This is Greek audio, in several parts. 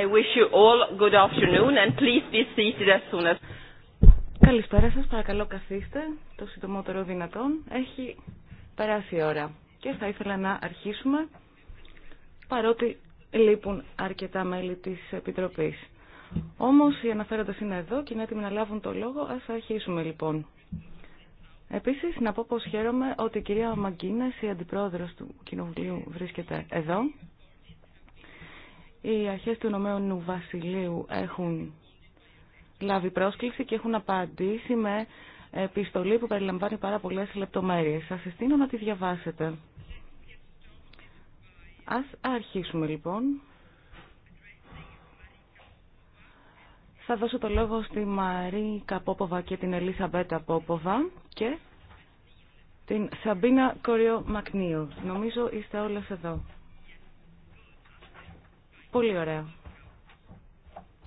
I wish you all good afternoon and please be seated as soon as... Καλησπέρα σας, παρακαλώ καθίστε το συντομότερο δυνατόν. Έχει περάσει η ώρα και θα ήθελα να αρχίσουμε παρότι λείπουν αρκετά μέλη της Επιτροπής. Όμως οι αναφέροντες είναι εδώ και είναι έτοιμοι να λάβουν το λόγο, ας αρχίσουμε λοιπόν. Επίσης να πω πως χαίρομαι ότι η κυρία Μαγκίνες, η αντιπρόεδρος του Κοινοβουλίου, βρίσκεται εδώ οι αρχές του Ηνωμένου Βασιλείου έχουν λάβει πρόσκληση και έχουν απαντήσει με επιστολή που περιλαμβάνει πάρα πολλές λεπτομέρειες. Σας συστήνω να τη διαβάσετε. Ας αρχίσουμε λοιπόν. Θα δώσω το λόγο στη Μαρή Καπόποβα και την Ελίσα Μπέτα Πόποβα και την Σαμπίνα Κοριό Μακνίου. Νομίζω είστε όλες εδώ. Πολύ ωραία.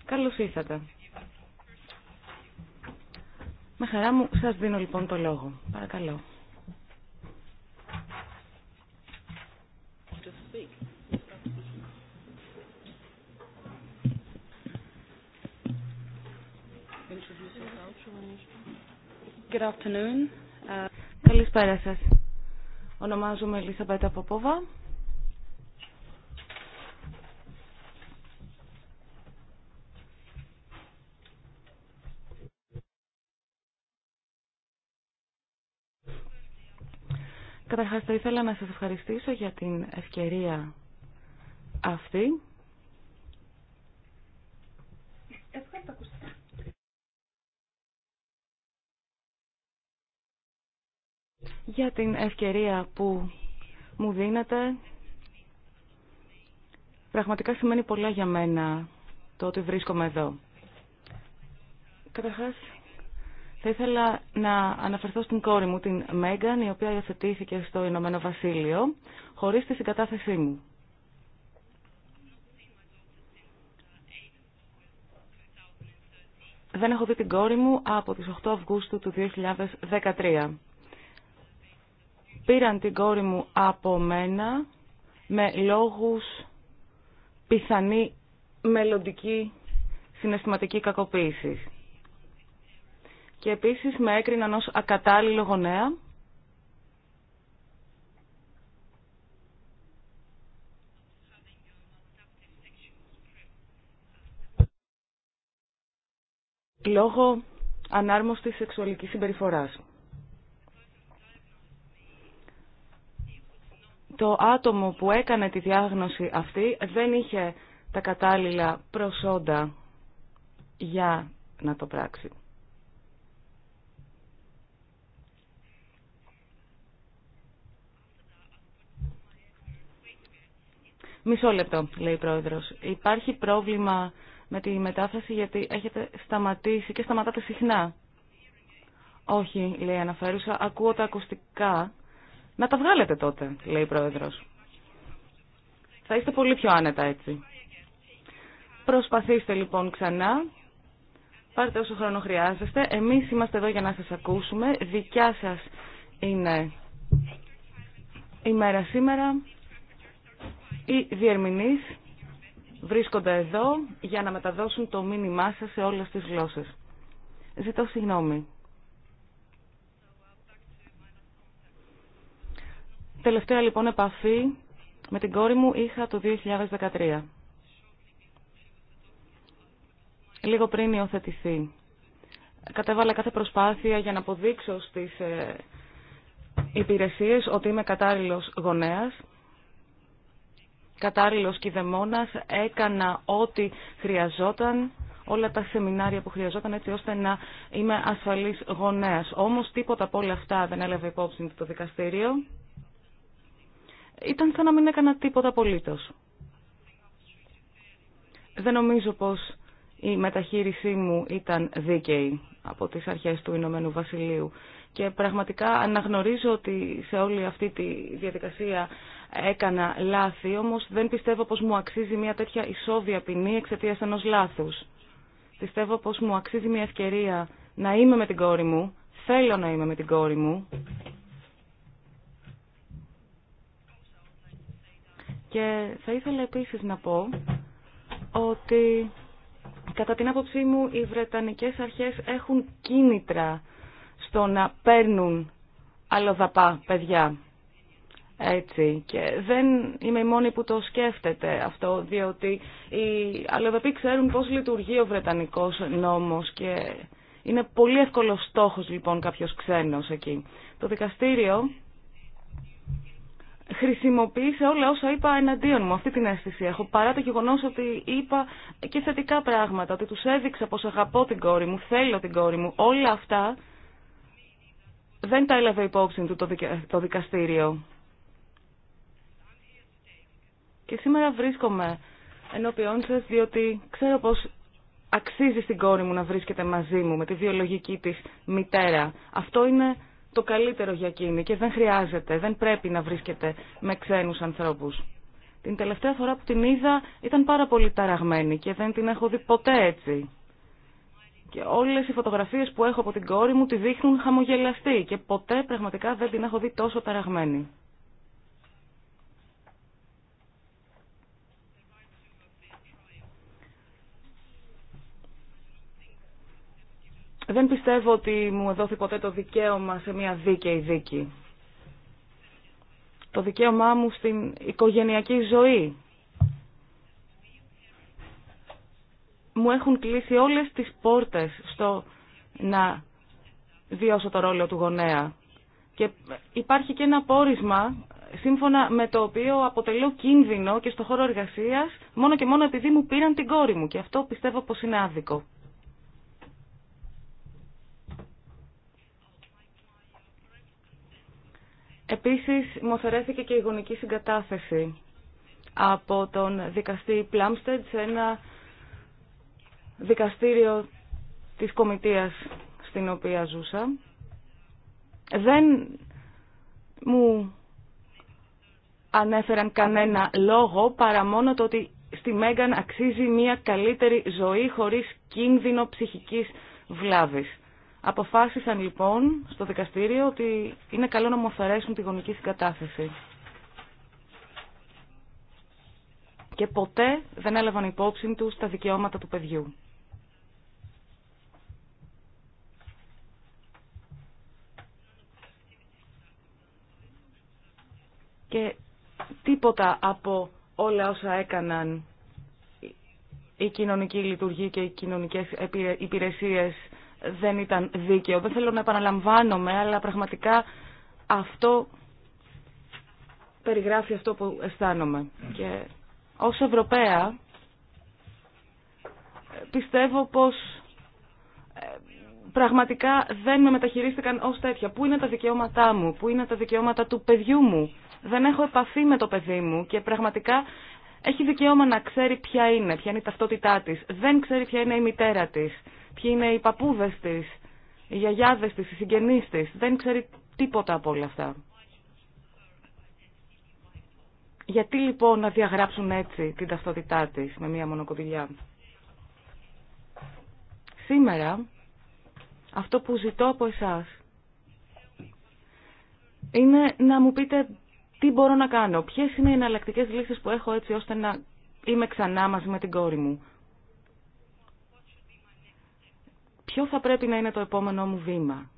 Καλώς ήρθατε. Με χαρά μου σας δίνω λοιπόν το λόγο. Παρακαλώ. Good afternoon. Uh, Καλησπέρα σας. Ονομάζομαι Ελίσσα Πέτα Ποπόβα. Καταρχάς θα ήθελα να σας ευχαριστήσω για την ευκαιρία αυτή. Για την ευκαιρία που μου δίνετε. Πραγματικά σημαίνει πολλά για μένα το ότι βρίσκομαι εδώ. Καταρχάς, θα ήθελα να αναφερθώ στην κόρη μου, την Μέγαν, η οποία υιοθετήθηκε στο Ηνωμένο Βασίλειο, χωρίς τη συγκατάθεσή μου. Δεν έχω δει την κόρη μου από τις 8 Αυγούστου του 2013. Πήραν την κόρη μου από μένα με λόγους πιθανή μελλοντική συναισθηματική κακοποίηση και επίσης με έκριναν ως ακατάλληλο γονέα. λόγω ανάρμοστης σεξουαλικής συμπεριφοράς. Το άτομο που έκανε τη διάγνωση αυτή δεν είχε τα κατάλληλα προσόντα για να το πράξει. Μισό λεπτό, λέει η πρόεδρος. Υπάρχει πρόβλημα με τη μετάφραση γιατί έχετε σταματήσει και σταματάτε συχνά. Όχι, λέει αναφέρουσα, ακούω τα ακουστικά. Να τα βγάλετε τότε, λέει η πρόεδρος. Θα είστε πολύ πιο άνετα έτσι. Προσπαθήστε λοιπόν ξανά. Πάρτε όσο χρόνο χρειάζεστε. Εμείς είμαστε εδώ για να σας ακούσουμε. Δικιά σας είναι η μέρα σήμερα. Οι διερμηνείς βρίσκονται εδώ για να μεταδώσουν το μήνυμά σας σε όλες τις γλώσσες. Ζητώ συγγνώμη. Τελευταία λοιπόν επαφή με την κόρη μου είχα το 2013. Λίγο πριν υιοθετηθεί. Κατέβαλα κάθε προσπάθεια για να αποδείξω στις ε, υπηρεσίες ότι είμαι κατάλληλος γονέας κατάλληλος δεμόνας έκανα ό,τι χρειαζόταν, όλα τα σεμινάρια που χρειαζόταν έτσι ώστε να είμαι ασφαλής γονέας. Όμως τίποτα από όλα αυτά δεν έλαβε υπόψη το δικαστήριο. Ήταν σαν να μην έκανα τίποτα απολύτως. Δεν νομίζω πως η μεταχείρισή μου ήταν δίκαιη από τις αρχές του Ηνωμένου Βασιλείου και πραγματικά αναγνωρίζω ότι σε όλη αυτή τη διαδικασία έκανα λάθη, όμως δεν πιστεύω πως μου αξίζει μια τέτοια ισόβια ποινή εξαιτία ενός λάθους. Πιστεύω πως μου αξίζει μια ευκαιρία να είμαι με την κόρη μου, θέλω να είμαι με την κόρη μου. Και θα ήθελα επίσης να πω ότι κατά την άποψή μου οι Βρετανικές αρχές έχουν κίνητρα στο να παίρνουν αλλοδαπά παιδιά έτσι και δεν είμαι η μόνη που το σκέφτεται αυτό διότι οι αλλοδαποί ξέρουν πώς λειτουργεί ο Βρετανικός νόμος και είναι πολύ εύκολο στόχος λοιπόν κάποιος ξένος εκεί. Το δικαστήριο χρησιμοποίησε όλα όσα είπα εναντίον μου. Αυτή την αίσθηση έχω. Παρά το γεγονό ότι είπα και θετικά πράγματα, ότι του έδειξα πω αγαπώ την κόρη μου, θέλω την κόρη μου. Όλα αυτά δεν τα έλαβε υπόψη του το δικαστήριο. Και σήμερα βρίσκομαι ενώπιόν σα διότι ξέρω πως αξίζει στην κόρη μου να βρίσκεται μαζί μου με τη βιολογική τη μητέρα. Αυτό είναι το καλύτερο για εκείνη και δεν χρειάζεται, δεν πρέπει να βρίσκεται με ξένους ανθρώπους. Την τελευταία φορά που την είδα ήταν πάρα πολύ ταραγμένη και δεν την έχω δει ποτέ έτσι. Και όλε οι φωτογραφίε που έχω από την κόρη μου τη δείχνουν χαμογελαστή και ποτέ πραγματικά δεν την έχω δει τόσο ταραγμένη. Δεν πιστεύω ότι μου δόθη ποτέ το δικαίωμα σε μια δίκαιη δίκη. Το δικαίωμά μου στην οικογενειακή ζωή. Μου έχουν κλείσει όλες τις πόρτες στο να βιώσω το ρόλο του γονέα. Και υπάρχει και ένα πόρισμα σύμφωνα με το οποίο αποτελώ κίνδυνο και στο χώρο εργασίας μόνο και μόνο επειδή μου πήραν την κόρη μου και αυτό πιστεύω πως είναι άδικο. Επίσης, μου αφαιρέθηκε και η γονική συγκατάθεση από τον δικαστή Πλάμστεντ σε ένα δικαστήριο της κομιτείας στην οποία ζούσα. Δεν μου ανέφεραν κανένα λόγο παρά μόνο το ότι στη Μέγαν αξίζει μια καλύτερη ζωή χωρίς κίνδυνο ψυχικής βλάβης. Αποφάσισαν λοιπόν στο δικαστήριο ότι είναι καλό να μου αφαιρέσουν τη γονική συγκατάθεση. Και ποτέ δεν έλαβαν υπόψη του τα δικαιώματα του παιδιού. Και τίποτα από όλα όσα έκαναν η κοινωνική λειτουργία και οι κοινωνικές υπηρεσίες δεν ήταν δίκαιο. Δεν θέλω να επαναλαμβάνομαι, αλλά πραγματικά αυτό περιγράφει αυτό που αισθάνομαι. Και ως Ευρωπαία πιστεύω πως ε, πραγματικά δεν με μεταχειρίστηκαν ως τέτοια. Πού είναι τα δικαιώματά μου, πού είναι τα δικαιώματα του παιδιού μου. Δεν έχω επαφή με το παιδί μου και πραγματικά έχει δικαίωμα να ξέρει ποια είναι, ποια είναι η ταυτότητά της. Δεν ξέρει ποια είναι η μητέρα της ποιοι είναι οι παππούδες της, οι γιαγιάδες της, οι συγγενείς της. Δεν ξέρει τίποτα από όλα αυτά. Γιατί λοιπόν να διαγράψουν έτσι την ταυτότητά της με μία μονοκοπηλιά. Σήμερα αυτό που ζητώ από εσάς είναι να μου πείτε τι μπορώ να κάνω, ποιες είναι οι εναλλακτικέ λύσεις που έχω έτσι ώστε να είμαι ξανά μαζί με την κόρη μου. Ποιο θα πρέπει να είναι το επόμενό μου βήμα.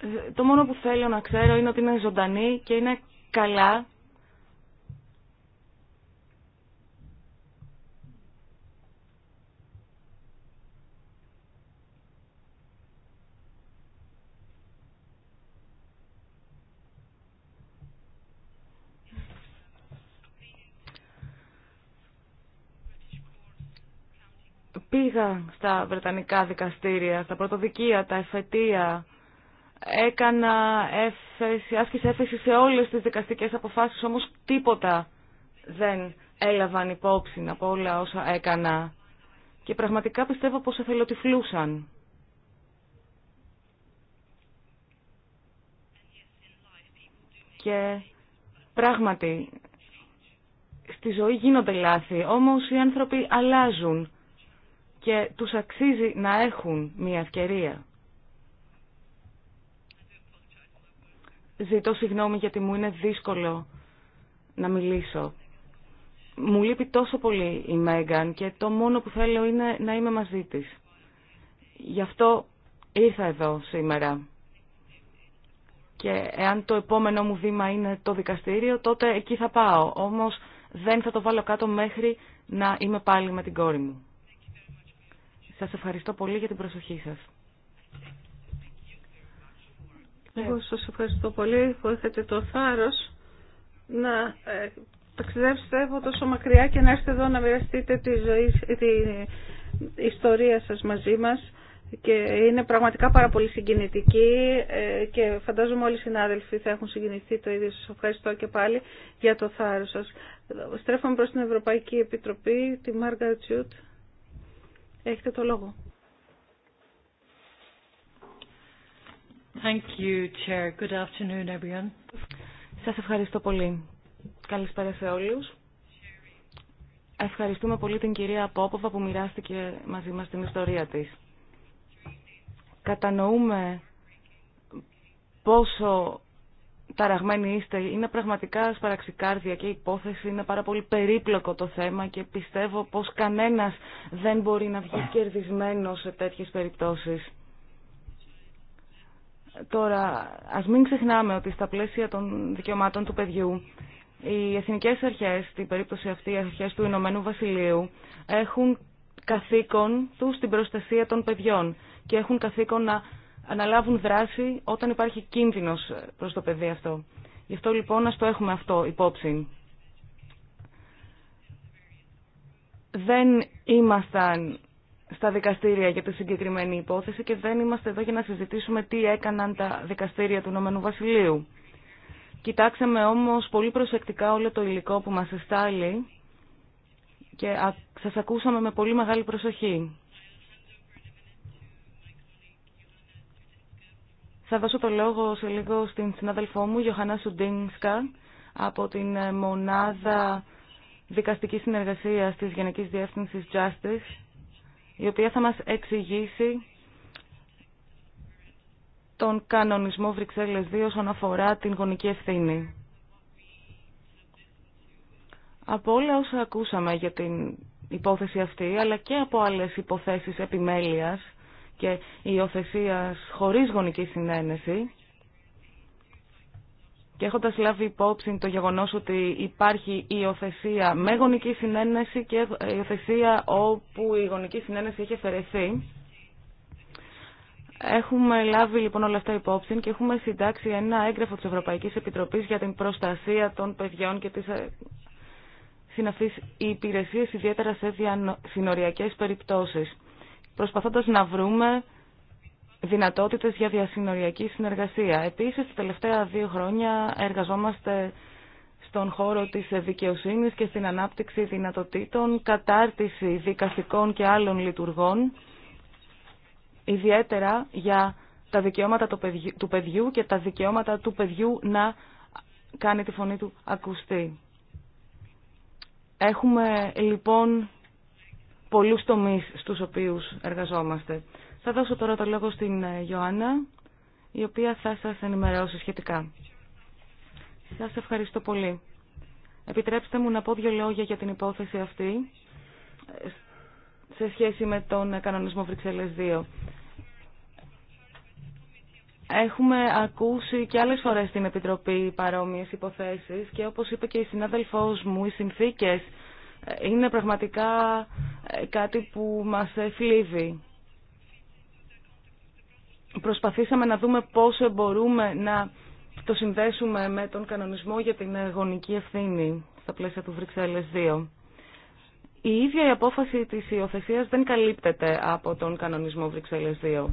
Ε, το μόνο που θέλω να ξέρω είναι ότι είναι ζωντανή και είναι καλά Πήγα στα Βρετανικά δικαστήρια, στα πρωτοδικεία, τα εφετεία. Έκανα έφεση, άσκησε έφεση σε όλες τις δικαστικές αποφάσεις, όμως τίποτα δεν έλαβαν υπόψη από όλα όσα έκανα. Και πραγματικά πιστεύω πως εθελοτυφλούσαν. Και πράγματι, στη ζωή γίνονται λάθη, όμως οι άνθρωποι αλλάζουν και τους αξίζει να έχουν μια ευκαιρία. Ζητώ συγγνώμη γιατί μου είναι δύσκολο να μιλήσω. Μου λείπει τόσο πολύ η Μέγαν και το μόνο που θέλω είναι να είμαι μαζί της. Γι' αυτό ήρθα εδώ σήμερα. Και εάν το επόμενο μου βήμα είναι το δικαστήριο, τότε εκεί θα πάω. Όμως δεν θα το βάλω κάτω μέχρι να είμαι πάλι με την κόρη μου. Σας ευχαριστώ πολύ για την προσοχή σας. Εγώ σας ευχαριστώ πολύ που έχετε το θάρρος να ε, ταξιδέψετε από τόσο μακριά και να έρθετε εδώ να μοιραστείτε τη ζωή, τη ιστορία σας μαζί μας και είναι πραγματικά πάρα πολύ συγκινητική ε, και φαντάζομαι όλοι οι συνάδελφοι θα έχουν συγκινηθεί το ίδιο. Σας ευχαριστώ και πάλι για το θάρρος σας. Στρέφομαι προς την Ευρωπαϊκή Επιτροπή, τη Μάργα Τσιούτ. Έχετε το λόγο. Thank you, Chair. Good afternoon, everyone. Σας ευχαριστώ πολύ. Καλησπέρα σε όλους. Ευχαριστούμε πολύ την κυρία Πόποβα που μοιράστηκε μαζί μας την ιστορία της. Κατανοούμε πόσο ταραγμένοι είστε. Είναι πραγματικά σπαραξικάρδια και η υπόθεση είναι πάρα πολύ περίπλοκο το θέμα και πιστεύω πως κανένας δεν μπορεί να βγει κερδισμένο σε τέτοιες περιπτώσεις. Τώρα, ας μην ξεχνάμε ότι στα πλαίσια των δικαιωμάτων του παιδιού οι εθνικές αρχές, στην περίπτωση αυτή οι αρχές του Ηνωμένου Βασιλείου, έχουν καθήκον τους στην προστασία των παιδιών και έχουν καθήκον να αναλάβουν δράση όταν υπάρχει κίνδυνος προς το παιδί αυτό. Γι' αυτό λοιπόν να το έχουμε αυτό υπόψη. Δεν ήμασταν στα δικαστήρια για τη συγκεκριμένη υπόθεση και δεν είμαστε εδώ για να συζητήσουμε τι έκαναν τα δικαστήρια του Ηνωμένου Βασιλείου. Κοιτάξαμε όμως πολύ προσεκτικά όλο το υλικό που μας εστάλει και σας ακούσαμε με πολύ μεγάλη προσοχή. Θα δώσω το λόγο σε λίγο στην συνάδελφό μου, Γιωχανά Σουντίνσκα, από την Μονάδα Δικαστικής Συνεργασίας της Γενικής Διεύθυνσης Justice, η οποία θα μας εξηγήσει τον κανονισμό Βρυξέλλες 2 όσον αφορά την γονική ευθύνη. Από όλα όσα ακούσαμε για την υπόθεση αυτή, αλλά και από άλλες υποθέσεις επιμέλειας, και υιοθεσία χωρί γονική συνένεση και έχοντα λάβει υπόψη το γεγονό ότι υπάρχει υιοθεσία με γονική συνένεση και υιοθεσία όπου η γονική συνένεση έχει αφαιρεθεί, Έχουμε λάβει λοιπόν όλα αυτά υπόψη και έχουμε συντάξει ένα έγγραφο τη Ευρωπαϊκή Επιτροπή για την προστασία των παιδιών και τη ε, συναφή υπηρεσία ιδιαίτερα σε συνοριακέ περιπτώσει προσπαθώντας να βρούμε δυνατότητες για διασυνοριακή συνεργασία. Επίσης, τα τελευταία δύο χρόνια εργαζόμαστε στον χώρο της δικαιοσύνης και στην ανάπτυξη δυνατοτήτων, κατάρτιση δικαστικών και άλλων λειτουργών, ιδιαίτερα για τα δικαιώματα του παιδιού και τα δικαιώματα του παιδιού να κάνει τη φωνή του ακουστή. Έχουμε λοιπόν πολλούς τομείς στους οποίους εργαζόμαστε. Θα δώσω τώρα το λόγο στην ε, Ιωάννα, η οποία θα σας ενημερώσει σχετικά. Σας ευχαριστώ πολύ. Επιτρέψτε μου να πω δύο λόγια για την υπόθεση αυτή ε, σε σχέση με τον κανονισμό Βρυξέλλες 2. Έχουμε ακούσει και άλλες φορές στην Επιτροπή παρόμοιες υποθέσεις και όπως είπε και η συνάδελφός μου, οι συνθήκες είναι πραγματικά ε, κάτι που μας ε, θλίβει. Προσπαθήσαμε να δούμε πόσο μπορούμε να το συνδέσουμε με τον κανονισμό για την ε, γονική ευθύνη στα πλαίσια του Βρυξέλλες 2. Η ίδια η απόφαση της υιοθεσία δεν καλύπτεται από τον κανονισμό Βρυξέλλες 2.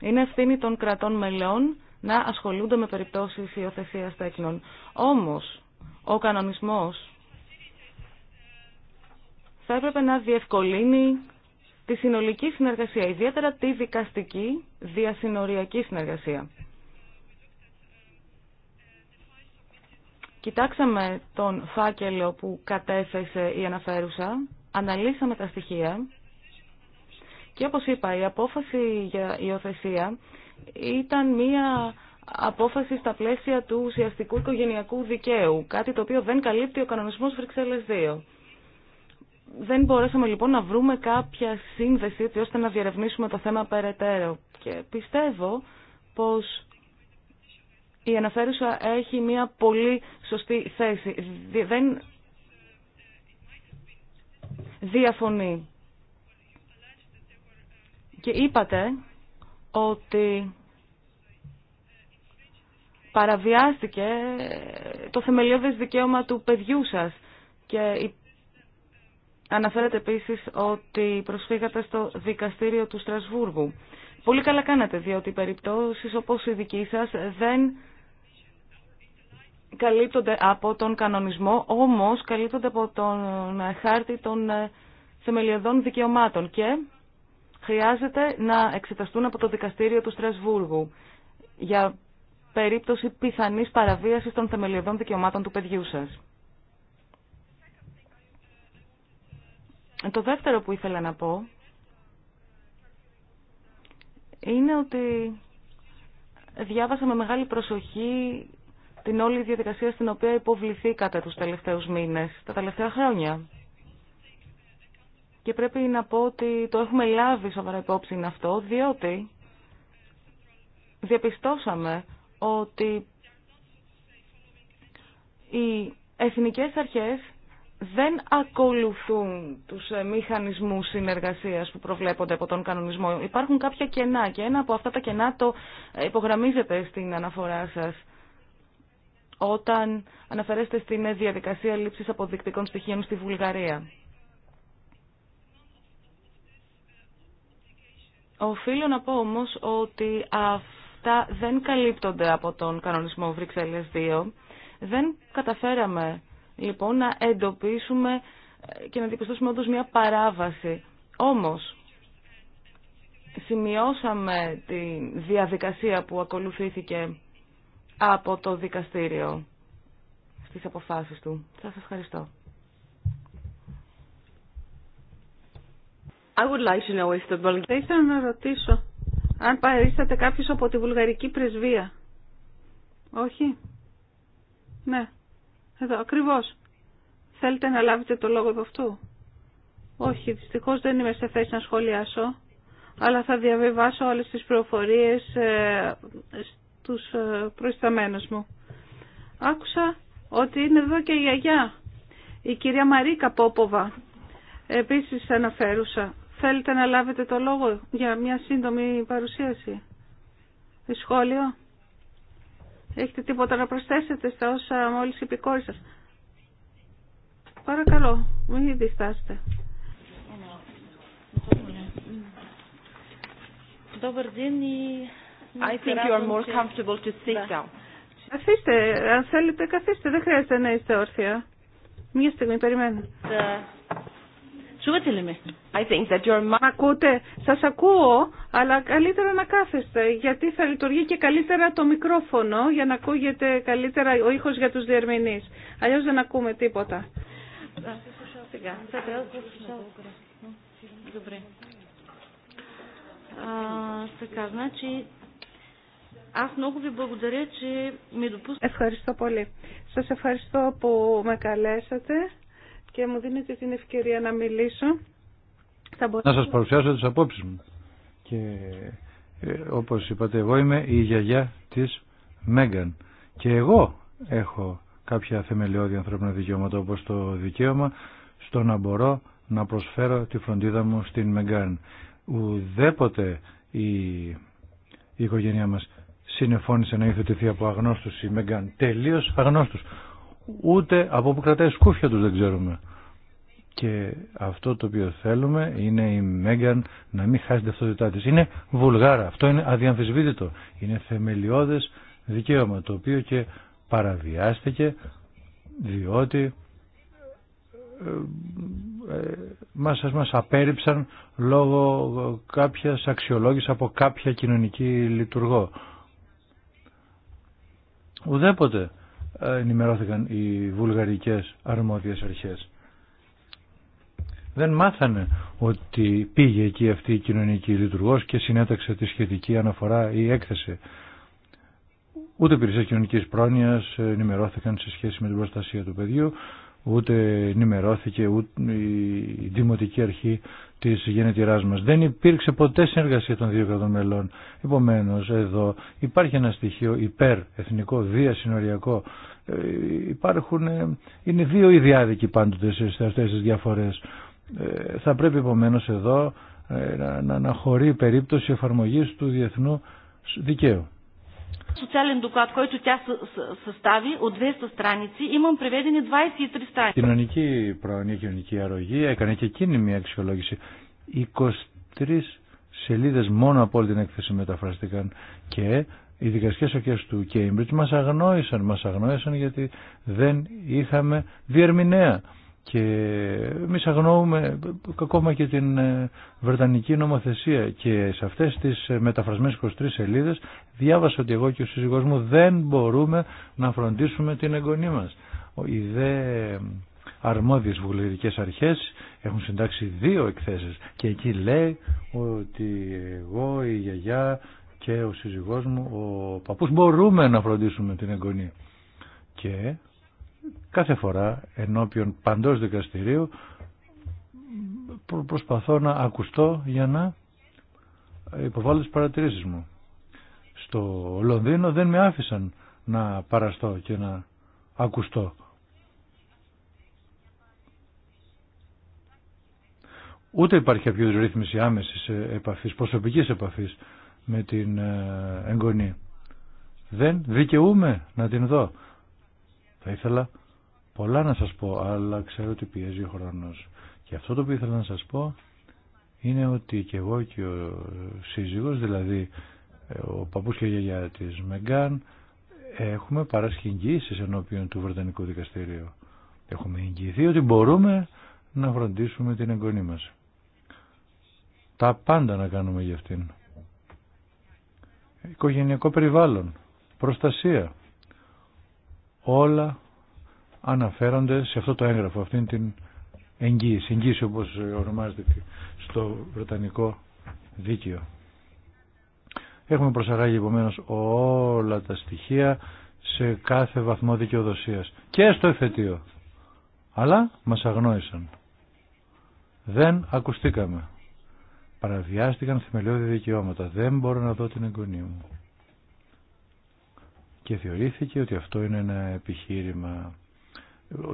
Είναι ευθύνη των κρατών μελών να ασχολούνται με περιπτώσεις υιοθεσία τέκνων. Όμως, ο κανονισμός θα έπρεπε να διευκολύνει τη συνολική συνεργασία, ιδιαίτερα τη δικαστική διασυνοριακή συνεργασία. Κοιτάξαμε τον φάκελο που κατέθεσε η αναφέρουσα, αναλύσαμε τα στοιχεία και όπως είπα η απόφαση για υιοθεσία ήταν μία απόφαση στα πλαίσια του ουσιαστικού οικογενειακού δικαίου, κάτι το οποίο δεν καλύπτει ο κανονισμός Βρυξέλλες 2. Δεν μπορέσαμε λοιπόν να βρούμε κάποια σύνδεση έτσι ώστε να διερευνήσουμε το θέμα περαιτέρω. Και πιστεύω πως η αναφέρουσα έχει μια πολύ σωστή θέση. Δεν διαφωνεί. Και είπατε ότι παραβιάστηκε το θεμελιώδες δικαίωμα του παιδιού σας και αναφέρετε επίσης ότι προσφύγατε στο δικαστήριο του Στρασβούργου. Πολύ καλά κάνατε, διότι περιπτώσεις όπως η δική σας δεν καλύπτονται από τον κανονισμό, όμως καλύπτονται από τον ε, χάρτη των ε, θεμελιωδών δικαιωμάτων και χρειάζεται να εξεταστούν από το δικαστήριο του Στρασβούργου. Για περίπτωση πιθανής παραβίασης των θεμελιωδών δικαιωμάτων του παιδιού σας. Το δεύτερο που ήθελα να πω είναι ότι διάβασα με μεγάλη προσοχή την όλη διαδικασία στην οποία υποβληθήκατε τους τελευταίους μήνες, τα τελευταία χρόνια. Και πρέπει να πω ότι το έχουμε λάβει σοβαρά υπόψη αυτό, διότι διαπιστώσαμε ότι οι εθνικές αρχές δεν ακολουθούν τους ε, μηχανισμούς συνεργασίας που προβλέπονται από τον κανονισμό. Υπάρχουν κάποια κενά και ένα από αυτά τα κενά το ε, υπογραμμίζεται στην αναφορά σας όταν αναφέρεστε στην ε, διαδικασία λήψης αποδεικτικών στοιχείων στη Βουλγαρία. Οφείλω να πω όμως ότι αυτό αυτά δεν καλύπτονται από τον κανονισμό Βρυξέλλες 2. Δεν καταφέραμε λοιπόν να εντοπίσουμε ε, και να διαπιστώσουμε όντως μια παράβαση. Όμως, σημειώσαμε τη διαδικασία που ακολουθήθηκε από το δικαστήριο στις αποφάσεις του. Σας ευχαριστώ. Θα ήθελα να ρωτήσω αν παρίσταται κάποιο από τη βουλγαρική πρεσβεία. Όχι. Ναι. Εδώ, ακριβώ. Θέλετε να λάβετε το λόγο από αυτού. Όχι, Δυστυχώ δεν είμαι σε θέση να σχολιάσω, αλλά θα διαβιβάσω όλες τι πληροφορίε ε, στους ε, μου. Άκουσα ότι είναι εδώ και η γιαγιά, η κυρία Μαρίκα Πόποβα, επίσης αναφέρουσα Θέλετε να λάβετε το λόγο για μια σύντομη παρουσίαση. Σχόλιο. Έχετε τίποτα να προσθέσετε στα όσα μόλις είπε η κόρη σας. Παρακαλώ, μην διστάσετε. I think you are more comfortable to sit down. Καθίστε, αν θέλετε καθίστε, δεν χρειάζεται να είστε όρθια. Μία στιγμή, περιμένω. Ακούτε, σας ακούω, αλλά καλύτερα να κάθεστε, γιατί θα λειτουργεί και καλύτερα το μικρόφωνο για να ακούγεται καλύτερα ο ήχος για τους διερμηνείς. Αλλιώς δεν ακούμε τίποτα. Ευχαριστώ πολύ. Σας ευχαριστώ που με καλέσατε και μου δίνετε την ευκαιρία να μιλήσω. Θα Να σας παρουσιάσω τις απόψεις μου. Και ε, όπως είπατε εγώ είμαι η γιαγιά της Μέγκαν. Και εγώ έχω κάποια θεμελιώδη ανθρώπινα δικαιώματα όπως το δικαίωμα στο να μπορώ να προσφέρω τη φροντίδα μου στην Μεγκάν. Ουδέποτε η, η οικογένειά μας συνεφώνησε να υιοθετηθεί από αγνώστους η Μεγκάν. Τελείως αγνώστους ούτε από που κρατάει σκούφια τους δεν ξέρουμε. Και αυτό το οποίο θέλουμε είναι η Μέγκαν να μην χάσει την της. Είναι βουλγάρα, αυτό είναι αδιαμφισβήτητο. Είναι θεμελιώδες δικαίωμα το οποίο και παραβιάστηκε διότι ε, ε, μας, μας απέρριψαν λόγω κάποιας αξιολόγησης από κάποια κοινωνική λειτουργό. Ουδέποτε ενημερώθηκαν οι βουλγαρικές αρμόδιες αρχές. Δεν μάθανε ότι πήγε εκεί αυτή η κοινωνική λειτουργός και συνέταξε τη σχετική αναφορά ή έκθεση. Ούτε υπηρεσίες κοινωνικής πρόνοιας ενημερώθηκαν σε σχέση με την προστασία του παιδιού, ούτε ενημερώθηκε ούτε η δημοτική αρχή τη γενετηρά μα. Δεν υπήρξε ποτέ συνεργασία των δύο κρατών μελών. Επομένω, εδώ υπάρχει ένα στοιχείο υπερ-εθνικό, διασυνοριακό. Ε, υπάρχουν, ε, είναι δύο οι άδικοι πάντοτε σε αυτέ τι διαφορέ. Ε, θα πρέπει επομένω εδώ να αναχωρεί η περίπτωση εφαρμογή του διεθνού δικαίου. Социален доклад, който тя състави от 200 страници, имам преведени 23 страници. Κοινωνική προνοία, κοινωνική αρρωγή, έκανε και εκείνη μια αξιολόγηση. 23 σελίδες μόνο από όλη την έκθεση μεταφραστηκαν και οι δικαστικές αρχές του Κέιμπριτζ μας αγνόησαν, μας αγνόησαν γιατί δεν είχαμε διερμηνέα και εμεί αγνοούμε ακόμα και την ε, Βρετανική νομοθεσία και σε αυτές τις ε, μεταφρασμένες 23 σελίδες διάβασα ότι εγώ και ο σύζυγός μου δεν μπορούμε να φροντίσουμε την εγγονή μας. Οι δε ε, αρμόδιες βουλευτικές αρχές έχουν συντάξει δύο εκθέσεις και εκεί λέει ότι εγώ, η γιαγιά και ο σύζυγός μου, ο παππούς μπορούμε να φροντίσουμε την εγγονή. Και κάθε φορά ενώπιον παντός δικαστηρίου προσπαθώ να ακουστώ για να υποβάλω τις παρατηρήσεις μου. Στο Λονδίνο δεν με άφησαν να παραστώ και να ακουστώ. Ούτε υπάρχει κάποιο ρύθμιση άμεσης επαφής, προσωπικής επαφής με την ε, εγγονή. Δεν δικαιούμαι να την δω. Θα ήθελα πολλά να σας πω, αλλά ξέρω ότι πιέζει ο χρόνος. Και αυτό το που ήθελα να σας πω είναι ότι και εγώ και ο σύζυγος, δηλαδή ε, ο παππούς και η γιαγιά της Μεγκάν, έχουμε παράσχει ενώπιον του Βρετανικού Δικαστηρίου. Έχουμε εγγυηθεί ότι μπορούμε να φροντίσουμε την εγγονή μας. Τα πάντα να κάνουμε για αυτήν. Οικογενειακό περιβάλλον, προστασία, όλα αναφέρονται σε αυτό το έγγραφο, αυτήν την εγγύηση, εγγύηση όπως ονομάζεται στο Βρετανικό Δίκαιο. Έχουμε προσαράγει επομένω όλα τα στοιχεία σε κάθε βαθμό δικαιοδοσίας και στο εφετείο. Αλλά μας αγνόησαν. Δεν ακουστήκαμε. Παραβιάστηκαν θεμελιώδη δικαιώματα. Δεν μπορώ να δω την εγγονή μου και θεωρήθηκε ότι αυτό είναι ένα επιχείρημα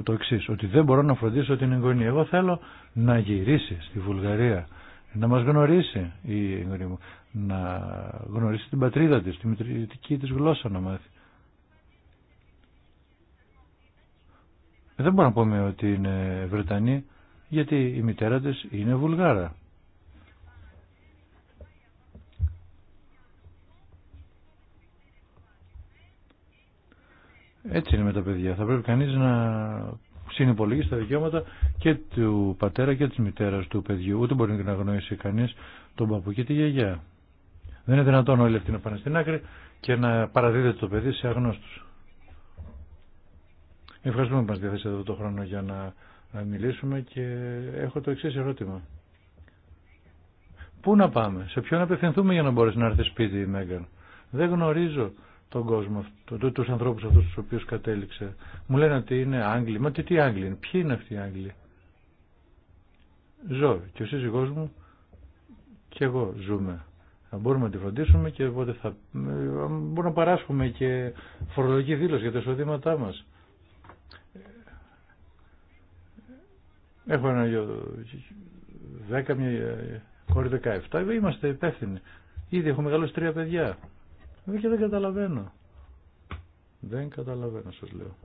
το εξή, ότι δεν μπορώ να φροντίσω την εγγονή. Εγώ θέλω να γυρίσει στη Βουλγαρία, να μας γνωρίσει η εγγονή μου, να γνωρίσει την πατρίδα της, τη μητρική της γλώσσα να μάθει. Δεν μπορώ να πούμε ότι είναι Βρετανή, γιατί η μητέρα της είναι Βουλγάρα. Έτσι είναι με τα παιδιά. Θα πρέπει κανείς να συνυπολογίσει τα δικαιώματα και του πατέρα και της μητέρας του παιδιού. Ούτε μπορεί να γνωρίσει κανείς τον παππού και τη γιαγιά. Δεν είναι δυνατόν όλοι αυτοί να πάνε στην άκρη και να παραδίδεται το παιδί σε αγνώστους. Ευχαριστούμε που μας διαθέσετε εδώ το χρόνο για να, μιλήσουμε και έχω το εξή ερώτημα. Πού να πάμε, σε ποιον απευθυνθούμε για να μπορέσει να έρθει σπίτι η Μέγκαν. Δεν γνωρίζω τον κόσμο, το, τους ανθρώπους αυτούς τους οποίους κατέληξε. Μου λένε ότι είναι Άγγλοι. Μα τι, τι Άγγλοι είναι, ποιοι είναι αυτοί οι Άγγλοι. Ζω και ο σύζυγός μου και εγώ ζούμε. Αν μπορούμε να τη φροντίσουμε και οπότε θα ε, μπορούμε να παράσχουμε και φορολογική δήλωση για τα εισοδήματά μας. Έχω ένα γιο 10, μια ε, κόρη 17. Είμαστε υπεύθυνοι. Ήδη έχω μεγαλώσει τρία παιδιά. Ε, δεν καταλαβαίνω. Δεν καταλαβαίνω, σας λέω.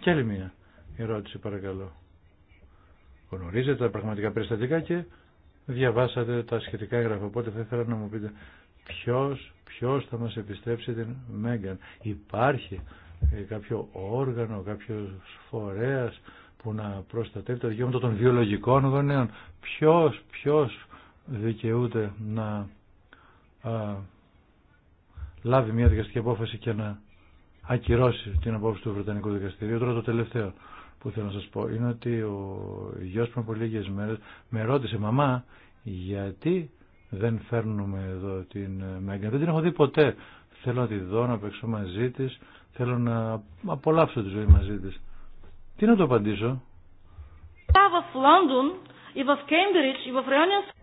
Και άλλη μία ερώτηση, παρακαλώ. Γνωρίζετε τα πραγματικά περιστατικά και διαβάσατε τα σχετικά έγγραφα. Οπότε θα ήθελα να μου πείτε ποιος, ποιος θα μας επιστρέψει την Μέγκαν. Υπάρχει ε, κάποιο όργανο, κάποιος φορέας που να προστατεύει τα δικαιώματα των βιολογικών γονέων. Ποιος, ποιος δικαιούται να λάβει μια δικαστική απόφαση και να ακυρώσει την απόφαση του Βρετανικού Δικαστηρίου. Τώρα το τελευταίο που θέλω να σας πω είναι ότι ο γιος πριν από λίγες μέρες με ρώτησε «Μαμά, γιατί δεν φέρνουμε εδώ την Μέγκα, δεν την έχω δει ποτέ, θέλω να τη δω, να παίξω μαζί της, θέλω να απολαύσω τη ζωή μαζί της». Τι να το απαντήσω?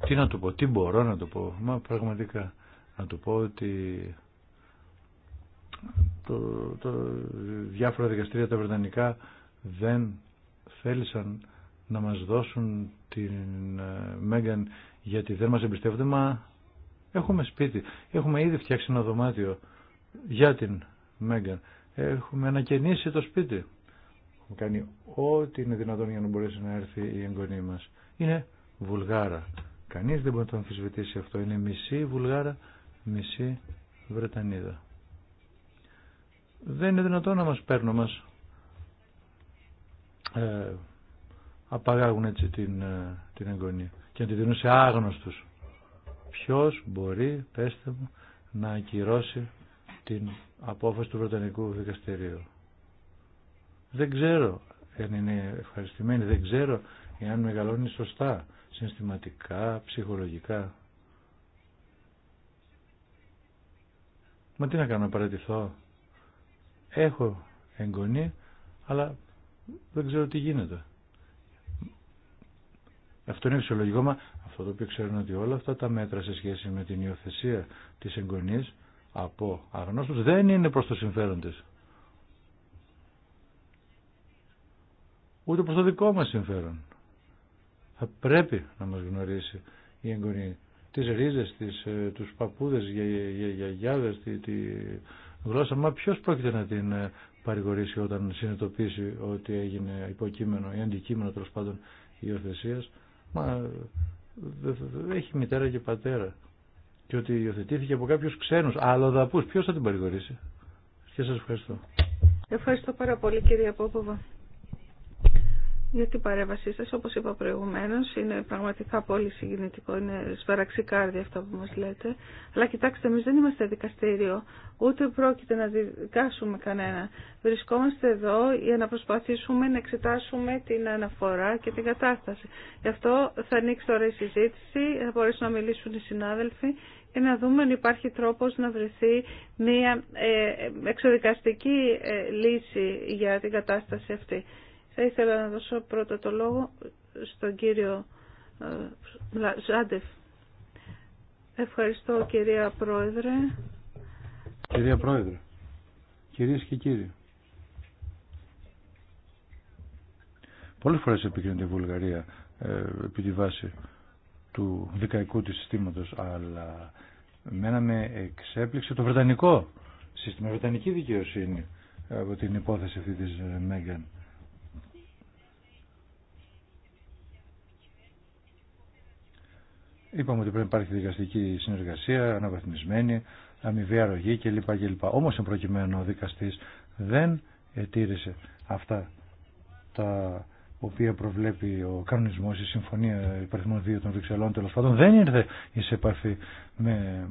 Τι να του πω, τι μπορώ να του πω, μα πραγματικά να του πω ότι το, το, διάφορα δικαστήρια τα Βρετανικά δεν θέλησαν να μας δώσουν την ε, Μέγαν γιατί δεν μας εμπιστεύονται μα έχουμε σπίτι έχουμε ήδη φτιάξει ένα δωμάτιο για την Μέγαν έχουμε ανακαινήσει το σπίτι έχουμε κάνει ό,τι είναι δυνατόν για να μπορέσει να έρθει η εγγονή μας είναι Βουλγάρα κανείς δεν μπορεί να το αμφισβητήσει αυτό είναι μισή Βουλγάρα μισή Βρετανίδα. Δεν είναι δυνατόν να μας παίρνουν, μας ε, απαγάγουν έτσι την, ε, την εγγονία και να τη δίνουν σε άγνωστους. Ποιος μπορεί, πέστε μου, να ακυρώσει την απόφαση του Βρετανικού Δικαστηρίου. Δεν ξέρω αν είναι ευχαριστημένοι, δεν ξέρω εάν μεγαλώνει σωστά, συναισθηματικά, ψυχολογικά. Μα τι να κάνω, παρατηθώ. Έχω εγγονή, αλλά δεν ξέρω τι γίνεται. Αυτό είναι φυσιολογικό, μα αυτό το οποίο ξέρουν ότι όλα αυτά τα μέτρα σε σχέση με την υιοθεσία τη εγγονή από αγνώστους δεν είναι προ το συμφέρον τη. Ούτε προ το δικό μα συμφέρον. Θα πρέπει να μας γνωρίσει η εγγονή τις ρίζες, τις, ε, τους παππούδες, γιαγιάδες, τη, τη γλώσσα. Μα ποιος πρόκειται να την ε, παρηγορήσει όταν συνειδητοποιήσει ότι έγινε υποκείμενο ή αντικείμενο τέλο πάντων υιοθεσία. Μα ε, έχει μητέρα και πατέρα. Και ότι υιοθετήθηκε από κάποιου ξένου. Αλλοδαπού. Ποιο θα την παρηγορήσει. Και σα ευχαριστώ. Ευχαριστώ πάρα πολύ κύριε Απόποβα για την παρέμβασή σας. Όπως είπα προηγουμένως, είναι πραγματικά πολύ συγκινητικό, είναι σπαραξικάρδια αυτό που μας λέτε. Αλλά κοιτάξτε, εμείς δεν είμαστε δικαστήριο, ούτε πρόκειται να δικάσουμε κανένα. Βρισκόμαστε εδώ για να προσπαθήσουμε να εξετάσουμε την αναφορά και την κατάσταση. Γι' αυτό θα ανοίξει τώρα η συζήτηση, θα μπορέσουν να μιλήσουν οι συνάδελφοι και να δούμε αν υπάρχει τρόπος να βρεθεί μια ε, εξοδικαστική ε, λύση για την κατάσταση αυτή. Θα ήθελα να δώσω πρώτα το λόγο στον κύριο ε, Ζάντεφ. Ευχαριστώ κυρία Πρόεδρε. Κυρία Πρόεδρε, κυρίες και κύριοι. Πολλές φορές επικρίνεται η Βουλγαρία ε, επί τη βάση του δικαϊκού της συστήματος, αλλά μένα με εξέπληξε το βρετανικό σύστημα, βρετανική δικαιοσύνη από ε, την υπόθεση αυτή της Μέγκαν. Είπαμε ότι πρέπει να υπάρχει δικαστική συνεργασία, αναβαθμισμένη, αμοιβή αρρωγή κλπ. κλπ. Όμω, εν προκειμένου, ο δικαστή δεν ετήρησε αυτά τα οποία προβλέπει ο κανονισμό, η συμφωνία υπαριθμών 2 των Βρυξελών τέλο πάντων, δεν ήρθε σε επαφή με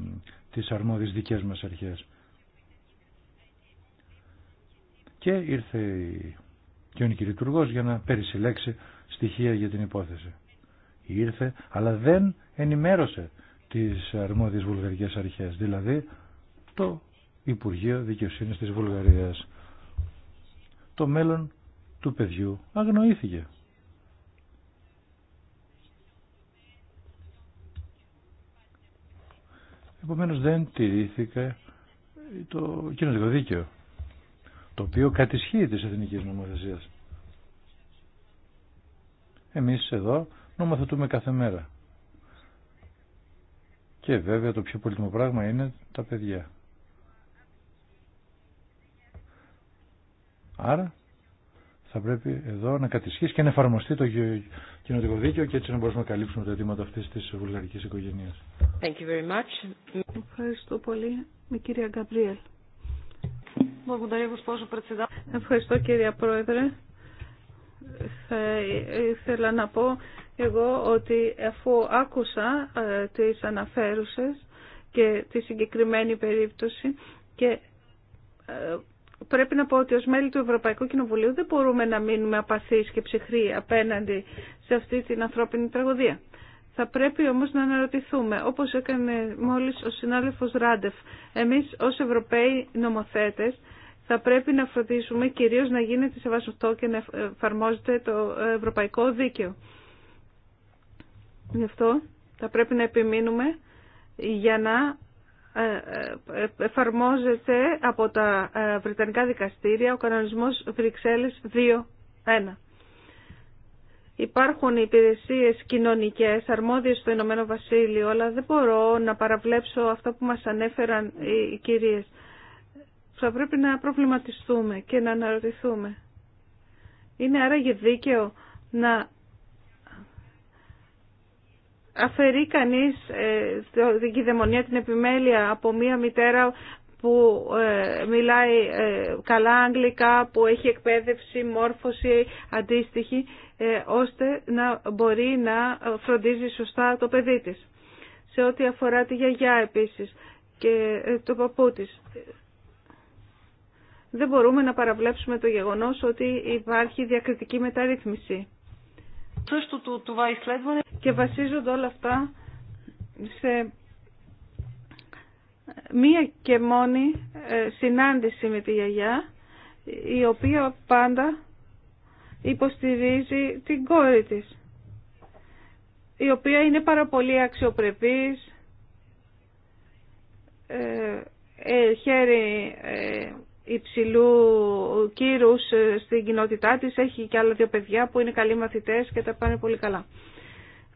τι αρμόδιε δικέ μα αρχέ. Και ήρθε η ο για να περισυλλέξει στοιχεία για την υπόθεση. Ήρθε, αλλά δεν ενημέρωσε τις αρμόδιες βουλγαρικές αρχές, δηλαδή το Υπουργείο Δικαιοσύνης της Βουλγαρίας. Το μέλλον του παιδιού αγνοήθηκε. Επομένως δεν τηρήθηκε το κοινωτικό δίκαιο, το οποίο κατησχύει της εθνικής νομοθεσίας. Εμείς εδώ νομοθετούμε κάθε μέρα. Και βέβαια το πιο πολύτιμο πράγμα είναι τα παιδιά. Άρα θα πρέπει εδώ να κατησχύσει και να εφαρμοστεί το κοινωτικό δίκαιο και έτσι να μπορούμε να καλύψουμε τα αιτήματα αυτή τη βουλγαρική οικογένεια. Ευχαριστώ πολύ, με κυρία Γκαμπρίελ. Ευχαριστώ, κύριε Πρόεδρε. Θα ήθελα να πω εγώ ότι αφού άκουσα ε, τις αναφέρουσες και τη συγκεκριμένη περίπτωση και ε, πρέπει να πω ότι ως μέλη του Ευρωπαϊκού Κοινοβουλίου δεν μπορούμε να μείνουμε απαθείς και ψυχροί απέναντι σε αυτή την ανθρώπινη τραγωδία. Θα πρέπει όμως να αναρωτηθούμε, όπως έκανε μόλις ο συνάδελφος Ράντεφ, εμείς ως Ευρωπαίοι νομοθέτες θα πρέπει να φροντίσουμε κυρίως να γίνεται σεβαστό και να ε, εφαρμόζεται το ευρωπαϊκό δίκαιο. Γι' αυτό θα πρέπει να επιμείνουμε για να ε, ε, εφαρμόζεται από τα ε, Βρετανικά δικαστήρια ο κανονισμός Βρυξέλλες 2.1. Υπάρχουν υπηρεσίες κοινωνικές αρμόδιες στο Ηνωμένο Βασίλειο, αλλά δεν μπορώ να παραβλέψω αυτά που μας ανέφεραν οι κυρίες. Θα πρέπει να προβληματιστούμε και να αναρωτηθούμε. Είναι άραγε δίκαιο να αφαιρεί κανείς ε, την κυδαιμονία, την επιμέλεια από μία μητέρα που ε, μιλάει ε, καλά αγγλικά, που έχει εκπαίδευση, μόρφωση αντίστοιχη, ώστε να μπορεί να φροντίζει σωστά το παιδί της. Σε ό,τι αφορά τη γιαγιά επίσης και το παππού της. Δεν μπορούμε να παραβλέψουμε το γεγονός ότι υπάρχει διακριτική μεταρρύθμιση. Και βασίζονται όλα αυτά σε μία και μόνη ε, συνάντηση με τη γιαγιά, η οποία πάντα υποστηρίζει την κόρη της, η οποία είναι πάρα πολύ αξιοπρεπής, ε, ε, χέρι υψηλού κύρου ε, στην κοινότητά τη, Έχει και άλλα δύο παιδιά που είναι καλοί μαθητέ και τα πάνε πολύ καλά.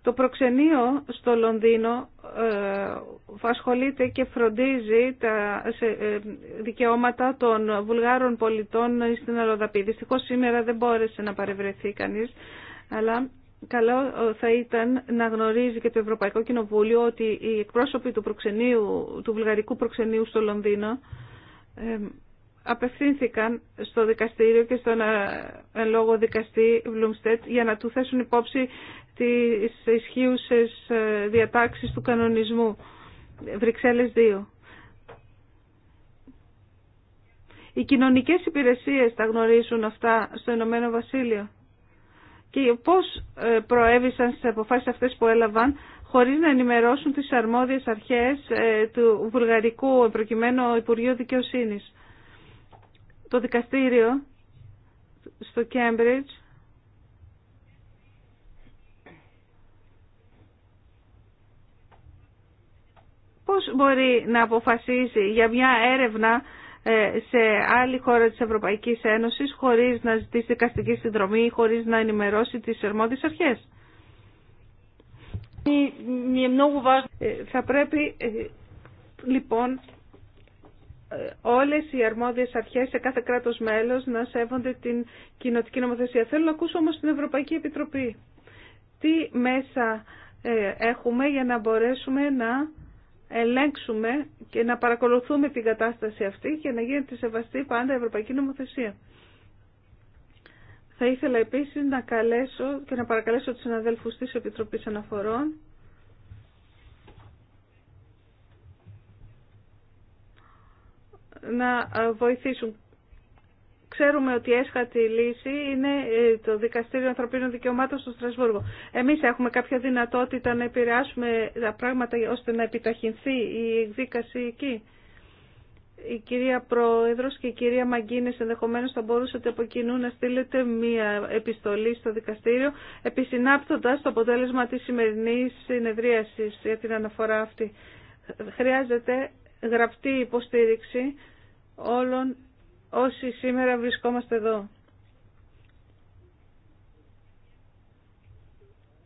Το προξενείο στο Λονδίνο ε, ασχολείται και φροντίζει τα ε, δικαιώματα των Βουλγάρων πολιτών στην Αλοδαπή. Δυστυχώ σήμερα δεν μπόρεσε να παρευρεθεί κανεί, αλλά καλό θα ήταν να γνωρίζει και το Ευρωπαϊκό Κοινοβούλιο ότι οι εκπρόσωποι του, προξενείου, του βουλγαρικού προξενείου στο Λονδίνο απευθύνθηκαν στο δικαστήριο και στον ε, λόγο δικαστή Βλουμστέτ για να του θέσουν υπόψη τις ισχύουσες ε, διατάξεις του κανονισμού Βρυξέλλες 2. Οι κοινωνικές υπηρεσίες τα γνωρίζουν αυτά στο Ηνωμένο Βασίλειο και πώς ε, προέβησαν στις αποφάσεις αυτές που έλαβαν χωρίς να ενημερώσουν τις αρμόδιες αρχές του βουλγαρικού προκειμένου Υπουργείου Δικαιοσύνης το δικαστήριο στο Κέμπριτζ πώς μπορεί να αποφασίσει για μια έρευνα ε, σε άλλη χώρα της Ευρωπαϊκής Ένωσης χωρίς να ζητήσει δικαστική συνδρομή ή χωρίς να ενημερώσει τις ερμόδιες αρχές. Ε, θα πρέπει ε, λοιπόν όλες οι αρμόδιες αρχές σε κάθε κράτος μέλος να σέβονται την κοινοτική νομοθεσία. Θέλω να ακούσω όμως την Ευρωπαϊκή Επιτροπή. Τι μέσα ε, έχουμε για να μπορέσουμε να ελέγξουμε και να παρακολουθούμε την κατάσταση αυτή και να γίνεται σεβαστή πάντα η Ευρωπαϊκή Νομοθεσία. Θα ήθελα επίσης να καλέσω και να παρακαλέσω τους συναδέλφους της Επιτροπής Αναφορών να ε, βοηθήσουν. Ξέρουμε ότι έσχατη λύση είναι ε, το Δικαστήριο Ανθρωπίνων Δικαιωμάτων στο Στρασβούργο. Εμείς έχουμε κάποια δυνατότητα να επηρεάσουμε τα πράγματα ώστε να επιταχυνθεί η εκδίκαση εκεί. Η κυρία Πρόεδρος και η κυρία Μαγκίνες ενδεχομένως θα μπορούσατε από κοινού να στείλετε μία επιστολή στο δικαστήριο επισυνάπτοντας το αποτέλεσμα της σημερινής συνεδρίασης για την αναφορά αυτή. Χρειάζεται γραπτή υποστήριξη όλων όσοι σήμερα βρισκόμαστε εδώ.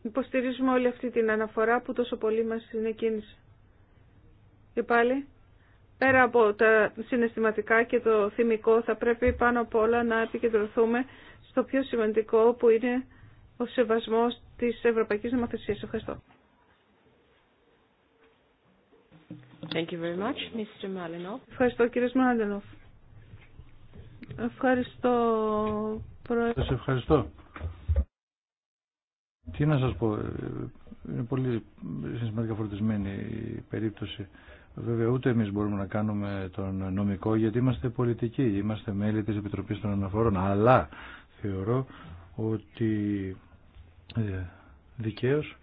Υποστηρίζουμε όλη αυτή την αναφορά που τόσο πολύ μας συνεκίνησε. Και πάλι, πέρα από τα συναισθηματικά και το θυμικό, θα πρέπει πάνω απ' όλα να επικεντρωθούμε στο πιο σημαντικό που είναι ο σεβασμός της Ευρωπαϊκής Νομοθεσίας. Ευχαριστώ. Thank you very much, Mr. Malinov. Ευχαριστώ κύριε Μάλενοφ. Ευχαριστώ πρόεδρε. Σας ευχαριστώ. Τι να σας πω, ε, είναι πολύ σημαντικά φορτισμένη η περίπτωση. Βέβαια ούτε εμείς μπορούμε να κάνουμε τον νομικό γιατί είμαστε πολιτικοί, είμαστε μέλη της Επιτροπής των Αναφορών, αλλά θεωρώ ότι ε, δικαίως,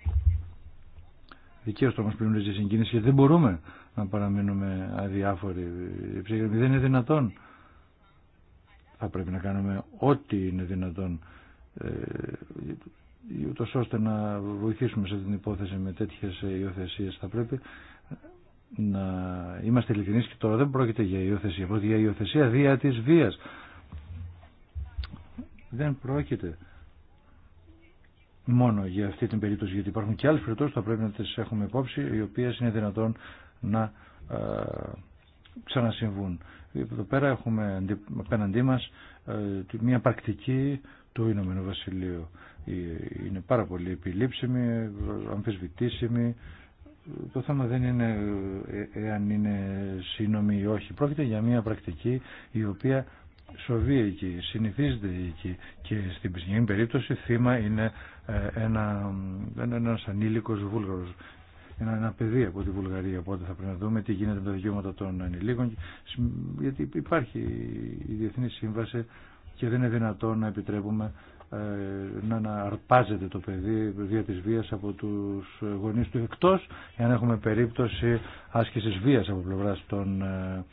δικαίως το μας πληρώνει η συγκίνηση γιατί δεν μπορούμε να παραμείνουμε αδιάφοροι. Δεν είναι δυνατόν. Θα πρέπει να κάνουμε ό,τι είναι δυνατόν ε, ούτως ώστε να βοηθήσουμε σε την υπόθεση με τέτοιες υιοθεσίες. Θα πρέπει να είμαστε ειλικρινείς και τώρα δεν πρόκειται για υιοθεσία. Πρόκειται για υιοθεσία δια της βίας. Δεν πρόκειται μόνο για αυτή την περίπτωση, γιατί υπάρχουν και άλλες περιπτώσεις που θα πρέπει να τις έχουμε υπόψη, οι οποίες είναι δυνατόν να ε, ξανασυμβούν. Εδώ πέρα έχουμε απέναντί μας ε, μια πρακτική του Ηνωμένου Βασιλείου. Είναι πάρα πολύ επιλήψιμη, αμφισβητήσιμη. Το θέμα δεν είναι ε, εάν είναι σύνομη ή όχι. Πρόκειται για μια πρακτική η οποία σοβεί εκεί, συνηθίζεται εκεί και στην συγκεκριμένη περίπτωση θύμα είναι ένα, ένας ανήλικος βούλγαρος ένα παιδί από τη Βουλγαρία. Οπότε θα πρέπει να δούμε τι γίνεται με τα δικαιώματα των ανηλίκων. Γιατί υπάρχει η Διεθνή Σύμβαση και δεν είναι δυνατόν να επιτρέπουμε ε, να, να αρπάζεται το παιδί δια της βίας από τους γονείς του εκτός εάν έχουμε περίπτωση άσκησης βίας από πλευράς των ε,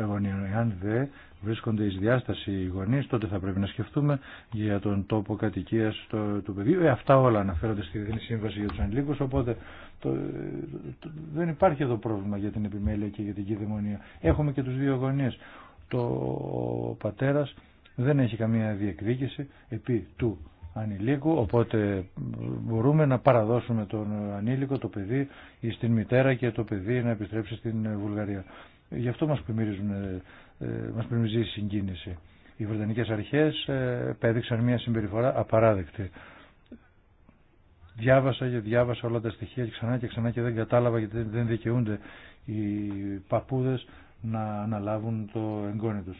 γονείων. Εάν δεν βρίσκονται εις διάσταση οι γονείς τότε θα πρέπει να σκεφτούμε για τον τόπο κατοικίας του παιδιού. Ε, αυτά όλα αναφέρονται στη Διεθνή Σύμβαση για τους Ανηλίκους οπότε δεν υπάρχει εδώ πρόβλημα για την επιμέλεια και για την κυδαιμονία. Έχουμε και τους δύο γονείς. Το πατέρας δεν έχει καμία διεκδίκηση επί του ανηλίκου, οπότε μπορούμε να παραδώσουμε τον ανήλικο, το παιδί, στην μητέρα και το παιδί να επιστρέψει στην Βουλγαρία. Γι' αυτό μας πλημμυρίζουν, ε, ε, μας πλημμυρίζει η συγκίνηση. Οι Βρετανικές αρχές ε, πέδειξαν μια συμπεριφορά απαράδεκτη διάβασα και διάβασα όλα τα στοιχεία και ξανά και ξανά και δεν κατάλαβα γιατί δεν δικαιούνται οι παππούδες να αναλάβουν το εγγόνι τους.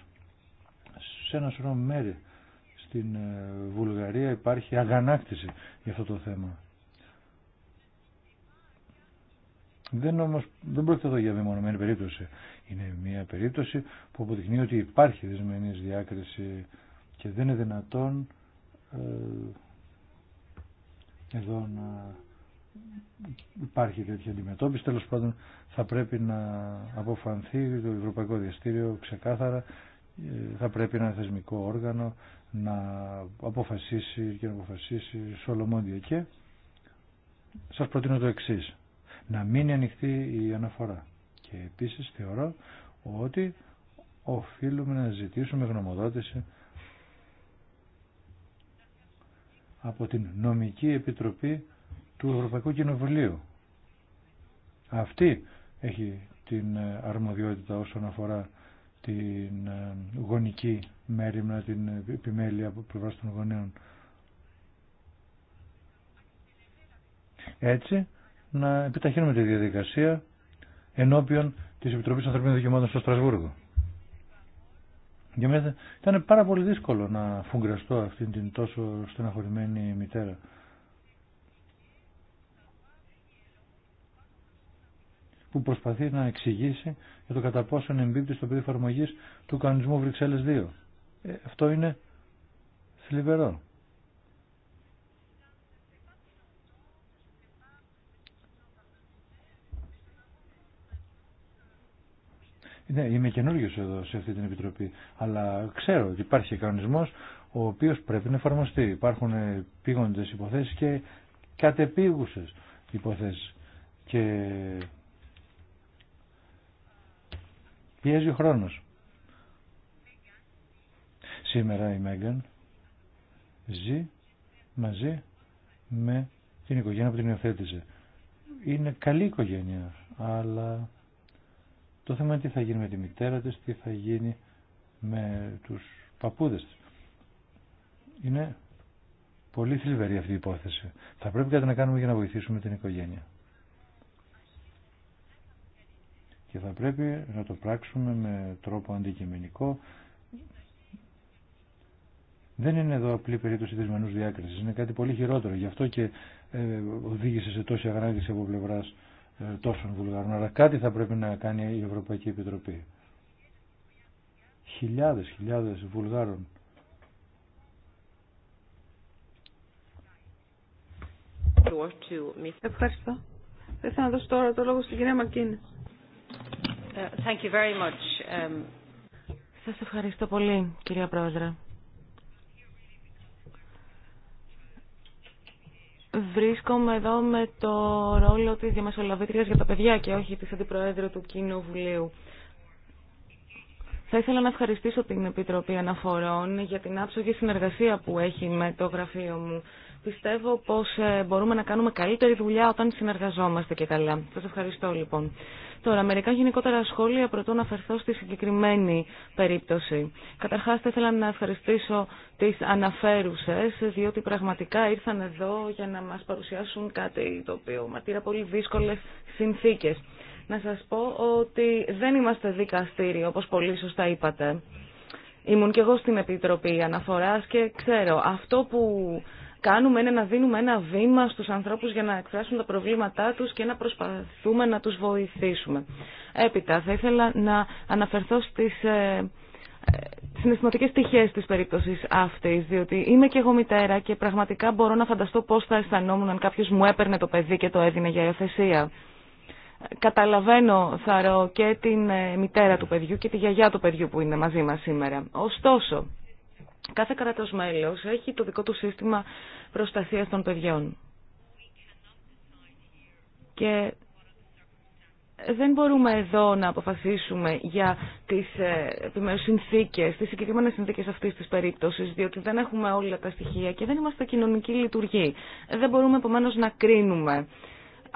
Σε ένα σωρό μέρη στην ε, Βουλγαρία υπάρχει αγανάκτηση για αυτό το θέμα. Δεν, όμως, δεν πρόκειται εδώ για μεμονωμένη περίπτωση. Είναι μια περίπτωση που αποδεικνύει ότι υπάρχει δυσμενής διάκριση και δεν είναι δυνατόν ε, εδώ να υπάρχει τέτοια αντιμετώπιση. Τέλος πάντων θα πρέπει να αποφανθεί το Ευρωπαϊκό Διαστήριο ξεκάθαρα, ε, θα πρέπει ένα θεσμικό όργανο να αποφασίσει και να αποφασίσει ολομόντια και σας προτείνω το εξή. να μείνει ανοιχτή η αναφορά και επίσης θεωρώ ότι οφείλουμε να ζητήσουμε γνωμοδότηση από την Νομική Επιτροπή του Ευρωπαϊκού Κοινοβουλίου. Αυτή έχει την ε, αρμοδιότητα όσον αφορά την ε, γονική μέρημνα, την επιμέλεια από πλευρά των γονέων. Έτσι, να επιταχύνουμε τη διαδικασία ενώπιον της Επιτροπής Ανθρωπίνων Δικαιωμάτων στο Στρασβούργο. Για μένα ήταν πάρα πολύ δύσκολο να φουγκραστώ αυτήν την τόσο στεναχωρημένη μητέρα. που προσπαθεί να εξηγήσει για το κατά πόσο εμπίπτη στο πεδίο εφαρμογή του κανονισμού Βρυξέλλες 2. Ε, αυτό είναι θλιβερό. Ναι, είμαι καινούριο εδώ σε αυτή την επιτροπή, αλλά ξέρω ότι υπάρχει κανονισμό ο οποίο πρέπει να εφαρμοστεί. Υπάρχουν πήγοντε υποθέσει και κατεπίγουσε υποθέσει. Και πιέζει ο χρόνο. Σήμερα η Μέγαν ζει μαζί με την οικογένεια που την υιοθέτησε. Είναι καλή οικογένεια, αλλά το θέμα είναι τι θα γίνει με τη μητέρα της, τι θα γίνει με τους παππούδες της. Είναι πολύ θλιβερή αυτή η υπόθεση. Θα πρέπει κάτι να κάνουμε για να βοηθήσουμε την οικογένεια. Και θα πρέπει να το πράξουμε με τρόπο αντικειμενικό. Δεν είναι εδώ απλή περίπτωση της μενούς διάκρισης. Είναι κάτι πολύ χειρότερο. Γι' αυτό και ε, οδήγησε σε τόση αγράγηση από πλευράς ε, τόσων Βουλγαρών. Αλλά κάτι θα πρέπει να κάνει η Ευρωπαϊκή Επιτροπή. Χιλιάδες, χιλιάδες Βουλγάρων. Ευχαριστώ. Θα ήθελα να δώσω τώρα το λόγο στην κυρία Μαρκίνη. Thank you very much. Σας ευχαριστώ πολύ, κυρία Πρόεδρε. Βρίσκομαι εδώ με το ρόλο της διαμεσολαβήτριας για τα παιδιά και όχι της Αντιπροέδρου του Κοινοβουλίου. Θα ήθελα να ευχαριστήσω την Επιτροπή Αναφορών για την άψογη συνεργασία που έχει με το γραφείο μου. Πιστεύω πως ε, μπορούμε να κάνουμε καλύτερη δουλειά όταν συνεργαζόμαστε και καλά. Σας ευχαριστώ λοιπόν. Τώρα, μερικά γενικότερα σχόλια προτού να στη συγκεκριμένη περίπτωση. Καταρχάς, θα ήθελα να ευχαριστήσω τις αναφέρουσε, διότι πραγματικά ήρθαν εδώ για να μας παρουσιάσουν κάτι το οποίο ματήρα πολύ δύσκολε συνθήκες. Να σας πω ότι δεν είμαστε δικαστήριο, όπως πολύ σωστά είπατε. Ήμουν και εγώ στην Επιτροπή Αναφοράς και ξέρω αυτό που κάνουμε είναι να δίνουμε ένα βήμα στους ανθρώπους για να εκφράσουν τα προβλήματά τους και να προσπαθούμε να τους βοηθήσουμε. Έπειτα, θα ήθελα να αναφερθώ στις ε, ε, συναισθηματικές στοιχείες της περίπτωσης αυτής, διότι είμαι και εγώ μητέρα και πραγματικά μπορώ να φανταστώ πώς θα αισθανόμουν αν κάποιος μου έπαιρνε το παιδί και το έδινε για υιοθεσία. Καταλαβαίνω, θα ρω, και την ε, μητέρα του παιδιού και τη γιαγιά του παιδιού που είναι μαζί μας σήμερα. Ωστόσο, Κάθε κράτος μέλος έχει το δικό του σύστημα προστασίας των παιδιών. Και δεν μπορούμε εδώ να αποφασίσουμε για τις ε, επιμέρους συνθήκες, τις συγκεκριμένες συνθήκες αυτής της περίπτωσης, διότι δεν έχουμε όλα τα στοιχεία και δεν είμαστε κοινωνική λειτουργή. Δεν μπορούμε επομένω να κρίνουμε.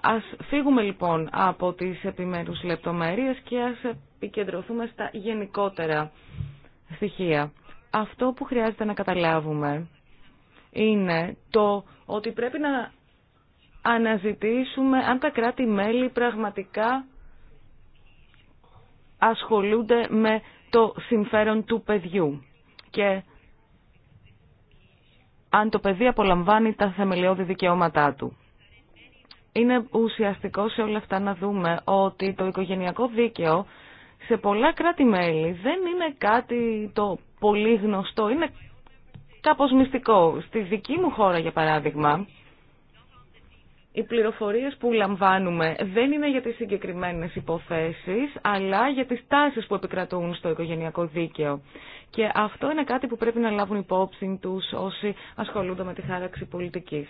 Ας φύγουμε λοιπόν από τις επιμέρους λεπτομέρειες και ας επικεντρωθούμε στα γενικότερα στοιχεία αυτό που χρειάζεται να καταλάβουμε είναι το ότι πρέπει να αναζητήσουμε αν τα κράτη-μέλη πραγματικά ασχολούνται με το συμφέρον του παιδιού και αν το παιδί απολαμβάνει τα θεμελιώδη δικαιώματά του. Είναι ουσιαστικό σε όλα αυτά να δούμε ότι το οικογενειακό δίκαιο σε πολλά κράτη-μέλη δεν είναι κάτι το πολύ γνωστό, είναι κάπως μυστικό. Στη δική μου χώρα, για παράδειγμα, οι πληροφορίες που λαμβάνουμε δεν είναι για τις συγκεκριμένες υποθέσεις, αλλά για τις τάσεις που επικρατούν στο οικογενειακό δίκαιο. Και αυτό είναι κάτι που πρέπει να λάβουν υπόψη τους όσοι ασχολούνται με τη χάραξη πολιτικής.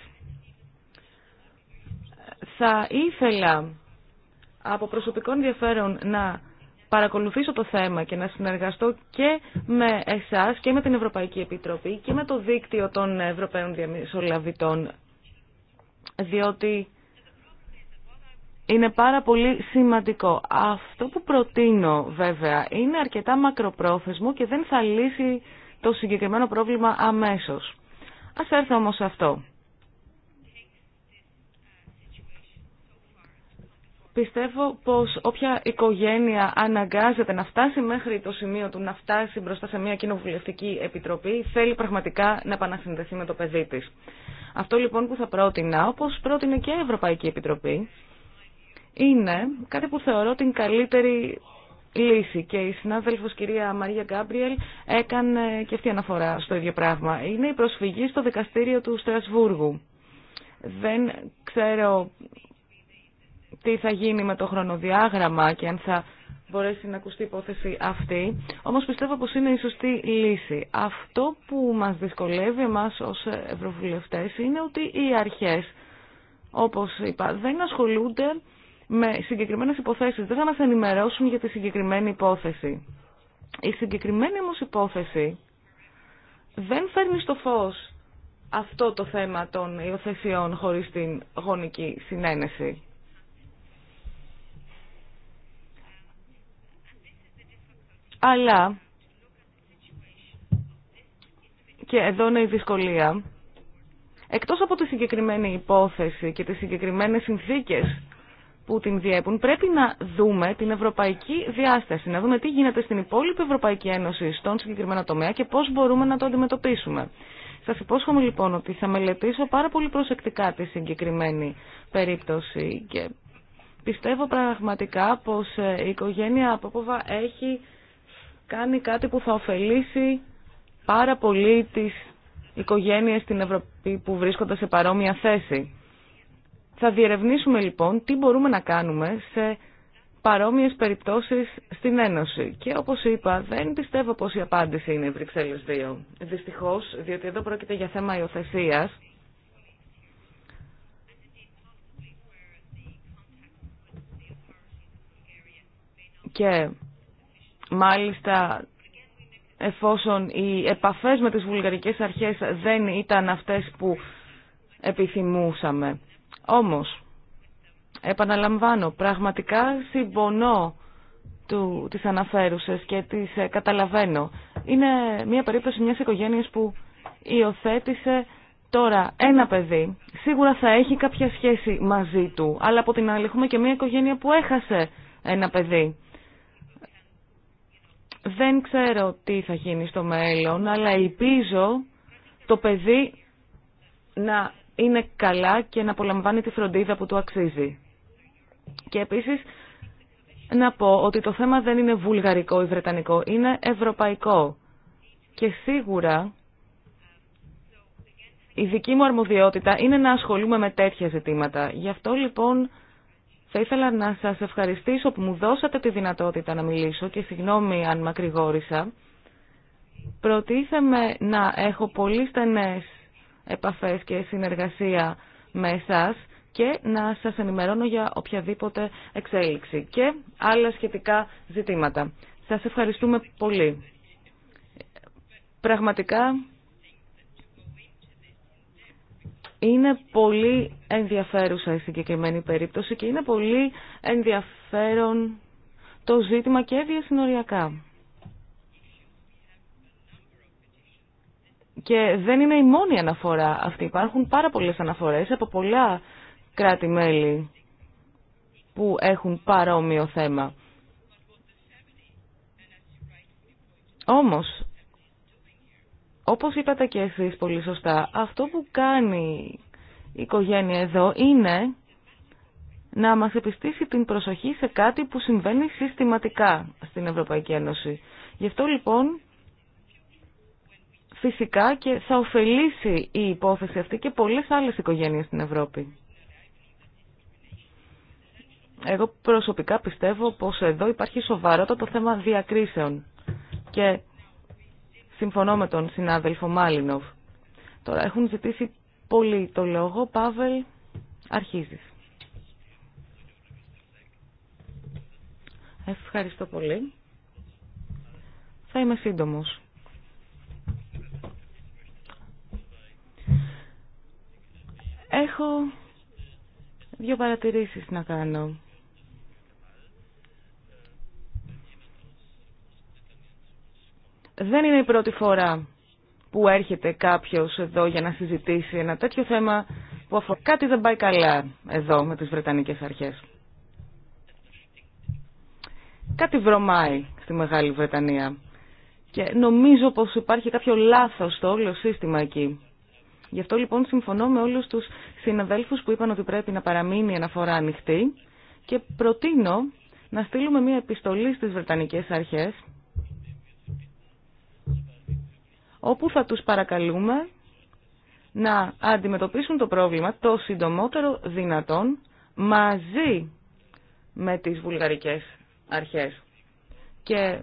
Θα ήθελα από προσωπικό ενδιαφέρον να παρακολουθήσω το θέμα και να συνεργαστώ και με εσάς και με την Ευρωπαϊκή Επιτροπή και με το δίκτυο των Ευρωπαίων Διαμεσολαβητών, διότι είναι πάρα πολύ σημαντικό. Αυτό που προτείνω βέβαια είναι αρκετά μακροπρόθεσμο και δεν θα λύσει το συγκεκριμένο πρόβλημα αμέσως. Ας έρθω όμως σε αυτό. Πιστεύω πως όποια οικογένεια αναγκάζεται να φτάσει μέχρι το σημείο του να φτάσει μπροστά σε μια κοινοβουλευτική επιτροπή θέλει πραγματικά να επανασυνδεθεί με το παιδί της. Αυτό λοιπόν που θα πρότεινα, όπως πρότεινε και η Ευρωπαϊκή Επιτροπή, είναι κάτι που θεωρώ την καλύτερη λύση και η συνάδελφος κυρία Μαρία Γκάμπριελ έκανε και αυτή αναφορά στο ίδιο πράγμα. Είναι η προσφυγή στο δικαστήριο του Στρασβούργου. Δεν ξέρω τι θα γίνει με το χρονοδιάγραμμα και αν θα μπορέσει να ακουστεί η υπόθεση αυτή. Όμως πιστεύω πως είναι η σωστή λύση. Αυτό που μας δυσκολεύει εμάς ως ευρωβουλευτές είναι ότι οι αρχές, όπως είπα, δεν ασχολούνται με συγκεκριμένες υποθέσεις. Δεν θα μας ενημερώσουν για τη συγκεκριμένη υπόθεση. Η συγκεκριμένη όμως υπόθεση δεν φέρνει στο φως αυτό το θέμα των υιοθεσιών χωρίς την γονική συνένεση. Αλλά, και εδώ είναι η δυσκολία, εκτός από τη συγκεκριμένη υπόθεση και τις συγκεκριμένες συνθήκες που την διέπουν, πρέπει να δούμε την ευρωπαϊκή διάσταση, να δούμε τι γίνεται στην υπόλοιπη Ευρωπαϊκή Ένωση στον συγκεκριμένο τομέα και πώς μπορούμε να το αντιμετωπίσουμε. Σας υπόσχομαι λοιπόν ότι θα μελετήσω πάρα πολύ προσεκτικά τη συγκεκριμένη περίπτωση και πιστεύω πραγματικά πως ε, η οικογένεια Απόποβα έχει κάνει κάτι που θα ωφελήσει πάρα πολύ τις οικογένειες στην Ευρωπή που βρίσκονται σε παρόμοια θέση. Θα διερευνήσουμε λοιπόν τι μπορούμε να κάνουμε σε παρόμοιες περιπτώσεις στην Ένωση. Και όπως είπα, δεν πιστεύω πως η απάντηση είναι η Βρυξέλλες 2. Δυστυχώς, διότι εδώ πρόκειται για θέμα υιοθεσία. Και Μάλιστα, εφόσον οι επαφές με τις βουλγαρικές αρχές δεν ήταν αυτές που επιθυμούσαμε. Όμως, επαναλαμβάνω, πραγματικά συμπονώ του, τις αναφέρουσες και τις ε, καταλαβαίνω. Είναι μια περίπτωση μιας οικογένειας που υιοθέτησε τώρα ένα παιδί. Σίγουρα θα έχει κάποια σχέση μαζί του, αλλά από την άλλη έχουμε και μια οικογένεια που έχασε ένα παιδί. Δεν ξέρω τι θα γίνει στο μέλλον, αλλά ελπίζω το παιδί να είναι καλά και να απολαμβάνει τη φροντίδα που του αξίζει. Και επίσης να πω ότι το θέμα δεν είναι βουλγαρικό ή βρετανικό, είναι ευρωπαϊκό. Και σίγουρα η δική μου αρμοδιότητα είναι να ασχολούμαι με τέτοια ζητήματα. Γι' αυτό λοιπόν θα ήθελα να σας ευχαριστήσω που μου δώσατε τη δυνατότητα να μιλήσω και συγγνώμη αν μακρηγόρησα. Προτίθεμαι να έχω πολύ στενές επαφές και συνεργασία με εσάς και να σας ενημερώνω για οποιαδήποτε εξέλιξη και άλλα σχετικά ζητήματα. Σας ευχαριστούμε πολύ. Πραγματικά είναι πολύ ενδιαφέρουσα η συγκεκριμένη περίπτωση και είναι πολύ ενδιαφέρον το ζήτημα και διασυνοριακά. Και δεν είναι η μόνη αναφορά αυτή. Υπάρχουν πάρα πολλές αναφορές από πολλά κράτη-μέλη που έχουν παρόμοιο θέμα. Όμως, όπως είπατε και εσείς πολύ σωστά, αυτό που κάνει η οικογένεια εδώ είναι να μας επιστήσει την προσοχή σε κάτι που συμβαίνει συστηματικά στην Ευρωπαϊκή Ένωση. Γι' αυτό λοιπόν φυσικά και θα ωφελήσει η υπόθεση αυτή και πολλές άλλες οικογένειες στην Ευρώπη. Εγώ προσωπικά πιστεύω πως εδώ υπάρχει σοβαρότατο θέμα διακρίσεων και Συμφωνώ με τον συνάδελφο Μάλινοβ. Τώρα έχουν ζητήσει πολύ το λόγο. Πάβελ, αρχίζεις. Ευχαριστώ πολύ. Θα είμαι σύντομος. Έχω δύο παρατηρήσεις να κάνω. Δεν είναι η πρώτη φορά που έρχεται κάποιος εδώ για να συζητήσει ένα τέτοιο θέμα που αφορά κάτι δεν πάει καλά εδώ με τις Βρετανικές αρχές. Κάτι βρωμάει στη Μεγάλη Βρετανία και νομίζω πως υπάρχει κάποιο λάθος στο όλο σύστημα εκεί. Γι' αυτό λοιπόν συμφωνώ με όλους τους συναδέλφους που είπαν ότι πρέπει να παραμείνει αναφορά ανοιχτή και προτείνω να στείλουμε μια επιστολή στις Βρετανικές αρχές όπου θα τους παρακαλούμε να αντιμετωπίσουν το πρόβλημα το συντομότερο δυνατόν μαζί με τις βουλγαρικές αρχές. Και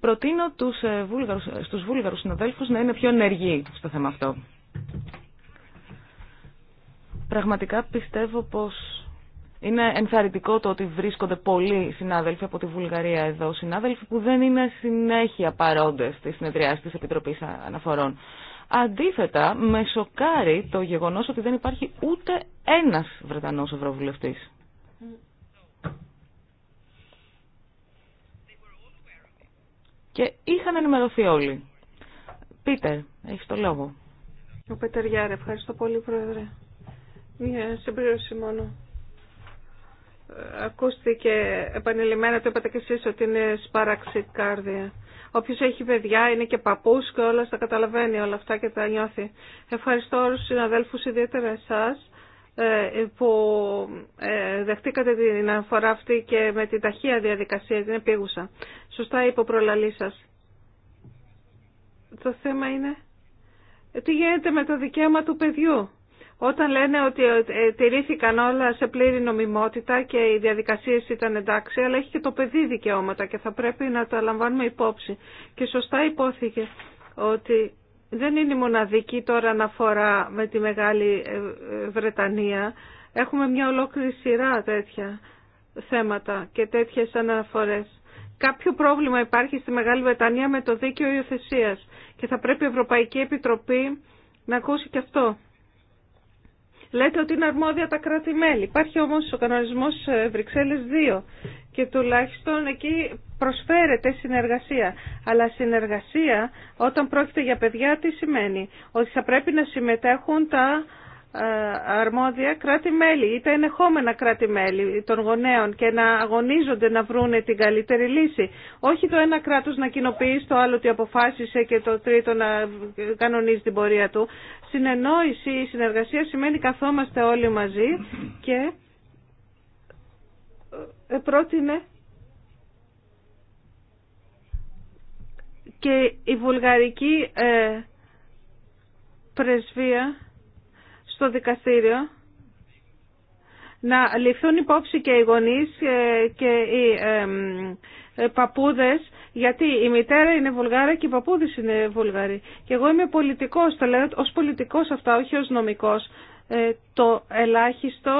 προτείνω τους ε, βούλγαρους, στους βούλγαρους συναδέλφους να είναι πιο ενεργοί στο θέμα αυτό. Πραγματικά πιστεύω πως είναι ενθαρρυντικό το ότι βρίσκονται πολλοί συνάδελφοι από τη Βουλγαρία εδώ, συνάδελφοι που δεν είναι συνέχεια παρόντες στις συνεδριάσεις της Επιτροπής Αναφορών. Αντίθετα, με σοκάρει το γεγονός ότι δεν υπάρχει ούτε ένας Βρετανός Ευρωβουλευτής. Και είχαν ενημερωθεί όλοι. Πίτερ, έχει το λόγο. Ο Πέτερ Γιάρε, ευχαριστώ πολύ, Πρόεδρε. Μια συμπλήρωση μόνο ακούστηκε επανειλημμένα, το είπατε και εσείς, ότι είναι σπάραξη κάρδια. Όποιος έχει παιδιά είναι και παππούς και όλα τα καταλαβαίνει όλα αυτά και τα νιώθει. Ευχαριστώ όλους τους συναδέλφους, ιδιαίτερα εσάς, ε, που ε, δεχτήκατε την αναφορά αυτή και με την ταχεία διαδικασία, την επίγουσα. Σωστά είπε ο προλαλή Το θέμα είναι τι γίνεται με το δικαίωμα του παιδιού. Όταν λένε ότι ε, ε, τηρήθηκαν όλα σε πλήρη νομιμότητα και οι διαδικασίες ήταν εντάξει, αλλά έχει και το παιδί δικαιώματα και θα πρέπει να τα λαμβάνουμε υπόψη. Και σωστά υπόθηκε ότι δεν είναι η μοναδική τώρα αναφορά με τη Μεγάλη ε, Βρετανία. Έχουμε μια ολόκληρη σειρά τέτοια θέματα και τέτοιες αναφορές. Κάποιο πρόβλημα υπάρχει στη Μεγάλη Βρετανία με το δίκαιο υιοθεσία και θα πρέπει η Ευρωπαϊκή Επιτροπή να ακούσει και αυτό λέτε ότι είναι αρμόδια τα κράτη-μέλη. Υπάρχει όμως ο κανονισμός ε, Βρυξέλλε 2 και τουλάχιστον εκεί προσφέρεται συνεργασία. Αλλά συνεργασία όταν πρόκειται για παιδιά τι σημαίνει. Ότι θα πρέπει να συμμετέχουν τα ε, αρμόδια κράτη-μέλη ή τα ενεχόμενα κράτη-μέλη των γονέων και να αγωνίζονται να βρούνε την καλύτερη λύση. Όχι το ένα κράτος να κοινοποιεί στο άλλο ότι αποφάσισε και το τρίτο να κανονίζει την πορεία του. Συνεννόηση ή συνεργασία σημαίνει καθόμαστε όλοι μαζί και ε, πρότεινε και η βουλγαρική ε, πρεσβεία στο δικαστήριο να ληφθούν υπόψη και οι γονείς ε, και οι ε, παππούδες, γιατί η μητέρα είναι Βουλγάρα και οι παππούδες είναι Βουλγαροί. Και εγώ είμαι πολιτικός, το λέω ως πολιτικός αυτά, όχι ως νομικός. Ε, το ελάχιστο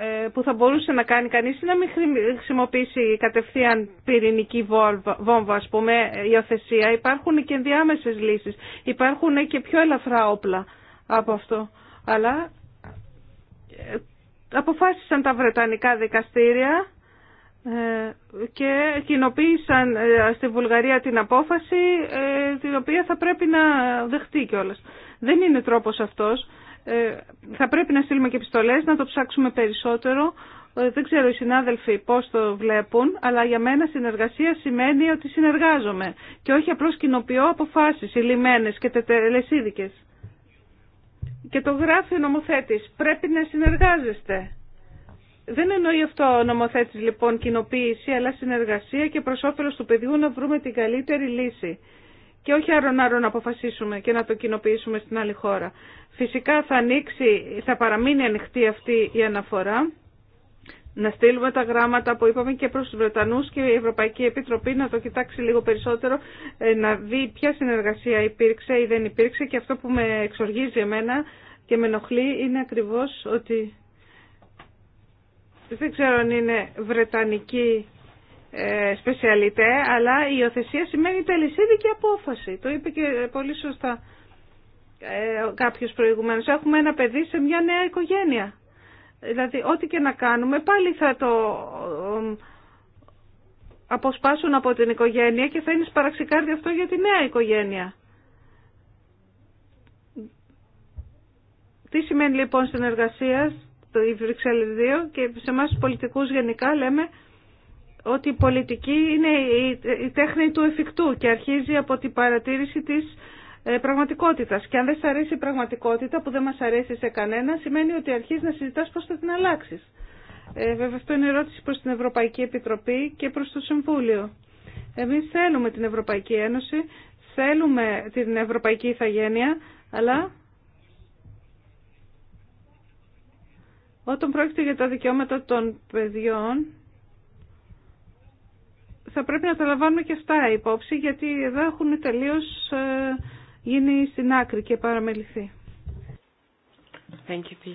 ε, που θα μπορούσε να κάνει κανείς είναι να μην χρησιμοποιήσει κατευθείαν πυρηνική βόμβα, ας πούμε, υιοθεσία. Υπάρχουν και ενδιάμεσες λύσεις. Υπάρχουν και πιο ελαφρά όπλα από αυτό. Αλλά ε, αποφάσισαν τα Βρετανικά δικαστήρια ε, και κοινοποίησαν στη Βουλγαρία την απόφαση την οποία θα πρέπει να δεχτεί κιόλας. Δεν είναι τρόπος αυτός ε, θα πρέπει να στείλουμε και επιστολές, να το ψάξουμε περισσότερο. Ε, δεν ξέρω οι συνάδελφοι πώς το βλέπουν, αλλά για μένα συνεργασία σημαίνει ότι συνεργάζομαι και όχι απλώς κοινοποιώ αποφάσεις ηλυμένε και τελεσίδικες. Και το γράφει ο νομοθέτης. Πρέπει να συνεργάζεστε. Δεν εννοεί αυτό ο νομοθέτης λοιπόν κοινοποίηση, αλλά συνεργασία και προς όφελος του παιδιού να βρούμε την καλύτερη λύση και όχι να αποφασίσουμε και να το κοινοποιήσουμε στην άλλη χώρα. Φυσικά θα ανοίξει, θα παραμείνει ανοιχτή αυτή η αναφορά. Να στείλουμε τα γράμματα που είπαμε και προς τους Βρετανούς και η Ευρωπαϊκή Επιτροπή να το κοιτάξει λίγο περισσότερο, ε, να δει ποια συνεργασία υπήρξε ή δεν υπήρξε και αυτό που με εξοργίζει εμένα και με ενοχλεί είναι ακριβώς ότι δεν ξέρω αν είναι βρετανική ε, σπεσιαλιτέ, αλλά η υιοθεσία σημαίνει και απόφαση. Το είπε και πολύ σωστά ε, κάποιος προηγουμένως. Έχουμε ένα παιδί σε μια νέα οικογένεια. Δηλαδή, ό,τι και να κάνουμε, πάλι θα το ε, αποσπάσουν από την οικογένεια και θα είναι σπαραξικάρδι αυτό για τη νέα οικογένεια. Τι σημαίνει λοιπόν συνεργασία, το Ιβρυξέλη 2 και σε εμάς τους πολιτικούς γενικά λέμε ότι η πολιτική είναι η τέχνη του εφικτού και αρχίζει από την παρατήρηση της ε, πραγματικότητας. Και αν δεν σ' αρέσει η πραγματικότητα που δεν μας αρέσει σε κανένα, σημαίνει ότι αρχίζει να συζητάς πώς θα την αλλάξεις. Ε, βέβαια αυτό είναι ερώτηση προς την Ευρωπαϊκή Επιτροπή και προς το Συμβούλιο. Εμείς θέλουμε την Ευρωπαϊκή Ένωση, θέλουμε την Ευρωπαϊκή Ιθαγένεια, αλλά όταν πρόκειται για τα δικαιώματα των παιδιών, θα πρέπει να τα λαμβάνουμε και αυτά υπόψη, γιατί εδώ έχουν τελείως ε, γίνει στην άκρη και παραμεληθεί. Thank you,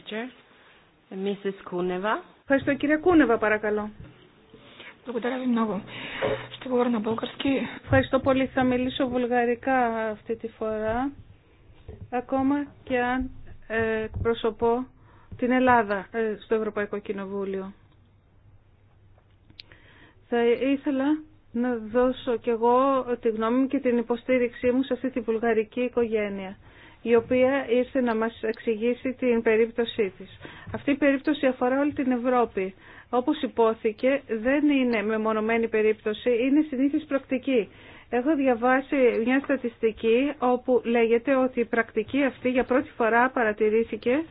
Mrs. Kuneva. Ευχαριστώ, κυρία Κούνεβα, παρακαλώ. Ευχαριστώ πολύ. Θα μιλήσω βουλγαρικά αυτή τη φορά, ακόμα και αν ε, προσωπώ την Ελλάδα ε, στο Ευρωπαϊκό Κοινοβούλιο. Θα ήθελα να δώσω και εγώ τη γνώμη μου και την υποστήριξή μου σε αυτή τη βουλγαρική οικογένεια η οποία ήρθε να μας εξηγήσει την περίπτωσή της. Αυτή η περίπτωση αφορά όλη την Ευρώπη. Όπως υπόθηκε, δεν είναι μεμονωμένη περίπτωση, είναι συνήθως πρακτική. Έχω διαβάσει μια στατιστική όπου λέγεται ότι η πρακτική αυτή για πρώτη φορά παρατηρήθηκε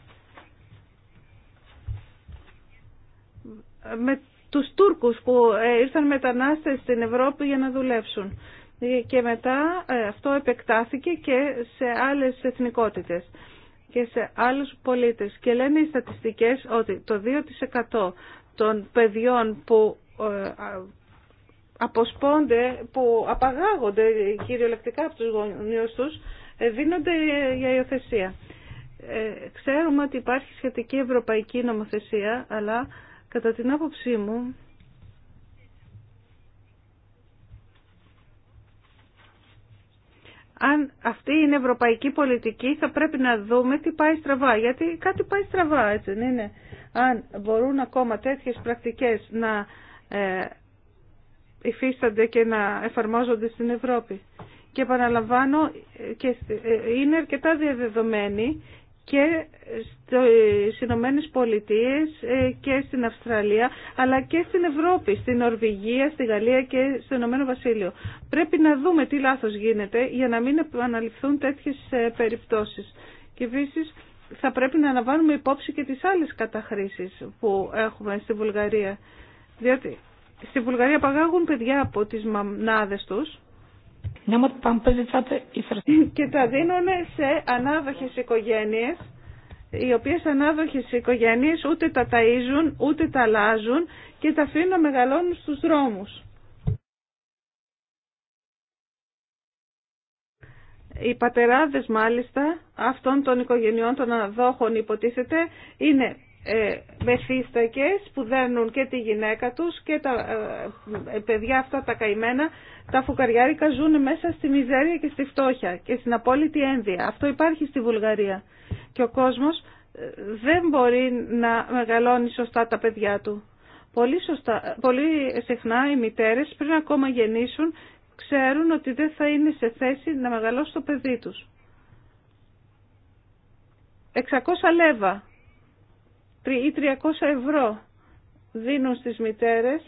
με τους Τούρκους που ε, ήρθαν μετανάστες στην Ευρώπη για να δουλέψουν. Και μετά ε, αυτό επεκτάθηκε και σε άλλες εθνικότητες και σε άλλους πολίτες. Και λένε οι στατιστικές ότι το 2% των παιδιών που ε, αποσπώνται, που απαγάγονται κυριολεκτικά από τους γονείς τους, δίνονται για υιοθεσία. Ξέρουμε ότι υπάρχει σχετική ευρωπαϊκή νομοθεσία, αλλά Κατά την άποψή μου, αν αυτή είναι ευρωπαϊκή πολιτική θα πρέπει να δούμε τι πάει στραβά. Γιατί κάτι πάει στραβά, έτσι δεν είναι. Αν μπορούν ακόμα τέτοιες πρακτικές να ε, υφίστανται και να εφαρμόζονται στην Ευρώπη. Και επαναλαμβάνω, και ε, ε, είναι αρκετά διαδεδομένη και στις Ηνωμένε Πολιτείε ε, και στην Αυστραλία, αλλά και στην Ευρώπη, στην Νορβηγία, στη Γαλλία και στο Ηνωμένο Βασίλειο. Πρέπει να δούμε τι λάθος γίνεται για να μην επαναληφθούν τέτοιες ε, περιπτώσεις. Και επίση θα πρέπει να αναβάνουμε υπόψη και τις άλλες καταχρήσεις που έχουμε στη Βουλγαρία. Διότι στη Βουλγαρία παγάγουν παιδιά από τις μανάδες τους και τα δίνουν σε ανάδοχες οικογένειες, οι οποίες ανάδοχες οικογένειες ούτε τα ταΐζουν, ούτε τα αλλάζουν και τα αφήνουν να μεγαλώνουν στους δρόμους. Οι πατεράδες μάλιστα αυτών των οικογενειών των αναδόχων υποτίθεται είναι ε, μεθύστακες που δένουν και τη γυναίκα τους και τα ε, ε, παιδιά αυτά τα καημένα, τα φουκαριάρικα ζουν μέσα στη μιζέρια και στη φτώχεια και στην απόλυτη ένδυα. Αυτό υπάρχει στη Βουλγαρία και ο κόσμος ε, δεν μπορεί να μεγαλώνει σωστά τα παιδιά του. Πολύ, σωστά, πολύ συχνά οι μητέρες πριν ακόμα γεννήσουν ξέρουν ότι δεν θα είναι σε θέση να μεγαλώσει το παιδί τους. 600 λέβα ή 300 ευρώ δίνουν στις μητέρες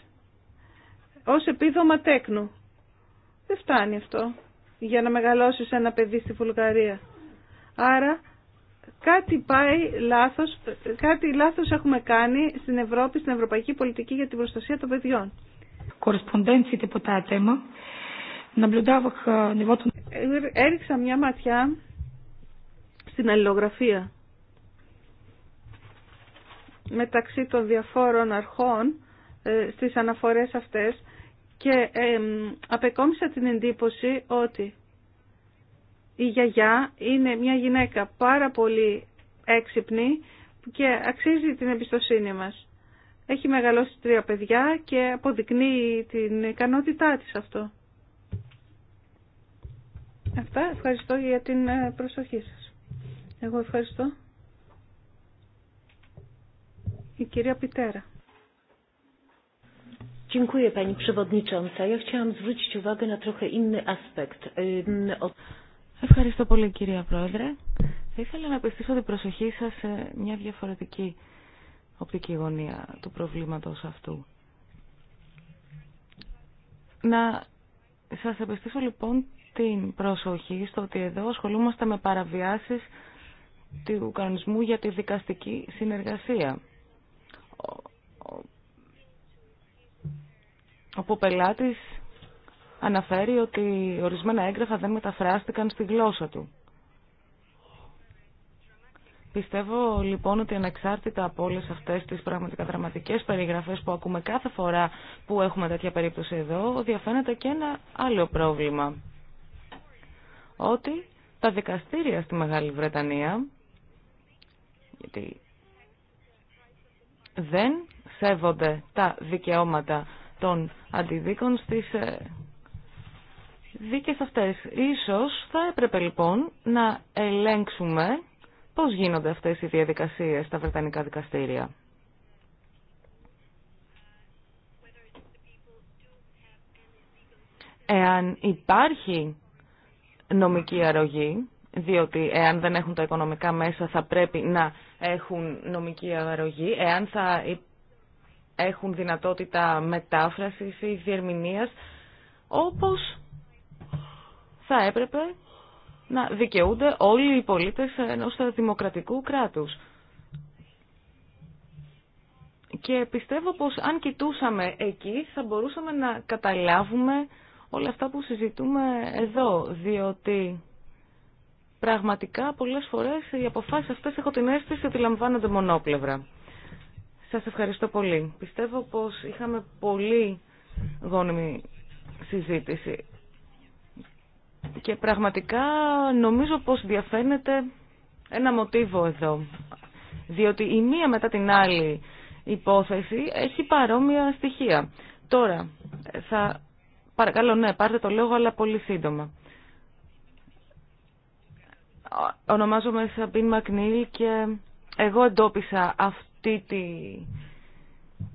ως επίδομα τέκνου. Δεν φτάνει αυτό για να μεγαλώσεις ένα παιδί στη Βουλγαρία. Άρα κάτι πάει λάθος, κάτι λάθος έχουμε κάνει στην Ευρώπη, στην ευρωπαϊκή πολιτική για την προστασία των παιδιών. Ε, έριξα μια ματιά στην αλληλογραφία μεταξύ των διαφόρων αρχών ε, στις αναφορές αυτές και απεκόμισα την εντύπωση ότι η γιαγιά είναι μια γυναίκα πάρα πολύ έξυπνη και αξίζει την εμπιστοσύνη μας. Έχει μεγαλώσει τρία παιδιά και αποδεικνύει την ικανότητά της αυτό. Αυτά. Ευχαριστώ για την ε, προσοχή σας. Εγώ ευχαριστώ. Η κυρία Πιτέρα. Ευχαριστώ πολύ κυρία Πρόεδρε. Θα ήθελα να επιστήσω την προσοχή σας σε μια διαφορετική οπτική γωνία του προβλήματος αυτού. Να σας επιστήσω λοιπόν την προσοχή στο ότι εδώ ασχολούμαστε με παραβιάσεις του κανονισμού για τη δικαστική συνεργασία όπου ο πελάτης αναφέρει ότι ορισμένα έγγραφα δεν μεταφράστηκαν στη γλώσσα του. Πιστεύω λοιπόν ότι ανεξάρτητα από όλε αυτέ τι πραγματικά δραματικέ περιγραφέ που ακούμε κάθε φορά που έχουμε τέτοια περίπτωση εδώ, διαφαίνεται και ένα άλλο πρόβλημα. Ότι τα δικαστήρια στη Μεγάλη Βρετανία, γιατί δεν σέβονται τα δικαιώματα των αντιδίκων στις ε, δίκες αυτές. Ίσως θα έπρεπε λοιπόν να ελέγξουμε πώς γίνονται αυτές οι διαδικασίες στα Βρετανικά δικαστήρια. Εάν υπάρχει νομική αρρωγή, διότι εάν δεν έχουν τα οικονομικά μέσα θα πρέπει να έχουν νομική αγαρογή, εάν θα έχουν δυνατότητα μετάφρασης ή διερμηνίας, όπως θα έπρεπε να δικαιούνται όλοι οι πολίτες ενός δημοκρατικού κράτους. Και πιστεύω πως αν κοιτούσαμε εκεί θα μπορούσαμε να καταλάβουμε όλα αυτά που συζητούμε εδώ, διότι Πραγματικά, πολλές φορές οι αποφάσει αυτέ έχω την αίσθηση ότι λαμβάνονται μονόπλευρα. Σας ευχαριστώ πολύ. Πιστεύω πως είχαμε πολύ γόνιμη συζήτηση. Και πραγματικά νομίζω πως διαφαίνεται ένα μοτίβο εδώ. Διότι η μία μετά την άλλη υπόθεση έχει παρόμοια στοιχεία. Τώρα, θα... παρακαλώ, ναι, πάρτε το λόγο, αλλά πολύ σύντομα. Ονομάζομαι Σαμπίν Μακνίλ και εγώ εντόπισα αυτή τη,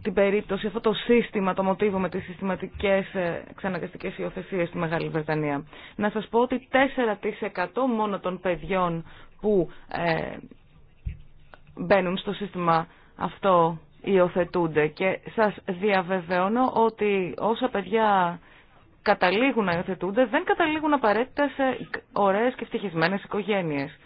την περίπτωση, αυτό το σύστημα, το μοτίβο με τις συστηματικές ε, ξαναγκαστικές υιοθεσίες στη Μεγάλη Βρετανία. Να σας πω ότι 4% μόνο των παιδιών που ε, μπαίνουν στο σύστημα αυτό υιοθετούνται και σας διαβεβαιώνω ότι όσα παιδιά καταλήγουν να υιοθετούνται δεν καταλήγουν απαραίτητα σε ωραίες και ευτυχισμένες οικογένειες.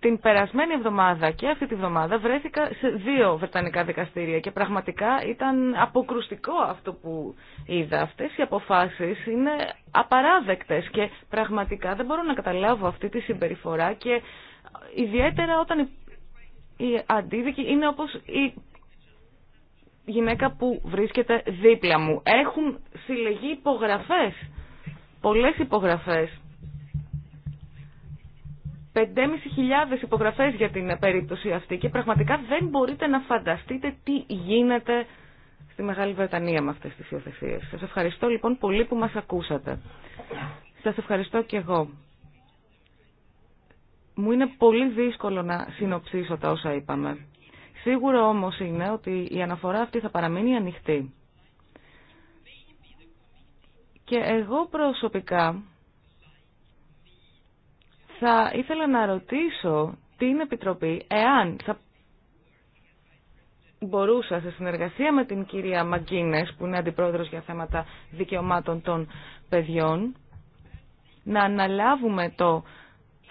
Την περασμένη εβδομάδα και αυτή τη εβδομάδα βρέθηκα σε δύο βρετανικά δικαστήρια και πραγματικά ήταν αποκρουστικό αυτό που είδα. Αυτές οι αποφάσεις είναι απαράδεκτες και πραγματικά δεν μπορώ να καταλάβω αυτή τη συμπεριφορά και ιδιαίτερα όταν οι αντίδικοι είναι όπως οι γυναίκα που βρίσκεται δίπλα μου. Έχουν συλλεγεί υπογραφές, πολλές υπογραφές. 5.500 υπογραφές για την περίπτωση αυτή και πραγματικά δεν μπορείτε να φανταστείτε τι γίνεται στη Μεγάλη Βρετανία με αυτές τις υιοθεσίες. Σας ευχαριστώ λοιπόν πολύ που μας ακούσατε. Σας ευχαριστώ και εγώ. Μου είναι πολύ δύσκολο να συνοψίσω τα όσα είπαμε. Σίγουρο όμως είναι ότι η αναφορά αυτή θα παραμείνει ανοιχτή. Και εγώ προσωπικά θα ήθελα να ρωτήσω την Επιτροπή εάν θα μπορούσα σε συνεργασία με την κυρία Μαγκίνες που είναι αντιπρόεδρος για θέματα δικαιωμάτων των παιδιών να αναλάβουμε το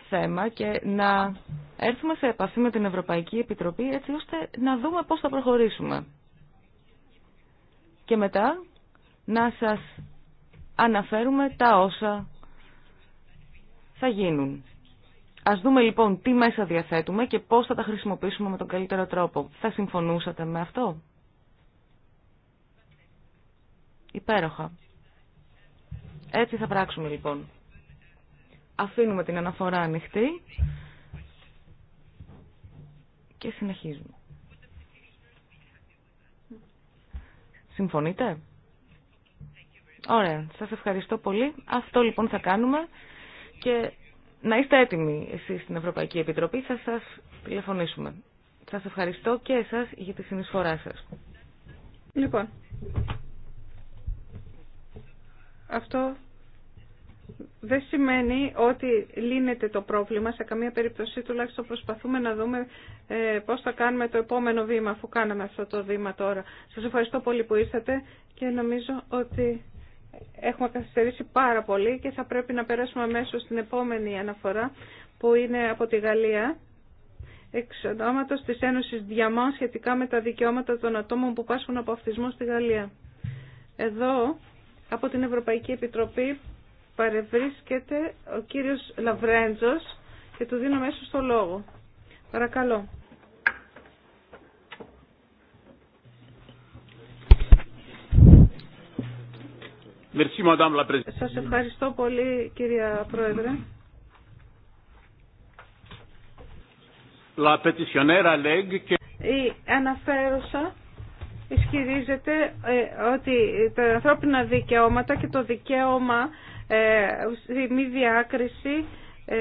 θέμα και να έρθουμε σε επαφή με την Ευρωπαϊκή Επιτροπή έτσι ώστε να δούμε πώς θα προχωρήσουμε. Και μετά να σας αναφέρουμε τα όσα θα γίνουν. Ας δούμε λοιπόν τι μέσα διαθέτουμε και πώς θα τα χρησιμοποιήσουμε με τον καλύτερο τρόπο. Θα συμφωνούσατε με αυτό. Υπέροχα. Έτσι θα πράξουμε λοιπόν αφήνουμε την αναφορά ανοιχτή και συνεχίζουμε. Συμφωνείτε? Ωραία, σας ευχαριστώ πολύ. Αυτό λοιπόν θα κάνουμε και να είστε έτοιμοι εσείς στην Ευρωπαϊκή Επιτροπή, θα σας τηλεφωνήσουμε. Σας ευχαριστώ και εσάς για τη συνεισφορά σας. Λοιπόν, αυτό δεν σημαίνει ότι λύνεται το πρόβλημα. Σε καμία περίπτωση τουλάχιστον προσπαθούμε να δούμε ε, πώς θα κάνουμε το επόμενο βήμα αφού κάναμε αυτό το βήμα τώρα. Σας ευχαριστώ πολύ που ήρθατε και νομίζω ότι έχουμε καθυστερήσει πάρα πολύ και θα πρέπει να περάσουμε αμέσως στην επόμενη αναφορά που είναι από τη Γαλλία εξ ονόματος της Ένωσης Διαμάν σχετικά με τα δικαιώματα των ατόμων που πάσχουν από αυτισμό στη Γαλλία. Εδώ από την Ευρωπαϊκή Επιτροπή παρευρίσκεται ο κύριος Λαβρέντζος και του δίνω μέσω στο λόγο. Παρακαλώ. Σας ευχαριστώ πολύ κυρία Πρόεδρε. La Η αναφέρουσα ισχυρίζεται ε, ότι τα ανθρώπινα δικαιώματα και το δικαίωμα ε, η μη διάκριση ε,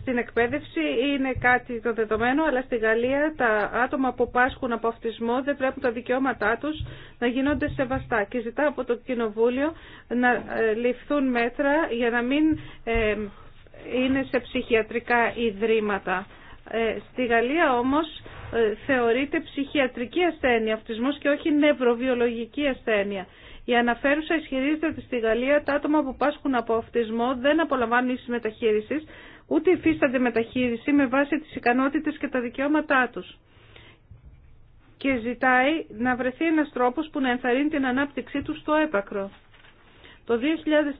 στην εκπαίδευση είναι κάτι το δεδομένο, αλλά στη Γαλλία τα άτομα που πάσχουν από αυτισμό δεν πρέπει τα δικαιώματά τους να γίνονται σεβαστά και ζητά από το Κοινοβούλιο να ε, ληφθούν μέτρα για να μην είναι σε ψυχιατρικά ιδρύματα. Στη Γαλλία όμως θεωρείται ψυχιατρική ασθένεια αυτισμός και όχι νευροβιολογική ασθένεια. Η αναφέρουσα ισχυρίζεται ότι στη Γαλλία τα άτομα που πάσχουν από αυτισμό δεν απολαμβάνουν ίση μεταχείριση, ούτε υφίστανται μεταχείριση με βάση τι ικανότητε και τα δικαιώματά τους. Και ζητάει να βρεθεί ένας τρόπος που να ενθαρρύνει την ανάπτυξή του στο έπακρο. Το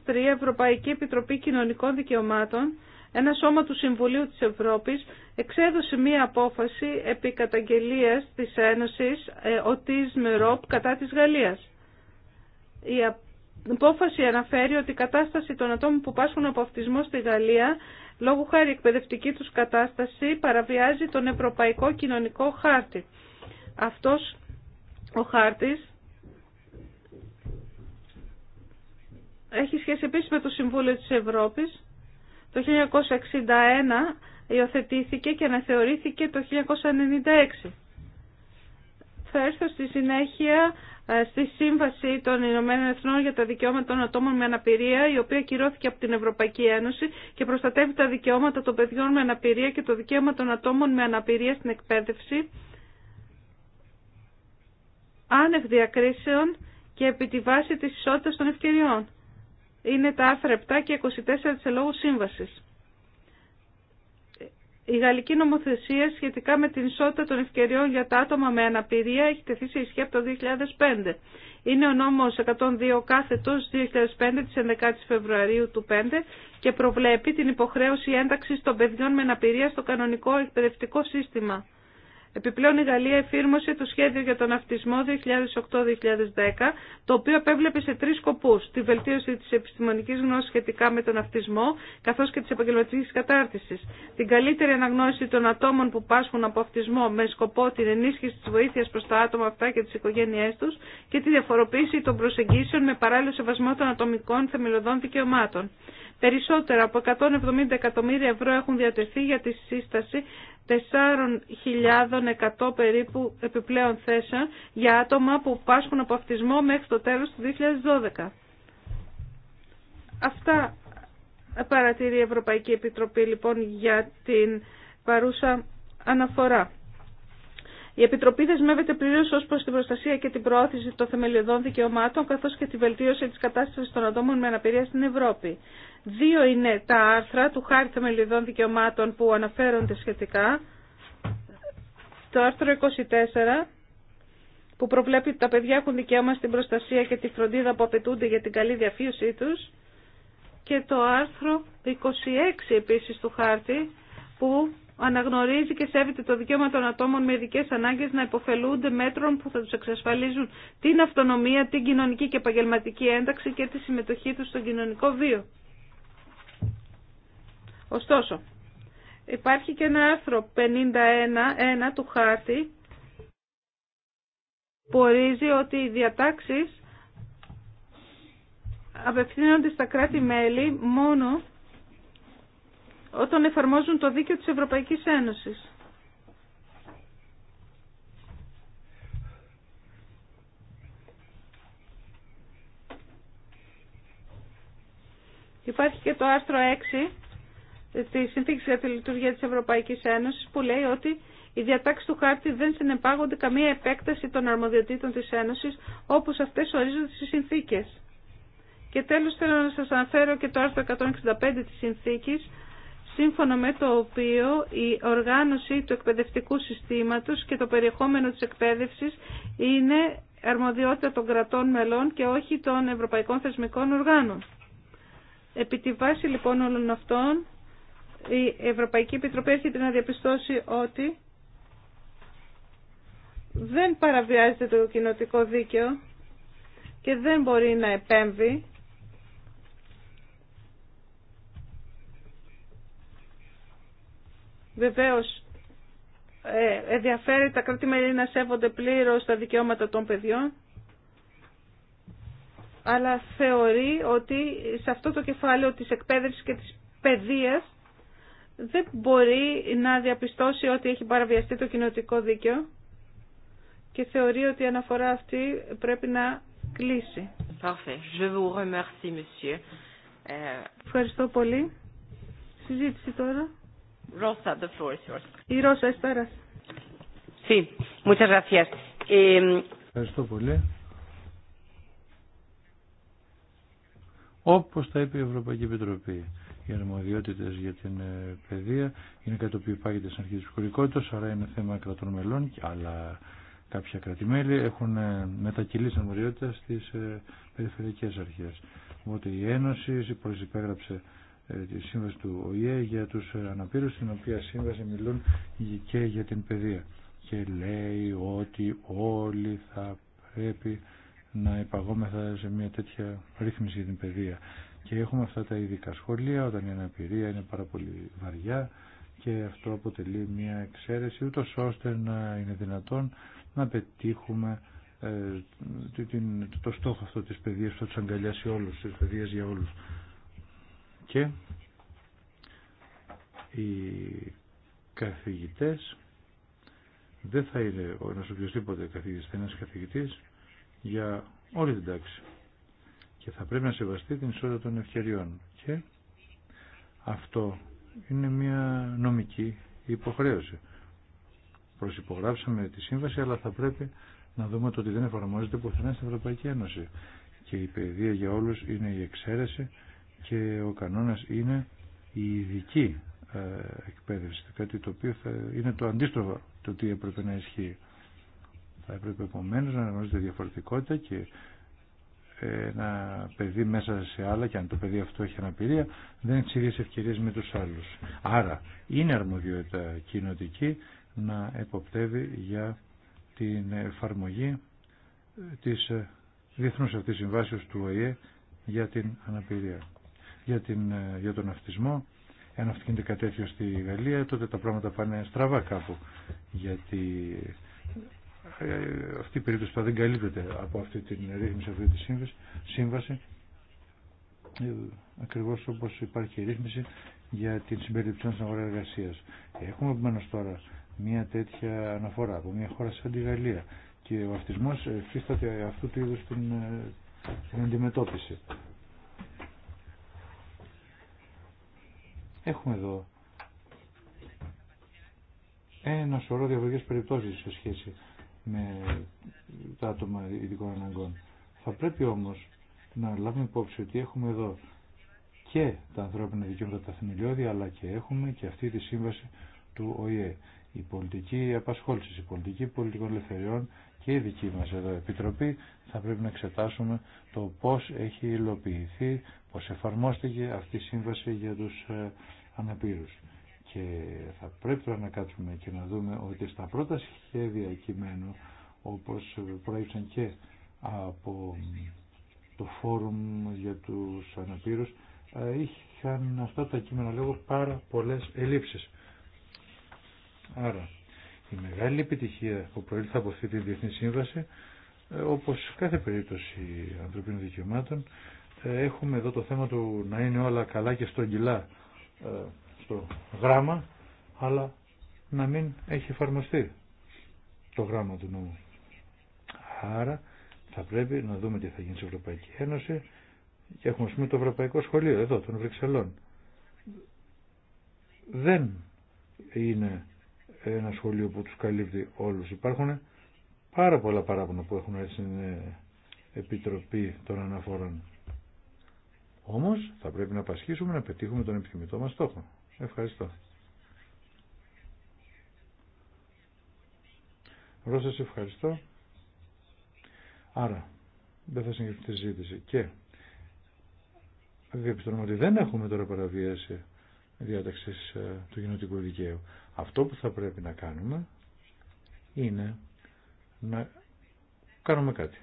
2003 Ευρωπαϊκή Επιτροπή Κοινωνικών Δικαιωμάτων, ένα σώμα του Συμβουλίου της Ευρώπης, εξέδωσε μία απόφαση επί καταγγελίας της Ένωσης ε, κατά της Γαλλίας. Η απόφαση αναφέρει ότι η κατάσταση των ατόμων που πάσχουν από αυτισμό στη Γαλλία λόγω χάρη εκπαιδευτική τους κατάσταση παραβιάζει τον Ευρωπαϊκό Κοινωνικό Χάρτη. Αυτός ο χάρτης έχει σχέση επίσης με το Συμβούλιο της Ευρώπης. Το 1961 υιοθετήθηκε και αναθεωρήθηκε το 1996. Θα έρθω στη συνέχεια ε, στη Σύμβαση των Ηνωμένων Εθνών για τα Δικαιώματα των Ατόμων με Αναπηρία, η οποία κυρώθηκε από την Ευρωπαϊκή Ένωση και προστατεύει τα δικαιώματα των παιδιών με αναπηρία και το δικαίωμα των ατόμων με αναπηρία στην εκπαίδευση, άνευ διακρίσεων και επί τη βάση της ισότητας των ευκαιριών. Είναι τα άθρεπτα και 24 της ελόγου σύμβασης. Η γαλλική νομοθεσία σχετικά με την ισότητα των ευκαιριών για τα άτομα με αναπηρία έχει τεθεί σε ισχύ από το 2005. Είναι ο νόμος 102 κάθετος 2005 της 11 Φεβρουαρίου του 5 και προβλέπει την υποχρέωση ένταξης των παιδιών με αναπηρία στο κανονικό εκπαιδευτικό σύστημα. Επιπλέον η Γαλλία εφήρμοσε το σχέδιο για τον αυτισμό 2008-2010, το οποίο επέβλεπε σε τρεις σκοπούς. Τη βελτίωση της επιστημονικής γνώσης σχετικά με τον αυτισμό, καθώς και της επαγγελματικής κατάρτισης. Την καλύτερη αναγνώριση των ατόμων που πάσχουν από αυτισμό με σκοπό την ενίσχυση της βοήθειας προς τα άτομα αυτά και τις οικογένειές τους και τη διαφοροποίηση των προσεγγίσεων με παράλληλο σεβασμό των ατομικών θεμελιωδών δικαιωμάτων. Περισσότερα από 170 εκατομμύρια ευρώ έχουν διατεθεί για τη σύσταση 4.100 περίπου επιπλέον θέσεων για άτομα που πάσχουν από αυτισμό μέχρι το τέλος του 2012. Αυτά παρατηρεί η Ευρωπαϊκή Επιτροπή λοιπόν για την παρούσα αναφορά. Η Επιτροπή δεσμεύεται πλήρω ω προ την προστασία και την προώθηση των θεμελιωδών δικαιωμάτων καθώ και τη βελτίωση τη κατάσταση των ατόμων με αναπηρία στην Ευρώπη. Δύο είναι τα άρθρα του Χάρτη Θεμελιδών Δικαιωμάτων που αναφέρονται σχετικά. Το άρθρο 24 που προβλέπει ότι τα παιδιά έχουν δικαίωμα στην προστασία και τη φροντίδα που απαιτούνται για την καλή διαφύωσή τους και το άρθρο 26 επίσης του χάρτη που αναγνωρίζει και σέβεται το δικαίωμα των ατόμων με ειδικέ ανάγκες να υποφελούνται μέτρων που θα τους εξασφαλίζουν την αυτονομία, την κοινωνική και επαγγελματική ένταξη και τη συμμετοχή τους στον κοινωνικό βίο. Ωστόσο, υπάρχει και ένα άρθρο 51.1 του χάρτη που ορίζει ότι οι διατάξεις απευθύνονται στα κράτη-μέλη μόνο όταν εφαρμόζουν το δίκαιο της Ευρωπαϊκής Ένωσης. Υπάρχει και το άρθρο 6 τη Συνθήκη για τη Λειτουργία τη Ευρωπαϊκή Ένωση που λέει ότι οι διατάξει του χάρτη δεν συνεπάγονται καμία επέκταση των αρμοδιοτήτων τη Ένωση όπω αυτέ ορίζονται στι συνθήκε. Και τέλο θέλω να σα αναφέρω και το άρθρο 165 τη Συνθήκη σύμφωνα με το οποίο η οργάνωση του εκπαιδευτικού συστήματος και το περιεχόμενο της εκπαίδευσης είναι αρμοδιότητα των κρατών μελών και όχι των ευρωπαϊκών θεσμικών οργάνων. Επί τη βάση λοιπόν όλων αυτών η Ευρωπαϊκή Επιτροπή έρχεται να διαπιστώσει ότι δεν παραβιάζεται το κοινοτικό δίκαιο και δεν μπορεί να επέμβει Βεβαίως ε, ενδιαφέρει τα κράτη-μέλη να σέβονται πλήρως τα δικαιώματα των παιδιών αλλά θεωρεί ότι σε αυτό το κεφάλαιο της εκπαίδευσης και της παιδείας δεν μπορεί να διαπιστώσει ότι έχει παραβιαστεί το κοινοτικό δίκαιο και θεωρεί ότι η αναφορά αυτή πρέπει να κλείσει. Ε, Ευχαριστώ πολύ. Συζήτηση τώρα. Rosa, the Η Ρώσα Sí, muchas gracias. Ε, Ευχαριστώ πολύ. Όπως τα είπε η Ευρωπαϊκή Επιτροπή, οι αρμοδιότητε για την ε, παιδεία είναι κάτι το οποίο υπάγεται στην αρχή τη χωρικότητα, άρα είναι θέμα κρατών μελών, αλλά κάποια κρατημέλη έχουν ε, μετακυλήσει αρμοδιότητα στι ε, περιφερειακέ αρχέ. Οπότε η Ένωση προσυπέγραψε τη σύμβαση του ΟΗΕ για του αναπήρου, στην οποία σύμβαση μιλούν και για την παιδεία. Και λέει ότι όλοι θα πρέπει να υπαγόμεθα σε μια τέτοια ρύθμιση για την παιδεία και έχουμε αυτά τα ειδικά σχολεία όταν η αναπηρία είναι πάρα πολύ βαριά και αυτό αποτελεί μια εξαίρεση ούτω ώστε να είναι δυνατόν να πετύχουμε ε, το στόχο αυτό της παιδείας που θα τους αγκαλιάσει όλους, της παιδείας για όλους. Και οι καθηγητές δεν θα είναι ο ένας οποιοδήποτε καθηγητής, θα είναι ένας καθηγητής για όλη την τάξη και θα πρέπει να σεβαστεί την ισότητα των ευκαιριών. Και αυτό είναι μια νομική υποχρέωση. Προσυπογράψαμε τη σύμβαση, αλλά θα πρέπει να δούμε το ότι δεν εφαρμόζεται πουθενά στην Ευρωπαϊκή Ένωση. Και η παιδεία για όλους είναι η εξαίρεση και ο κανόνας είναι η ειδική ε, εκπαίδευση. Κάτι το οποίο θα είναι το αντίστροφο το τι έπρεπε να ισχύει. Θα έπρεπε επομένω να αναγνωρίζεται διαφορετικότητα και ένα παιδί μέσα σε άλλα και αν το παιδί αυτό έχει αναπηρία δεν έχει τις με τους άλλους. Άρα είναι αρμοδιότητα κοινοτική να εποπτεύει για την εφαρμογή της ε, διεθνούς αυτής συμβάσεως του ΟΗΕ για την αναπηρία. Για, την, ε, για τον αυτισμό, ένα αυτοκίνητο κατέφυγε στη Γαλλία, τότε τα πράγματα πάνε στραβά κάπου, γιατί ε, αυτή η περίπτωση δεν καλύπτεται από αυτή την ρύθμιση, αυτή τη σύμβαση, σύμβαση ε, ακριβώς όπως υπάρχει η ρύθμιση για την συμπεριληψή στην αγορά εργασία. Έχουμε επομένω τώρα μια τέτοια αναφορά από μια χώρα σαν τη Γαλλία και ο αυτισμό φύσταται αυτού του είδου την, ε, την αντιμετώπιση. Έχουμε εδώ ένα σωρό διαφορετικές περιπτώσεις σε σχέση με τα άτομα ειδικών αναγκών. Θα πρέπει όμως να λάβουμε υπόψη ότι έχουμε εδώ και τα ανθρώπινα δικαιώματα τα θεμελιώδη, αλλά και έχουμε και αυτή τη σύμβαση του ΟΗΕ. Η πολιτική απασχόληση, η πολιτική πολιτικών ελευθεριών και η δική μας εδώ επιτροπή θα πρέπει να εξετάσουμε το πώς έχει υλοποιηθεί, πώς εφαρμόστηκε αυτή η σύμβαση για τους ε, αναπήρους. Και θα πρέπει τώρα να κάτσουμε και να δούμε ότι στα πρώτα σχέδια κειμένου, όπως προέκυψαν και από το φόρουμ για τους αναπήρους, ε, είχαν αυτά τα κείμενα λέγω πάρα πολλές ελλείψεις. Άρα, η μεγάλη επιτυχία που προήλθε από αυτή τη Διεθνή Σύμβαση, ε, όπως κάθε περίπτωση ανθρωπίνων δικαιωμάτων, ε, έχουμε εδώ το θέμα του να είναι όλα καλά και στρογγυλά στο γράμμα, αλλά να μην έχει εφαρμοστεί το γράμμα του νόμου. Άρα θα πρέπει να δούμε τι θα γίνει στην Ευρωπαϊκή Ένωση και έχουμε το Ευρωπαϊκό Σχολείο εδώ των Βρυξελών. Δεν είναι ένα σχολείο που τους καλύπτει όλους. Υπάρχουν πάρα πολλά παράπονα που έχουν έτσι στην ε, Επιτροπή των Αναφορών. Όμως θα πρέπει να απασχίσουμε να πετύχουμε τον επιθυμητό μας στόχο. Ευχαριστώ. Εγώ σας ευχαριστώ. Άρα, δεν θα συνεχίσουμε τη συζήτηση. Και διαπιστώνουμε ότι δεν έχουμε τώρα παραβίαση διάταξης ε, του κοινωτικού δικαίου. Αυτό που θα πρέπει να κάνουμε είναι να κάνουμε κάτι.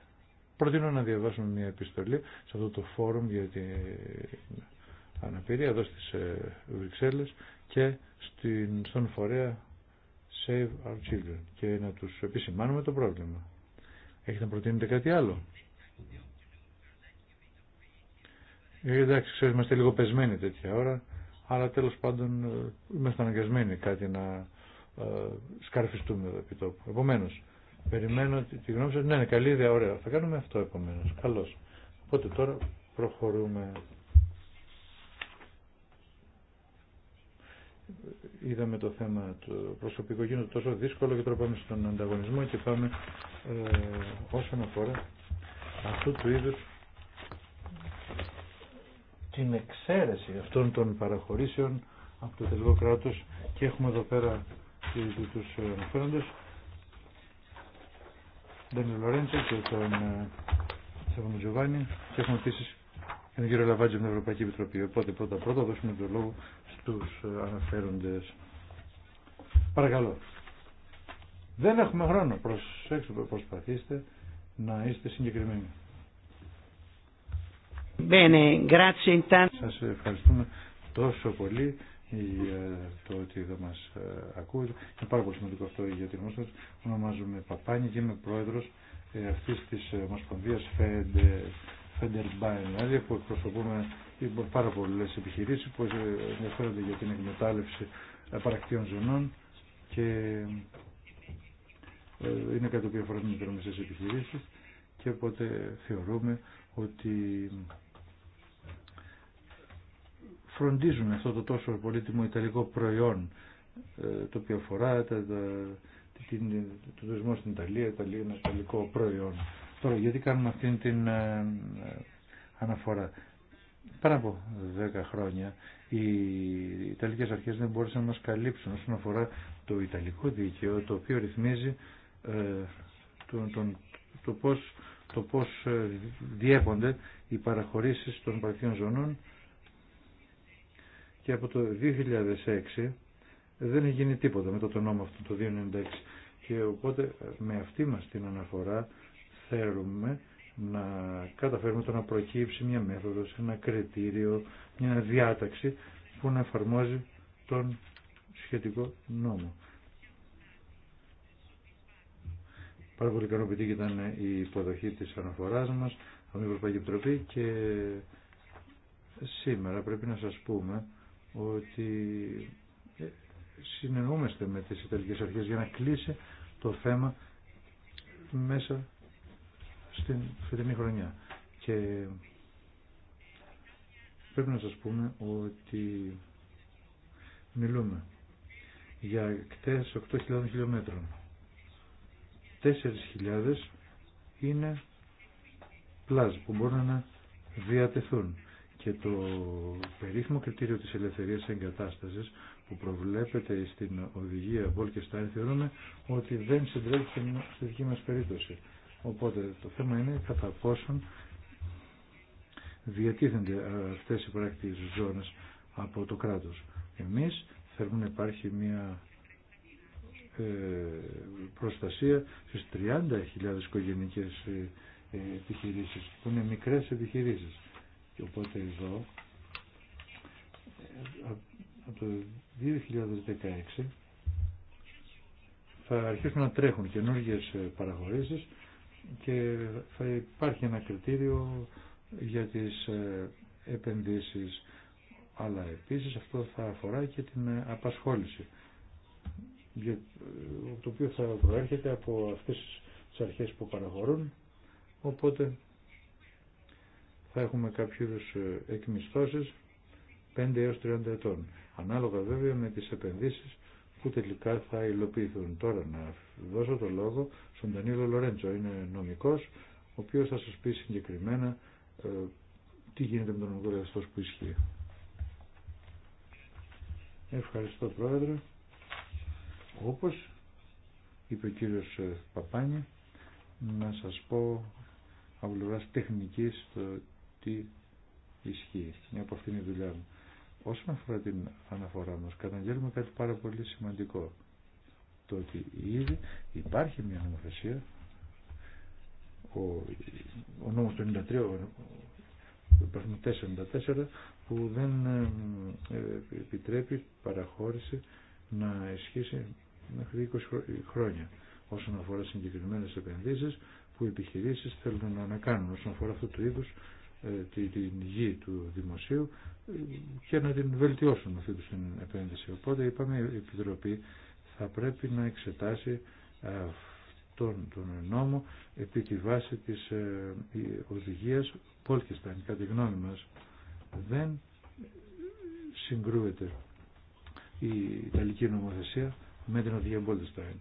Προτείνω να διαβάσουμε μια επιστολή σε αυτό το φόρουμ για την αναπηρία εδώ στις ε, Βρυξέλλες και στην, στον φορέα Save Our Children και να τους επισημάνουμε το πρόβλημα. Έχετε να προτείνετε κάτι άλλο. Ε, εντάξει, ξέρω, είμαστε λίγο πεσμένοι τέτοια ώρα, αλλά τέλος πάντων ε, είμαστε αναγκασμένοι κάτι να σκαρφιστούμε εδώ επί τόπου. Επομένως, περιμένω τη γνώμη σας. Ναι, είναι καλή ιδέα, ωραία. Θα κάνουμε αυτό επομένως. Καλώς. Οπότε τώρα προχωρούμε. είδαμε το θέμα το προσωπικό γίνεται τόσο δύσκολο και τώρα πάμε στον ανταγωνισμό και πάμε ε, όσον αφορά αυτού του είδους την εξαίρεση αυτών των παραχωρήσεων από το τελικό κράτο και έχουμε εδώ πέρα του αναφέροντε τον Λορέντζο και τον ε, Σεβανο Τζοβάνι και έχουμε επίση ο κύριο Λαβάτζη από την Ευρωπαϊκή Επιτροπή. Οπότε πρώτα πρώτα δώσουμε το λόγο στους ε, αναφέροντες. Παρακαλώ. Δεν έχουμε χρόνο. Προσέξτε, προσπαθήστε να είστε συγκεκριμένοι. Bene, grazie Σας ευχαριστούμε τόσο πολύ για το ότι εδώ μας ε, ακούτε. Είναι πάρα πολύ σημαντικό αυτό για την μα Ονομάζομαι Παπάνη και είμαι πρόεδρος ε, αυτής της Ομοσπονδίας ΦΕΔΕ. Φέντερ Μπάιν, δηλαδή που εκπροσωπούμε πάρα πολλέ επιχειρήσει που ενδιαφέρονται για την εκμετάλλευση ε, παρακτήων ζωνών και ε, είναι κάτι που αφορά τι μικρομεσαίε επιχειρήσει και οπότε θεωρούμε ότι φροντίζουν αυτό το τόσο πολύτιμο ιταλικό προϊόν ε, το οποίο αφορά τα, τα, την, το τουρισμό στην Ιταλία, Ιταλία είναι ιταλικό προϊόν Τώρα, γιατί κάνουμε αυτήν την ε, αναφορά. Πάνω από 10 χρόνια οι Ιταλικές αρχές δεν μπόρεσαν να μας καλύψουν όσον αφορά το Ιταλικό δίκαιο το οποίο ρυθμίζει ε, το πώς, το ε, οι παραχωρήσεις των παρτίων ζωνών και από το 2006 δεν έγινε τίποτα μετά το νόμο αυτό το 296. και οπότε με αυτή μας την αναφορά θέλουμε να καταφέρουμε το να προκύψει μια μέθοδος, ένα κριτήριο, μια διάταξη που να εφαρμόζει τον σχετικό νόμο. Πάρα πολύ ικανοποιητική ήταν η υποδοχή της αναφοράς μας από την Ευρωπαϊκή Επιτροπή και σήμερα πρέπει να σας πούμε ότι ε, συνεννοούμαστε με τις Ιταλικές Αρχές για να κλείσει το θέμα μέσα στην φετινή χρονιά. Και πρέπει να σας πούμε ότι μιλούμε για κτές 8.000 χιλιόμετρων. 4.000 είναι πλάζ που μπορούν να διατεθούν. Και το περίφημο κριτήριο της ελευθερίας εγκατάστασης που προβλέπεται στην οδηγία Βόλκεστάιν θεωρούμε ότι δεν συντρέχει στη δική μας περίπτωση. Οπότε το θέμα είναι κατά πόσον διατίθενται αυτές οι πράκτικες ζώνες από το κράτος. Εμείς θέλουμε να υπάρχει μια ε, προστασία στις 30.000 οικογενικές ε, επιχειρήσεις που είναι μικρές επιχειρήσεις. Και οπότε εδώ ε, από το 2016 θα αρχίσουν να τρέχουν καινούργιες παραχωρήσεις και θα υπάρχει ένα κριτήριο για τις ε, επενδύσεις αλλά επίσης αυτό θα αφορά και την ε, απασχόληση ε, το οποίο θα προέρχεται από αυτές τις αρχές που παραχωρούν οπότε θα έχουμε κάποιο είδους εκμισθώσεις 5 έως 30 ετών ανάλογα βέβαια με τις επενδύσεις που τελικά θα υλοποιηθούν τώρα να δώσω το λόγο στον Τανίλο Λορέντζο Είναι νομικός, ο οποίος θα σας πει συγκεκριμένα ε, τι γίνεται με τον νομικό που ισχύει. Ευχαριστώ Πρόεδρε. Όπως είπε ο κύριος ε, Παπάνη, να σας πω από πλευράς τεχνικής το τι ισχύει. Μια από αυτήν η δουλειά μου. Όσον αφορά την αναφορά μας, καταγγέλνουμε κάτι πάρα πολύ σημαντικό το ότι ήδη υπάρχει μια νομοθεσία ο, ο νόμος του 93 του 44, που δεν ε, ε, επιτρέπει παραχώρηση να ισχύσει μέχρι 20 χρόνια όσον αφορά συγκεκριμένες επενδύσεις που οι επιχειρήσεις θέλουν να ανακάνουν όσον αφορά αυτού του είδους ε, την γη του δημοσίου και να την βελτιώσουν αυτή την επένδυση. Οπότε είπαμε η Επιτροπή θα πρέπει να εξετάσει ε, αυτόν τον νόμο επί τη βάση της ε, οδηγίας Πόλκισταν, κατά τη γνώμη μας. Δεν συγκρούεται η Ιταλική νομοθεσία με την οδηγία Μπόλτεστάιν.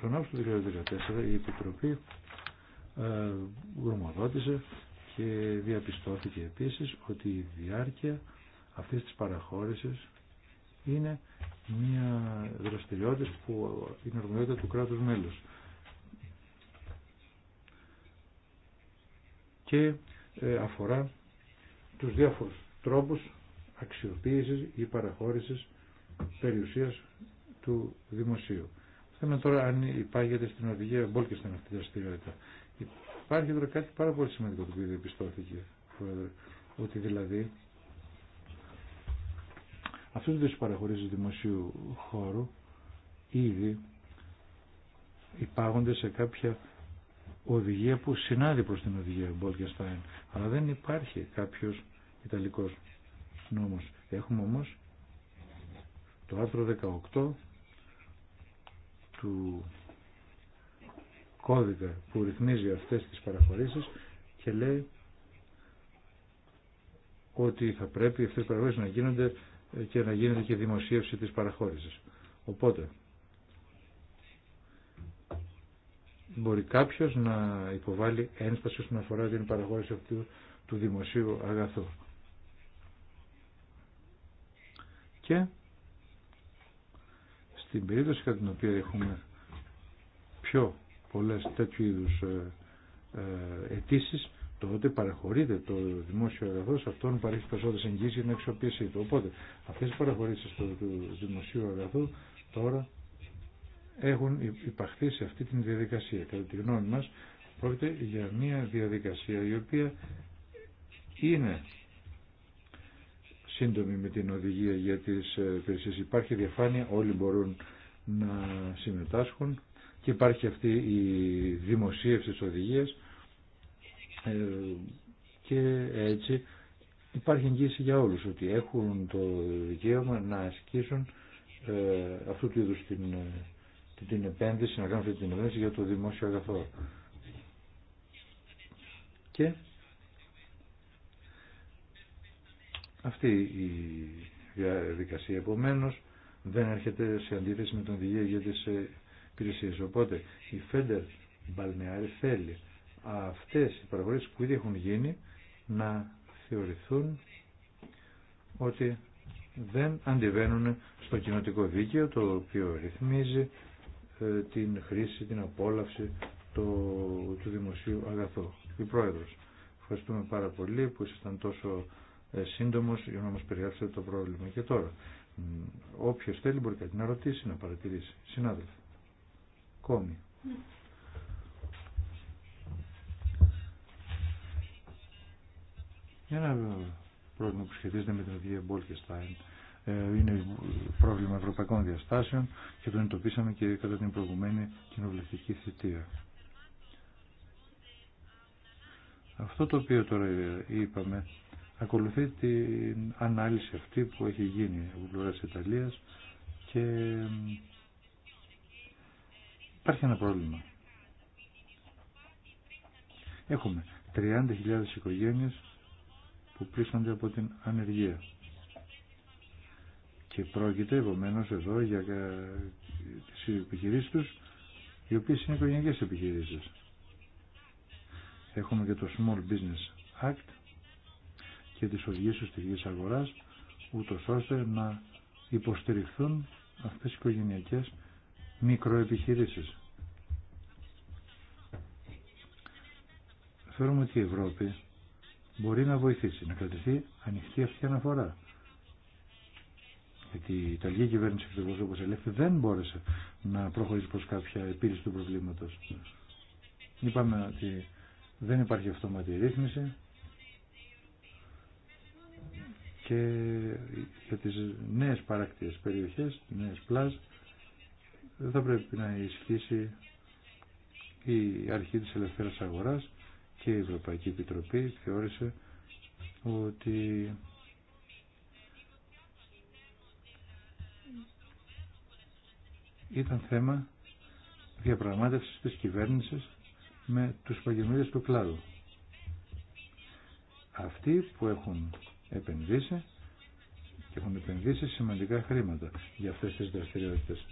Τον Αύγουστο του 2014 η Επιτροπή ε, γνωμοδότησε και διαπιστώθηκε επίσης ότι η διάρκεια αυτής της παραχώρησης είναι μια δραστηριότητα που είναι αρμοδιότητα του κράτους μέλους. Και ε, αφορά τους διάφορους τρόπους αξιοποίησης ή παραχώρησης περιουσίας του δημοσίου. Θέμα τώρα αν υπάγεται στην οδηγία Μπόλκεσταν αυτή η δραστηριότητα. Υπάρχει τώρα κάτι πάρα πολύ σημαντικό το οποίο διαπιστώθηκε, ότι δηλαδή αυτού του παραχωρήσει δημοσίου χώρου ήδη υπάγονται σε κάποια οδηγία που συνάδει προς την οδηγία Μπόλκεστάιν. Αλλά δεν υπάρχει κάποιος Ιταλικός νόμος. Έχουμε όμως το άρθρο 18 του κώδικα που ρυθμίζει αυτές τις παραχωρήσεις και λέει ότι θα πρέπει αυτές οι παραχωρήσεις να γίνονται ε, και να γίνεται και δημοσίευση της παραχώρησης. Οπότε, μπορεί κάποιος να υποβάλει ένσταση όσον αφορά την παραχώρηση αυτού του δημοσίου αγαθού. Και στην περίπτωση κατά την οποία έχουμε πιο πολλές τέτοιου είδους ε, ε, αιτήσει τότε παραχωρείται το δημόσιο αγαθό σε αυτόν παρέχει περισσότερε εγγύσει για την αξιοποίησή του. Οπότε αυτέ οι παραχωρήσει του δημοσίου αγαθού τώρα έχουν υπαχθεί σε αυτή τη διαδικασία. Κατά τη γνώμη μα, πρόκειται για μια διαδικασία η οποία είναι σύντομη με την οδηγία για τι ε, υπηρεσίε. Υπάρχει διαφάνεια, όλοι μπορούν να συμμετάσχουν και υπάρχει αυτή η δημοσίευση τη οδηγία. Ε, και έτσι υπάρχει εγγύηση για όλους ότι έχουν το δικαίωμα να ασκήσουν ε, αυτού του είδους ε, την, την επένδυση, να κάνουν αυτή την επένδυση για το δημόσιο αγαθό. Και αυτή η διαδικασία επομένω δεν έρχεται σε αντίθεση με τον οδηγία για τις υπηρεσίες. Οπότε η Φέντερ Μπαλνεάρη θέλει αυτές οι παραγωγές που ήδη έχουν γίνει να θεωρηθούν ότι δεν αντιβαίνουν στο κοινοτικό δίκαιο το οποίο ρυθμίζει ε, την χρήση, την απόλαυση το, του δημοσίου αγαθού. Η Πρόεδρος, ευχαριστούμε πάρα πολύ που ήσασταν τόσο ε, σύντομος για να μας περιγράψετε το πρόβλημα. Και τώρα, όποιος θέλει μπορεί κάτι να ρωτήσει, να παρατηρήσει. Συνάδελφε, κόμι. Ναι. ένα πρόβλημα που σχετίζεται με την οδηγία Μπόλκεστάιν ε, είναι πρόβλημα ευρωπαϊκών διαστάσεων και το εντοπίσαμε και κατά την προηγουμένη κοινοβουλευτική θητεία. Αυτό το οποίο τώρα είπαμε ακολουθεί την ανάλυση αυτή που έχει γίνει από πλευρά τη Ιταλίας και υπάρχει ένα πρόβλημα. Έχουμε 30.000 οικογένειες που πλήσονται από την ανεργία. Και πρόκειται επομένω εδώ για ε, τι επιχειρήσει του, οι οποίε είναι οικογενειακέ επιχειρήσει. Έχουμε και το Small Business Act και τις οδηγίες της αγοράς, ούτως ώστε να υποστηριχθούν αυτές οι οικογενειακές μικροεπιχειρήσεις. Θεωρούμε ότι η Ευρώπη μπορεί να βοηθήσει, να κρατηθεί ανοιχτή αυτή η αναφορά. Γιατί η Ιταλική κυβέρνηση ακριβώ όπω ελέγχθη δεν μπόρεσε να προχωρήσει προ κάποια επίλυση του προβλήματο. Είπαμε ότι δεν υπάρχει αυτόματη ρύθμιση και για τις νέες παρακτίες περιοχές, νέε πλάζ, δεν θα πρέπει να ισχύσει η αρχή της ελευθερία αγοράς και η Ευρωπαϊκή Επιτροπή θεώρησε ότι ήταν θέμα διαπραγμάτευσης της κυβέρνησης με τους παγιωμίδες του κλάδου. Αυτοί που έχουν επενδύσει και έχουν επενδύσει σημαντικά χρήματα για αυτές τις δραστηριότητες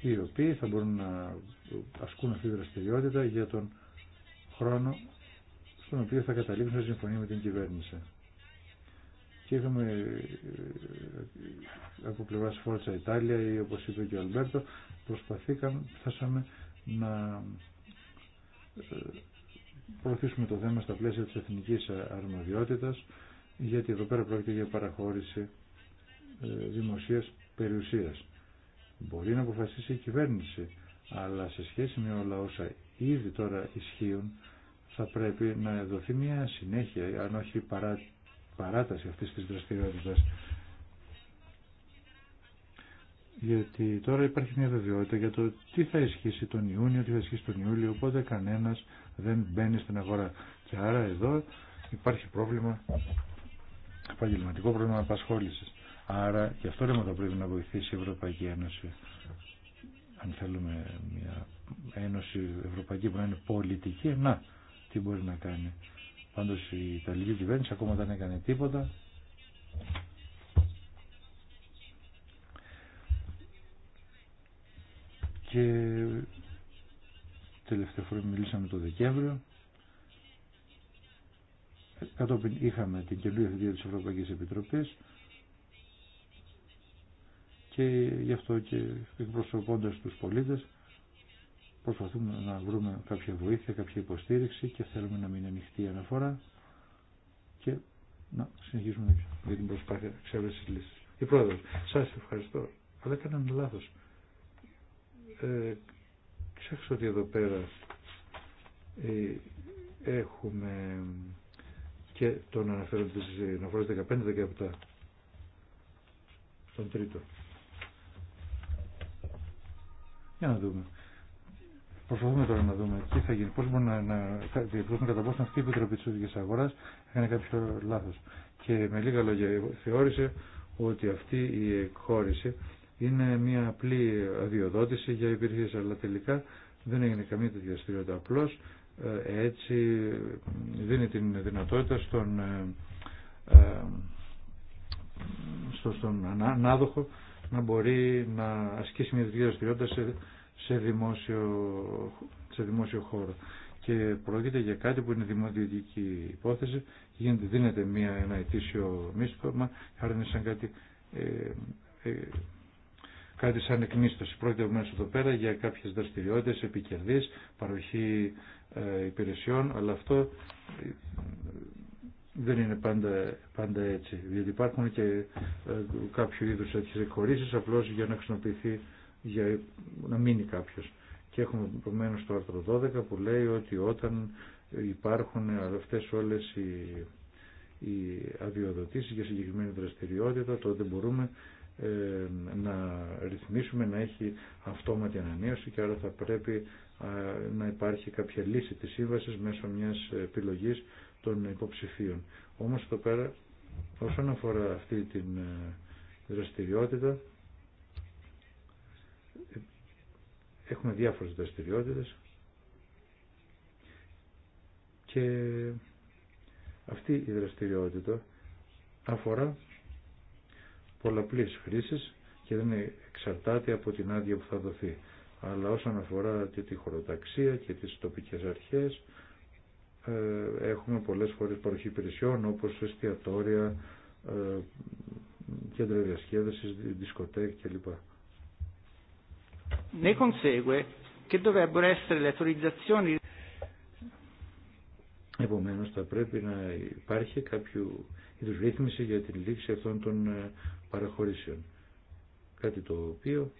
οι οποίοι θα μπορούν να ασκούν αυτή τη δραστηριότητα για τον χρόνο στον οποίο θα καταλήξουν σε συμφωνία με την κυβέρνηση. Και είχαμε ε, ε, από πλευρά Φόρτσα Ιτάλια ή όπως είπε και ο Αλμπέρτο, προσπαθήκαμε, φτάσαμε να ε, προωθήσουμε το θέμα στα πλαίσια της εθνικής αρμοδιότητας, γιατί εδώ πέρα πρόκειται για παραχώρηση δημοσίας περιουσίας. Μπορεί να αποφασίσει η κυβέρνηση, αλλά σε σχέση με όλα όσα ήδη τώρα ισχύουν θα πρέπει να δοθεί μια συνέχεια, αν όχι παρά, παράταση αυτής της δραστηριότητας. Γιατί τώρα υπάρχει μια βεβαιότητα για το τι θα ισχύσει τον Ιούνιο, τι θα ισχύσει τον Ιούλιο, οπότε κανένας δεν μπαίνει στην αγορά. Και άρα εδώ υπάρχει πρόβλημα, επαγγελματικό πρόβλημα απασχόλησης. Άρα και αυτό λέμε θα πρέπει να βοηθήσει η Ευρωπαϊκή Ένωση αν θέλουμε μια ένωση ευρωπαϊκή που να είναι πολιτική, να, τι μπορεί να κάνει. Πάντως η Ιταλική κυβέρνηση ακόμα δεν έκανε τίποτα. Και τελευταία φορά μιλήσαμε το Δεκέμβριο. Ε, κατόπιν είχαμε την καινούργια θητεία της Ευρωπαϊκής Επιτροπής και γι' αυτό και εκπροσωπώντα τους πολίτες προσπαθούμε να βρούμε κάποια βοήθεια, κάποια υποστήριξη και θέλουμε να μην ανοιχτεί η αναφορά και να συνεχίσουμε για την προσπάθεια εξέβρεση λύση. Η πρόεδρος, σας ευχαριστώ, αλλά έκαναν λάθο. Ε, ξέχασα ότι εδώ πέρα ε, έχουμε και τον αναφέρον της αναφοράς 15-17, τον τρίτο. Για να δούμε. Προσπαθούμε τώρα να δούμε τι θα γίνει. Πώ μπορούμε να, να κατά πόσο αυτή η Επιτροπή τη Οδική Αγορά έκανε κάποιο λάθο. Και με λίγα λόγια θεώρησε ότι αυτή η εκχώρηση είναι μια απλή αδειοδότηση για υπηρεσίε, αλλά τελικά δεν έγινε καμία τέτοια δραστηριότητα. Απλώ ε, έτσι δίνει την δυνατότητα στον, ε, ε, στον ανάδοχο να μπορεί να ασκήσει μια τέτοια δραστηριότητα σε, δημόσιο, σε δημόσιο χώρο. Και πρόκειται για κάτι που είναι δημοδιωτική υπόθεση, γίνεται, δίνεται μια, ένα ετήσιο μίσθωμα, άρα είναι σαν κάτι, ε, ε, κάτι σαν εκμίσθωση. Πρόκειται μέσα εδώ πέρα για κάποιες δραστηριότητες επικερδής, παροχή ε, υπηρεσιών, αλλά αυτό ε, δεν είναι πάντα, πάντα έτσι. Διότι υπάρχουν και ε, κάποιο είδου έτσι εκχωρήσει απλώ για να χρησιμοποιηθεί, για να μείνει κάποιο. Και έχουμε επομένω το άρθρο 12 που λέει ότι όταν υπάρχουν αυτέ όλε οι, οι αδειοδοτήσει για συγκεκριμένη δραστηριότητα, τότε μπορούμε ε, να ρυθμίσουμε να έχει αυτόματη ανανέωση και άρα θα πρέπει να υπάρχει κάποια λύση της σύμβασης μέσω μιας επιλογής των υποψηφίων. Όμως εδώ πέρα όσον αφορά αυτή την ε, δραστηριότητα έχουμε διάφορες δραστηριότητες και αυτή η δραστηριότητα αφορά πολλαπλής χρήσης και δεν εξαρτάται από την άδεια που θα δοθεί. Αλλά όσον αφορά και τη χωροταξία και τις τοπικές αρχές, ε, έχουμε πολλές φορές παροχή υπηρεσιών όπως εστιατόρια, ε, κέντρα διασκέδασης, δισκοτέκ κλπ. Ne Επομένως θα πρέπει να υπάρχει κάποιο είδους ρύθμιση για την λήξη αυτών των ε, παραχωρήσεων. Κάτι το οποίο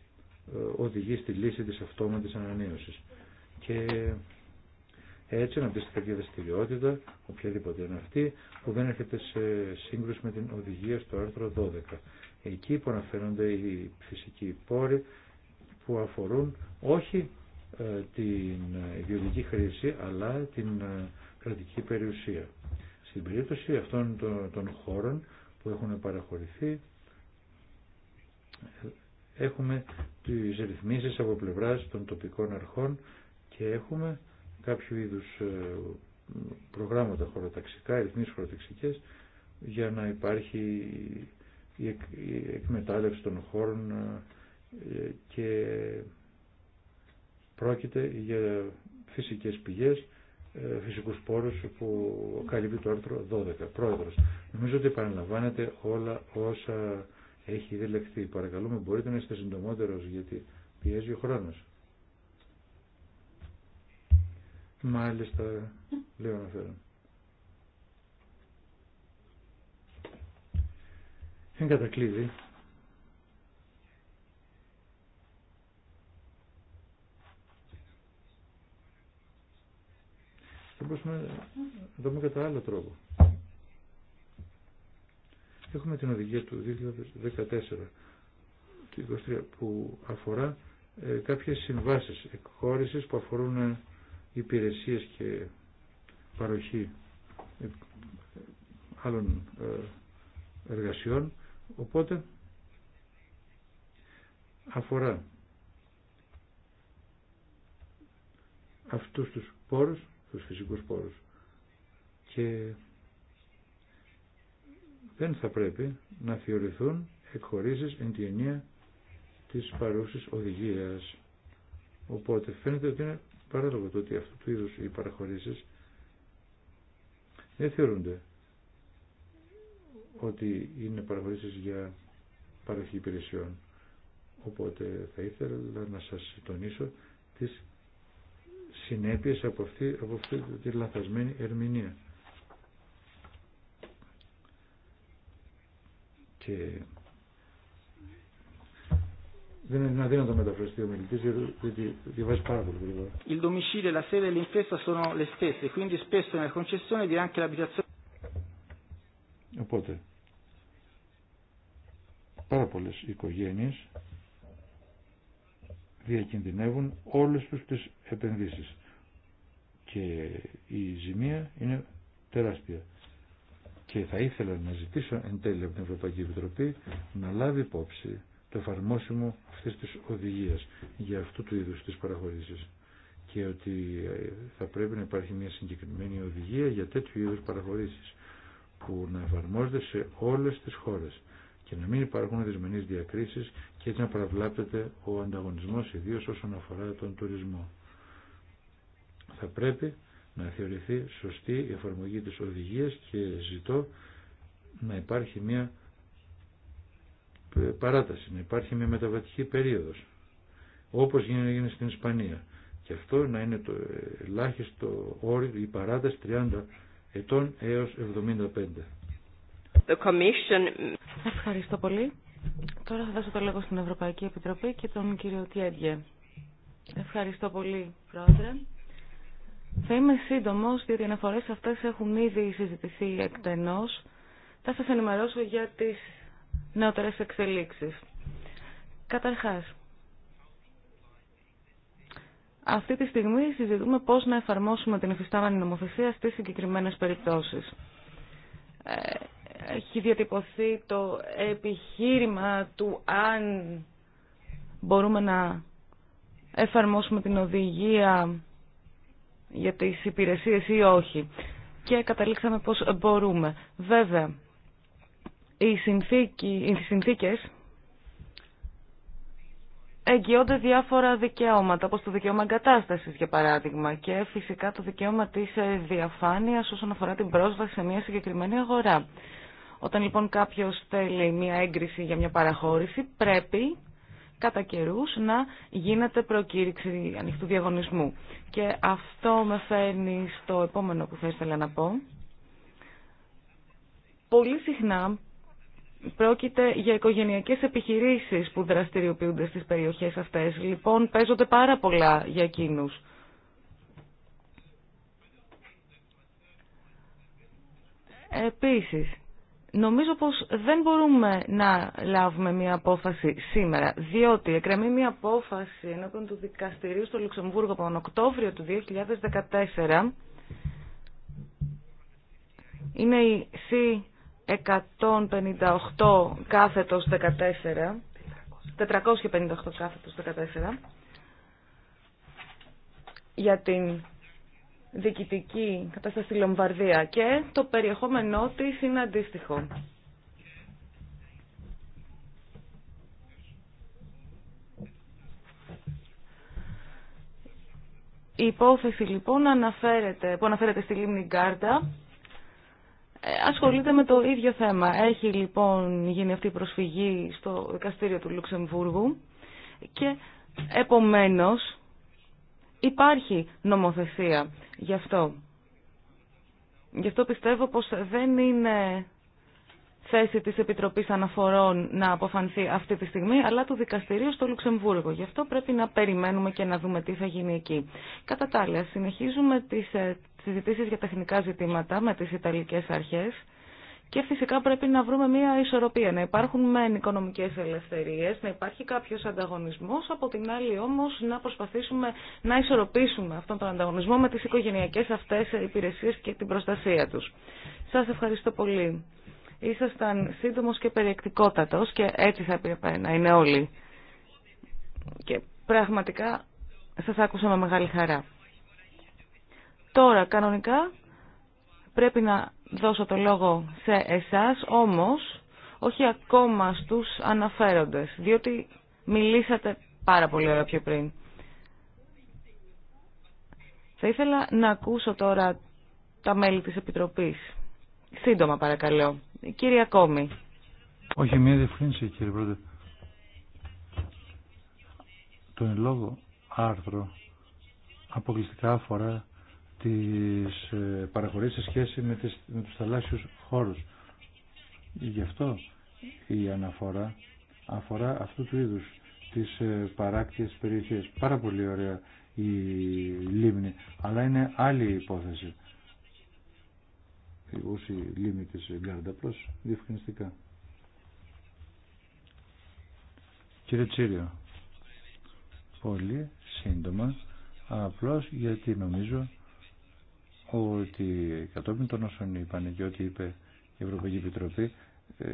οδηγεί στη λύση της αυτόματης ανανέωσης. Και έτσι να σε κάποια δραστηριότητα, οποιαδήποτε είναι αυτή, που δεν έρχεται σε σύγκρουση με την οδηγία στο άρθρο 12. Εκεί που αναφέρονται οι φυσικοί πόροι που αφορούν όχι ε, την ιδιωτική χρήση, αλλά την ε, κρατική περιουσία. Στην περίπτωση αυτών των χώρων που έχουν παραχωρηθεί, ε, έχουμε τις ρυθμίσεις από πλευράς των τοπικών αρχών και έχουμε κάποιο είδους ε, προγράμματα χωροταξικά, εθνείς χωροταξικές, για να υπάρχει η εκμετάλλευση των χώρων ε, και πρόκειται για φυσικές πηγές, ε, φυσικού πόρους που καλύπτει το άρθρο 12. Πρόεδρος, νομίζω ότι επαναλαμβάνεται όλα όσα έχει διλεχθεί. Παρακαλούμε, μπορείτε να είστε συντομότερος γιατί πιέζει ο χρόνος. Μάλιστα, λέω να θέλω. Εν κατακλείδη, θα μπορούσαμε να δούμε κατά άλλο τρόπο. Έχουμε την οδηγία του 2014, του 23, που αφορά ε, κάποιες συμβάσεις εκχώρησης που αφορούν ε, υπηρεσίες και παροχή ε, άλλων ε, εργασιών οπότε αφορά αυτούς τους πόρους, τους φυσικούς πόρους και δεν θα πρέπει να θεωρηθούν εκχωρήσεις εν τη ενία της παρούσης οδηγίας. Οπότε φαίνεται ότι είναι παράλογο το ότι αυτού του είδους οι παραχωρήσεις δεν θεωρούνται ότι είναι παραχωρήσεις για παροχή υπηρεσιών. Οπότε θα ήθελα να σας τονίσω τις συνέπειες από αυτή, από αυτή τη λαθασμένη ερμηνεία. Και δεν είναι αδύνατο να μεταφραστεί ο μιλητή γιατί διαβάζει πάρα πολύ γρήγορα. Il domicilio e la sede l'impresa sono le stesse, quindi spesso nella concessione anche l'abitazione. Οπότε, πάρα πολλέ οικογένειε διακινδυνεύουν όλε του τι επενδύσει. Και η ζημία είναι τεράστια. Και θα ήθελα να ζητήσω εν τέλει από την Ευρωπαϊκή Επιτροπή να λάβει υπόψη το εφαρμόσιμο αυτής της οδηγίας για αυτού του είδους της παραχωρήσεις και ότι ε, θα πρέπει να υπάρχει μια συγκεκριμένη οδηγία για τέτοιου είδους παραχωρήσεις που να εφαρμόζεται σε όλες τις χώρες και να μην υπάρχουν δυσμενείς διακρίσεις και έτσι να παραβλάπτεται ο ανταγωνισμός ιδίω όσον αφορά τον τουρισμό. Θα πρέπει να θεωρηθεί σωστή η εφαρμογή της οδηγίας και ζητώ να υπάρχει μια παράταση, να υπάρχει μια μεταβατική περίοδος, όπως γίνεται στην Ισπανία. Και αυτό να είναι το ελάχιστο όριο, η παράταση 30 ετών έως 75. The Commission... Ευχαριστώ πολύ. Τώρα θα δώσω το λόγο στην Ευρωπαϊκή Επιτροπή και τον κύριο Τιέντιε. Ευχαριστώ πολύ, Πρόεδρε. Θα είμαι σύντομο διότι οι αναφορέ αυτέ έχουν ήδη συζητηθεί εκτενώ. Θα σα ενημερώσω για τι νεότερες εξελίξεις. Καταρχάς, αυτή τη στιγμή συζητούμε πώς να εφαρμόσουμε την εφιστάμενη νομοθεσία στις συγκεκριμένες περιπτώσεις. Ε, έχει διατυπωθεί το επιχείρημα του αν μπορούμε να εφαρμόσουμε την οδηγία για τις υπηρεσίες ή όχι. Και καταλήξαμε πώς μπορούμε. Βέβαια, οι, συνθήκη, οι συνθήκες εγγυώνται διάφορα δικαιώματα, όπως το δικαίωμα εγκατάσταση, για παράδειγμα, και φυσικά το δικαίωμα της ε, διαφάνειας όσον αφορά την πρόσβαση σε μια συγκεκριμένη αγορά. Όταν λοιπόν κάποιος θέλει μια έγκριση για μια παραχώρηση, πρέπει κατά καιρού να γίνεται προκήρυξη ανοιχτού διαγωνισμού. Και αυτό με φέρνει στο επόμενο που θα ήθελα να πω. Πολύ συχνά Πρόκειται για οικογενειακές επιχειρήσεις που δραστηριοποιούνται στις περιοχές αυτές. Λοιπόν, παίζονται πάρα πολλά για εκείνους. Επίσης, νομίζω πως δεν μπορούμε να λάβουμε μια απόφαση σήμερα, διότι εκκρεμεί μια απόφαση ενώπιον του δικαστηρίου στο Λουξεμβούργο από τον Οκτώβριο του 2014. Είναι η 158 κάθετος 14, 458 κάθετος 14, για την διοικητική κατάσταση στη Λομβαρδία και το περιεχόμενό της είναι αντίστοιχο. Η υπόθεση λοιπόν αναφέρεται, που αναφέρεται στη Λίμνη Γκάρτα ασχολείται με το ίδιο θέμα. Έχει λοιπόν γίνει αυτή η προσφυγή στο δικαστήριο του Λουξεμβούργου και επομένως υπάρχει νομοθεσία γι' αυτό. Γι' αυτό πιστεύω πως δεν είναι θέση της Επιτροπής Αναφορών να αποφανθεί αυτή τη στιγμή, αλλά του δικαστηρίου στο Λουξεμβούργο. Γι' αυτό πρέπει να περιμένουμε και να δούμε τι θα γίνει εκεί. Κατά τα άλλα, συνεχίζουμε τις ε, συζητήσεις για τεχνικά ζητήματα με τις Ιταλικές αρχές και φυσικά πρέπει να βρούμε μια ισορροπία, να υπάρχουν μεν οικονομικές ελευθερίες, να υπάρχει κάποιος ανταγωνισμός, από την άλλη όμως να προσπαθήσουμε να ισορροπήσουμε αυτόν τον ανταγωνισμό με τις οικογενειακές αυτές υπηρεσίες και την προστασία τους. Σας ευχαριστώ πολύ. Ήσασταν σύντομος και περιεκτικότατος και έτσι θα έπρεπε να είναι όλοι. Και πραγματικά σας άκουσα με μεγάλη χαρά. Τώρα, κανονικά, πρέπει να δώσω το λόγο σε εσάς, όμως, όχι ακόμα στους αναφέροντες, διότι μιλήσατε πάρα πολύ ώρα πιο πριν. Θα ήθελα να ακούσω τώρα τα μέλη της Επιτροπής. Σύντομα παρακαλώ. Κύριε Ακόμη. Όχι, μια διευκρίνηση κύριε Πρόεδρε. Το λόγο λόγω άρθρο αποκλειστικά αφορά τις ε, παραχωρήσεις σε σχέση με, τις, με τους θαλάσσιους χώρους. Γι' αυτό η αναφορά αφορά αυτού του είδους τις ε, παράκτιες περιοχές. Πάρα πολύ ωραία η λίμνη, αλλά είναι άλλη υπόθεση. η λίμνη της Γκάρντα, απλώς διευκρινιστικά. Κύριε Τσίριο, πολύ σύντομα, απλώς γιατί νομίζω ότι κατόπιν των όσων είπαν και ό,τι είπε η Ευρωπαϊκή Επιτροπή ε,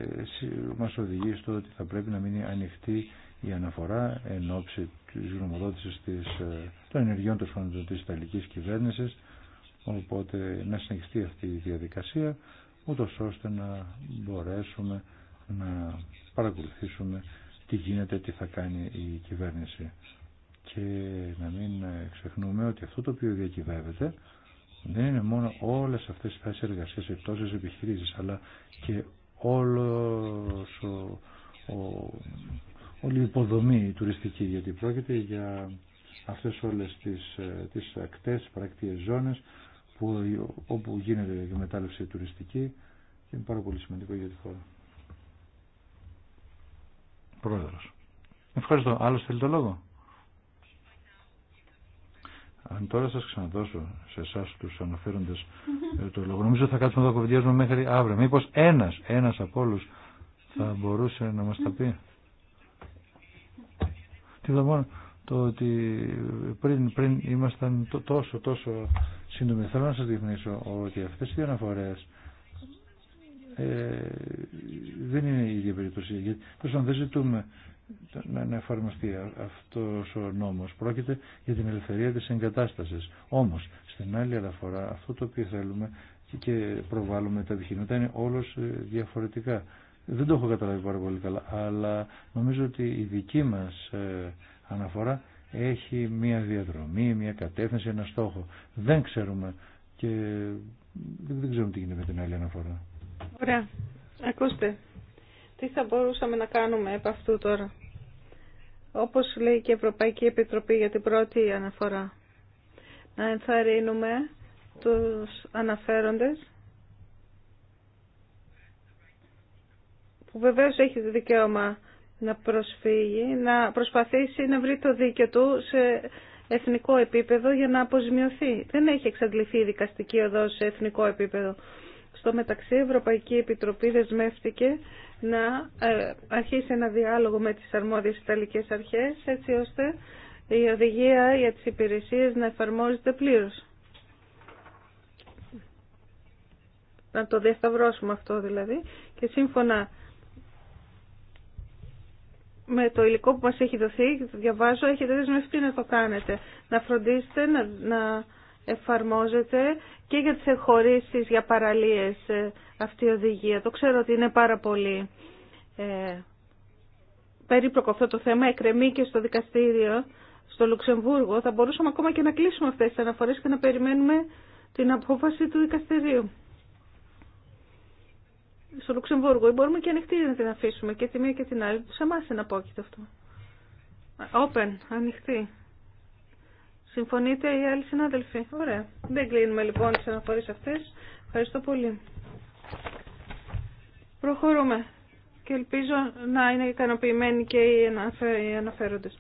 μας οδηγεί στο ότι θα πρέπει να μείνει ανοιχτή η αναφορά εν ώψη της γνωμοδότησης ε, των ενεργειών των της Ιταλικής κυβέρνησης οπότε να συνεχιστεί αυτή η διαδικασία ούτω ώστε να μπορέσουμε να παρακολουθήσουμε τι γίνεται, τι θα κάνει η κυβέρνηση και να μην ε, ξεχνούμε ότι αυτό το οποίο διακυβεύεται δεν είναι ναι, μόνο όλες αυτές οι θέσει εργασίας σε επιχειρήσεις, αλλά και όλος ο, όλη η υποδομή τουριστική, γιατί πρόκειται για αυτές όλες τις, ε, τις ακτές, παρακτίες ζώνες, που, όπου γίνεται η μετάλλευση τουριστική και είναι πάρα πολύ σημαντικό για τη χώρα. Πρόεδρος. Ευχαριστώ. Άλλος θέλει το λόγο. Αν τώρα σας ξαναδώσω σε εσά τους αναφέροντες ε, το λόγο, νομίζω θα κάτσουμε εδώ κοβιδιάζουμε μέχρι αύριο. Μήπω ένας, ένας από όλου θα μπορούσε να μα τα πει. Τι θα το ότι πριν, πριν ήμασταν τόσο, τόσο σύντομοι. Θέλω να σας διευνήσω ότι αυτές οι αναφορές ε, δεν είναι η ίδια περίπτωση. Γιατί αν δεν ζητούμε να, να εφαρμοστεί αυτός ο νόμος. Πρόκειται για την ελευθερία της εγκατάστασης. Όμως, στην άλλη αναφορά, αυτό το οποίο θέλουμε και προβάλλουμε τα επιχειρήματα είναι όλος ε, διαφορετικά. Δεν το έχω καταλάβει πάρα πολύ καλά, αλλά νομίζω ότι η δική μας ε, αναφορά έχει μία διαδρομή, μία κατεύθυνση, ένα στόχο. Δεν ξέρουμε και δεν ξέρουμε τι γίνεται με την άλλη αναφορά. Ωραία. Ακούστε. Τι θα μπορούσαμε να κάνουμε από αυτού τώρα όπως λέει και η Ευρωπαϊκή Επιτροπή για την πρώτη αναφορά. Να ενθαρρύνουμε τους αναφέροντες που βεβαίως έχει το δικαίωμα να προσφύγει, να προσπαθήσει να βρει το δίκαιο του σε εθνικό επίπεδο για να αποζημιωθεί. Δεν έχει εξαντληθεί η δικαστική οδό σε εθνικό επίπεδο. Στο μεταξύ, η Ευρωπαϊκή Επιτροπή δεσμεύτηκε να ε, αρχίσει ένα διάλογο με τις αρμόδιες Ιταλικές αρχές έτσι ώστε η οδηγία για τις υπηρεσίες να εφαρμόζεται πλήρως. Να το διασταυρώσουμε αυτό δηλαδή και σύμφωνα με το υλικό που μας έχει δοθεί, διαβάζω, έχετε δεσμευτεί να το κάνετε. Να φροντίσετε να εφαρμόζεται και για τις εγχωρήσεις για παραλίες ε, αυτή η οδηγία. Το ξέρω ότι είναι πάρα πολύ ε, περίπλοκο αυτό το θέμα, εκρεμεί και στο δικαστήριο στο Λουξεμβούργο. Θα μπορούσαμε ακόμα και να κλείσουμε αυτές τις αναφορές και να περιμένουμε την απόφαση του δικαστηρίου. Στο Λουξεμβούργο ή μπορούμε και ανοιχτή να την αφήσουμε και τη μία και την άλλη. Σε εμάς είναι απόκειτο αυτό. Open, ανοιχτή. Συμφωνείτε οι άλλοι συνάδελφοι. Ωραία. Δεν κλείνουμε λοιπόν τις αναφορέ αυτές. Ευχαριστώ πολύ. Προχωρούμε και ελπίζω να είναι ικανοποιημένοι και οι αναφέροντες.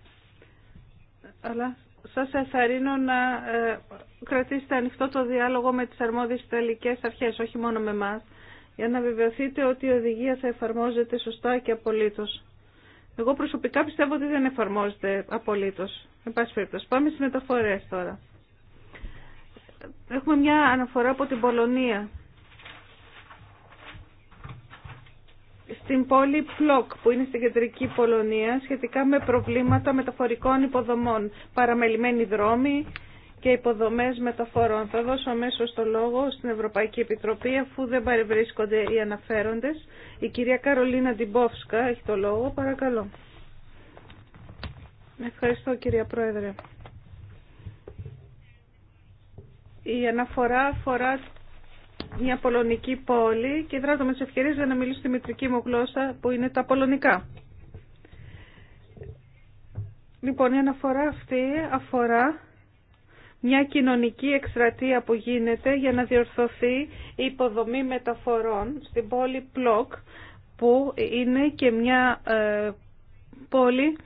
Αλλά σας εθαρρύνω να ε, κρατήσετε ανοιχτό το διάλογο με τις αρμόδιες ιταλικές αρχές, όχι μόνο με εμά, για να βεβαιωθείτε ότι η οδηγία θα εφαρμόζεται σωστά και απολύτως. Εγώ προσωπικά πιστεύω ότι δεν εφαρμόζεται απολύτως. Εν Πάμε στι μεταφορέ τώρα. Έχουμε μια αναφορά από την Πολωνία. Στην πόλη Πλοκ που είναι στην κεντρική Πολωνία σχετικά με προβλήματα μεταφορικών υποδομών. Παραμελημένοι δρόμοι, και υποδομές μεταφορών. Θα δώσω αμέσω το λόγο στην Ευρωπαϊκή Επιτροπή, αφού δεν παρευρίσκονται οι αναφέροντες. Η κυρία Καρολίνα Ντιμπόφσκα έχει το λόγο. Παρακαλώ. Ευχαριστώ κυρία Πρόεδρε. Η αναφορά αφορά μια πολωνική πόλη και δράτω με τις ευκαιρίες για να μιλήσω τη μητρική μου γλώσσα που είναι τα πολωνικά. Λοιπόν, η αναφορά αυτή αφορά μια κοινωνική εκστρατεία που γίνεται για να διορθωθεί η υποδομή μεταφορών στην πόλη Πλοκ που είναι και μια ε, πόλη,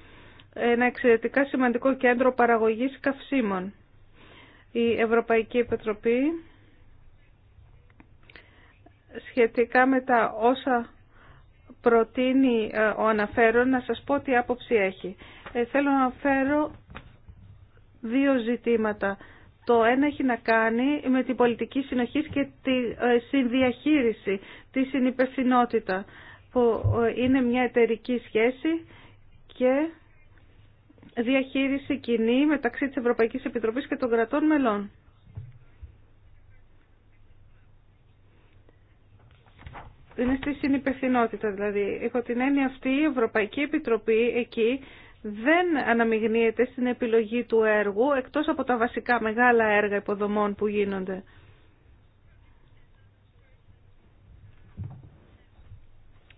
ένα εξαιρετικά σημαντικό κέντρο παραγωγής καυσίμων. Η Ευρωπαϊκή Επιτροπή σχετικά με τα όσα προτείνει ε, ο αναφέρον να σας πω τι άποψη έχει. Ε, θέλω να αναφέρω δύο ζητήματα. Το ένα έχει να κάνει με την πολιτική συνοχή και τη ε, συνδιαχείριση, τη συνυπευθυνότητα, που ε, είναι μια εταιρική σχέση και διαχείριση κοινή μεταξύ της Ευρωπαϊκής Επιτροπής και των κρατών μελών. Είναι στη συνυπευθυνότητα δηλαδή. Έχω την έννοια αυτή η Ευρωπαϊκή Επιτροπή εκεί δεν αναμειγνύεται στην επιλογή του έργου, εκτός από τα βασικά μεγάλα έργα υποδομών που γίνονται.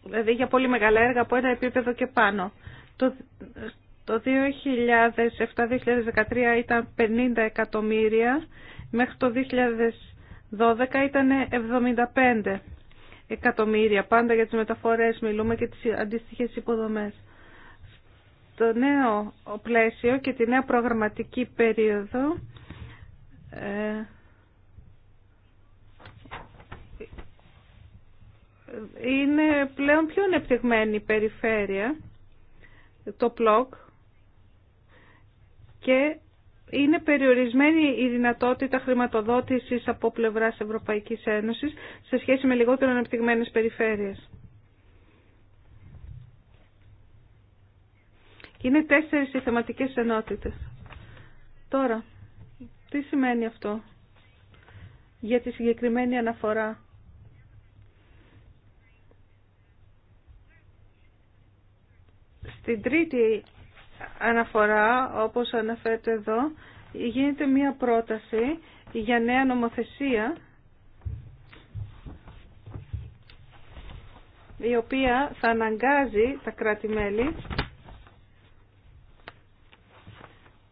Δηλαδή για πολύ μεγάλα έργα από ένα επίπεδο και πάνω. Το, το 2007-2013 ήταν 50 εκατομμύρια, μέχρι το 2012 ήταν 75 εκατομμύρια. Πάντα για τις μεταφορές μιλούμε και τις αντίστοιχες υποδομές το νέο πλαίσιο και τη νέα προγραμματική περίοδο ε, είναι πλέον πιο ανεπτυγμένη η περιφέρεια, το πλοκ, και είναι περιορισμένη η δυνατότητα χρηματοδότησης από πλευράς Ευρωπαϊκής Ένωσης σε σχέση με λιγότερο ανεπτυγμένες περιφέρειες. Είναι τέσσερις οι θεματικές ενότητες. Τώρα, τι σημαίνει αυτό για τη συγκεκριμένη αναφορά. Στην τρίτη αναφορά, όπως αναφέρεται εδώ, γίνεται μία πρόταση για νέα νομοθεσία η οποία θα αναγκάζει τα κράτη-μέλη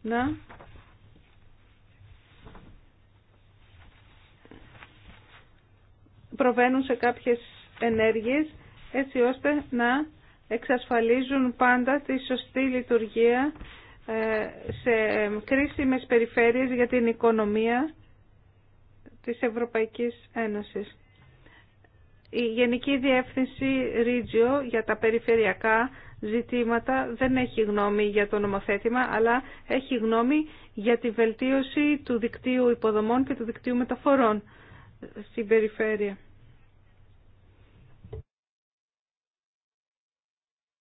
να προβαίνουν σε κάποιες ενέργειες έτσι ώστε να εξασφαλίζουν πάντα τη σωστή λειτουργία ε, σε κρίσιμες περιφέρειες για την οικονομία της Ευρωπαϊκής Ένωσης. Η Γενική Διεύθυνση Ρίτζιο για τα περιφερειακά ζητήματα δεν έχει γνώμη για το νομοθέτημα, αλλά έχει γνώμη για τη βελτίωση του δικτύου υποδομών και του δικτύου μεταφορών στην περιφέρεια.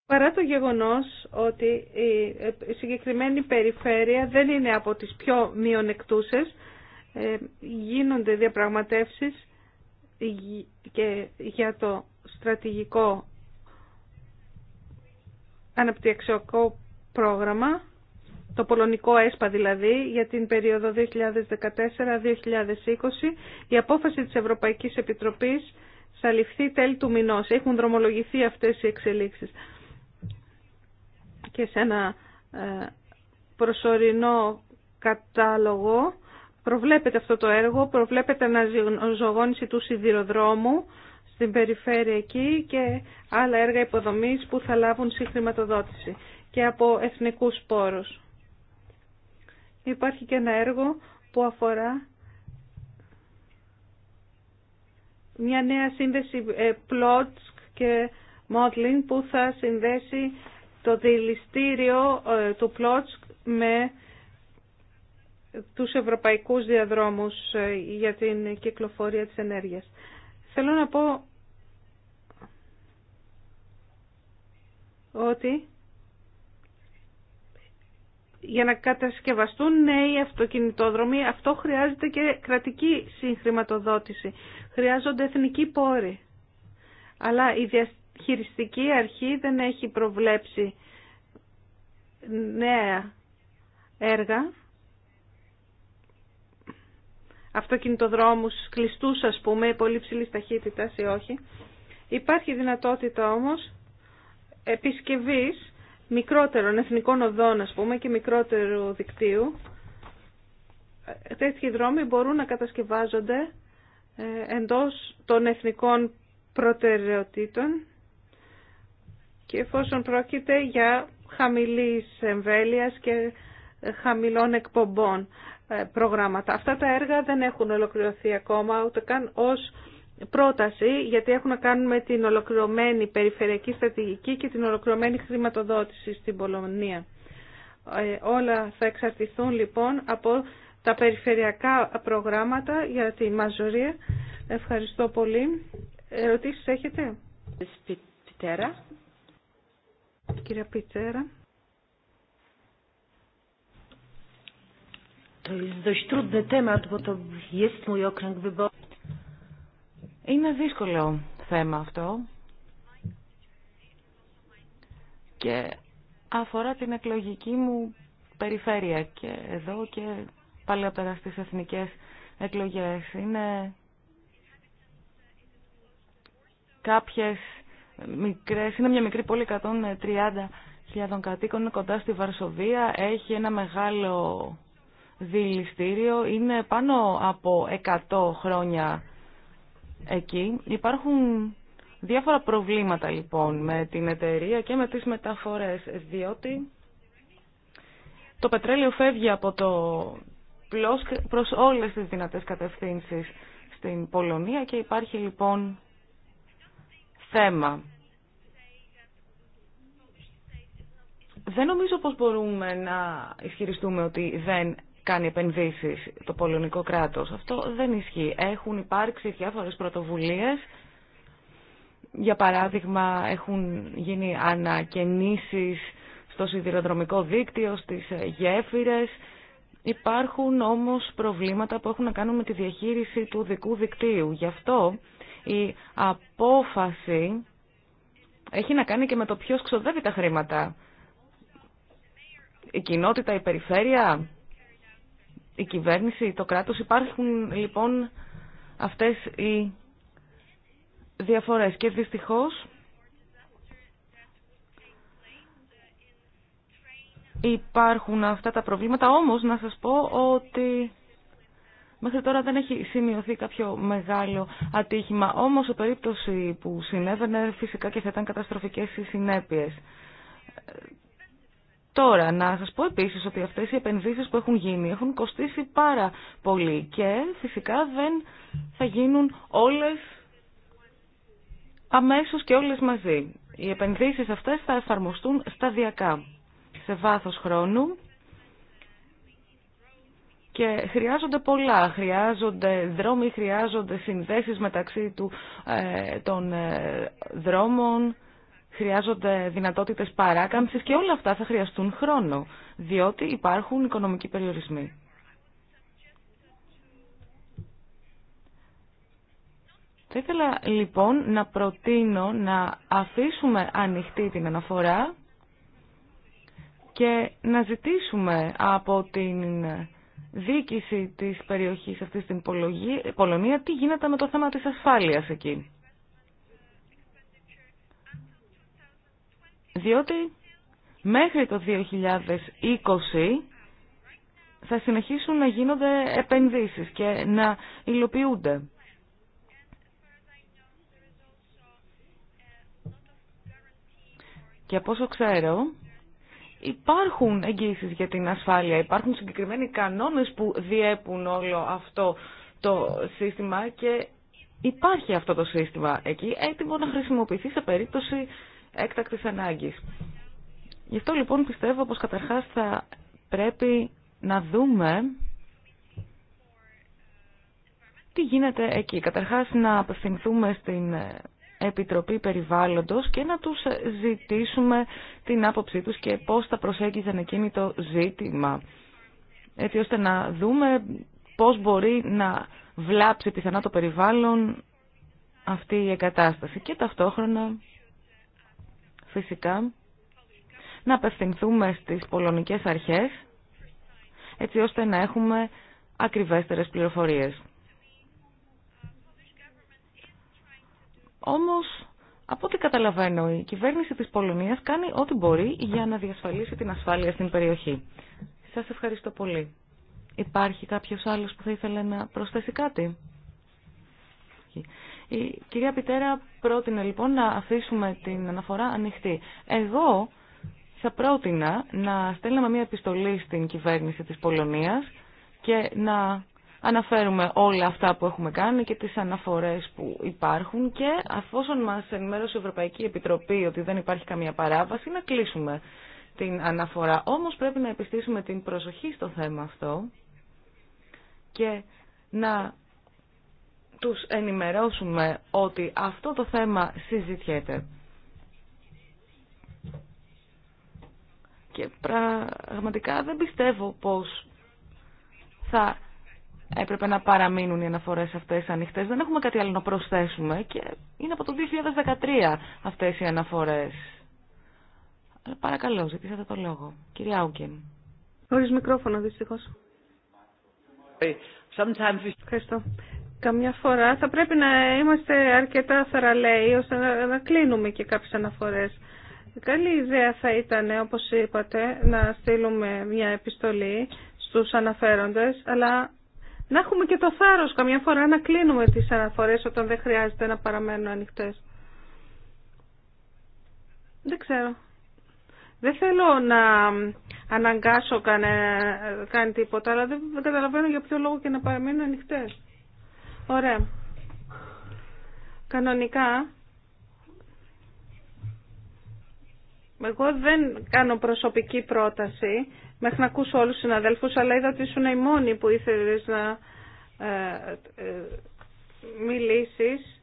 Παρά το γεγονός ότι η ε, συγκεκριμένη περιφέρεια δεν είναι από τις πιο μειονεκτούσες, ε, γίνονται διαπραγματεύσεις και για το στρατηγικό αναπτυξιακό πρόγραμμα, το πολωνικό ΕΣΠΑ δηλαδή, για την περίοδο 2014-2020, η απόφαση της Ευρωπαϊκής Επιτροπής θα ληφθεί τέλη του μηνός. Έχουν δρομολογηθεί αυτές οι εξελίξεις. Και σε ένα ε, προσωρινό κατάλογο προβλέπεται αυτό το έργο, προβλέπεται αναζωγόνηση του σιδηροδρόμου στην περιφέρεια εκεί και άλλα έργα υποδομής που θα λάβουν συγχρηματοδότηση και από εθνικούς πόρους. Υπάρχει και ένα έργο που αφορά μια νέα σύνδεση Πλότσκ ε, και MODELING που θα συνδέσει το δηληστήριο ε, του Πλότσκ με τους ευρωπαϊκούς διαδρόμους ε, για την κυκλοφορία της ενέργειας. Θέλω να πω ότι για να κατασκευαστούν νέοι αυτοκινητόδρομοι, αυτό χρειάζεται και κρατική συγχρηματοδότηση. Χρειάζονται εθνικοί πόροι. Αλλά η διαχειριστική αρχή δεν έχει προβλέψει νέα έργα αυτοκινητοδρόμους κλειστούς ας πούμε, πολύ ψηλής ταχύτητας ή όχι. Υπάρχει δυνατότητα όμως επισκευής μικρότερων εθνικών οδών ας πούμε και μικρότερου δικτύου. Τέτοιοι δρόμοι μπορούν να κατασκευάζονται ε, εντός των εθνικών προτεραιοτήτων και εφόσον πρόκειται για χαμηλής εμβέλειας και ε, χαμηλών εκπομπών. Ε, προγράμματα. Αυτά τα έργα δεν έχουν ολοκληρωθεί ακόμα ούτε καν ως πρόταση γιατί έχουν να κάνουν με την ολοκληρωμένη περιφερειακή στρατηγική και την ολοκληρωμένη χρηματοδότηση στην Πολωνία. Ε, όλα θα εξαρτηθούν λοιπόν από τα περιφερειακά προγράμματα για τη μαζωρία. Ευχαριστώ πολύ. Ερωτήσεις έχετε? Πιτέρα. Κυρία Πιτέρα. Είναι δύσκολο θέμα αυτό και αφορά την εκλογική μου περιφέρεια και εδώ και παλαιότερα στις εθνικές εκλογές. Είναι κάποιες μικρές, είναι μια μικρή πόλη 130.000 κατοίκων, είναι κοντά στη Βαρσοβία, έχει ένα μεγάλο δηληστήριο είναι πάνω από 100 χρόνια εκεί. Υπάρχουν διάφορα προβλήματα λοιπόν με την εταιρεία και με τις μεταφορές, διότι το πετρέλαιο φεύγει από το πλός προς όλες τις δυνατές κατευθύνσεις στην Πολωνία και υπάρχει λοιπόν θέμα. Δεν νομίζω πως μπορούμε να ισχυριστούμε ότι δεν κάνει επενδύσεις το πολωνικό κράτος. Αυτό δεν ισχύει. Έχουν υπάρξει διάφορες πρωτοβουλίες. Για παράδειγμα, έχουν γίνει ανακαινήσεις στο σιδηροδρομικό δίκτυο, στις γέφυρες. Υπάρχουν όμως προβλήματα που έχουν να κάνουν με τη διαχείριση του δικού δικτύου. Γι' αυτό η απόφαση έχει να κάνει και με το ποιος ξοδεύει τα χρήματα. Η κοινότητα, η περιφέρεια, η κυβέρνηση, το κράτος. Υπάρχουν λοιπόν αυτές οι διαφορές και δυστυχώς υπάρχουν αυτά τα προβλήματα, όμως να σας πω ότι μέχρι τώρα δεν έχει σημειωθεί κάποιο μεγάλο ατύχημα, όμως η περίπτωση που συνέβαινε φυσικά και θα ήταν καταστροφικές οι συνέπειες. Τώρα, να σας πω επίσης ότι αυτές οι επενδύσεις που έχουν γίνει έχουν κοστίσει πάρα πολύ και φυσικά δεν θα γίνουν όλες αμέσως και όλες μαζί. Οι επενδύσεις αυτές θα εφαρμοστούν σταδιακά, σε βάθος χρόνου και χρειάζονται πολλά. Χρειάζονται δρόμοι, χρειάζονται συνδέσεις μεταξύ του, ε, των ε, δρόμων, χρειάζονται δυνατότητες παράκαμψης και όλα αυτά θα χρειαστούν χρόνο, διότι υπάρχουν οικονομικοί περιορισμοί. Θα ήθελα λοιπόν να προτείνω να αφήσουμε ανοιχτή την αναφορά και να ζητήσουμε από την διοίκηση της περιοχής αυτής στην Πολωνία τι γίνεται με το θέμα της ασφάλειας εκεί. διότι μέχρι το 2020 θα συνεχίσουν να γίνονται επενδύσεις και να υλοποιούνται. Και από όσο ξέρω, υπάρχουν εγγύσεις για την ασφάλεια, υπάρχουν συγκεκριμένοι κανόνες που διέπουν όλο αυτό το σύστημα και υπάρχει αυτό το σύστημα εκεί έτοιμο να χρησιμοποιηθεί σε περίπτωση έκτακτης ανάγκης. Γι' αυτό λοιπόν πιστεύω πως καταρχάς θα πρέπει να δούμε τι γίνεται εκεί. Καταρχάς να απευθυνθούμε στην Επιτροπή Περιβάλλοντος και να τους ζητήσουμε την άποψή τους και πώς θα προσέγγιζαν εκείνη το ζήτημα. Έτσι ώστε να δούμε πώς μπορεί να βλάψει πιθανά το περιβάλλον αυτή η εγκατάσταση και ταυτόχρονα φυσικά να απευθυνθούμε στις πολωνικές αρχές έτσι ώστε να έχουμε ακριβέστερες πληροφορίες. Όμως, από ό,τι καταλαβαίνω, η κυβέρνηση της Πολωνίας κάνει ό,τι μπορεί για να διασφαλίσει την ασφάλεια στην περιοχή. Σας ευχαριστώ πολύ. Υπάρχει κάποιος άλλος που θα ήθελε να προσθέσει κάτι. Η κυρία Πιτέρα πρότεινε λοιπόν να αφήσουμε την αναφορά ανοιχτή. Εγώ θα πρότεινα να στέλναμε μια επιστολή στην κυβέρνηση της Πολωνίας και να αναφέρουμε όλα αυτά που έχουμε κάνει και τις αναφορές που υπάρχουν και αφόσον μας ενημέρωσε η Ευρωπαϊκή Επιτροπή ότι δεν υπάρχει καμία παράβαση να κλείσουμε την αναφορά. Όμως πρέπει να επιστήσουμε την προσοχή στο θέμα αυτό και να τους ενημερώσουμε ότι αυτό το θέμα συζητιέται. Και πραγματικά δεν πιστεύω πως θα έπρεπε να παραμείνουν οι αναφορές αυτές ανοιχτές. Δεν έχουμε κάτι άλλο να προσθέσουμε και είναι από το 2013 αυτές οι αναφορές. Αλλά παρακαλώ, ζητήσατε το λόγο. Κυρία Άουγκεν. Χωρίς μικρόφωνο, δυστυχώς. Ευχαριστώ. Καμιά φορά θα πρέπει να είμαστε αρκετά θαραλέοι ώστε να κλείνουμε και κάποιες αναφορές. Καλή ιδέα θα ήταν, όπως είπατε, να στείλουμε μια επιστολή στους αναφέροντες, αλλά να έχουμε και το θάρρος καμιά φορά να κλείνουμε τις αναφορές όταν δεν χρειάζεται να παραμένουν ανοιχτές. Δεν ξέρω. Δεν θέλω να αναγκάσω κανένα, κάνει τίποτα, αλλά δεν καταλαβαίνω για ποιο λόγο και να παραμείνουν ανοιχτές. Ωραία. Κανονικά, εγώ δεν κάνω προσωπική πρόταση μέχρι να ακούσω όλους τους συναδέλφους, αλλά είδα ότι ήσουν οι μόνοι που ήθελες να ε, ε, μιλήσεις.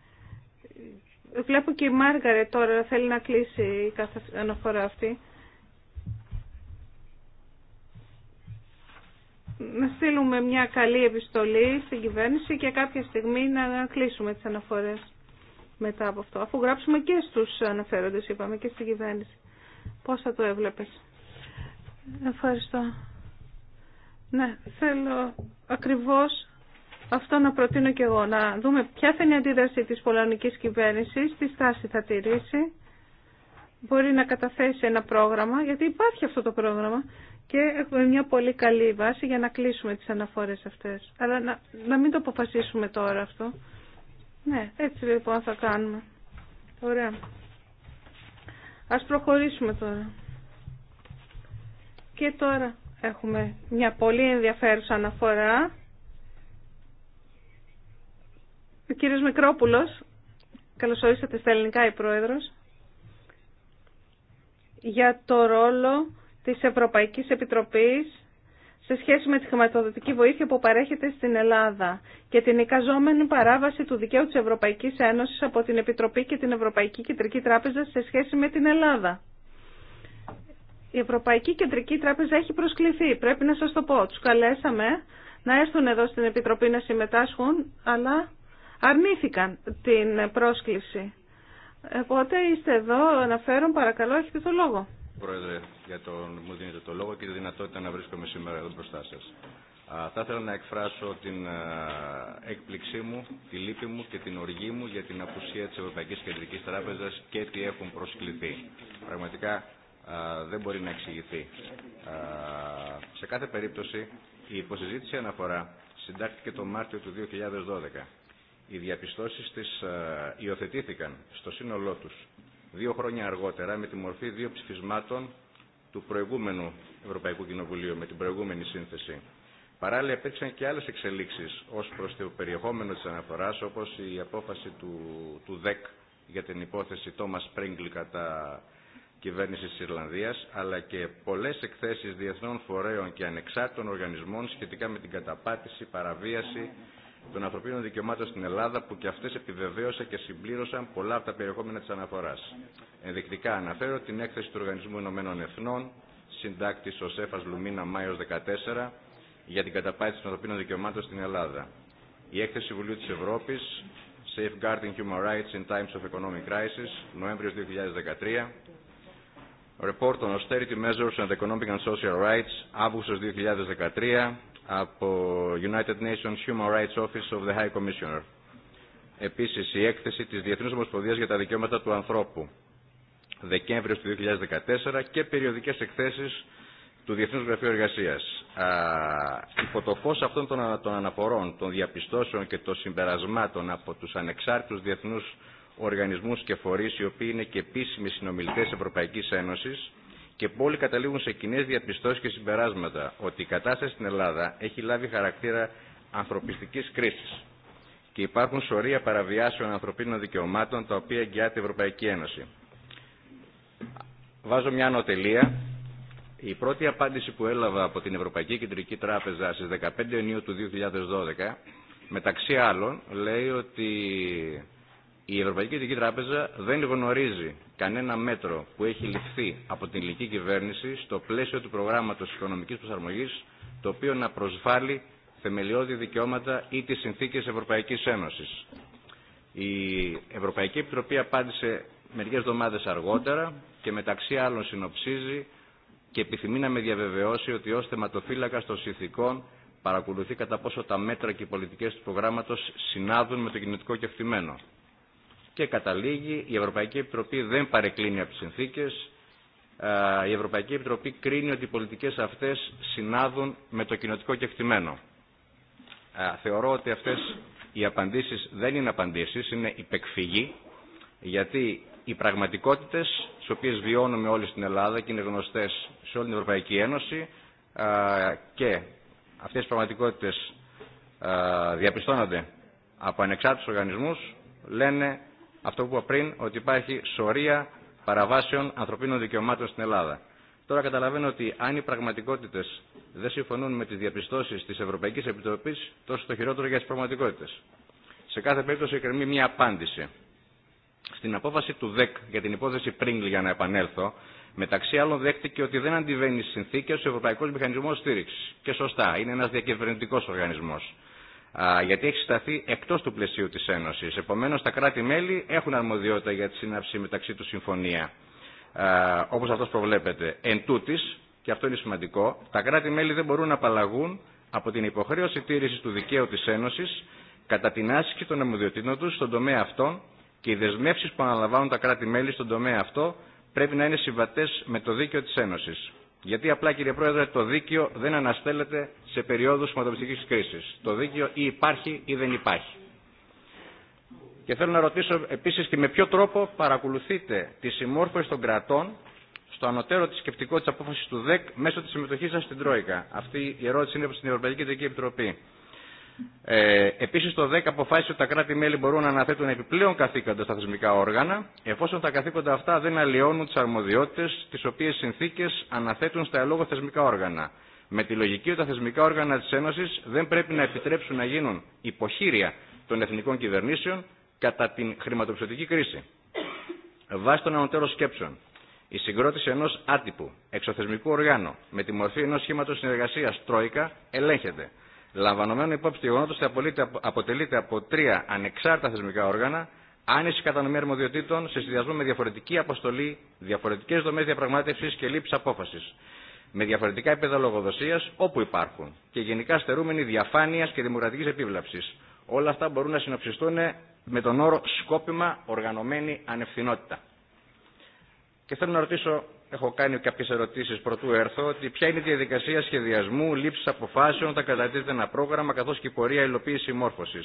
Βλέπω και η Μάργαρε τώρα θέλει να κλείσει η κάθε αναφορά αυτή. να στείλουμε μια καλή επιστολή στην κυβέρνηση και κάποια στιγμή να κλείσουμε τις αναφορές μετά από αυτό. Αφού γράψουμε και στους αναφέροντες, είπαμε, και στην κυβέρνηση. Πώς θα το έβλεπες. Ευχαριστώ. Ναι, θέλω ακριβώς αυτό να προτείνω και εγώ. Να δούμε ποια θα είναι η αντίδραση της πολωνικής κυβέρνησης, τι στάση θα τηρήσει. Μπορεί να καταθέσει ένα πρόγραμμα, γιατί υπάρχει αυτό το πρόγραμμα και έχουμε μια πολύ καλή βάση για να κλείσουμε τις αναφορές αυτές. Αλλά να, μην το αποφασίσουμε τώρα αυτό. Ναι, έτσι λοιπόν θα κάνουμε. Ωραία. Ας προχωρήσουμε τώρα. Και τώρα έχουμε μια πολύ ενδιαφέρουσα αναφορά. Ο κύριος Μικρόπουλος, καλώς ορίσατε στα ελληνικά η πρόεδρος, για το ρόλο της Ευρωπαϊκής Επιτροπής σε σχέση με τη χρηματοδοτική βοήθεια που παρέχεται στην Ελλάδα και την εικαζόμενη παράβαση του δικαίου της Ευρωπαϊκής Ένωσης από την Επιτροπή και την Ευρωπαϊκή Κεντρική Τράπεζα σε σχέση με την Ελλάδα. Η Ευρωπαϊκή Κεντρική Τράπεζα έχει προσκληθεί, πρέπει να σας το πω. Τους καλέσαμε να έρθουν εδώ στην Επιτροπή να συμμετάσχουν, αλλά αρνήθηκαν την πρόσκληση. Οπότε είστε εδώ, αναφέρον, παρακαλώ, έχετε το λόγο. Πρόεδρε, για τον μου δίνετε το λόγο και τη δυνατότητα να βρίσκομαι σήμερα εδώ μπροστά σας. θα ήθελα να εκφράσω την α, έκπληξή μου, τη λύπη μου και την οργή μου για την απουσία της Ευρωπαϊκής Κεντρικής Τράπεζας και τι έχουν προσκληθεί. Πραγματικά α, δεν μπορεί να εξηγηθεί. σε κάθε περίπτωση, η υποσυζήτηση αναφορά συντάχθηκε το Μάρτιο του 2012. Οι διαπιστώσεις της υιοθετήθηκαν στο σύνολό τους δύο χρόνια αργότερα με τη μορφή δύο ψηφισμάτων του προηγούμενου Ευρωπαϊκού Κοινοβουλίου με την προηγούμενη σύνθεση. Παράλληλα υπήρξαν και άλλες εξελίξεις ως προς το περιεχόμενο της αναφοράς όπως η απόφαση του, του ΔΕΚ για την υπόθεση Τόμας Σπρίγκλ κατά κυβέρνηση της Ιρλανδίας αλλά και πολλές εκθέσεις διεθνών φορέων και ανεξάρτητων οργανισμών σχετικά με την καταπάτηση, παραβίαση των ανθρωπίνων δικαιωμάτων στην Ελλάδα, που και αυτέ επιβεβαίωσαν και συμπλήρωσαν πολλά από τα περιεχόμενα τη αναφορά. Ενδεικτικά αναφέρω την έκθεση του Οργανισμού Ηνωμένων Εθνών, συντάκτη ο Σέφα Λουμίνα Μάιο 14, για την καταπάτηση των ανθρωπίνων δικαιωμάτων στην Ελλάδα. Η έκθεση Βουλίου τη Ευρώπη, Safeguarding Human Rights in Times of Economic Crisis, Νοέμβριο 2013. Report on Austerity Measures and Economic and Social Rights, Αύγουστος 2013 από United Nations Human Rights Office of the High Commissioner. Επίσης, η έκθεση της Διεθνούς Ομοσπονδίας για τα Δικαιώματα του Ανθρώπου, Δεκέμβριο του 2014 και περιοδικές εκθέσεις του Διεθνούς Γραφείου Εργασίας. Α, υπό το φως αυτών των, αναφορών, των διαπιστώσεων και των συμπερασμάτων από τους ανεξάρτητους διεθνούς οργανισμούς και φορείς, οι οποίοι είναι και επίσημοι συνομιλητές Ευρωπαϊκής Ένωσης, και πολλοί καταλήγουν σε κοινέ διαπιστώσει και συμπεράσματα ότι η κατάσταση στην Ελλάδα έχει λάβει χαρακτήρα ανθρωπιστική κρίση και υπάρχουν σωρία παραβιάσεων ανθρωπίνων δικαιωμάτων τα οποία εγγυάται η Ευρωπαϊκή Ένωση. Βάζω μια ανωτελεία. Η πρώτη απάντηση που έλαβα από την Ευρωπαϊκή Κεντρική Τράπεζα στις 15 Ιουνίου του 2012 μεταξύ άλλων λέει ότι η Ευρωπαϊκή Κεντρική Τράπεζα δεν γνωρίζει κανένα μέτρο που έχει ληφθεί από την ελληνική κυβέρνηση στο πλαίσιο του προγράμματο οικονομική προσαρμογή, το οποίο να προσβάλλει θεμελιώδη δικαιώματα ή τι συνθήκε Ευρωπαϊκή Ένωση. Η Ευρωπαϊκή Επιτροπή απάντησε μερικέ εβδομάδε αργότερα και μεταξύ άλλων συνοψίζει και επιθυμεί να με διαβεβαιώσει ότι ω θεματοφύλακα των συνθήκων παρακολουθεί κατά πόσο τα μέτρα και οι πολιτικέ του προγράμματο συνάδουν με το κινητικό κεφτημένο και καταλήγει η Ευρωπαϊκή Επιτροπή δεν παρεκκλίνει από τις συνθήκες, ε, η Ευρωπαϊκή Επιτροπή κρίνει ότι οι πολιτικές αυτές συνάδουν με το κοινοτικό κεκτημένο. Ε, θεωρώ ότι αυτές οι απαντήσεις δεν είναι απαντήσεις, είναι υπεκφυγή, γιατί οι πραγματικότητες τις οποίες βιώνουμε όλοι στην Ελλάδα και είναι γνωστές σε όλη την Ευρωπαϊκή Ένωση ε, και αυτές οι πραγματικότητες διαπιστώνονται από ανεξάρτητους οργανισμούς, λένε αυτό που είπα πριν, ότι υπάρχει σωρία παραβάσεων ανθρωπίνων δικαιωμάτων στην Ελλάδα. Τώρα καταλαβαίνω ότι αν οι πραγματικότητε δεν συμφωνούν με τι διαπιστώσει τη Ευρωπαϊκή Επιτροπή, τόσο το χειρότερο για τι πραγματικότητε. Σε κάθε περίπτωση εκκρεμεί μια απάντηση. Στην απόφαση του ΔΕΚ για την υπόθεση Πρίγκλ, για να επανέλθω, μεταξύ άλλων δέχτηκε ότι δεν αντιβαίνει στι συνθήκε ο Ευρωπαϊκό Μηχανισμό Στήριξη. Και σωστά, είναι ένα διακυβερνητικό οργανισμό γιατί έχει σταθεί εκτό του πλαισίου τη Ένωση. Επομένω, τα κράτη-μέλη έχουν αρμοδιότητα για τη σύναψη μεταξύ του συμφωνία, όπω αυτό προβλέπεται. Εν τούτης, και αυτό είναι σημαντικό, τα κράτη-μέλη δεν μπορούν να απαλλαγούν από την υποχρέωση τήρηση του δικαίου τη Ένωση κατά την άσκηση των αρμοδιοτήτων του στον τομέα αυτό και οι δεσμεύσει που αναλαμβάνουν τα κράτη-μέλη στον τομέα αυτό πρέπει να είναι συμβατέ με το δίκαιο τη Ένωση. Γιατί απλά, κύριε Πρόεδρε, το δίκαιο δεν αναστέλλεται σε περίοδους χρηματοπιστική κρίση. Το δίκαιο ή υπάρχει ή δεν υπάρχει. Και θέλω να ρωτήσω επίση και με ποιο τρόπο παρακολουθείτε τη συμμόρφωση των κρατών στο ανωτέρω τη σκεπτικό τη απόφαση του ΔΕΚ μέσω τη συμμετοχή σα στην Τρόικα. Αυτή η ερώτηση είναι προ την Ευρωπαϊκή Επιτροπή. Ε, Επίση, το 10 αποφάσισε ότι τα κράτη-μέλη μπορούν να αναθέτουν επιπλέον καθήκοντα στα θεσμικά όργανα, εφόσον τα καθήκοντα αυτά δεν αλλοιώνουν τι αρμοδιότητε, τι οποίε συνθήκε αναθέτουν στα ελόγω θεσμικά όργανα. Με τη λογική ότι τα θεσμικά όργανα τη Ένωση δεν πρέπει να επιτρέψουν να γίνουν υποχείρια των εθνικών κυβερνήσεων κατά την χρηματοπιστωτική κρίση. Βάσει των ανωτέρων σκέψεων, η συγκρότηση ενό άτυπου εξωθεσμικού οργάνου με τη μορφή ενό σχήματο συνεργασία Τρόικα ελέγχεται λαμβανωμένο υπόψη του γεγονότο ότι αποτελείται από τρία ανεξάρτητα θεσμικά όργανα, άνεση κατανομή αρμοδιοτήτων σε συνδυασμό με διαφορετική αποστολή, διαφορετικέ δομέ διαπραγμάτευση και λήψη απόφαση, με διαφορετικά επίπεδα λογοδοσία όπου υπάρχουν και γενικά στερούμενη διαφάνεια και δημοκρατική επίβλαψη. Όλα αυτά μπορούν να συνοψιστούν με τον όρο σκόπιμα οργανωμένη ανευθυνότητα. Και θέλω να ρωτήσω έχω κάνει κάποιε ερωτήσει πρωτού έρθω, ότι ποια είναι η διαδικασία σχεδιασμού, λήψη αποφάσεων, όταν κατατίθεται ένα πρόγραμμα, καθώ και η πορεία υλοποίηση μόρφωση.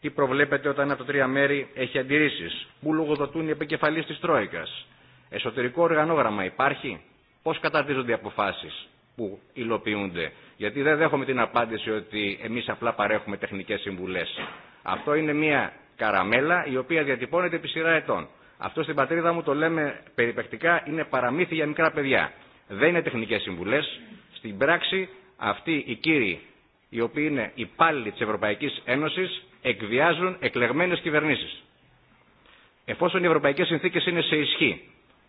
Τι προβλέπετε όταν ένα από τα τρία μέρη έχει αντιρρήσεις. Πού λογοδοτούν οι επικεφαλείς της Τρόικας. Εσωτερικό οργανόγραμμα αντιρρήσει, που λογοδοτουν οι επικεφαλει τη τροϊκα. εσωτερικο οργανογραμμα υπαρχει πώ καταρτιζονται οι αποφάσει που υλοποιουνται γιατι δεν δέχομαι την απάντηση ότι εμεί απλά παρέχουμε τεχνικέ συμβουλέ. Αυτό είναι μια καραμέλα η οποία διατυπώνεται επί σειρά ετών. Αυτό στην πατρίδα μου το λέμε περιπεκτικά, είναι παραμύθι για μικρά παιδιά. Δεν είναι τεχνικέ συμβουλέ. Στην πράξη, αυτοί οι κύριοι, οι οποίοι είναι υπάλληλοι τη Ευρωπαϊκή Ένωση, εκβιάζουν εκλεγμένε κυβερνήσει. Εφόσον οι ευρωπαϊκέ συνθήκε είναι σε ισχύ,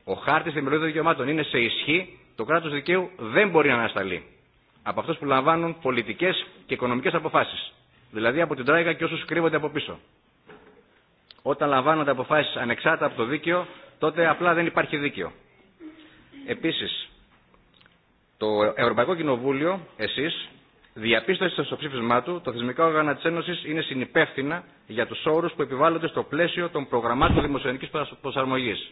ο χάρτη θεμελιωδών δικαιωμάτων είναι σε ισχύ, το κράτο δικαίου δεν μπορεί να ανασταλεί από αυτού που λαμβάνουν πολιτικέ και οικονομικέ αποφάσει. Δηλαδή από την τράγκα και όσου κρύβονται από πίσω. Όταν λαμβάνονται αποφάσεις ανεξάρτητα από το δίκαιο, τότε απλά δεν υπάρχει δίκαιο. Επίσης, το Ευρωπαϊκό Κοινοβούλιο, εσείς, διαπίστωσε στο ψήφισμά του, το θεσμικό όργανα της Ένωσης είναι συνυπεύθυνα για τους όρους που επιβάλλονται στο πλαίσιο των προγραμμάτων δημοσιονομικής προσαρμογής.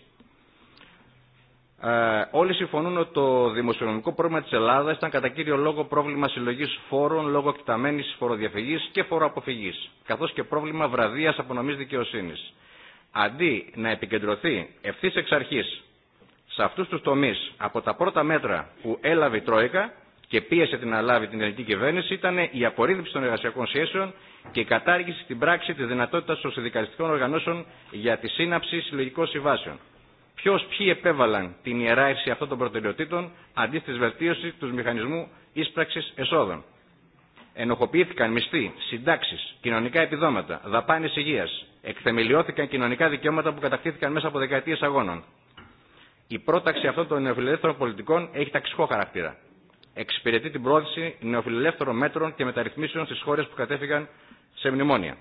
Ε, όλοι συμφωνούν ότι το δημοσιονομικό πρόβλημα της Ελλάδας ήταν κατά κύριο λόγο πρόβλημα συλλογής φόρων λόγω εκταμένης φοροδιαφυγής και φοροαποφυγής, καθώς και πρόβλημα βραδίας απονομής δικαιοσύνης. Αντί να επικεντρωθεί ευθύ εξ αρχής σε αυτούς τους τομείς από τα πρώτα μέτρα που έλαβε η Τρόικα και πίεσε την αλάβη την ελληνική κυβέρνηση ήταν η απορρίδηψη των εργασιακών σχέσεων και η κατάργηση στην πράξη της δυνατότητας των συνδικαλιστικών οργανώσεων για τη σύναψη συλλογικών συμβάσεων ποιο ποιοι επέβαλαν την ιεράρχηση αυτών των προτεραιοτήτων αντί τη βελτίωση του μηχανισμού ίσπραξη εσόδων. Ενοχοποιήθηκαν μισθοί, συντάξει, κοινωνικά επιδόματα, δαπάνε υγεία, εκθεμελιώθηκαν κοινωνικά δικαιώματα που κατακτήθηκαν μέσα από δεκαετίε αγώνων. Η πρόταξη αυτών των νεοφιλελεύθερων πολιτικών έχει ταξικό χαρακτήρα. Εξυπηρετεί την πρόθεση νεοφιλελεύθερων μέτρων και μεταρρυθμίσεων στι χώρε που κατέφυγαν σε μνημόνια.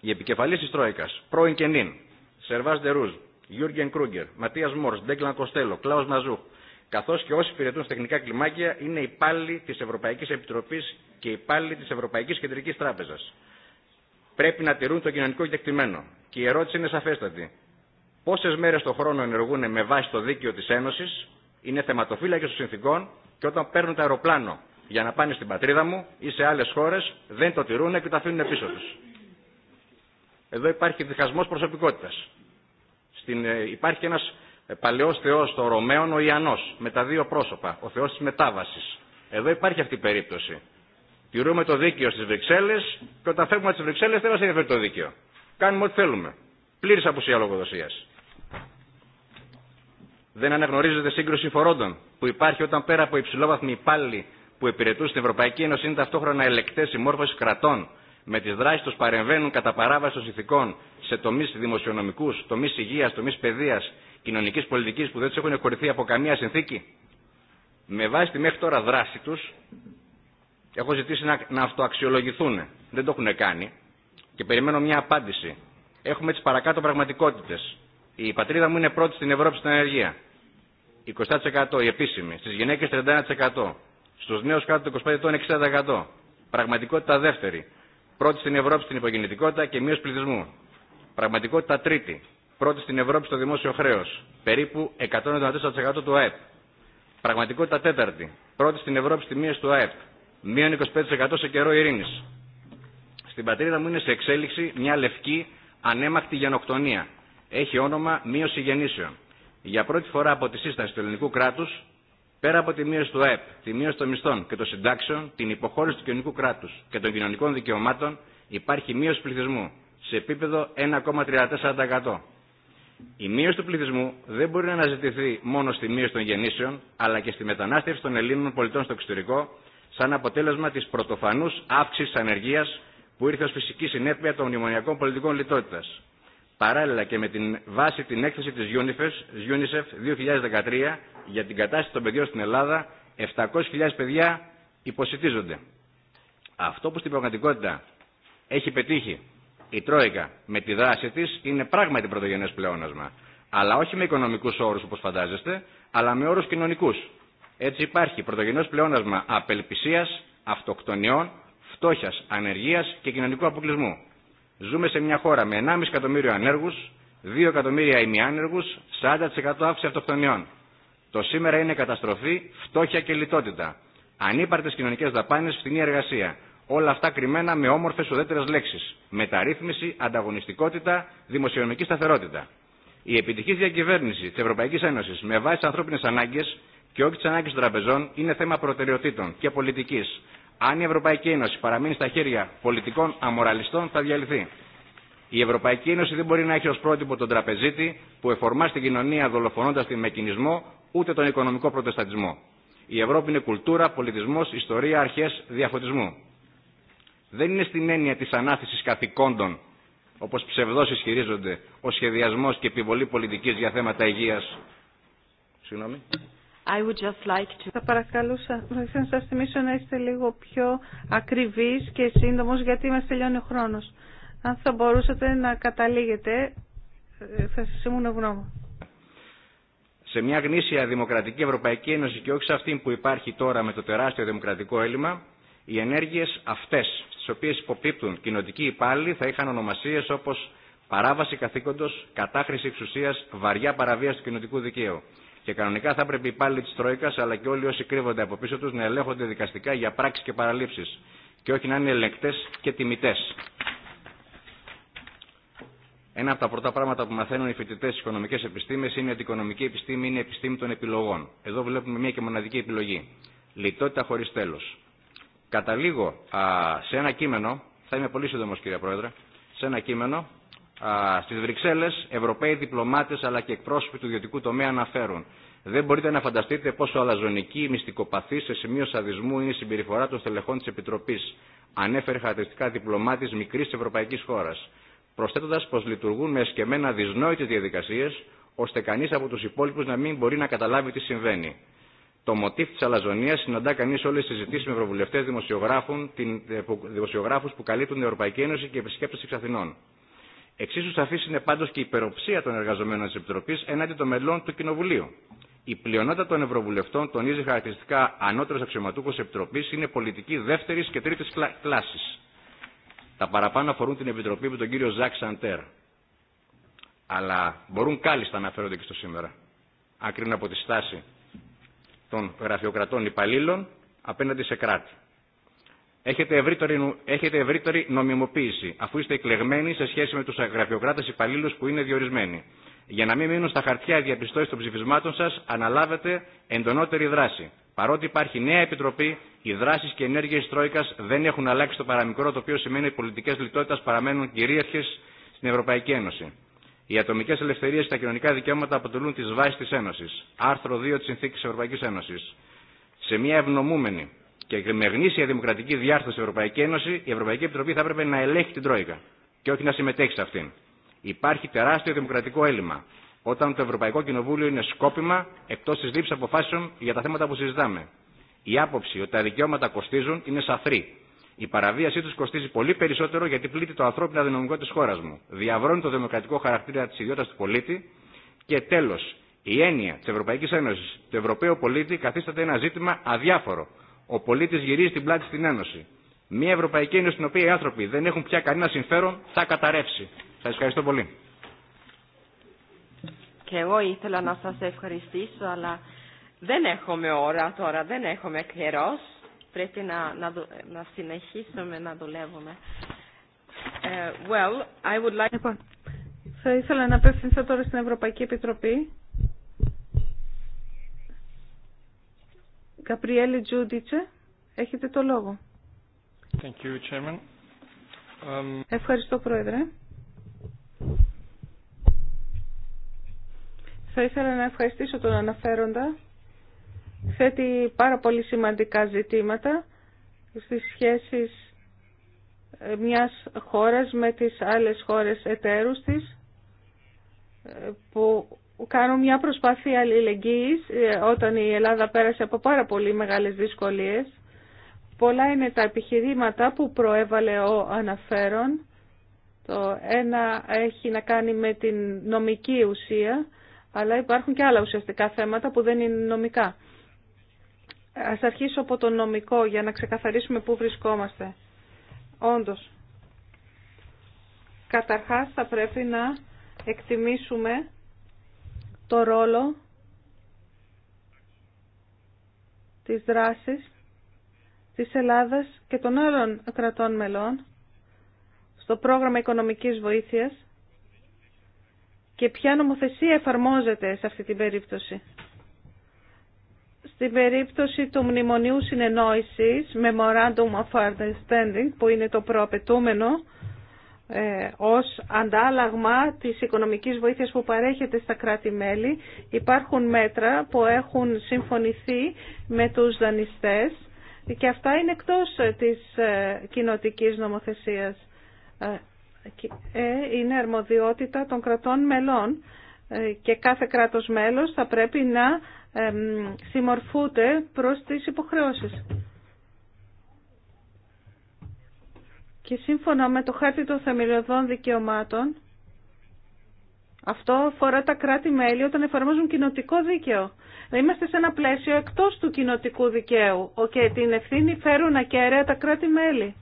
Οι επικεφαλεί τη Τρόικα, πρώην και νυν, Σερβά Ντερούζ, Γιούργεν Κρούγκερ, Ματία Μόρ, Ντέγκλαν Κοστέλο, Κλάου Μαζού, καθώ και όσοι υπηρετούν στα τεχνικά κλιμάκια είναι υπάλληλοι τη Ευρωπαϊκή Επιτροπή και υπάλληλοι τη Ευρωπαϊκή Κεντρική Τράπεζα. Πρέπει να τηρούν το κοινωνικό κεκτημένο. Και η ερώτηση είναι σαφέστατη. Πόσε μέρε το χρόνο ενεργούν με βάση το δίκαιο τη Ένωση, είναι θεματοφύλακε των συνθήκων και όταν παίρνουν το αεροπλάνο για να πάνε στην πατρίδα μου ή σε άλλε χώρε, δεν το τηρούν και το πίσω του. Εδώ υπάρχει διχασμό προσωπικότητα. Στην, ε, υπάρχει ένας ε, παλαιός θεός των Ρωμαίων, ο Ιανός, με τα δύο πρόσωπα, ο θεός της μετάβασης. Εδώ υπάρχει αυτή η περίπτωση. Τηρούμε το δίκαιο στις Βρυξέλλες και όταν φεύγουμε από τις Βρυξέλλες δεν μας ενδιαφέρει το δίκαιο. Κάνουμε ό,τι θέλουμε. Πλήρης απουσία λογοδοσίας. Δεν αναγνωρίζεται σύγκρουση φορώντων που υπάρχει όταν πέρα από υψηλόβαθμοι υπάλληλοι που υπηρετούν στην Ευρωπαϊκή Ένωση είναι ταυτόχρονα ελεκτέ συμμόρφωση κρατών. Με τι δράσει του παρεμβαίνουν κατά παράβαση των σε τομεί δημοσιονομικού, τομεί υγεία, τομεί παιδεία, κοινωνική πολιτική που δεν του έχουν κορυφθεί από καμία συνθήκη. Με βάση τη μέχρι τώρα δράση του, έχω ζητήσει να, να αυτοαξιολογηθούν. Δεν το έχουν κάνει και περιμένω μια απάντηση. Έχουμε τι παρακάτω πραγματικότητε. Η πατρίδα μου είναι πρώτη στην Ευρώπη στην ανεργία. 20% η επίσημη. Στι γυναίκε 31%. Στου νέου κάτω των 25 ετών 60%. Πραγματικότητα δεύτερη. Πρώτη στην Ευρώπη στην υπογεννητικότητα και μείωση πληθυσμού. Πραγματικότητα τρίτη. Πρώτη στην Ευρώπη στο δημόσιο χρέο. Περίπου 194% του ΑΕΠ. Πραγματικότητα τέταρτη. Πρώτη στην Ευρώπη στη μείωση του ΑΕΠ. Μείον 25% σε καιρό ειρήνη. Στην πατρίδα μου είναι σε εξέλιξη μια λευκή ανέμακτη γενοκτονία. Έχει όνομα μείωση γεννήσεων. Για πρώτη φορά από τη σύσταση του ελληνικού κράτου, πέρα από τη μείωση του ΑΕΠ, τη μείωση των μισθών και των συντάξεων, την υποχώρηση του κοινωνικού κράτου και των κοινωνικών δικαιωμάτων, υπάρχει μείωση πληθυσμού σε επίπεδο 1,34%. Η μείωση του πληθυσμού δεν μπορεί να αναζητηθεί μόνο στη μείωση των γεννήσεων, αλλά και στη μετανάστευση των Ελλήνων πολιτών στο εξωτερικό, σαν αποτέλεσμα τη πρωτοφανού αύξηση ανεργία που ήρθε ω φυσική συνέπεια των μνημονιακών πολιτικών λιτότητα. Παράλληλα και με την βάση την έκθεση τη UNICEF 2013 για την κατάσταση των παιδιών στην Ελλάδα, 700.000 παιδιά υποσυτίζονται. Αυτό που στην πραγματικότητα έχει πετύχει η Τρόικα με τη δράση τη είναι πράγματι πρωτογενέ πλεόνασμα. Αλλά όχι με οικονομικού όρου όπω φαντάζεστε, αλλά με όρου κοινωνικού. Έτσι υπάρχει πρωτογενέ πλεόνασμα απελπισία, αυτοκτονιών, φτώχεια ανεργία και κοινωνικού αποκλεισμού. Ζούμε σε μια χώρα με 1,5 εκατομμύριο ανέργου, 2 εκατομμύρια ημιάνεργους, 40% αύξηση αυτοκτονιών. Το σήμερα είναι καταστροφή, φτώχεια και λιτότητα. Ανύπαρτε κοινωνικέ δαπάνε, φθηνή εργασία. Όλα αυτά κρυμμένα με όμορφε ουδέτερε λέξει. Μεταρρύθμιση, ανταγωνιστικότητα, δημοσιονομική σταθερότητα. Η επιτυχή διακυβέρνηση τη Ευρωπαϊκή Ένωση με βάση τι ανθρώπινε ανάγκε και όχι τι ανάγκε των τραπεζών είναι θέμα προτεραιοτήτων και πολιτική. Αν η Ευρωπαϊκή Ένωση παραμείνει στα χέρια πολιτικών αμοραλιστών, θα διαλυθεί. Η Ευρωπαϊκή Ένωση δεν μπορεί να έχει ω πρότυπο τον τραπεζίτη που εφορμά στην κοινωνία δολοφονώντα την με ούτε τον οικονομικό προτεστατισμό. Η Ευρώπη είναι κουλτούρα, πολιτισμό, ιστορία, αρχέ, διαφωτισμού δεν είναι στην έννοια της ανάθεσης καθηκόντων, όπως ψευδώς ισχυρίζονται, ο σχεδιασμός και επιβολή πολιτικής για θέματα υγείας. Συγγνώμη. Θα παρακαλούσα να σας θυμίσω να είστε λίγο πιο ακριβείς και σύντομος γιατί μας τελειώνει ο χρόνος. Αν θα μπορούσατε να καταλήγετε, ε, θα σας ήμουν ευγνώμων. Σε μια γνήσια δημοκρατική Ευρωπαϊκή Ένωση και όχι σε αυτή που υπάρχει τώρα με το τεράστιο δημοκρατικό έλλειμμα, οι ενέργειε αυτέ στις οποίε υποπίπτουν κοινοτικοί υπάλληλοι, θα είχαν ονομασίε όπω παράβαση καθήκοντος, κατάχρηση εξουσία, βαριά παραβίαση του κοινοτικού δικαίου. Και κανονικά θα έπρεπε οι υπάλληλοι τη Τρόικα αλλά και όλοι όσοι κρύβονται από πίσω του να ελέγχονται δικαστικά για πράξει και παραλήψει. Και όχι να είναι ελεκτέ και τιμητέ. Ένα από τα πρώτα πράγματα που μαθαίνουν οι φοιτητέ στι οικονομικέ επιστήμε είναι ότι η οικονομική επιστήμη είναι επιστήμη των επιλογών. Εδώ βλέπουμε μια και μοναδική επιλογή. Λιτότητα χωρί τέλο καταλήγω σε ένα κείμενο, θα είμαι πολύ σύντομος κύριε Πρόεδρε, σε ένα κείμενο στις Βρυξέλλες Ευρωπαίοι διπλωμάτες αλλά και εκπρόσωποι του ιδιωτικού τομέα αναφέρουν. Δεν μπορείτε να φανταστείτε πόσο αλαζονική, η μυστικοπαθή σε σημείο σαδισμού είναι η συμπεριφορά των στελεχών τη Επιτροπή. Ανέφερε χαρακτηριστικά διπλωμάτης μικρή ευρωπαϊκής χώρας, Προσθέτοντα πως λειτουργούν με εσκεμμένα δυσνόητες διαδικασίε, ώστε κανεί από του υπόλοιπου να μην μπορεί να καταλάβει τι συμβαίνει το μοτίφ τη αλαζονία συναντά κανεί όλε τι συζητήσει με ευρωβουλευτέ, ε, δημοσιογράφου που καλύπτουν την Ευρωπαϊκή Ένωση και επισκέπτε εξ Αθηνών. Εξίσου σαφή είναι πάντω και η υπεροψία των εργαζομένων τη Επιτροπή έναντι των μελών του Κοινοβουλίου. Η πλειονότητα των Ευρωβουλευτών τονίζει χαρακτηριστικά ανώτερο αξιωματούχο Επιτροπή είναι πολιτική δεύτερη και τρίτη κλάση. Τα παραπάνω αφορούν την Επιτροπή με τον κύριο Ζακ Σαντέρ. Αλλά μπορούν κάλλιστα να αναφέρονται και στο σήμερα. Άκρινα από τη στάση των γραφειοκρατών υπαλλήλων απέναντι σε κράτη. Έχετε ευρύτερη, έχετε ευρύτερη νομιμοποίηση, αφού είστε εκλεγμένοι σε σχέση με του γραφειοκράτε υπαλλήλου που είναι διορισμένοι. Για να μην μείνουν στα χαρτιά οι διαπιστώσει των ψηφισμάτων σα, αναλάβετε εντονότερη δράση. Παρότι υπάρχει νέα επιτροπή, οι δράσει και ενέργειε τη Τρόικα δεν έχουν αλλάξει το παραμικρό, το οποίο σημαίνει ότι οι πολιτικέ λιτότητα παραμένουν κυρίαρχε στην Ευρωπαϊκή Ένωση. Οι ατομικέ ελευθερίε και τα κοινωνικά δικαιώματα αποτελούν τι βάσει τη Ένωση. Άρθρο 2 τη Συνθήκη Ευρωπαϊκή Ένωση. Σε μια ευνομούμενη και με γνήσια δημοκρατική διάρθρωση στην Ευρωπαϊκή Ένωση, η Ευρωπαϊκή Επιτροπή θα έπρεπε να ελέγχει την Τρόικα και όχι να συμμετέχει σε αυτήν. Υπάρχει τεράστιο δημοκρατικό έλλειμμα όταν το Ευρωπαϊκό Κοινοβούλιο είναι σκόπιμα εκτό τη λήψη αποφάσεων για τα θέματα που συζητάμε. Η άποψη ότι τα δικαιώματα κοστίζουν είναι σαφρή η παραβίασή του κοστίζει πολύ περισσότερο γιατί πλήττει το ανθρώπινο αδυναμικό τη χώρα μου. Διαβρώνει το δημοκρατικό χαρακτήρα τη ιδιότητα του πολίτη. Και τέλο, η έννοια τη Ευρωπαϊκή Ένωση του Ευρωπαίου πολίτη καθίσταται ένα ζήτημα αδιάφορο. Ο πολίτη γυρίζει την πλάτη στην Ένωση. Μια Ευρωπαϊκή Ένωση στην οποία οι άνθρωποι δεν έχουν πια κανένα συμφέρον θα καταρρεύσει. Σα ευχαριστώ πολύ. Και εγώ ήθελα να σα ευχαριστήσω, αλλά δεν έχουμε ώρα τώρα, δεν έχουμε καιρό πρέπει να, να, να συνεχίσουμε να δουλεύουμε. Uh, well, I would like... λοιπόν, θα ήθελα να απευθυνθώ τώρα στην Ευρωπαϊκή Επιτροπή. Καπριέλη Τζούντιτσε, έχετε το λόγο. Thank you, Um... Ευχαριστώ, Πρόεδρε. Θα ήθελα να ευχαριστήσω τον αναφέροντα θέτει πάρα πολύ σημαντικά ζητήματα στις σχέσεις ε, μιας χώρας με τις άλλες χώρες εταίρους της ε, που κάνουν μια προσπάθεια αλληλεγγύης ε, όταν η Ελλάδα πέρασε από πάρα πολύ μεγάλες δυσκολίες. Πολλά είναι τα επιχειρήματα που προέβαλε ο αναφέρον. Το ένα έχει να κάνει με την νομική ουσία, αλλά υπάρχουν και άλλα ουσιαστικά θέματα που δεν είναι νομικά. Ας αρχίσω από το νομικό για να ξεκαθαρίσουμε πού βρισκόμαστε. Όντως, καταρχάς θα πρέπει να εκτιμήσουμε το ρόλο της δράσης της Ελλάδας και των άλλων κρατών μελών στο πρόγραμμα οικονομικής βοήθειας και ποια νομοθεσία εφαρμόζεται σε αυτή την περίπτωση. Στην περίπτωση του Μνημονίου Συνεννόησης, Memorandum of Understanding, που είναι το προαπαιτούμενο, ε, ως αντάλλαγμα της οικονομικής βοήθειας που παρέχεται στα κράτη-μέλη, υπάρχουν μέτρα που έχουν συμφωνηθεί με τους δανειστές και αυτά είναι εκτός ε, της ε, κοινοτικής νομοθεσίας. Ε, ε, είναι αρμοδιότητα των κρατών μελών και κάθε κράτος μέλος θα πρέπει να συμμορφούνται προς τις υποχρεώσεις. Και σύμφωνα με το χάρτη των θεμελιωδών δικαιωμάτων, αυτό αφορά τα κράτη-μέλη όταν εφαρμόζουν κοινοτικό δίκαιο. Είμαστε σε ένα πλαίσιο εκτός του κοινοτικού δικαίου και την ευθύνη φέρουν ακέραια τα κράτη-μέλη.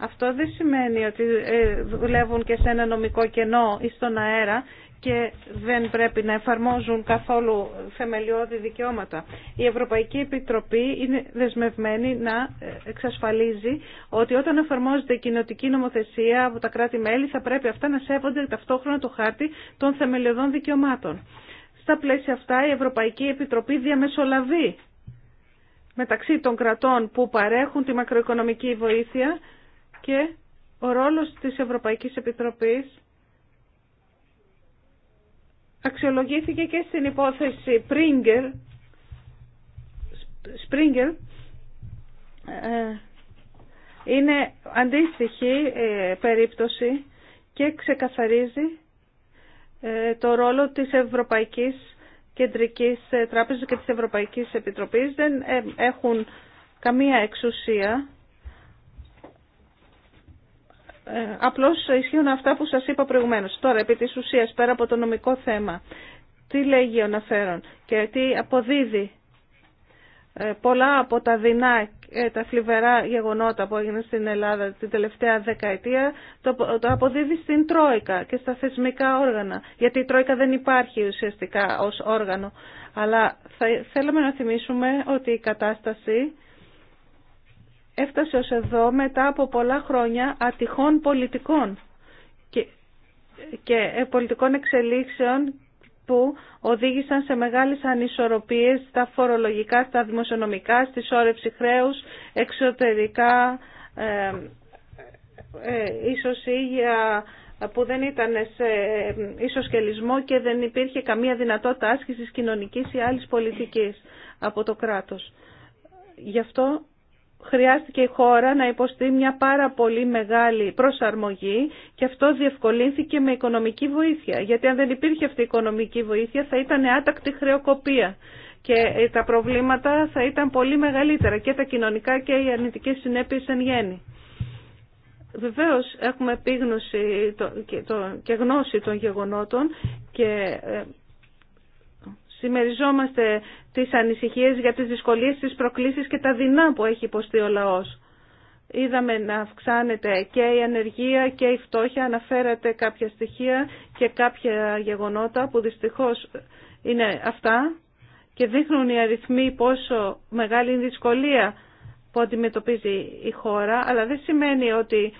Αυτό δεν σημαίνει ότι ε, δουλεύουν και σε ένα νομικό κενό ή στον αέρα και δεν πρέπει να εφαρμόζουν καθόλου θεμελιώδη δικαιώματα. Η Ευρωπαϊκή Επιτροπή είναι δεσμευμένη να εξασφαλίζει ότι όταν εφαρμόζεται κοινοτική νομοθεσία από τα κράτη-μέλη θα πρέπει αυτά να σέβονται ταυτόχρονα το χάρτη των θεμελιωδών δικαιωμάτων. Στα πλαίσια αυτά η Ευρωπαϊκή Επιτροπή διαμεσολαβεί μεταξύ των κρατών που παρέχουν τη μακροοικονομική βοήθεια και ο ρόλος της Ευρωπαϊκής Επιτροπής αξιολογήθηκε και στην υπόθεση Pringer, Springer. Ε, είναι αντίστοιχη ε, περίπτωση και ξεκαθαρίζει ε, το ρόλο της Ευρωπαϊκής Κεντρικής Τράπεζας και της Ευρωπαϊκής Επιτροπής. Δεν έχουν καμία εξουσία Απλώ ε, απλώς ισχύουν αυτά που σας είπα προηγουμένω. Τώρα, επί τη ουσία, πέρα από το νομικό θέμα, τι λέγει ο Ναφέρον και τι αποδίδει ε, πολλά από τα δεινά ε, τα φλιβερά γεγονότα που έγιναν στην Ελλάδα την τελευταία δεκαετία το, αποδίδει στην Τρόικα και στα θεσμικά όργανα γιατί η Τρόικα δεν υπάρχει ουσιαστικά ως όργανο αλλά θα, θέλαμε να θυμίσουμε ότι η κατάσταση έφτασε ως εδώ μετά από πολλά χρόνια ατυχών πολιτικών και, και ε, πολιτικών εξελίξεων που οδήγησαν σε μεγάλες ανισορροπίες στα φορολογικά, στα δημοσιονομικά, στη σώρευση χρέους, εξωτερικά, ε, ε, ίσως που δεν ήταν σε ισοσκελισμό ε, και δεν υπήρχε καμία δυνατότητα άσκησης κοινωνικής ή άλλης πολιτικής από το κράτος. Γι' αυτό χρειάστηκε η χώρα να υποστεί μια πάρα πολύ μεγάλη προσαρμογή και αυτό διευκολύνθηκε με οικονομική βοήθεια. Γιατί αν δεν υπήρχε αυτή η οικονομική βοήθεια θα ήταν άτακτη χρεοκοπία και ε, τα προβλήματα θα ήταν πολύ μεγαλύτερα και τα κοινωνικά και οι αρνητικές συνέπειες εν γέννη. Βεβαίως έχουμε επίγνωση και γνώση των γεγονότων και ε, Συμμεριζόμαστε τις ανησυχίες για τις δυσκολίες, τις προκλήσεις και τα δεινά που έχει υποστεί ο λαός. Είδαμε να αυξάνεται και η ανεργία και η φτώχεια, αναφέρατε κάποια στοιχεία και κάποια γεγονότα που δυστυχώς είναι αυτά και δείχνουν οι αριθμοί πόσο μεγάλη είναι η δυσκολία που αντιμετωπίζει η χώρα, αλλά δεν σημαίνει ότι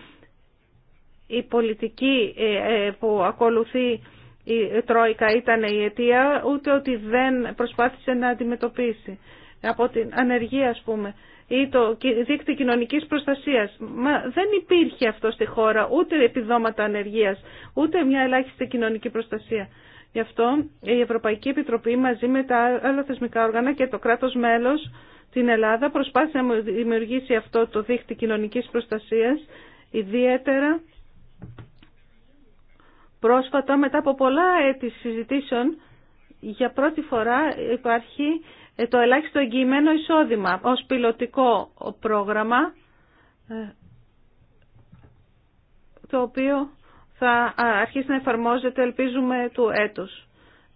η πολιτική ε, ε, που ακολουθεί η Τρόικα ήταν η αιτία, ούτε ότι δεν προσπάθησε να αντιμετωπίσει. Από την ανεργία, ας πούμε, ή το δίκτυο κοινωνικής προστασίας. Μα δεν υπήρχε αυτό στη χώρα, ούτε επιδόματα ανεργίας, ούτε μια ελάχιστη κοινωνική προστασία. Γι' αυτό η Ευρωπαϊκή Επιτροπή μαζί με τα άλλα θεσμικά όργανα και το κράτος μέλος την Ελλάδα προσπάθησε να δημιουργήσει αυτό το δίκτυο κοινωνικής προστασίας, ιδιαίτερα Πρόσφατα, μετά από πολλά έτη συζητήσεων, για πρώτη φορά υπάρχει ε, το ελάχιστο εγγυημένο εισόδημα ως πιλωτικό πρόγραμμα, ε, το οποίο θα αρχίσει να εφαρμόζεται, ελπίζουμε, του έτους.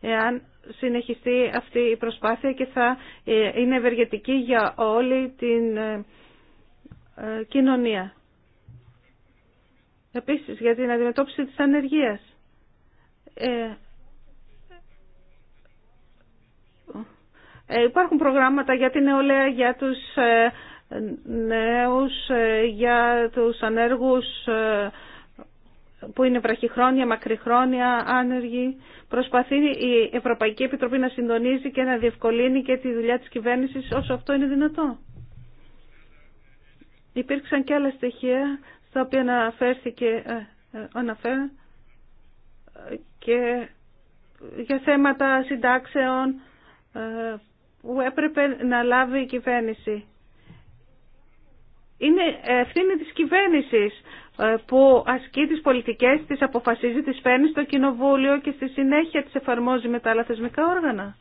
Εάν συνεχιστεί αυτή η προσπάθεια και θα ε, είναι ευεργετική για όλη την κοινωνία. Επίσης, για την αντιμετώπιση της ανεργίας. Ε, ε, υπάρχουν προγράμματα για την νεολαία, για τους ε, νέους, για τους ανέργους που είναι βραχυχρόνια, μακριχρόνια, άνεργοι. Προσπαθεί η Ευρωπαϊκή Επιτροπή να συντονίζει και να διευκολύνει και τη δουλειά της κυβέρνησης όσο αυτό είναι δυνατό. Υπήρξαν και άλλα στοιχεία στα οποία αναφέρθηκε, αναφέρω, και για θέματα συντάξεων ε, που έπρεπε να λάβει η κυβέρνηση. Είναι ευθύνη της κυβέρνησης ε, που ασκεί τις πολιτικές, τις αποφασίζει, τις φέρνει στο κοινοβούλιο και στη συνέχεια τις εφαρμόζει με τα άλλα θεσμικά όργανα.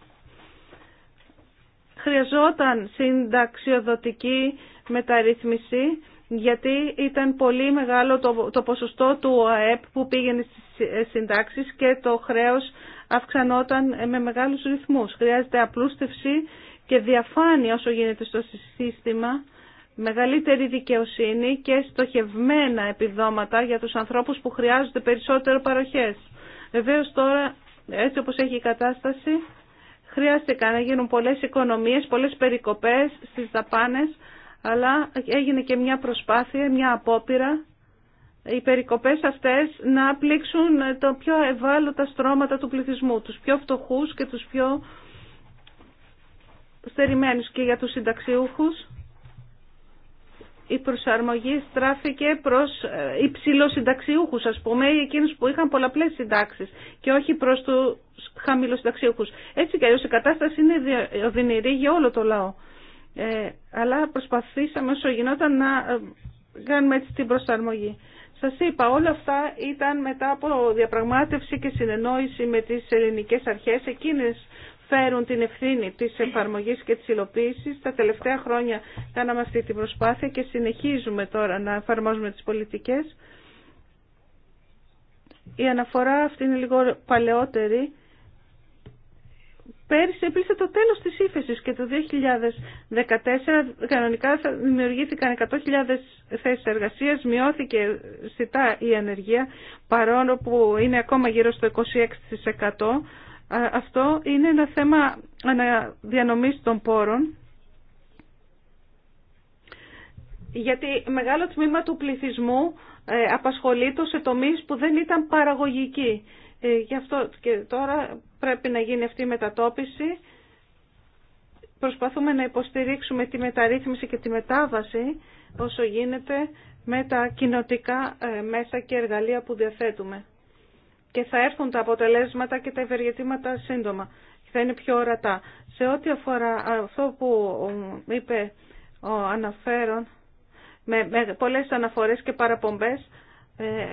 Χρειαζόταν συνταξιοδοτική μεταρρύθμιση γιατί ήταν πολύ μεγάλο το, το ποσοστό του ΑΕΠ που πήγαινε στις συντάξεις και το χρέος αυξανόταν με μεγάλους ρυθμούς. Χρειάζεται απλούστευση και διαφάνεια όσο γίνεται στο σύστημα, μεγαλύτερη δικαιοσύνη και στοχευμένα επιδόματα για τους ανθρώπους που χρειάζονται περισσότερο παροχές. Βεβαίως τώρα, έτσι όπως έχει η κατάσταση, χρειάστηκαν να γίνουν πολλές οικονομίες, πολλές περικοπές στις δαπάνες, αλλά έγινε και μια προσπάθεια, μια απόπειρα οι περικοπές αυτές να πλήξουν τα πιο ευάλωτα στρώματα του πληθυσμού, τους πιο φτωχούς και τους πιο στερημένους και για τους συνταξιούχους. Η προσαρμογή στράφηκε προς ε, υψηλοσυνταξιούχους, ας πούμε, ή εκείνους που είχαν πολλαπλές συντάξεις και όχι προς τους χαμηλοσυνταξιούχους. Έτσι και η κατάσταση είναι οδυνηρή για όλο το λαό. Ε, αλλά προσπαθήσαμε όσο γινόταν να ε, κάνουμε έτσι την προσαρμογή. Σας είπα, όλα αυτά ήταν μετά από διαπραγμάτευση και συνεννόηση με τις ελληνικές αρχές. Εκείνες φέρουν την ευθύνη της εφαρμογής και της υλοποίησης. Τα τελευταία χρόνια κάναμε αυτή την προσπάθεια και συνεχίζουμε τώρα να εφαρμόζουμε τις πολιτικές. Η αναφορά αυτή είναι λίγο παλαιότερη Πέρυσι έπλησε το τέλος της ύφεσης και το 2014 κανονικά δημιουργήθηκαν 100.000 θέσεις εργασίας, μειώθηκε σιτά η ανεργία παρόλο που είναι ακόμα γύρω στο 26%. Αυτό είναι ένα θέμα αναδιανομής των πόρων γιατί μεγάλο τμήμα του πληθυσμού ε, απασχολείται σε τομείς που δεν ήταν παραγωγικοί ε, γι' αυτό και τώρα πρέπει να γίνει αυτή η μετατόπιση. Προσπαθούμε να υποστηρίξουμε τη μεταρρύθμιση και τη μετάβαση όσο γίνεται με τα κοινοτικά ε, μέσα και εργαλεία που διαθέτουμε. Και θα έρθουν τα αποτελέσματα και τα ευεργετήματα σύντομα. Θα είναι πιο ορατά. Σε ό,τι αφορά αυτό που ε, είπε ο αναφέρον, με πολλές αναφορές και παραπομπές,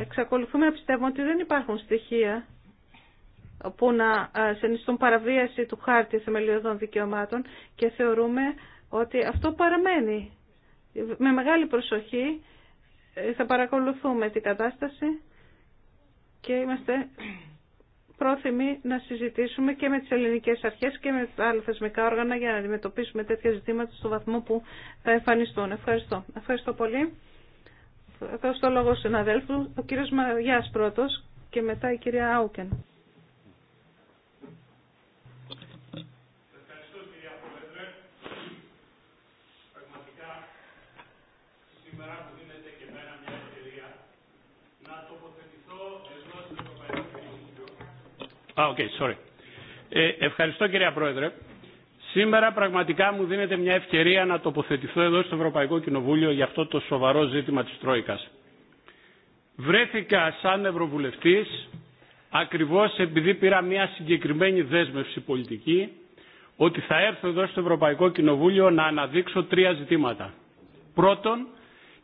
εξακολουθούμε να πιστεύουμε ότι δεν υπάρχουν στοιχεία που να ε, συνιστούν παραβίαση του χάρτη θεμελιωδών δικαιωμάτων και θεωρούμε ότι αυτό παραμένει. Με μεγάλη προσοχή ε, θα παρακολουθούμε την κατάσταση και είμαστε πρόθυμοι να συζητήσουμε και με τις ελληνικές αρχές και με τα άλλα θεσμικά όργανα για να αντιμετωπίσουμε τέτοια ζητήματα στο βαθμό που θα εμφανιστούν. Ευχαριστώ. Ευχαριστώ πολύ. Θα δώσω το λόγο στους αδέλφου, Ο κύριος Μαριάς πρώτος και μετά η κυρία Άουκεν. sorry. Ε, ευχαριστώ κυρία Πρόεδρε. Σήμερα πραγματικά μου δίνεται μια ευκαιρία να τοποθετηθώ εδώ στο Ευρωπαϊκό Κοινοβούλιο για αυτό το σοβαρό ζήτημα της Τρόικας. Βρέθηκα σαν Ευρωβουλευτής ακριβώς επειδή πήρα μια συγκεκριμένη δέσμευση πολιτική ότι θα έρθω εδώ στο Ευρωπαϊκό Κοινοβούλιο να αναδείξω τρία ζητήματα. Πρώτον,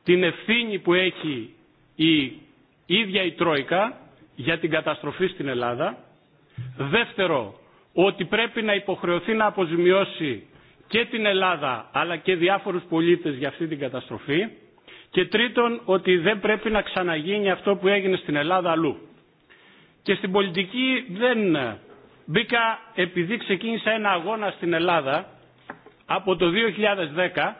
την ευθύνη που έχει η ίδια η Τρόικα για την καταστροφή στην Ελλάδα. Δεύτερο, ότι πρέπει να υποχρεωθεί να αποζημιώσει και την Ελλάδα αλλά και διάφορους πολίτες για αυτή την καταστροφή. Και τρίτον, ότι δεν πρέπει να ξαναγίνει αυτό που έγινε στην Ελλάδα αλλού. Και στην πολιτική δεν ε, μπήκα επειδή ξεκίνησα ένα αγώνα στην Ελλάδα από το 2010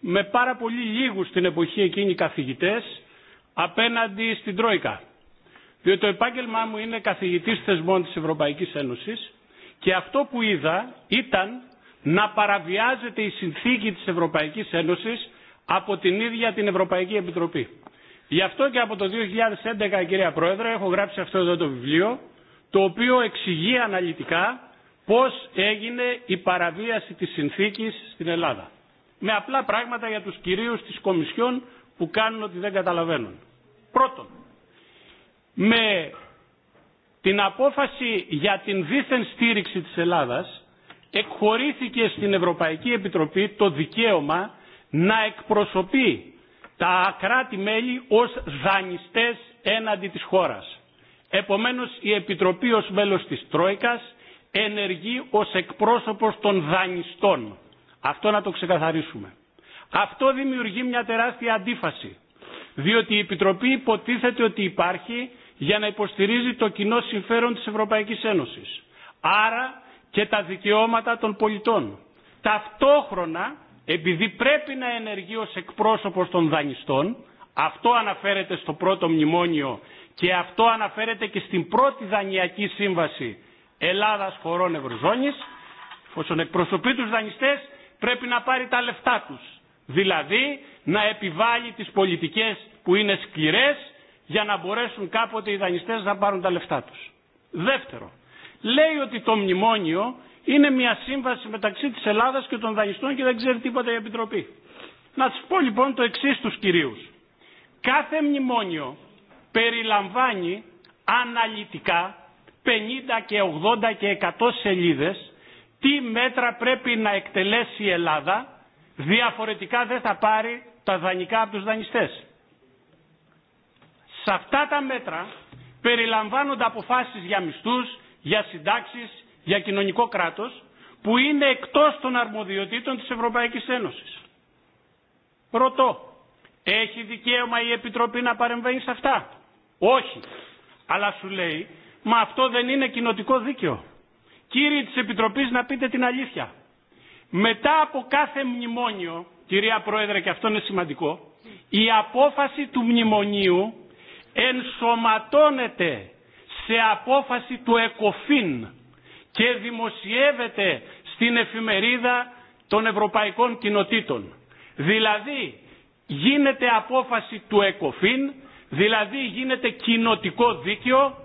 με πάρα πολύ λίγους την εποχή εκείνη καθηγητές απέναντι στην Τρόικα. Διότι το επάγγελμά μου είναι καθηγητής θεσμών της Ευρωπαϊκής Ένωσης και αυτό που είδα ήταν να παραβιάζεται η συνθήκη της Ευρωπαϊκής Ένωσης από την ίδια την Ευρωπαϊκή Επιτροπή. Γι' αυτό και από το 2011, κυρία Πρόεδρε, έχω γράψει αυτό εδώ το βιβλίο, το οποίο εξηγεί αναλυτικά πώς έγινε η παραβίαση της συνθήκης στην Ελλάδα. Με απλά πράγματα για τους κυρίους της Κομισιόν που κάνουν ότι δεν καταλαβαίνουν. Πρώτον, με την απόφαση για την δίθεν στήριξη της Ελλάδας εκχωρήθηκε στην Ευρωπαϊκή Επιτροπή το δικαίωμα να εκπροσωπεί τα κράτη-μέλη ως δανειστές έναντι της χώρας. Επομένως η Επιτροπή ως μέλος της Τρόικας ενεργεί ως εκπρόσωπος των δανειστών. Αυτό να το ξεκαθαρίσουμε. Αυτό δημιουργεί μια τεράστια αντίφαση. Διότι η Επιτροπή υποτίθεται ότι υπάρχει για να υποστηρίζει το κοινό συμφέρον της Ευρωπαϊκής Ένωσης. Άρα και τα δικαιώματα των πολιτών. Ταυτόχρονα, επειδή πρέπει να ενεργεί ως εκπρόσωπος των δανειστών, αυτό αναφέρεται στο πρώτο μνημόνιο και αυτό αναφέρεται και στην πρώτη δανειακή σύμβαση Ελλάδας χωρών Ευρωζώνης, όσον εκπροσωπεί τους δανειστές πρέπει να πάρει τα λεφτά τους. Δηλαδή να επιβάλλει τις πολιτικές που είναι σκληρές για να μπορέσουν κάποτε οι δανειστές να πάρουν τα λεφτά τους. Δεύτερο, λέει ότι το μνημόνιο είναι μια σύμβαση μεταξύ της Ελλάδας και των δανειστών και δεν ξέρει τίποτα η Επιτροπή. Να σας πω λοιπόν το εξή στους κυρίους. Κάθε μνημόνιο περιλαμβάνει αναλυτικά 50 και 80 και 100 σελίδες τι μέτρα πρέπει να εκτελέσει η Ελλάδα διαφορετικά δεν θα πάρει τα δανεικά από τους δανειστές. Σε αυτά τα μέτρα περιλαμβάνονται αποφάσεις για μισθούς, για συντάξεις, για κοινωνικό κράτος, που είναι εκτός των αρμοδιοτήτων της Ευρωπαϊκής Ένωσης. Ρωτώ, έχει δικαίωμα η Επιτροπή να παρεμβαίνει σε αυτά. Όχι. Αλλά σου λέει, μα αυτό δεν είναι κοινοτικό δίκαιο. Κύριοι της Επιτροπής να πείτε την αλήθεια. Μετά από κάθε μνημόνιο, κυρία Πρόεδρε και αυτό είναι σημαντικό, η απόφαση του μνημονίου ενσωματώνεται σε απόφαση του ΕΚΟΦΗΝ και δημοσιεύεται στην εφημερίδα των Ευρωπαϊκών Κοινοτήτων. Δηλαδή γίνεται απόφαση του ΕΚΟΦΗΝ, δηλαδή γίνεται κοινοτικό δίκαιο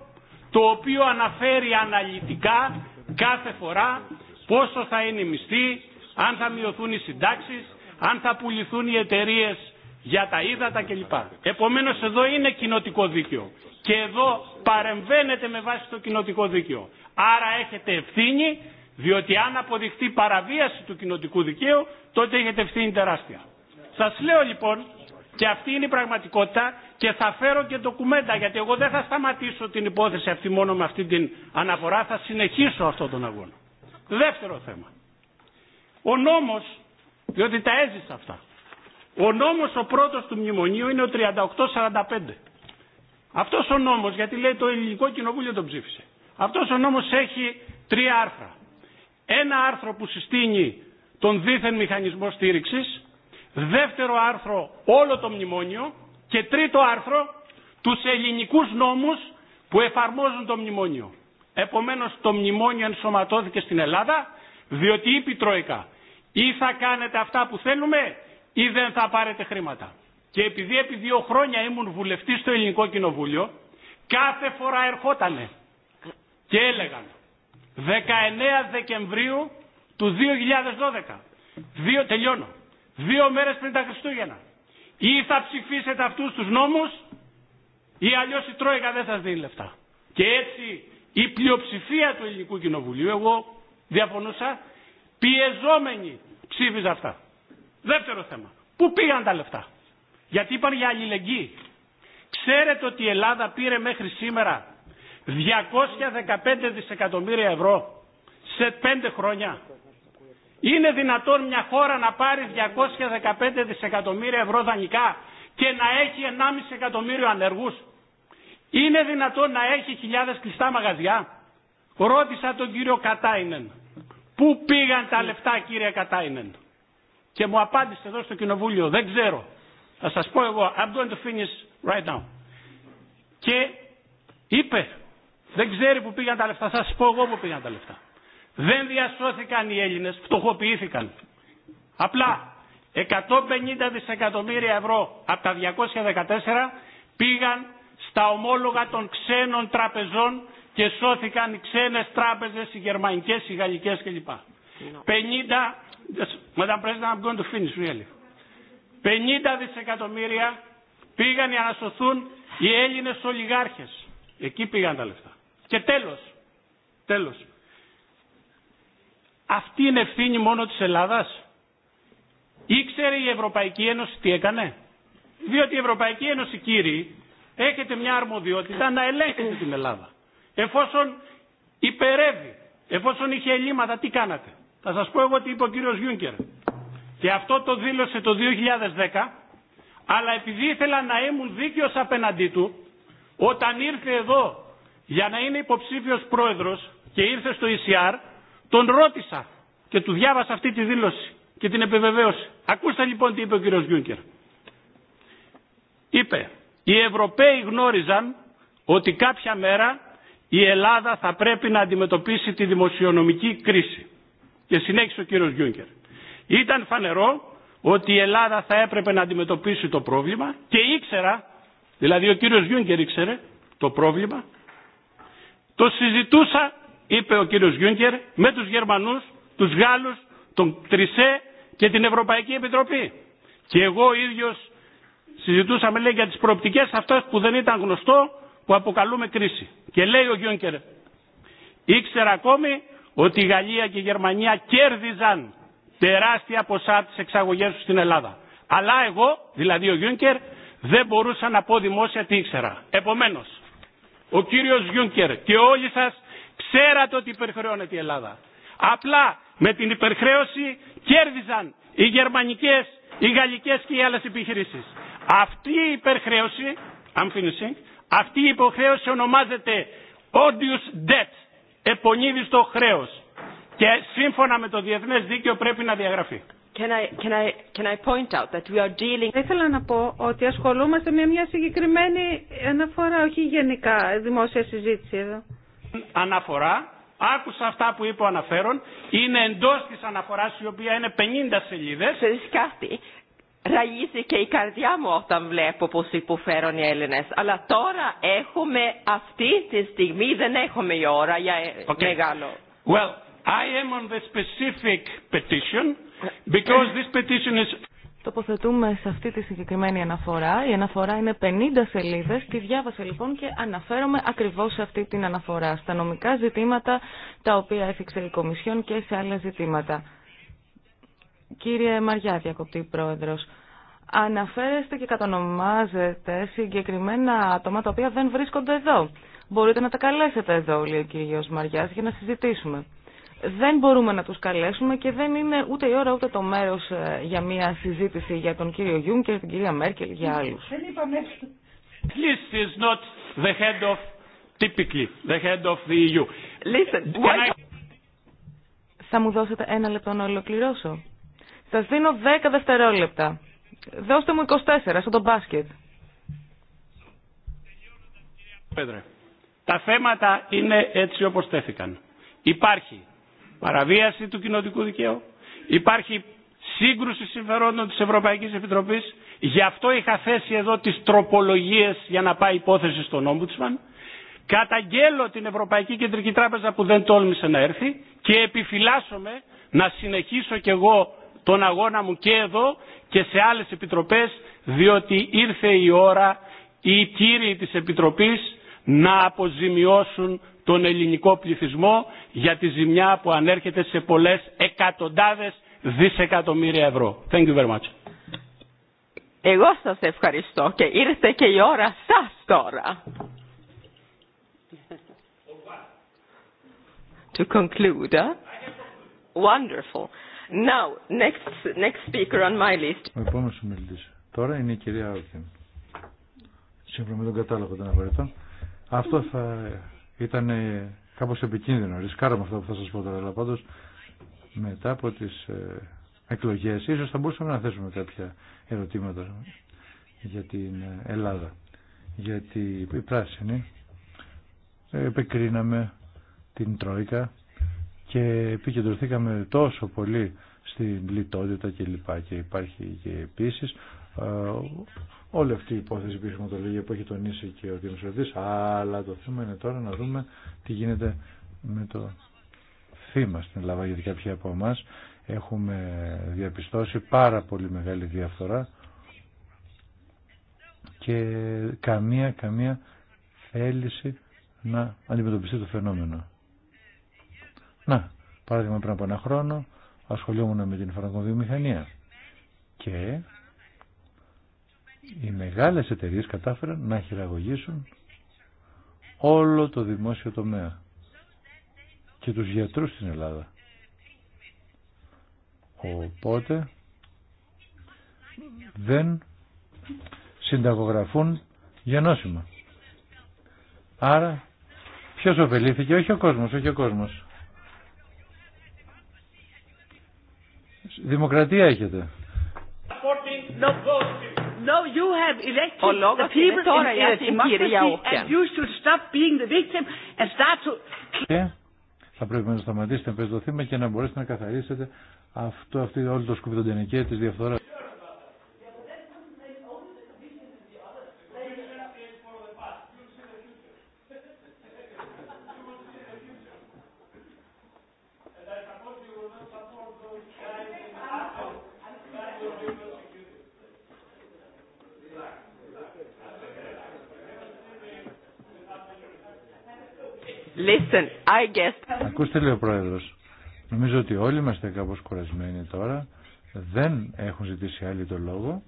το οποίο αναφέρει αναλυτικά κάθε φορά πόσο θα είναι η μισθή, αν θα μειωθούν οι συντάξεις, αν θα πουληθούν οι εταιρείες για τα ύδατα κλπ. Επομένω, εδώ είναι κοινοτικό δίκαιο και εδώ παρεμβαίνετε με βάση το κοινοτικό δίκαιο. Άρα έχετε ευθύνη διότι αν αποδειχτεί παραβίαση του κοινοτικού δικαίου τότε έχετε ευθύνη τεράστια. Σας λέω λοιπόν και αυτή είναι η πραγματικότητα και θα φέρω και ντοκουμέντα γιατί εγώ δεν θα σταματήσω την υπόθεση αυτή μόνο με αυτή την αναφορά θα συνεχίσω αυτόν τον αγώνα. Δεύτερο θέμα. Ο νόμος, διότι τα έζησα αυτά, ο νόμος ο πρώτος του μνημονίου είναι ο 3845. Αυτός ο νόμος, γιατί λέει το ελληνικό κοινοβούλιο τον ψήφισε. Αυτός ο νόμος έχει τρία άρθρα. Ένα άρθρο που συστήνει τον δίθεν μηχανισμό στήριξης, δεύτερο άρθρο όλο το μνημόνιο και τρίτο άρθρο τους ελληνικούς νόμους που εφαρμόζουν το μνημόνιο. Επομένως το μνημόνιο ενσωματώθηκε στην Ελλάδα διότι είπε η Τρόικα ή θα κάνετε αυτά που θέλουμε ή δεν θα πάρετε χρήματα. Και επειδή επί δύο χρόνια ήμουν βουλευτής στο Ελληνικό Κοινοβούλιο, κάθε φορά ερχότανε και έλεγαν 19 Δεκεμβρίου του 2012, δύο, τελειώνω, δύο μέρες πριν τα Χριστούγεννα, ή θα ψηφίσετε αυτούς τους νόμους ή αλλιώς η Τρόικα δεν σας δίνει λεφτά. Και έτσι η πλειοψηφία του Ελληνικού Κοινοβουλίου, εγώ διαφωνούσα, πιεζόμενη ψήφιζα αυτά. Δεύτερο θέμα. Πού πήγαν τα λεφτά. Γιατί είπαν για αλληλεγγύη. Ξέρετε ότι η Ελλάδα πήρε μέχρι σήμερα 215 δισεκατομμύρια ευρώ σε πέντε χρόνια. Είναι δυνατόν μια χώρα να πάρει 215 δισεκατομμύρια ευρώ δανεικά και να έχει 1,5 εκατομμύριο ανεργούς. Είναι δυνατόν να έχει χιλιάδες κλειστά μαγαζιά. Ρώτησα τον κύριο Κατάινεν. Πού πήγαν τα λεφτά κύριε Κατάινεν και μου απάντησε εδώ στο κοινοβούλιο, δεν ξέρω. Θα σας πω εγώ, I'm going to finish right now. Και είπε, δεν ξέρει που πήγαν τα λεφτά, θα σας πω εγώ που πήγαν τα λεφτά. Δεν διασώθηκαν οι Έλληνες, φτωχοποιήθηκαν. Απλά 150 δισεκατομμύρια ευρώ από τα 214 πήγαν στα ομόλογα των ξένων τραπεζών και σώθηκαν οι ξένες τράπεζες, οι γερμανικές, οι γαλλικές κλπ. 50 ναι. Madam President, I'm going to finish really. 50 δισεκατομμύρια πήγαν για να σωθούν οι Έλληνες ολιγάρχες. Εκεί πήγαν τα λεφτά. Και τέλος, τέλος. Αυτή είναι ευθύνη μόνο της Ελλάδας. Ήξερε η Ευρωπαϊκή Ένωση τι έκανε. Διότι η Ευρωπαϊκή Ένωση, κύριοι, έχετε μια αρμοδιότητα να ελέγχετε την Ελλάδα. Εφόσον υπερεύει, εφόσον είχε ελλείμματα, τι κάνατε. Θα σας πω εγώ τι είπε ο κύριος Γιούνκερ. Και αυτό το δήλωσε το 2010, αλλά επειδή ήθελα να ήμουν δίκαιος απέναντί του, όταν ήρθε εδώ για να είναι υποψήφιος πρόεδρος και ήρθε στο ECR, τον ρώτησα και του διάβασα αυτή τη δήλωση και την επιβεβαίωση. Ακούστε λοιπόν τι είπε ο κύριος Γιούνκερ. Είπε, οι Ευρωπαίοι γνώριζαν ότι κάποια μέρα η Ελλάδα θα πρέπει να αντιμετωπίσει τη δημοσιονομική κρίση. Και συνέχισε ο κύριος Γιούγκερ. Ήταν φανερό ότι η Ελλάδα θα έπρεπε να αντιμετωπίσει το πρόβλημα και ήξερα, δηλαδή ο κύριος Γιούγκερ ήξερε το πρόβλημα, το συζητούσα, είπε ο κύριος Γιούγκερ, με τους Γερμανούς, τους Γάλλους, τον Τρισέ και την Ευρωπαϊκή Επιτροπή. Και εγώ ίδιος συζητούσαμε λέει για τις προοπτικές αυτές που δεν ήταν γνωστό που αποκαλούμε κρίση. Και λέει ο Γιούγκερ, ήξερα ακόμη ότι η Γαλλία και η Γερμανία κέρδιζαν τεράστια ποσά της τις εξαγωγές στην Ελλάδα. Αλλά εγώ, δηλαδή ο Γιούνκερ, δεν μπορούσα να πω δημόσια τι ήξερα. Επομένως, ο κύριος Γιούνκερ και όλοι σας ξέρατε ότι υπερχρεώνεται η Ελλάδα. Απλά με την υπερχρέωση κέρδιζαν οι γερμανικές, οι γαλλικές και οι άλλες επιχειρήσεις. Αυτή η υπερχρέωση, αυτή η υποχρέωση ονομάζεται odious debt επονίδιστο χρέος και σύμφωνα με το διεθνές δίκαιο πρέπει να διαγραφεί. Can point out that we are dealing... Θα ήθελα να πω ότι ασχολούμαστε με μια συγκεκριμένη αναφορά, όχι γενικά δημόσια συζήτηση εδώ. Αναφορά, άκουσα αυτά που είπε ο αναφέρον, είναι εντός της αναφοράς η οποία είναι 50 σελίδες. So ραγίζει και η καρδιά μου όταν βλέπω πως υποφέρουν οι Έλληνες. Αλλά τώρα έχουμε αυτή τη στιγμή, δεν έχουμε η ώρα για ε, okay. μεγάλο. Well, I am on the specific petition, because this petition is... Τοποθετούμε σε αυτή τη συγκεκριμένη αναφορά. Η αναφορά είναι 50 σελίδε Τη διάβασα λοιπόν και αναφέρομαι ακριβώ σε αυτή την αναφορά. Στα νομικά ζητήματα τα οποία έφυξε η Κομισιόν και σε άλλα ζητήματα. Κύριε Μαριά, διακοπτή πρόεδρος, αναφέρεστε και κατονομάζετε συγκεκριμένα άτομα τα οποία δεν βρίσκονται εδώ. Μπορείτε να τα καλέσετε εδώ, λέει ο κύριος Μαριάς, για να συζητήσουμε. Δεν μπορούμε να τους καλέσουμε και δεν είναι ούτε η ώρα ούτε το μέρος ε, για μια συζήτηση για τον κύριο Γιούμ και την κυρία Μέρκελ για ναι, άλλους. Θα μου δώσετε ένα λεπτό να ολοκληρώσω. Σα δίνω 10 δευτερόλεπτα. Δώστε μου 24 στον μπάσκετ. Πέτρε, τα θέματα είναι έτσι όπως τέθηκαν. Υπάρχει παραβίαση του κοινοτικού δικαίου, υπάρχει σύγκρουση συμφερόντων της Ευρωπαϊκής Επιτροπής, γι' αυτό είχα θέσει εδώ τις τροπολογίες για να πάει υπόθεση στον Όμπουτσμαν. Καταγγέλλω την Ευρωπαϊκή Κεντρική Τράπεζα που δεν τόλμησε να έρθει και επιφυλάσσομαι να συνεχίσω κι εγώ τον αγώνα μου και εδώ και σε άλλες επιτροπές διότι ήρθε η ώρα οι κύριοι της Επιτροπής να αποζημιώσουν τον ελληνικό πληθυσμό για τη ζημιά που ανέρχεται σε πολλές εκατοντάδες δισεκατομμύρια ευρώ. Thank you very Εγώ σας ευχαριστώ και ήρθε και η ώρα σας τώρα. To conclude, wonderful. Now, next, next speaker on my list. Ο επόμενος ομιλητής. Τώρα είναι η κυρία Όχιν. Σύμφωνα με τον κατάλογο των απαραίτητων. Αυτό θα ήταν ε, κάπως επικίνδυνο. Ρισκάραμε αυτό που θα σας πω τώρα. Αλλά πάντως μετά από τις ε, εκλογές ίσως θα μπορούσαμε να θέσουμε κάποια ερωτήματα για την ε, Ελλάδα. Γιατί η πράσινη επικρίναμε την Τρόικα και επικεντρωθήκαμε τόσο πολύ στην λιτότητα και λοιπά και υπάρχει και επίσης ε, όλη αυτή η υπόθεση που έχει τονίσει και ο Δημοσιοδής αλλά το θέμα είναι τώρα να δούμε τι γίνεται με το θύμα στην Ελλάδα γιατί κάποιοι από εμά έχουμε διαπιστώσει πάρα πολύ μεγάλη διαφθορά και καμία καμία θέληση να αντιμετωπιστεί το φαινόμενο. Να, παράδειγμα πριν από ένα χρόνο ασχολούμουν με την φαρμακοβιομηχανία και οι μεγάλες εταιρείες κατάφεραν να χειραγωγήσουν όλο το δημόσιο τομέα και τους γιατρούς στην Ελλάδα. Οπότε δεν συνταγογραφούν για νόσημα. Άρα ποιος ωφελήθηκε, όχι ο κόσμος, όχι ο κόσμος. Δημοκρατία έχετε. No, you have elected the people τώρα, in the democracy and you should stop being the victim and start to... Και θα πρέπει να σταματήσετε να παίζετε το θύμα και να μπορέσετε να καθαρίσετε αυτό, αυτή, όλο το σκουπιδοντενικέ της διαφθοράς. Listen, I guess... Ακούστε λέει ο Πρόεδρος. Νομίζω ότι όλοι είμαστε κάπως κουρασμένοι τώρα. Δεν έχουν ζητήσει άλλοι το λόγο.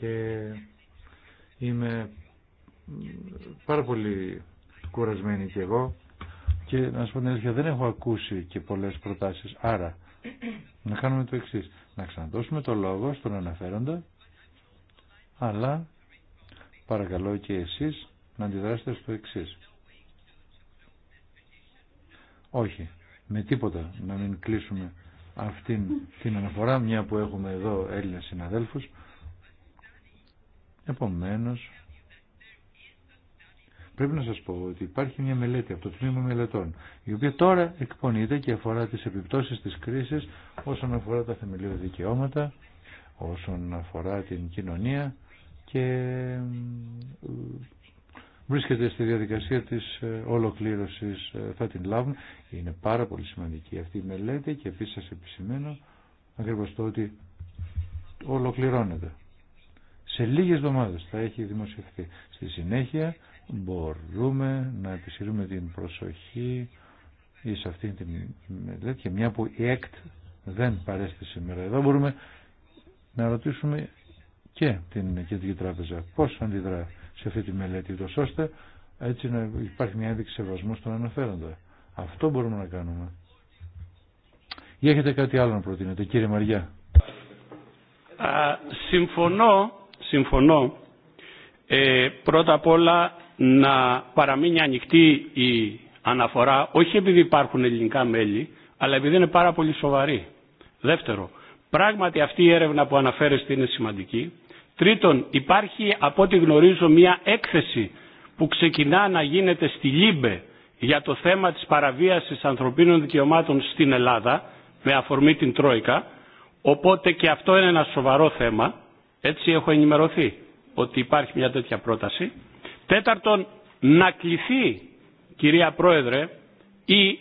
Και είμαι πάρα πολύ κουρασμένη κι εγώ. Και να σου πω την αλήθεια, δεν έχω ακούσει και πολλές προτάσεις. Άρα, να κάνουμε το εξής. Να ξαναδώσουμε το λόγο στον αναφέροντα, αλλά παρακαλώ και εσείς να αντιδράσετε στο εξής. Όχι, με τίποτα να μην κλείσουμε αυτήν την αναφορά, μια που έχουμε εδώ Έλληνες συναδέλφους. Επομένως, πρέπει να σας πω ότι υπάρχει μια μελέτη από το Τμήμα Μελετών, η οποία τώρα εκπονείται και αφορά τις επιπτώσεις της κρίσης όσον αφορά τα θεμελιώδη δικαιώματα, όσον αφορά την κοινωνία και βρίσκεται στη διαδικασία της ε, ολοκλήρωσης ε, θα την λάβουν. Είναι πάρα πολύ σημαντική αυτή η μελέτη και επίσης σας επισημαίνω ακριβώς το ότι ολοκληρώνεται. Σε λίγες εβδομάδες θα έχει δημοσιευθεί. Στη συνέχεια μπορούμε να επισηρούμε την προσοχή σε αυτή τη μελέτη και μια που η ΕΚΤ δεν παρέστησε σήμερα εδώ μπορούμε να ρωτήσουμε και την Κεντρική Τράπεζα πώς αντιδρά σε αυτή τη μελέτη, ώστε έτσι να υπάρχει μια ένδειξη σεβασμού στον αναφέροντα. Αυτό μπορούμε να κάνουμε. Ή έχετε κάτι άλλο να προτείνετε, κύριε Μαριά. Α, συμφωνώ, συμφωνώ. Ε, πρώτα απ' όλα να παραμείνει ανοιχτή η αναφορά, όχι επειδή υπάρχουν ελληνικά μέλη, αλλά επειδή είναι πάρα πολύ σοβαρή. Δεύτερο, πράγματι αυτή η έρευνα που αναφέρεστε είναι σημαντική Τρίτον, υπάρχει από ό,τι γνωρίζω μια έκθεση που ξεκινά να γίνεται στη Λίμπε για το θέμα της παραβίασης ανθρωπίνων δικαιωμάτων στην Ελλάδα με αφορμή την Τρόικα οπότε και αυτό είναι ένα σοβαρό θέμα έτσι έχω ενημερωθεί ότι υπάρχει μια τέτοια πρόταση τέταρτον να κληθεί κυρία Πρόεδρε η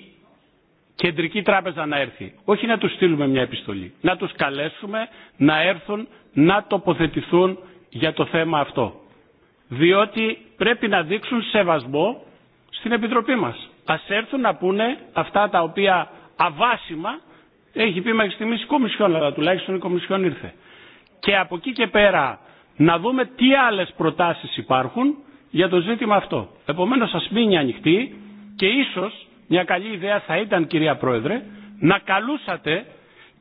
κεντρική τράπεζα να έρθει. Όχι να τους στείλουμε μια επιστολή. Να τους καλέσουμε να έρθουν να τοποθετηθούν για το θέμα αυτό. Διότι πρέπει να δείξουν σεβασμό στην Επιτροπή μας. Ας έρθουν να πούνε αυτά τα οποία αβάσιμα έχει πει μέχρι στιγμής η Κομισιόν, αλλά τουλάχιστον η Κομισιόν ήρθε. Και από εκεί και πέρα να δούμε τι άλλες προτάσεις υπάρχουν για το ζήτημα αυτό. Επομένως ας μείνει ανοιχτή και ίσως μια καλή ιδέα θα ήταν κυρία Πρόεδρε να καλούσατε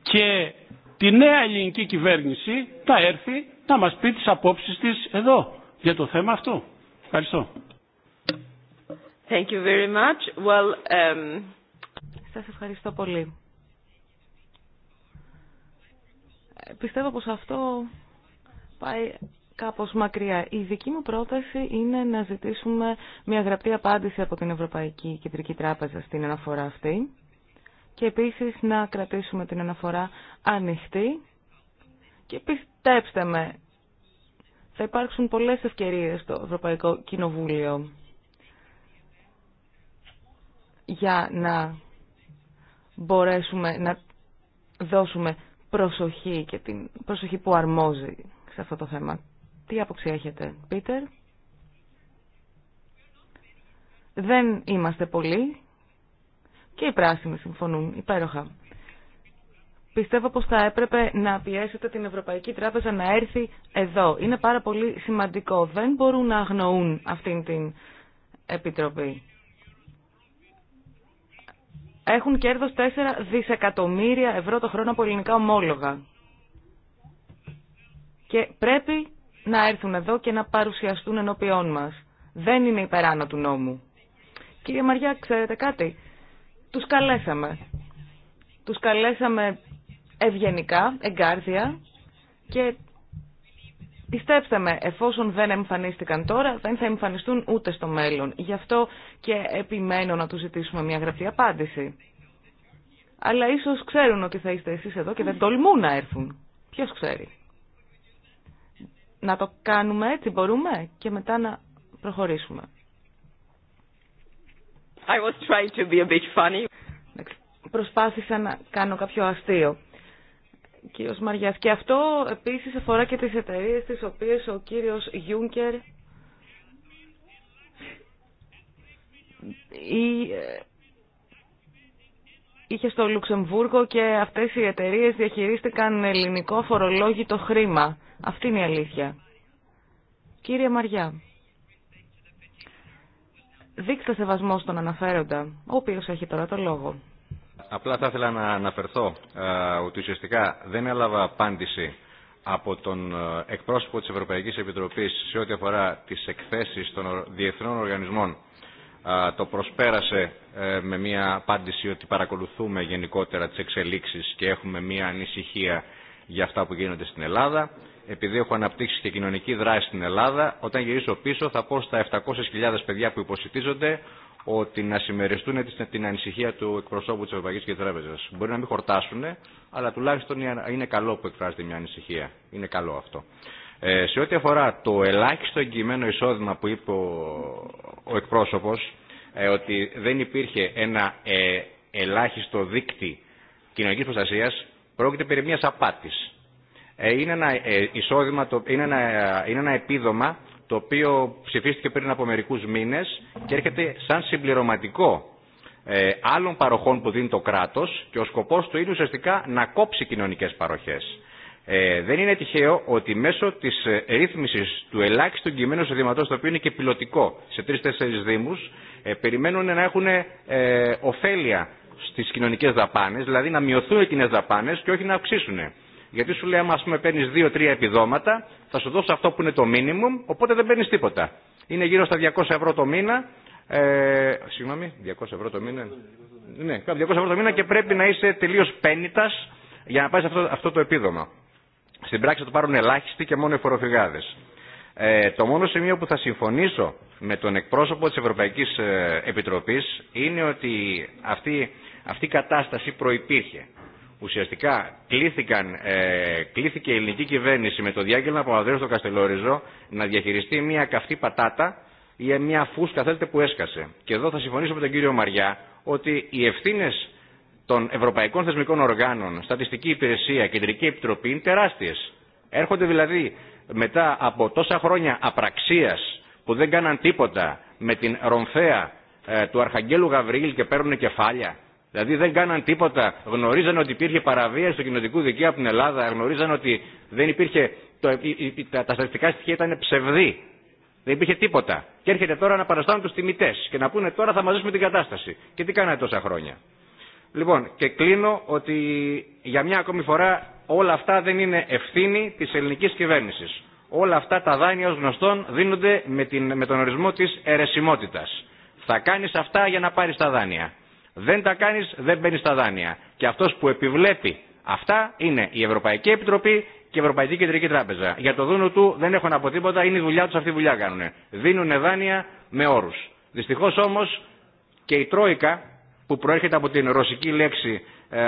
και τη νέα ελληνική κυβέρνηση να έρθει να μας πει τις απόψεις της εδώ για το θέμα αυτό. Ευχαριστώ. Thank you very much. Well, um, Σας ευχαριστώ πολύ. Ε, πιστεύω πως αυτό πάει κάπως μακριά. Η δική μου πρόταση είναι να ζητήσουμε μια γραπτή απάντηση από την Ευρωπαϊκή Κεντρική Τράπεζα στην αναφορά αυτή και επίσης να κρατήσουμε την αναφορά ανοιχτή και πιστέψτε με, θα υπάρξουν πολλές ευκαιρίες στο Ευρωπαϊκό Κοινοβούλιο για να μπορέσουμε να δώσουμε προσοχή και την προσοχή που αρμόζει σε αυτό το θέμα. Τι άποψη έχετε, Πίτερ? Δεν είμαστε πολλοί και οι πράσινοι συμφωνούν υπέροχα. Πιστεύω πως θα έπρεπε να πιέσετε την Ευρωπαϊκή Τράπεζα να έρθει εδώ. Είναι πάρα πολύ σημαντικό. Δεν μπορούν να αγνοούν αυτήν την Επιτροπή. Έχουν κέρδος 4 δισεκατομμύρια ευρώ το χρόνο από ελληνικά ομόλογα. Και πρέπει να έρθουν εδώ και να παρουσιαστούν ενώπιόν μας. Δεν είναι υπεράνω του νόμου. Κύριε Μαριά, ξέρετε κάτι. Τους καλέσαμε. Τους καλέσαμε ευγενικά, εγκάρδια και Πιστέψτε με, εφόσον δεν εμφανίστηκαν τώρα, δεν θα εμφανιστούν ούτε στο μέλλον. Γι' αυτό και επιμένω να τους ζητήσουμε μια γραπτή απάντηση. Αλλά ίσως ξέρουν ότι θα είστε εσείς εδώ και δεν τολμούν να έρθουν. Ποιος ξέρει να το κάνουμε έτσι μπορούμε και μετά να προχωρήσουμε. I was trying to be a bit funny. Προσπάθησα να κάνω κάποιο αστείο. Κύριος Μαριάς. Και αυτό επίσης αφορά και τις εταιρείε τις οποίες ο κύριος Γιούνκερ ή ε, είχε στο Λουξεμβούργο και αυτές οι εταιρείες διαχειρίστηκαν ελληνικό φορολόγητο χρήμα. Αυτή είναι η αλήθεια. Κύριε Μαριά, δείξτε σεβασμό στον αναφέροντα, ο οποίος έχει τώρα το λόγο. Απλά θα ήθελα να αναφερθώ ε, ότι ουσιαστικά δεν έλαβα απάντηση από τον ε, εκπρόσωπο της Ευρωπαϊκής Επιτροπής σε ό,τι αφορά τις εκθέσεις των διεθνών οργανισμών το προσπέρασε ε, με μια απάντηση ότι παρακολουθούμε γενικότερα τις εξελίξεις και έχουμε μια ανησυχία για αυτά που γίνονται στην Ελλάδα. Επειδή έχω αναπτύξει και κοινωνική δράση στην Ελλάδα, όταν γυρίσω πίσω θα πω στα 700.000 παιδιά που υποσυτίζονται ότι να συμμεριστούν την ανησυχία του εκπροσώπου της Ευρωπαϊκής και Μπορεί να μην χορτάσουν, αλλά τουλάχιστον είναι καλό που εκφράζεται μια ανησυχία. Είναι καλό αυτό. Ε, σε ό,τι αφορά το ελάχιστο εγγυημένο εισόδημα που είπε ο, ο εκπρόσωπος, ε, ότι δεν υπήρχε ένα ε, ελάχιστο δίκτυ κοινωνικής προστασίας, πρόκειται περί μιας απάτης. Ε, είναι, ένα, εισόδημα, το, είναι, ένα, είναι επίδομα το οποίο ψηφίστηκε πριν από μερικούς μήνες και έρχεται σαν συμπληρωματικό ε, άλλων παροχών που δίνει το κράτος και ο σκοπός του είναι ουσιαστικά να κόψει κοινωνικές παροχές. Ε, δεν είναι τυχαίο ότι μέσω τη ε, ρύθμιση του ελάχιστου κειμένου εισοδήματο, το οποίο είναι και πιλωτικό σε τρει-τέσσερι Δήμου, ε, περιμένουν να έχουν ε, ωφέλεια στι κοινωνικέ δαπάνε, δηλαδή να μειωθούν οι κοινέ δαπάνε και όχι να αυξήσουν. Γιατί σου λέει, άμα πούμε παίρνει δύο-τρία επιδόματα, θα σου δώσω αυτό που είναι το minimum, οπότε δεν παίρνει τίποτα. Είναι γύρω στα 200 ευρώ το μήνα. Ε, συγγνώμη, 200 ευρώ το μήνα. Ναι, 200 ευρώ το μήνα και πρέπει να είσαι τελείω πέννητα για να πάρει αυτό, αυτό το επίδομα στην πράξη θα το πάρουν ελάχιστοι και μόνο οι φοροφυγάδε. Ε, το μόνο σημείο που θα συμφωνήσω με τον εκπρόσωπο της Ευρωπαϊκής ε, Επιτροπής είναι ότι αυτή, αυτή η κατάσταση προϋπήρχε. Ουσιαστικά κλήθηκαν, ε, κλήθηκε η ελληνική κυβέρνηση με το διάγγελμα από Ανδρέας στο Καστελόριζο να διαχειριστεί μια καυτή πατάτα ή μια φούσκα θέλετε που έσκασε. Και εδώ θα συμφωνήσω με τον κύριο Μαριά ότι οι ευθύνε των Ευρωπαϊκών Θεσμικών Οργάνων, Στατιστική Υπηρεσία, Κεντρική Επιτροπή είναι τεράστιες. Έρχονται δηλαδή μετά από τόσα χρόνια απραξίας που δεν κάναν τίποτα με την ρομφαία ε, του Αρχαγγέλου Γαβρίλ και παίρνουν κεφάλια. Δηλαδή δεν κάναν τίποτα, γνωρίζαν ότι υπήρχε παραβίαση του κοινοτικού δικαίου από την Ελλάδα, γνωρίζαν ότι δεν υπήρχε, το, τα, τα στατιστικά στοιχεία ήταν ψευδή. Δεν υπήρχε τίποτα. Και έρχεται τώρα να παραστάνουν του τιμητέ και να πούνε τώρα θα μαζέψουμε την κατάσταση. Και τι κάνανε τόσα χρόνια. Λοιπόν, και κλείνω ότι για μια ακόμη φορά όλα αυτά δεν είναι ευθύνη της ελληνικής κυβέρνησης. Όλα αυτά τα δάνεια ως γνωστόν δίνονται με, την, με τον ορισμό της αιρεσιμότητας. Θα κάνεις αυτά για να πάρεις τα δάνεια. Δεν τα κάνεις, δεν μπαίνει τα δάνεια. Και αυτός που επιβλέπει αυτά είναι η Ευρωπαϊκή Επιτροπή και η Ευρωπαϊκή Κεντρική Τράπεζα. Για το δούνο του δεν έχουν από τίποτα, είναι η δουλειά τους, αυτή η δουλειά κάνουν. Δίνουν δάνεια με όρους. Δυστυχώ όμως και η Τρόικα που προέρχεται από την ρωσική λέξη ε,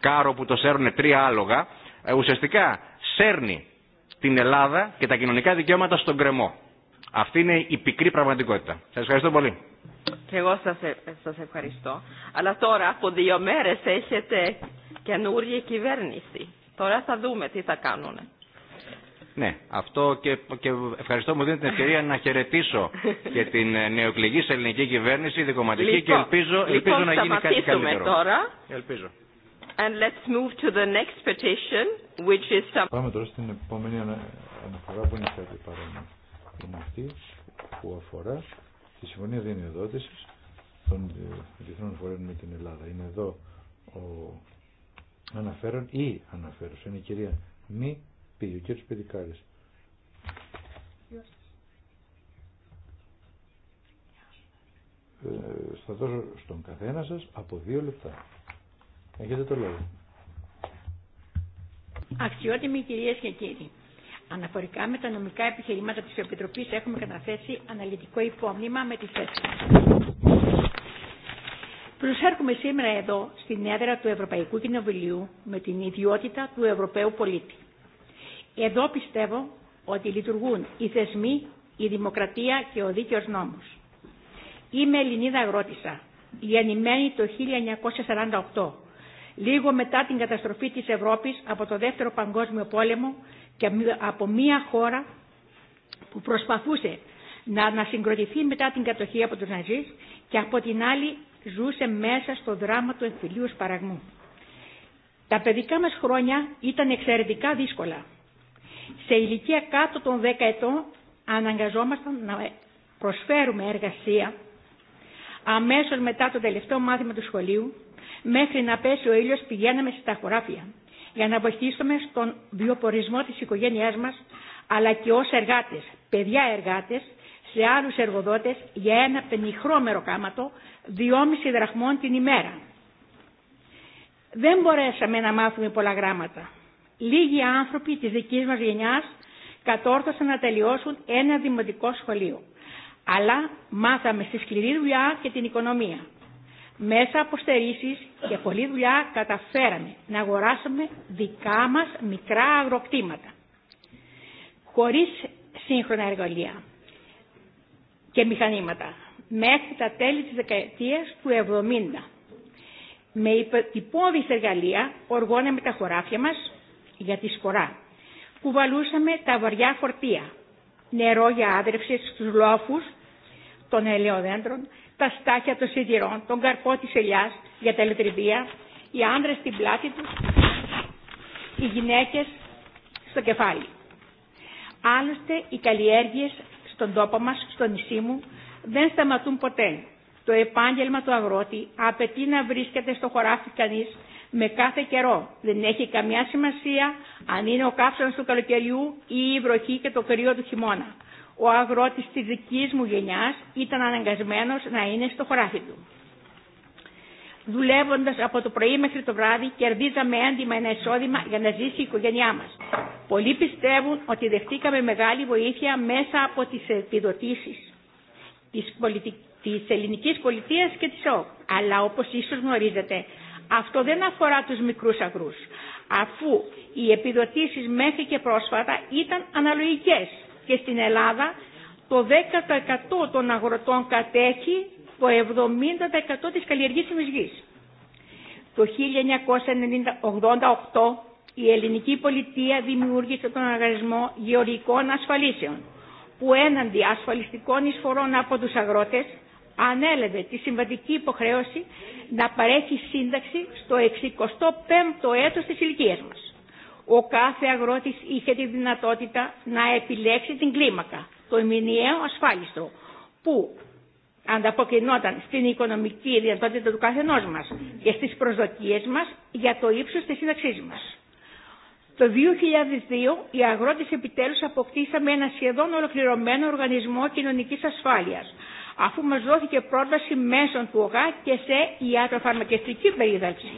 κάρο που το σέρνουν τρία άλογα, ε, ουσιαστικά σέρνει την Ελλάδα και τα κοινωνικά δικαιώματα στον κρεμό. Αυτή είναι η πικρή πραγματικότητα. Σας ευχαριστώ πολύ. Και εγώ σας, ε, σας ευχαριστώ. Αλλά τώρα από δύο μέρες έχετε καινούργια κυβέρνηση. Τώρα θα δούμε τι θα κάνουν. Ναι, αυτό και, και ευχαριστώ μου δίνετε την ευκαιρία να χαιρετήσω και την ε, σε ελληνική κυβέρνηση, δικοματική και λοιπόν, ελπίζω, λοιπόν, ελπίζω να γίνει κάτι καλύτερο. Τώρα. Ελπίζω. And let's move to the next petition, which is Πάμε τώρα στην επόμενη αναφορά που είναι κάτι παρόμοιο. Είναι αυτή που αφορά τη Συμφωνία Διενειοδότησης των ε, Διεθνών Φορέων με την Ελλάδα. Είναι εδώ ο αναφέρον ή αναφέρος. Είναι η αναφερον ειναι η κυρια Μη πήγε ο κύριος Πεδικάρης. Ε, θα δώσω στον καθένα σας από δύο λεπτά. Έχετε το λόγο. Αξιότιμοι κυρίες και κύριοι, αναφορικά με τα νομικά επιχειρήματα της Επιτροπή έχουμε καταθέσει αναλυτικό υπόμνημα με τη θέση. Προσέρχομαι σήμερα εδώ στην έδρα του Ευρωπαϊκού Κοινοβουλίου με την ιδιότητα του Ευρωπαίου πολίτη. Εδώ πιστεύω ότι λειτουργούν οι θεσμοί, η δημοκρατία και ο δίκαιος νόμος. Είμαι Ελληνίδα αγρότησα, γεννημένη το 1948, λίγο μετά την καταστροφή της Ευρώπης από το Δεύτερο Παγκόσμιο Πόλεμο και από μια χώρα που προσπαθούσε να ανασυγκροτηθεί μετά την κατοχή από τους Ναζί και από την άλλη ζούσε μέσα στο δράμα του εμφυλίου σπαραγμού. Τα παιδικά μας χρόνια ήταν εξαιρετικά δύσκολα σε ηλικία κάτω των 10 ετών αναγκαζόμασταν να προσφέρουμε εργασία αμέσως μετά το τελευταίο μάθημα του σχολείου μέχρι να πέσει ο ήλιος πηγαίναμε στα χωράφια για να βοηθήσουμε στον βιοπορισμό της οικογένειάς μας αλλά και ως εργάτες, παιδιά εργάτες σε άλλους εργοδότες για ένα πενιχρό μεροκάματο 2,5 δραχμών την ημέρα. Δεν μπορέσαμε να μάθουμε πολλά γράμματα Λίγοι άνθρωποι της δικής μας γενιάς κατόρθωσαν να τελειώσουν ένα δημοτικό σχολείο. Αλλά μάθαμε στη σκληρή δουλειά και την οικονομία. Μέσα από στερήσεις και πολλή δουλειά καταφέραμε να αγοράσουμε δικά μας μικρά αγροκτήματα. Χωρίς σύγχρονα εργαλεία και μηχανήματα. Μέχρι τα τέλη της δεκαετίας του 70. Με υπόδειες εργαλεία οργώναμε τα χωράφια μας, για τη σκορά. Κουβαλούσαμε τα βαριά φορτία, νερό για άδρευση στους λόφους των ελαιοδέντρων, τα στάχια των σιδηρών, τον καρπό της ελιάς για τα λετριβία, οι άνδρες στην πλάτη τους, οι γυναίκες στο κεφάλι. Άλλωστε οι καλλιέργειες στον τόπο μας, στο νησί μου, δεν σταματούν ποτέ. Το επάγγελμα του αγρότη απαιτεί να βρίσκεται στο χωράφι κανείς με κάθε καιρό. Δεν έχει καμιά σημασία αν είναι ο κάψανος του καλοκαιριού ή η βροχή και το κρύο του χειμώνα. Ο αγρότης της δικής μου γενιάς ήταν αναγκασμένος να είναι στο χωράφι του. Δουλεύοντα από το πρωί μέχρι το βράδυ, κερδίζαμε έντοιμα ένα εισόδημα για να ζήσει η οικογένειά μα. Πολλοί πιστεύουν ότι δεχτήκαμε μεγάλη βοήθεια μέσα από τι επιδοτήσει τη πολιτι... ελληνική πολιτεία και τη ΟΚ. Αλλά όπω ίσω γνωρίζετε, αυτό δεν αφορά τους μικρούς αγρούς, αφού οι επιδοτήσεις μέχρι και πρόσφατα ήταν αναλογικές και στην Ελλάδα το 10% των αγροτών κατέχει το 70% της καλλιεργήσιμης γης. Το 1988 η ελληνική πολιτεία δημιούργησε τον αγαρισμό γεωργικών ασφαλίσεων, που έναντι ασφαλιστικών εισφορών από τους αγρότες ανέλαβε τη συμβατική υποχρέωση να παρέχει σύνταξη στο 65ο έτος της ηλικίας μας. Ο κάθε αγρότης είχε τη δυνατότητα να επιλέξει την κλίμακα, το μηνιαίο ασφάλιστο, που ανταποκρινόταν στην οικονομική δυνατότητα του καθενός μας και στις προσδοκίες μας για το ύψος της σύνταξής μας. Το 2002 οι αγρότες επιτέλους αποκτήσαμε ένα σχεδόν ολοκληρωμένο οργανισμό κοινωνικής ασφάλειας αφού μας δόθηκε πρόταση μέσω του ΟΓΑ και σε ιατροφαρμακευτική περίδαλψη.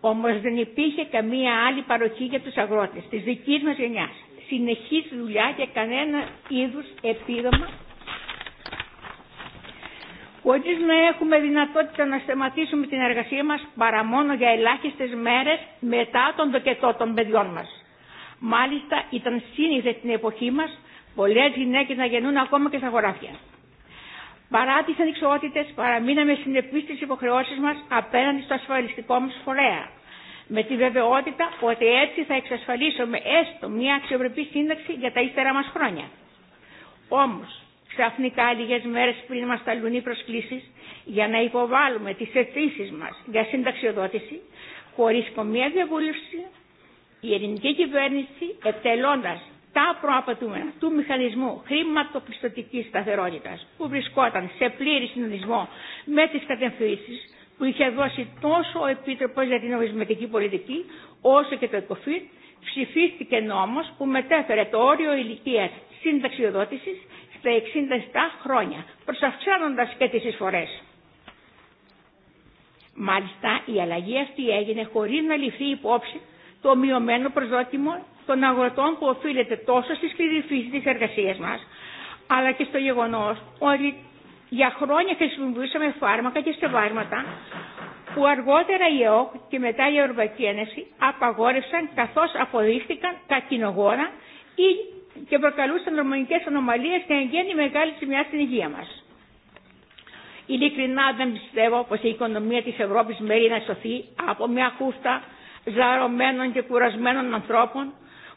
Όμως δεν υπήρχε καμία άλλη παροχή για τους αγρότες της δικής μας γενιάς. Συνεχής δουλειά και κανένα είδους επίδομα χωρίς να έχουμε δυνατότητα να σταματήσουμε την εργασία μας παρά μόνο για ελάχιστες μέρες μετά τον δοκετό των παιδιών μας. Μάλιστα ήταν σύνηθε την εποχή μας πολλές γυναίκες να γεννούν ακόμα και στα χωράφια. Παρά τι ανοιξότητε, παραμείναμε συνεπεί στι υποχρεώσει μα απέναντι στο ασφαλιστικό μα φορέα. Με τη βεβαιότητα ότι έτσι θα εξασφαλίσουμε έστω μια αξιοπρεπή σύνταξη για τα ύστερα μα χρόνια. Όμω, ξαφνικά λίγε μέρε πριν μα ταλούν οι προσκλήσει για να υποβάλουμε τι αιτήσει μα για συνταξιοδότηση, χωρί καμία διαβούλευση, η ελληνική κυβέρνηση, εκτελώντα τα προαπαιτούμενα του μηχανισμού χρηματοπιστωτική σταθερότητα που βρισκόταν σε πλήρη συνοδισμό με τις κατευθύνσεις που είχε δώσει τόσο ο Επίτροπος για την Νομισματική Πολιτική όσο και το ΕΚΟΦΙΤ, ψηφίστηκε νόμος που μετέφερε το όριο ηλικίας συνταξιοδότηση στα 67 χρόνια, προσαυξάνοντας και τις εισφορέ. Μάλιστα, η αλλαγή αυτή έγινε χωρί να ληφθεί υπόψη το μειωμένο προσδόκιμο των αγροτών που οφείλεται τόσο στη σκληρή φύση της εργασίας μας, αλλά και στο γεγονός ότι για χρόνια χρησιμοποιούσαμε φάρμακα και στεβάρματα που αργότερα η ΕΟΚ και μετά η Ευρωπαϊκή Ένωση απαγόρευσαν καθώς αποδείχθηκαν κακινογόνα ή και προκαλούσαν νομονικές ανομαλίες και εγγένει μεγάλη ζημιά στην υγεία μας. Ειλικρινά δεν πιστεύω πως η οικονομία της Ευρώπης μέρει να σωθεί από μια χούφτα ζαρωμένων και κουρασμένων ανθρώπων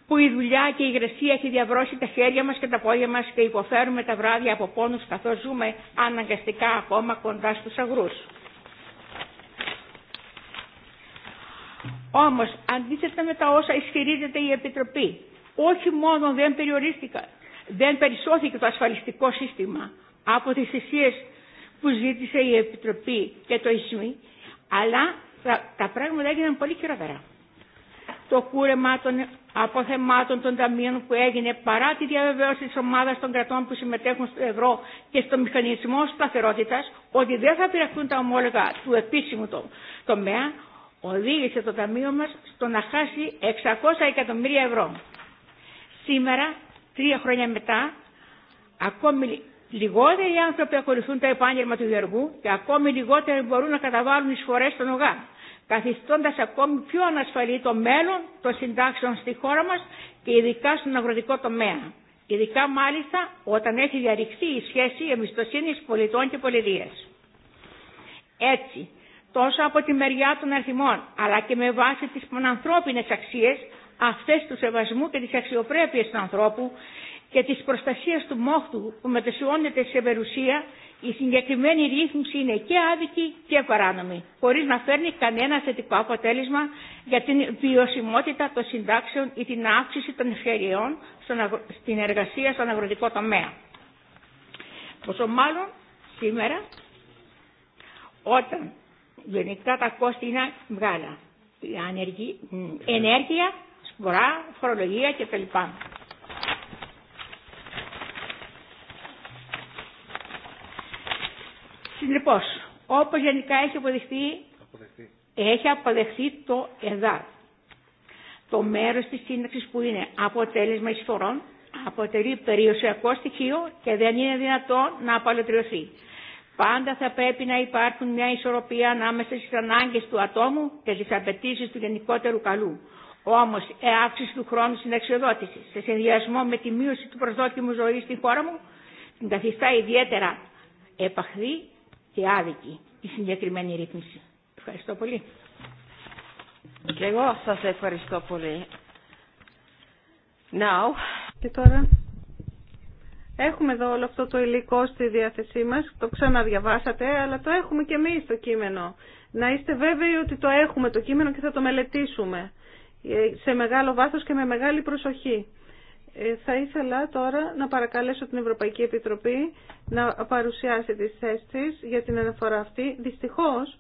που η δουλειά και η υγρασία έχει διαβρώσει τα χέρια μας και τα πόδια μας και υποφέρουμε τα βράδια από πόνους καθώς ζούμε αναγκαστικά ακόμα κοντά στους αγρούς. Όμως, αντίθετα με τα όσα ισχυρίζεται η Επιτροπή, όχι μόνο δεν περιορίστηκα, δεν περισσώθηκε το ασφαλιστικό σύστημα από τις θυσίες που ζήτησε η Επιτροπή και το ΙΣΜΗ, αλλά τα πράγματα έγιναν πολύ χειρότερα το κούρεμα των αποθεμάτων των ταμείων που έγινε παρά τη διαβεβαίωση της ομάδας των κρατών που συμμετέχουν στο ευρώ και στο μηχανισμό σταθερότητας ότι δεν θα πειραχτούν τα ομόλογα του επίσημου τομέα, οδήγησε το ταμείο μας στο να χάσει 600 εκατομμύρια ευρώ. Σήμερα, τρία χρόνια μετά, ακόμη λιγότεροι άνθρωποι ακολουθούν το επάγγελμα του διεργού και ακόμη λιγότεροι μπορούν να καταβάλουν εισφορές στον ΟΓΑ καθιστώντας ακόμη πιο ανασφαλή το μέλλον των συντάξεων στη χώρα μας και ειδικά στον αγροτικό τομέα. Ειδικά μάλιστα όταν έχει διαρριχθεί η σχέση εμπιστοσύνη πολιτών και πολιτείας. Έτσι, τόσο από τη μεριά των αριθμών, αλλά και με βάση τις πανανθρώπινες αξίες, αυτές του σεβασμού και της αξιοπρέπειας του ανθρώπου και της προστασίας του μόχτου που μετεσιώνεται σε περιουσία η συγκεκριμένη ρύθμιση είναι και άδικη και παράνομη, χωρίς να φέρνει κανένα θετικό αποτέλεσμα για την βιωσιμότητα των συντάξεων ή την αύξηση των ευκαιριών στην εργασία στον αγροτικό τομέα. Πόσο μάλλον σήμερα, όταν γενικά τα κόστη είναι μεγάλα, η ανεργία, ναι. ενέργεια, σπορά, ενεργεια σπορα φορολογια κτλ. Συνεπώ, λοιπόν, όπω γενικά έχει αποδεχτεί, έχει αποδεχθεί το ΕΔΑΤ. Το μέρος της σύνταξης που είναι αποτέλεσμα εισφορών αποτελεί περιουσιακό στοιχείο και δεν είναι δυνατό να απαλωτριωθεί. Πάντα θα πρέπει να υπάρχουν μια ισορροπία ανάμεσα στις ανάγκες του ατόμου και στις απαιτήσει του γενικότερου καλού. Όμω, η αύξηση του χρόνου συνταξιοδότηση σε συνδυασμό με τη μείωση του προσδόκιμου ζωή στη χώρα μου την καθιστά ιδιαίτερα επαχθή και άδικη τη συγκεκριμένη ρύθμιση. Ευχαριστώ πολύ. Και εγώ σας ευχαριστώ πολύ. Now. Και τώρα έχουμε εδώ όλο αυτό το υλικό στη διάθεσή μας, το ξαναδιαβάσατε, αλλά το έχουμε και εμείς το κείμενο. Να είστε βέβαιοι ότι το έχουμε το κείμενο και θα το μελετήσουμε ε, σε μεγάλο βάθος και με μεγάλη προσοχή. Ε, θα ήθελα τώρα να παρακαλέσω την Ευρωπαϊκή Επιτροπή να παρουσιάσει τις θέσεις για την αναφορά αυτή. Δυστυχώς,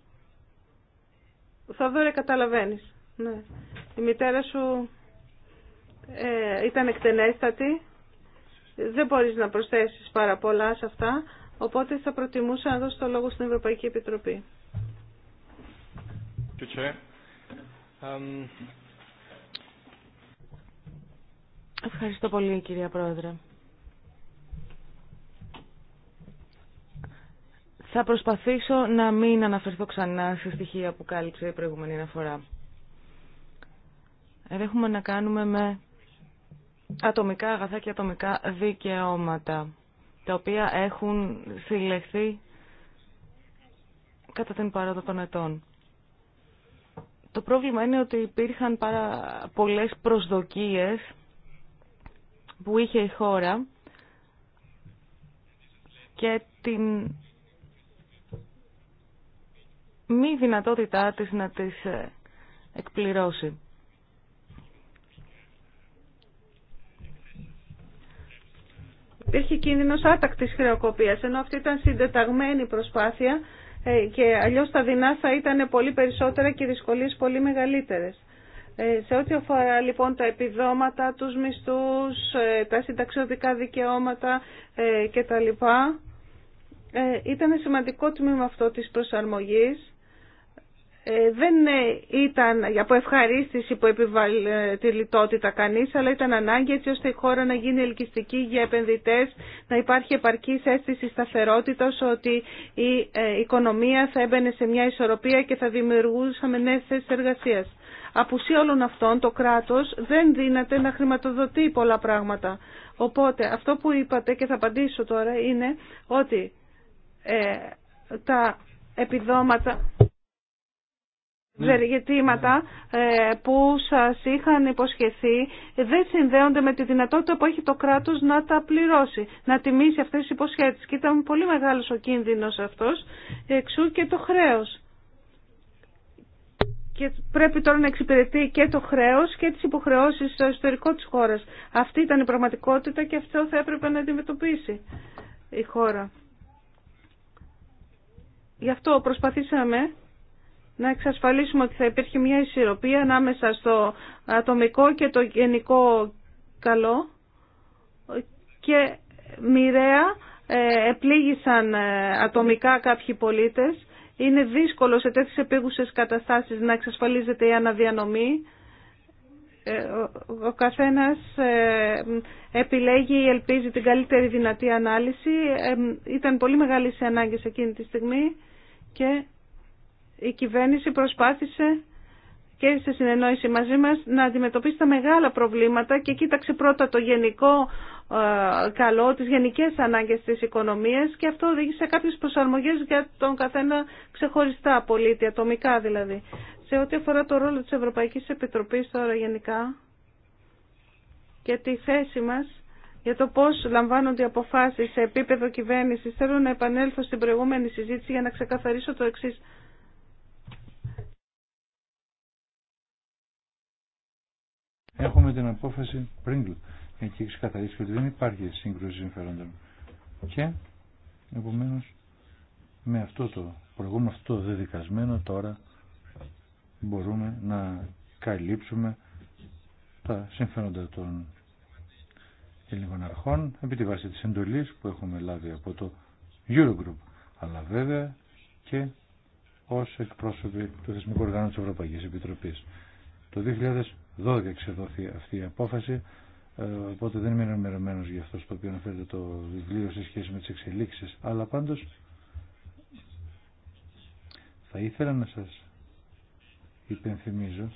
θα δω καταλαβαίνεις. Ναι. Η μητέρα σου ε, ήταν εκτενέστατη. Δεν μπορείς να προσθέσεις πάρα πολλά σε αυτά. Οπότε θα προτιμούσα να δώσω το λόγο στην Ευρωπαϊκή Επιτροπή. Ευχαριστώ πολύ κυρία Πρόεδρε. Θα προσπαθήσω να μην αναφερθώ ξανά σε στοιχεία που κάλυψε η προηγούμενη αναφορά. Έχουμε να κάνουμε με ατομικά αγαθά και ατομικά δικαιώματα, τα οποία έχουν συλλεχθεί κατά την παράδοση των ετών. Το πρόβλημα είναι ότι υπήρχαν πάρα πολλές προσδοκίες που είχε η χώρα και την μη δυνατότητά της να τις ε, εκπληρώσει. Υπήρχε κίνδυνος άτακτης χρεοκοπίας, ενώ αυτή ήταν συντεταγμένη προσπάθεια ε, και αλλιώς τα δεινά θα ήταν πολύ περισσότερα και οι δυσκολίες πολύ μεγαλύτερες. Ε, σε ό,τι αφορά λοιπόν τα επιδόματα, τους μισθούς, ε, τα συνταξιωτικά δικαιώματα ε, και τα λοιπά, ήταν σημαντικό τμήμα αυτό της προσαρμογής. δεν ήταν από ευχαρίστηση που επιβάλλει τη λιτότητα κανείς, αλλά ήταν ανάγκη έτσι ώστε η χώρα να γίνει ελκυστική για επενδυτές, να υπάρχει επαρκής αίσθηση σταθερότητα ότι η ε, οικονομία θα έμπαινε σε μια ισορροπία και θα δημιουργούσαμε νέες θέσεις εργασίας. Από όλων αυτών το κράτος δεν δύναται να χρηματοδοτεί πολλά πράγματα. Οπότε αυτό που είπατε και θα απαντήσω τώρα είναι ότι ε, τα επιδόματα ναι. ε, που σας είχαν υποσχεθεί δεν συνδέονται με τη δυνατότητα που έχει το κράτος να τα πληρώσει, να τιμήσει αυτές τις υποσχέσεις. Και ήταν πολύ μεγάλος ο κίνδυνος αυτός, εξού και το χρέος. Και πρέπει τώρα να εξυπηρετεί και το χρέος και τις υποχρεώσεις στο ιστορικό της χώρας. Αυτή ήταν η πραγματικότητα και αυτό θα έπρεπε να αντιμετωπίσει η χώρα. Γι' αυτό προσπαθήσαμε να εξασφαλίσουμε ότι θα υπήρχε μια ισορροπία ανάμεσα στο ατομικό και το γενικό καλό και μοιραία ε, επλήγησαν ε, ατομικά κάποιοι πολίτες. Είναι δύσκολο σε τέτοιες επίγουσες καταστάσεις να εξασφαλίζεται η αναδιανομή. Ε, ο καθένας επιλέγει ή ελπίζει την καλύτερη δυνατή ανάλυση. Ήταν πολύ μεγάλη η ανάγκη σε εκείνη τη στιγμή και η κυβέρνηση προσπάθησε και σε συνεννόηση μαζί μας να αντιμετωπίσει τα μεγάλα προβλήματα και κοίταξε πρώτα το γενικό ε, καλό, τις γενικές ανάγκες της οικονομίας και αυτό οδήγησε κάποιες προσαρμογές για τον καθένα ξεχωριστά πολίτη, ατομικά δηλαδή. Σε ό,τι αφορά το ρόλο της Ευρωπαϊκής Επιτροπής τώρα γενικά και τη θέση μας για το πώς λαμβάνονται οι αποφάσεις σε επίπεδο κυβέρνησης, θέλω να επανέλθω στην προηγούμενη συζήτηση για να ξεκαθαρίσω το εξής. Έχουμε την απόφαση Pringle. Εκεί ξεκαθαρίσει ότι δεν υπάρχει σύγκρουση συμφερόντων. Και επομένω με αυτό το προηγούμενο, αυτό το δεδικασμένο τώρα μπορούμε να καλύψουμε τα συμφέροντα των ελληνικών αρχών επί τη βάση της εντολής που έχουμε λάβει από το Eurogroup αλλά βέβαια και ως εκπρόσωποι του Θεσμικού Οργάνου της Ευρωπαϊκής Επιτροπής. Το 12 εξεδόθη αυτή η απόφαση, ε, οπότε δεν είμαι ενημερωμένο για αυτό στο οποίο αναφέρεται το βιβλίο σε σχέση με τις εξελίξεις, αλλά πάντως θα ήθελα να σας υπενθυμίζω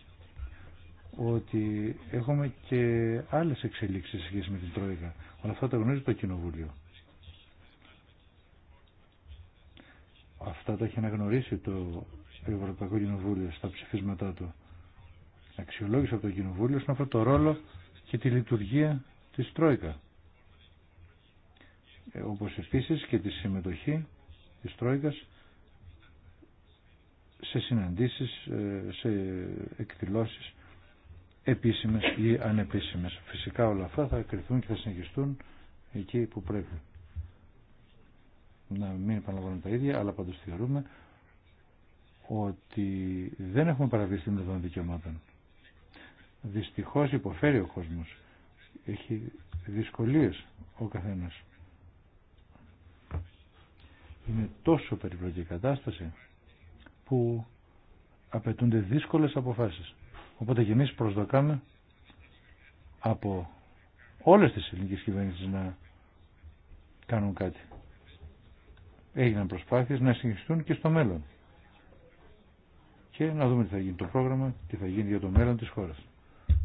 ότι έχουμε και άλλες εξελίξεις σε σχέση με την Τρόικα. Όλα αυτά τα γνωρίζει το Κοινοβούλιο. Αυτά τα έχει αναγνωρίσει το Ευρωπαϊκό Κοινοβούλιο στα ψηφίσματά του αξιολόγηση από το Κοινοβούλιο στον αυτό το ρόλο και τη λειτουργία της Τρόικα. Ε, όπως επίσης και τη συμμετοχή της Τρόικας σε συναντήσεις, ε, σε εκδηλώσεις επίσημες ή ανεπίσημες. Φυσικά όλα αυτά θα κρυθούν και θα συνεχιστούν εκεί που πρέπει. Να μην επαναλαμβάνουμε τα ίδια, αλλά πάντως θεωρούμε ότι δεν έχουμε παραβεί την των δικαιωμάτων. Δυστυχώς υποφέρει ο κόσμος. Έχει δυσκολίες ο καθένας. Είναι τόσο περιπλοκή η κατάσταση που απαιτούνται δύσκολες αποφάσεις. Οπότε και εμείς προσδοκάμε από όλες τις ελληνικές κυβέρνησεις να κάνουν κάτι. Έγιναν προσπάθειες να συνεχιστούν και στο μέλλον. Και να δούμε τι θα γίνει το πρόγραμμα, τι θα γίνει για το μέλλον της χώρας.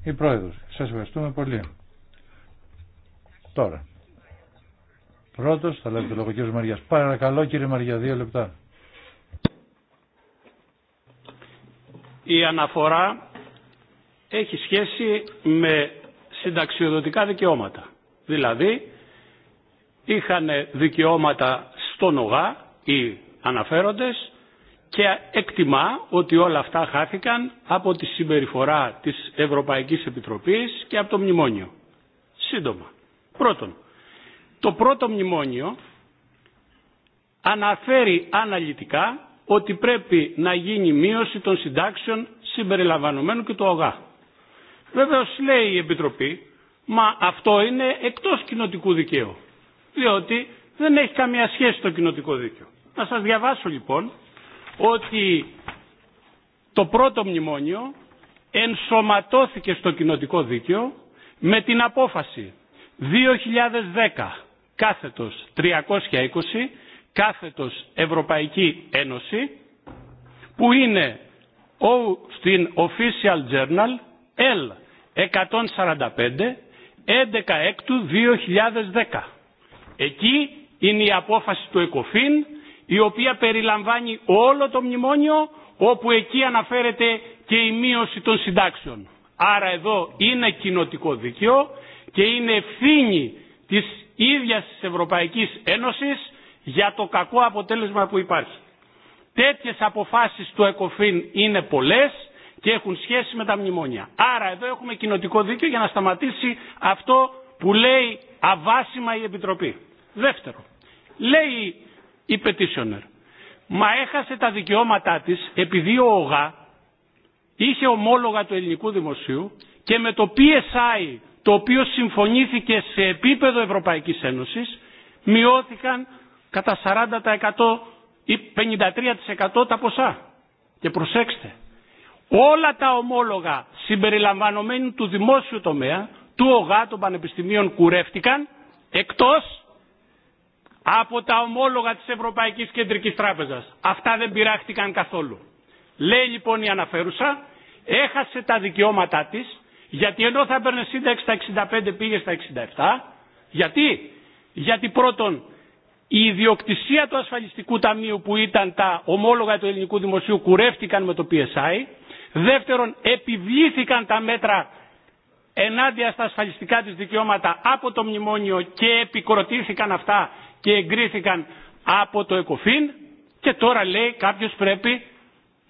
Η Πρόεδρος, σας ευχαριστούμε πολύ. Τώρα, πρώτος θα λάβει το λόγο κύριος Μαριάς. Παρακαλώ κύριε Μαριά, δύο λεπτά. Η αναφορά έχει σχέση με συνταξιοδοτικά δικαιώματα. Δηλαδή, είχαν δικαιώματα στον ΟΓΑ οι αναφέροντες και εκτιμά ότι όλα αυτά χάθηκαν από τη συμπεριφορά της Ευρωπαϊκής Επιτροπής και από το μνημόνιο. Σύντομα. Πρώτον, το πρώτο μνημόνιο αναφέρει αναλυτικά ότι πρέπει να γίνει μείωση των συντάξεων συμπεριλαμβανομένου και του ΟΓΑ. Βεβαίω λέει η Επιτροπή, μα αυτό είναι εκτός κοινοτικού δικαίου, διότι δεν έχει καμία σχέση το κοινοτικό δίκαιο. Να σας διαβάσω λοιπόν ότι το πρώτο μνημόνιο ενσωματώθηκε στο κοινοτικό δίκαιο με την απόφαση 2010 κάθετος 320 κάθετος Ευρωπαϊκή Ένωση που είναι στην Official Journal L145 11 έκτου 2010. Εκεί είναι η απόφαση του ΕΚΟΦΗΝ η οποία περιλαμβάνει όλο το μνημόνιο όπου εκεί αναφέρεται και η μείωση των συντάξεων. Άρα εδώ είναι κοινοτικό δίκαιο και είναι ευθύνη της ίδιας της Ευρωπαϊκής Ένωσης για το κακό αποτέλεσμα που υπάρχει. Τέτοιες αποφάσεις του ΕΚΟΦΗΝ είναι πολλές και έχουν σχέση με τα μνημόνια. Άρα εδώ έχουμε κοινοτικό δίκαιο για να σταματήσει αυτό που λέει αβάσιμα η Επιτροπή. Δεύτερο, λέει η petitioner. Μα έχασε τα δικαιώματά της επειδή ο ΟΓΑ είχε ομόλογα του ελληνικού δημοσίου και με το PSI το οποίο συμφωνήθηκε σε επίπεδο Ευρωπαϊκής Ένωσης μειώθηκαν κατά 40% ή 53% τα ποσά. Και προσέξτε, όλα τα ομόλογα συμπεριλαμβανομένου του δημόσιου τομέα, του ΟΓΑ των Πανεπιστημίων κουρεύτηκαν, εκτός από τα ομόλογα της Ευρωπαϊκής Κεντρικής Τράπεζας. Αυτά δεν πειράχτηκαν καθόλου. Λέει λοιπόν η αναφέρουσα, έχασε τα δικαιώματά της, γιατί ενώ θα έπαιρνε σύνταξη στα 65 πήγε στα 67. Γιατί, γιατί πρώτον η ιδιοκτησία του ασφαλιστικού ταμείου που ήταν τα ομόλογα του ελληνικού δημοσίου κουρεύτηκαν με το PSI. Δεύτερον, επιβλήθηκαν τα μέτρα ενάντια στα ασφαλιστικά της δικαιώματα από το μνημόνιο και επικροτήθηκαν αυτά και εγκρίθηκαν από το ΕΚΟΦΗΝ και τώρα λέει κάποιος πρέπει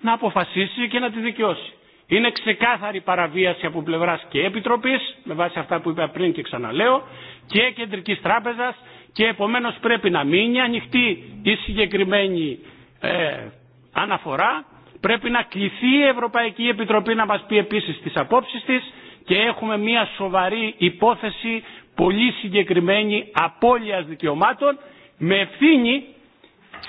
να αποφασίσει και να τη δικαιώσει. Είναι ξεκάθαρη παραβίαση από πλευρά και Επιτροπή, με βάση αυτά που είπα πριν και ξαναλέω, και Κεντρική Τράπεζα και επομένω πρέπει να μείνει ανοιχτή η συγκεκριμένη ε, αναφορά. Πρέπει να κληθεί η Ευρωπαϊκή Επιτροπή να μα πει επίση τι απόψει τη και έχουμε μια σοβαρή υπόθεση πολύ συγκεκριμένη απώλειας δικαιωμάτων με ευθύνη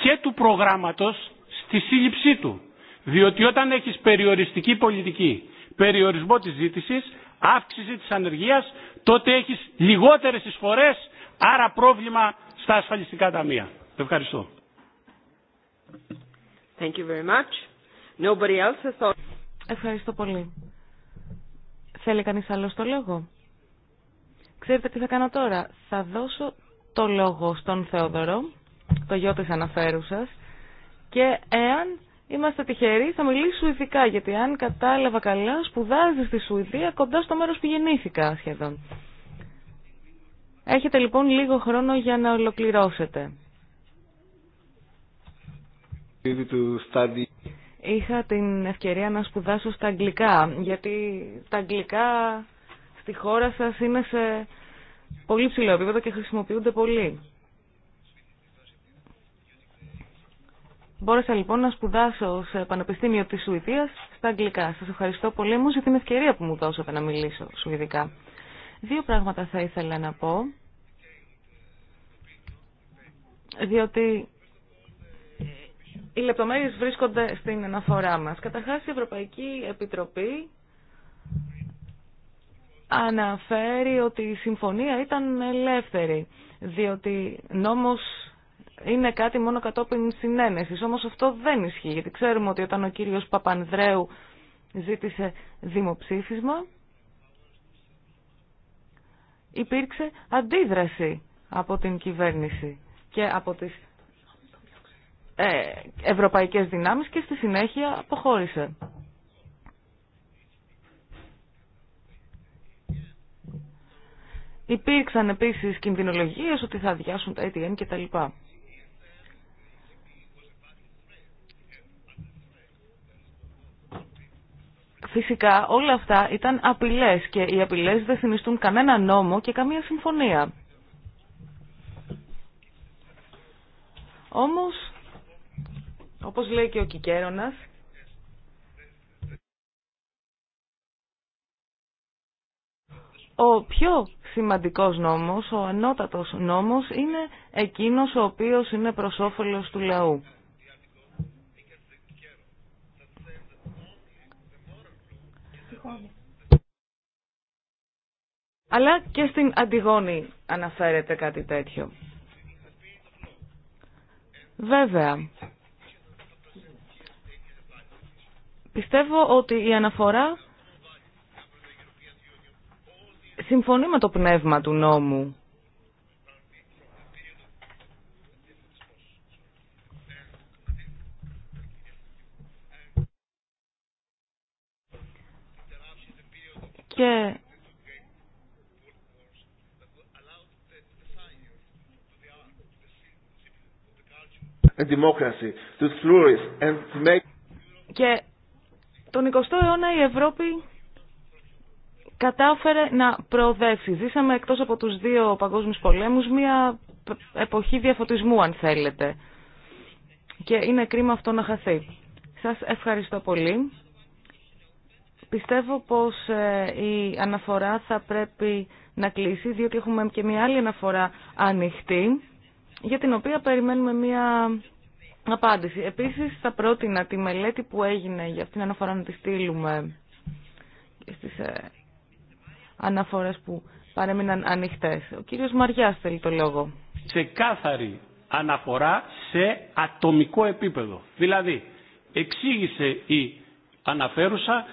και του προγράμματος στη σύλληψή του. Διότι όταν έχεις περιοριστική πολιτική, περιορισμό της ζήτησης, αύξηση της ανεργίας, τότε έχεις λιγότερες εισφορές, άρα πρόβλημα στα ασφαλιστικά ταμεία. Ευχαριστώ. Thank you very much. Nobody else has thought... Ευχαριστώ πολύ. Θέλει κανείς άλλο το λόγο. Ξέρετε τι θα κάνω τώρα. Θα δώσω το λόγο στον Θεόδωρο, το γιο της αναφέρουσας, και εάν είμαστε τυχεροί θα μιλήσω ειδικά, γιατί αν κατάλαβα καλά σπουδάζει στη Σουηδία κοντά στο μέρος που γεννήθηκα σχεδόν. Έχετε λοιπόν λίγο χρόνο για να ολοκληρώσετε. Είχα την ευκαιρία να σπουδάσω στα αγγλικά, γιατί τα αγγλικά στη χώρα σας είναι σε πολύ ψηλό επίπεδο και χρησιμοποιούνται πολύ. Μπόρεσα λοιπόν να σπουδάσω σε Πανεπιστήμιο τη Σουηδίας στα αγγλικά. Σας ευχαριστώ πολύ μου για την ευκαιρία που μου δώσατε να μιλήσω σουηδικά. Δύο πράγματα θα ήθελα να πω. Διότι οι λεπτομέρειε βρίσκονται στην αναφορά μας. Καταρχάς η Ευρωπαϊκή Επιτροπή αναφέρει ότι η συμφωνία ήταν ελεύθερη, διότι νόμος είναι κάτι μόνο κατόπιν συνένεσης. Όμως αυτό δεν ισχύει, γιατί ξέρουμε ότι όταν ο κύριος Παπανδρέου ζήτησε δημοψήφισμα, υπήρξε αντίδραση από την κυβέρνηση και από τις ε, ευρωπαϊκές δυνάμεις και στη συνέχεια αποχώρησε. Υπήρξαν επίσης κινδυνολογίες ότι θα αδειάσουν τα ATM κτλ. Φυσικά όλα αυτά ήταν απειλές και οι απειλές δεν συνιστούν κανένα νόμο και καμία συμφωνία. Όμως, όπως λέει και ο Κικέρονας, Ο πιο σημαντικός νόμος, ο ανώτατος νόμος, είναι εκείνος ο οποίος είναι προς όφελος του λαού. Αλλά και στην Αντιγόνη αναφέρεται κάτι τέτοιο. Βέβαια, πιστεύω ότι η αναφορά συμφωνεί με το πνεύμα του νόμου. Και Και τον 20ο αιώνα η Ευρώπη κατάφερε να προοδεύσει. Ζήσαμε εκτός από τους δύο παγκόσμιους πολέμους μια εποχή διαφωτισμού αν θέλετε. Και είναι κρίμα αυτό να χαθεί. Σας ευχαριστώ πολύ. Πιστεύω πως ε, η αναφορά θα πρέπει να κλείσει, διότι έχουμε και μια άλλη αναφορά ανοιχτή, για την οποία περιμένουμε μια απάντηση. Επίσης θα πρότεινα τη μελέτη που έγινε για αυτήν την αναφορά να τη στείλουμε ε, στις ε, αναφορές που παρέμειναν ανοιχτές. Ο κύριος Μαριάς θέλει το λόγο. Σε κάθαρη αναφορά σε ατομικό επίπεδο. Δηλαδή, εξήγησε η αναφέρουσα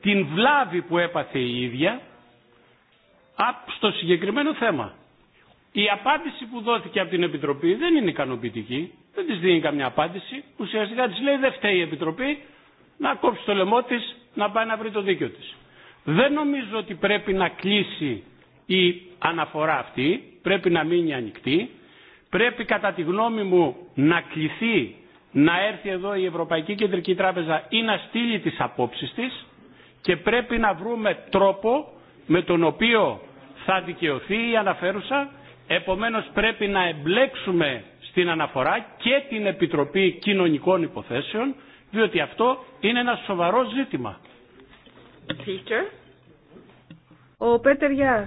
την βλάβη που έπαθε η ίδια στο συγκεκριμένο θέμα. Η απάντηση που δόθηκε από την Επιτροπή δεν είναι ικανοποιητική, δεν της δίνει καμιά απάντηση. Ουσιαστικά της λέει δεν φταίει η Επιτροπή να κόψει το λαιμό της, να πάει να βρει το δίκιο της. Δεν νομίζω ότι πρέπει να κλείσει η αναφορά αυτή, πρέπει να μείνει ανοιχτή, πρέπει κατά τη γνώμη μου να κληθεί να έρθει εδώ η Ευρωπαϊκή Κεντρική Τράπεζα ή να στείλει τις απόψεις της και πρέπει να βρούμε τρόπο με τον οποίο θα δικαιωθεί η αναφέρουσα, επομένως πρέπει να εμπλέξουμε στην αναφορά και την Επιτροπή Κοινωνικών Υποθέσεων, διότι αυτό είναι ένα σοβαρό ζήτημα. Peter. Ο Πέτερ Γιάρ.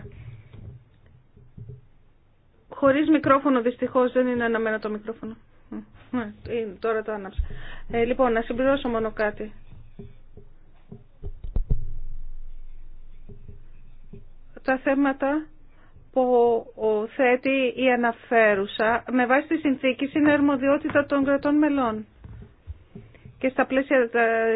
Χωρίς μικρόφωνο δυστυχώς δεν είναι αναμένο το μικρόφωνο. Ναι, τώρα το άναψα. Ε, λοιπόν, να συμπληρώσω μόνο κάτι. Τα θέματα που θέτει η αναφέρουσα με βάση τη συνθήκη είναι αρμοδιότητα των κρατών μελών και στα πλαίσια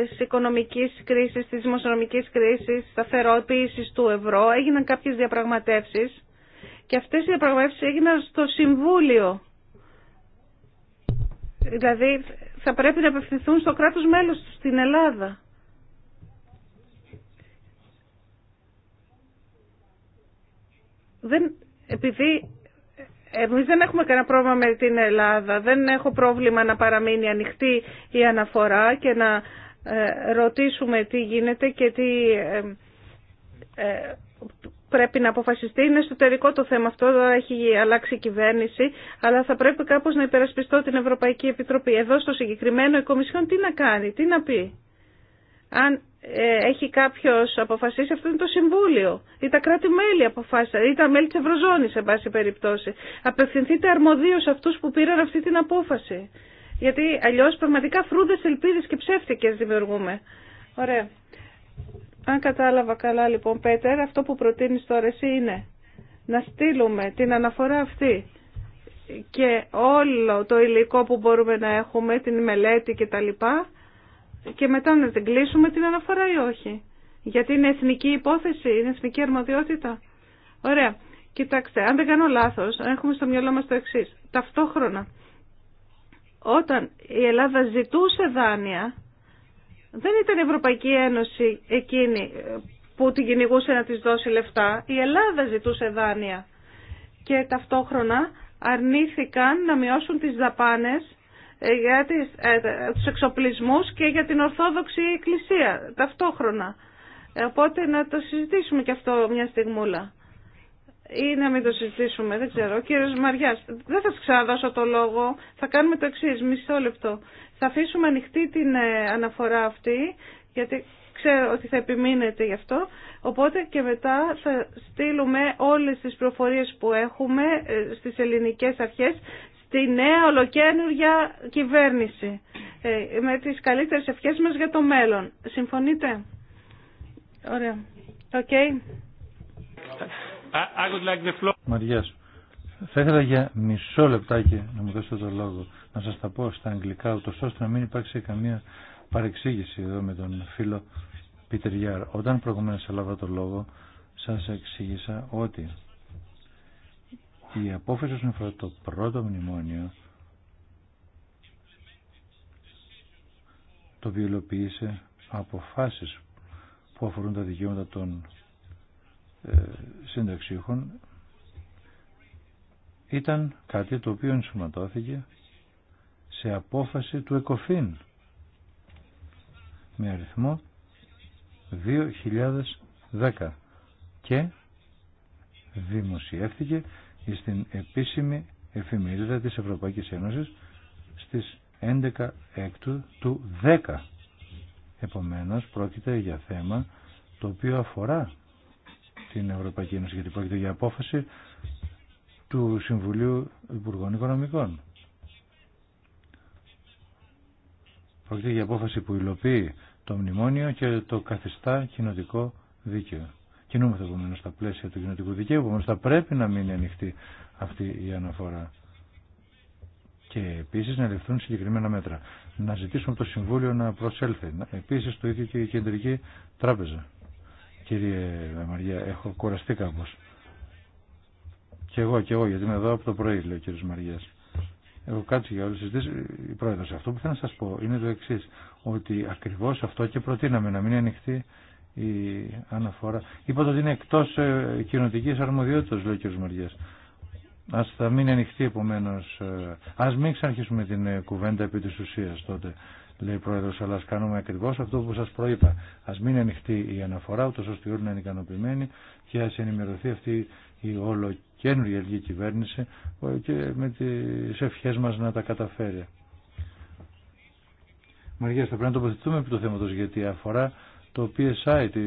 της οικονομικής κρίσης, της δημοσιονομικής κρίσης, σταθεροποίησης του ευρώ, έγιναν κάποιες διαπραγματεύσεις και αυτές οι διαπραγματεύσεις έγιναν στο Συμβούλιο. Δηλαδή θα πρέπει να απευθυνθούν στο κράτος μέλος του, στην Ελλάδα. Δεν, επειδή εμείς δεν έχουμε κανένα πρόβλημα με την Ελλάδα. Δεν έχω πρόβλημα να παραμείνει ανοιχτή η αναφορά και να ε, ρωτήσουμε τι γίνεται και τι ε, ε, πρέπει να αποφασιστεί. Είναι εσωτερικό το θέμα αυτό, τώρα έχει αλλάξει η κυβέρνηση, αλλά θα πρέπει κάπως να υπερασπιστώ την Ευρωπαϊκή Επιτροπή. Εδώ στο συγκεκριμένο η Κομισιόν τι να κάνει, τι να πει. Αν ε, έχει κάποιο αποφασίσει, αυτό είναι το Συμβούλιο ή τα κράτη-μέλη αποφάσισαν ή τα μέλη τη Ευρωζώνη, σε πάση περιπτώσει. Απευθυνθείτε σε αυτού που πήραν αυτή την απόφαση. Γιατί αλλιώ πραγματικά φρούδε ελπίδε και ψεύτικες δημιουργούμε. Ωραία. Αν κατάλαβα καλά λοιπόν Πέτερ, αυτό που προτείνει τώρα εσύ είναι να στείλουμε την αναφορά αυτή και όλο το υλικό που μπορούμε να έχουμε, την μελέτη κτλ και μετά να την κλείσουμε την αναφορά ή όχι. Γιατί είναι εθνική υπόθεση, είναι εθνική αρμοδιότητα. Ωραία. Κοιτάξτε, αν δεν κάνω λάθος, έχουμε στο μυαλό μας το εξή. Ταυτόχρονα, όταν η Ελλάδα ζητούσε δάνεια, δεν ήταν η Ευρωπαϊκή Ένωση εκείνη που την κυνηγούσε να της δώσει λεφτά. Η Ελλάδα ζητούσε δάνεια. Και ταυτόχρονα αρνήθηκαν να μειώσουν τις δαπάνες ε, για τις, ε, τους εξοπλισμούς και για την Ορθόδοξη Εκκλησία ταυτόχρονα. Ε, οπότε να το συζητήσουμε και αυτό μια στιγμούλα. Ή να μην το συζητήσουμε, δεν ξέρω. Ο κύριος Μαριάς, δεν θα σας ξαναδώσω το λόγο. Θα κάνουμε το εξή μισό λεπτό. Θα αφήσουμε ανοιχτή την αναφορά αυτή, γιατί ξέρω ότι θα επιμείνετε γι' αυτό. Οπότε και μετά θα στείλουμε όλες τις προφορίες που έχουμε στις ελληνικές αρχές τη νέα ολοκένουργια κυβέρνηση ε, με τις καλύτερες ευχές μας για το μέλλον. Συμφωνείτε? Ωραία. Οκ. Okay. Like Μαριάς, θα ήθελα για μισό λεπτάκι να μου δώσετε το λόγο, να σας τα πω στα αγγλικά, ούτως ώστε να μην υπάρξει καμία παρεξήγηση εδώ με τον φίλο Πίτερ Όταν προηγουμένως έλαβα το λόγο, σας εξήγησα ότι η απόφαση όσον αφορά το πρώτο μνημόνιο το βιολοποιήσε αποφάσεις που αφορούν τα δικαιώματα των ε, συνταξίχων ήταν κάτι το οποίο ενσωματώθηκε σε απόφαση του ΕΚΟΦΗΝ με αριθμό 2010 και δημοσιεύθηκε στην επίσημη εφημερίδα της Ευρωπαϊκής Ένωσης στις 11 έκτου του 10. Επομένως πρόκειται για θέμα το οποίο αφορά την Ευρωπαϊκή Ένωση γιατί πρόκειται για απόφαση του Συμβουλίου Υπουργών Οικονομικών. Πρόκειται για απόφαση που υλοποιεί το μνημόνιο και το καθιστά κοινοτικό δίκαιο κινούμαστε επομένω στα πλαίσια του κοινωτικού δικαίου, επομένω θα πρέπει να μείνει ανοιχτή αυτή η αναφορά. Και επίση να ληφθούν συγκεκριμένα μέτρα. Να ζητήσουμε το Συμβούλιο να προσέλθει. Επίση το ίδιο και η Κεντρική Τράπεζα. Κύριε Μαριά, έχω κουραστεί κάπω. Και εγώ, και εγώ, γιατί είμαι εδώ από το πρωί, λέει ο κύριο Μαριά. Έχω κάτσει για όλε τι συζητήσει. Πρόεδρο, αυτό που θέλω να σα πω είναι το εξή. Ότι ακριβώ αυτό και προτείναμε να μην ανοιχτεί η αναφορά. Είπατε ότι είναι εκτό ε, αρμοδιότητα, αρμοδιότητας, λέει ο κ. Μαριά. Α θα μείνει ανοιχτή επομένω. Ε, μην ξαναρχίσουμε την ε, κουβέντα επί τη ουσία τότε, λέει ο πρόεδρο, αλλά ας κάνουμε ακριβώ αυτό που σα προείπα. Α μην ανοιχτή η αναφορά, ούτω ώστε όλοι να είναι ικανοποιημένοι και α ενημερωθεί αυτή η όλο καινούργια ελληνική κυβέρνηση ε, και με τι ευχέ μα να τα καταφέρει. Μαριά, θα πρέπει να τοποθετούμε επί του θέματο γιατί αφορά το PSI, τη,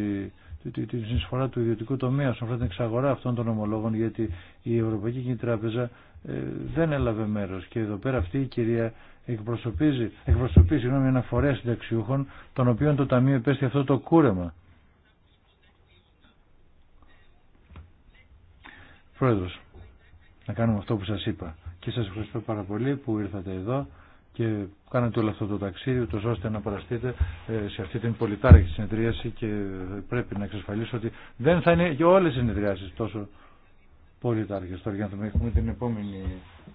τη, τη, τη συνεισφορά του ιδιωτικού τομέα όσον αφορά την εξαγορά αυτών των ομολόγων, γιατί η Ευρωπαϊκή Κοινή Τράπεζα ε, δεν έλαβε μέρο. Και εδώ πέρα αυτή η κυρία εκπροσωπεί συγγνώμη, φορέα συνταξιούχων, των οποίων το Ταμείο επέστη αυτό το κούρεμα. Πρόεδρος, να κάνουμε αυτό που σας είπα. Και σας ευχαριστώ πάρα πολύ που ήρθατε εδώ και κάνετε όλο αυτό το ταξίδι ούτω ώστε να παραστείτε ε, σε αυτή την πολυτάρχη συνεδρίαση και πρέπει να εξασφαλίσω ότι δεν θα είναι και όλε οι συνεδριάσεις τόσο πολυτάραχες. Τώρα για να δούμε. έχουμε την επόμενη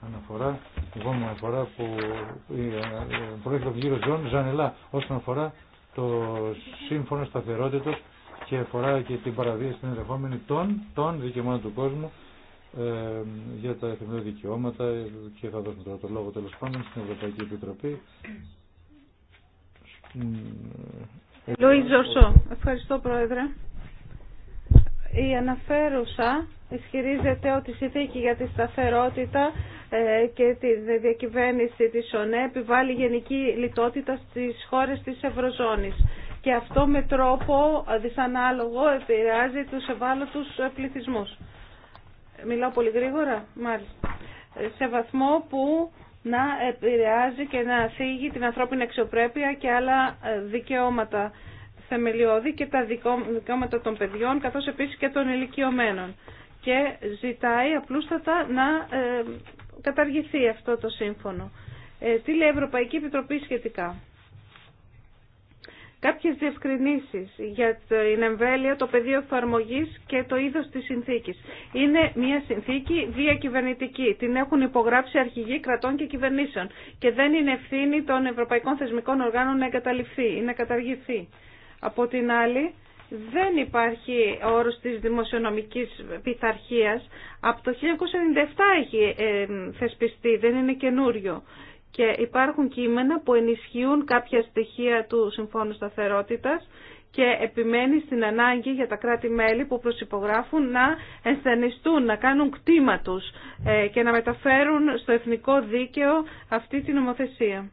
αναφορά, την επόμενη αναφορά που προέρχεται από τον κύριο Ζων Ζανελά όσον αφορά το σύμφωνο σταθερότητα και αφορά και την παραβίαση την ενδεχόμενη των, των δικαιωμάτων του κόσμου για τα εθνικά δικαιώματα και θα δώσουμε τώρα το λόγο τέλος πάντων στην Ευρωπαϊκή Επιτροπή. Λουίς Ζορσό, ευχαριστώ Πρόεδρε. Η αναφέρουσα ισχυρίζεται ότι η συνθήκη για τη σταθερότητα και τη διακυβέρνηση της ΟΝΕ επιβάλλει γενική λιτότητα στις χώρες της Ευρωζώνης και αυτό με τρόπο δυσανάλογο επηρεάζει τους ευάλωτους πληθυσμούς. Μιλάω πολύ γρήγορα, μάλιστα. Σε βαθμό που να επηρεάζει και να θίγει την ανθρώπινη αξιοπρέπεια και άλλα ε, δικαιώματα θεμελιώδη και τα δικαιώματα των παιδιών καθώς επίσης και των ηλικιωμένων. Και ζητάει απλούστατα να ε, καταργηθεί αυτό το σύμφωνο. Ε, τι λέει η Ευρωπαϊκή Επιτροπή σχετικά κάποιες διευκρινήσεις για την εμβέλεια, το πεδίο εφαρμογή και το είδος της συνθήκης. Είναι μια συνθήκη διακυβερνητική. Την έχουν υπογράψει αρχηγοί κρατών και κυβερνήσεων και δεν είναι ευθύνη των ευρωπαϊκών θεσμικών οργάνων να εγκαταληφθεί ή να καταργηθεί. Από την άλλη, δεν υπάρχει όρος της δημοσιονομικής πειθαρχία. Από το 1997 έχει ε, θεσπιστεί, δεν είναι καινούριο και υπάρχουν κείμενα που ενισχύουν κάποια στοιχεία του Συμφώνου Σταθερότητας και επιμένει στην ανάγκη για τα κράτη-μέλη που προσυπογράφουν να ενθανιστούν, να κάνουν κτήμα τους ε, και να μεταφέρουν στο εθνικό δίκαιο αυτή την νομοθεσία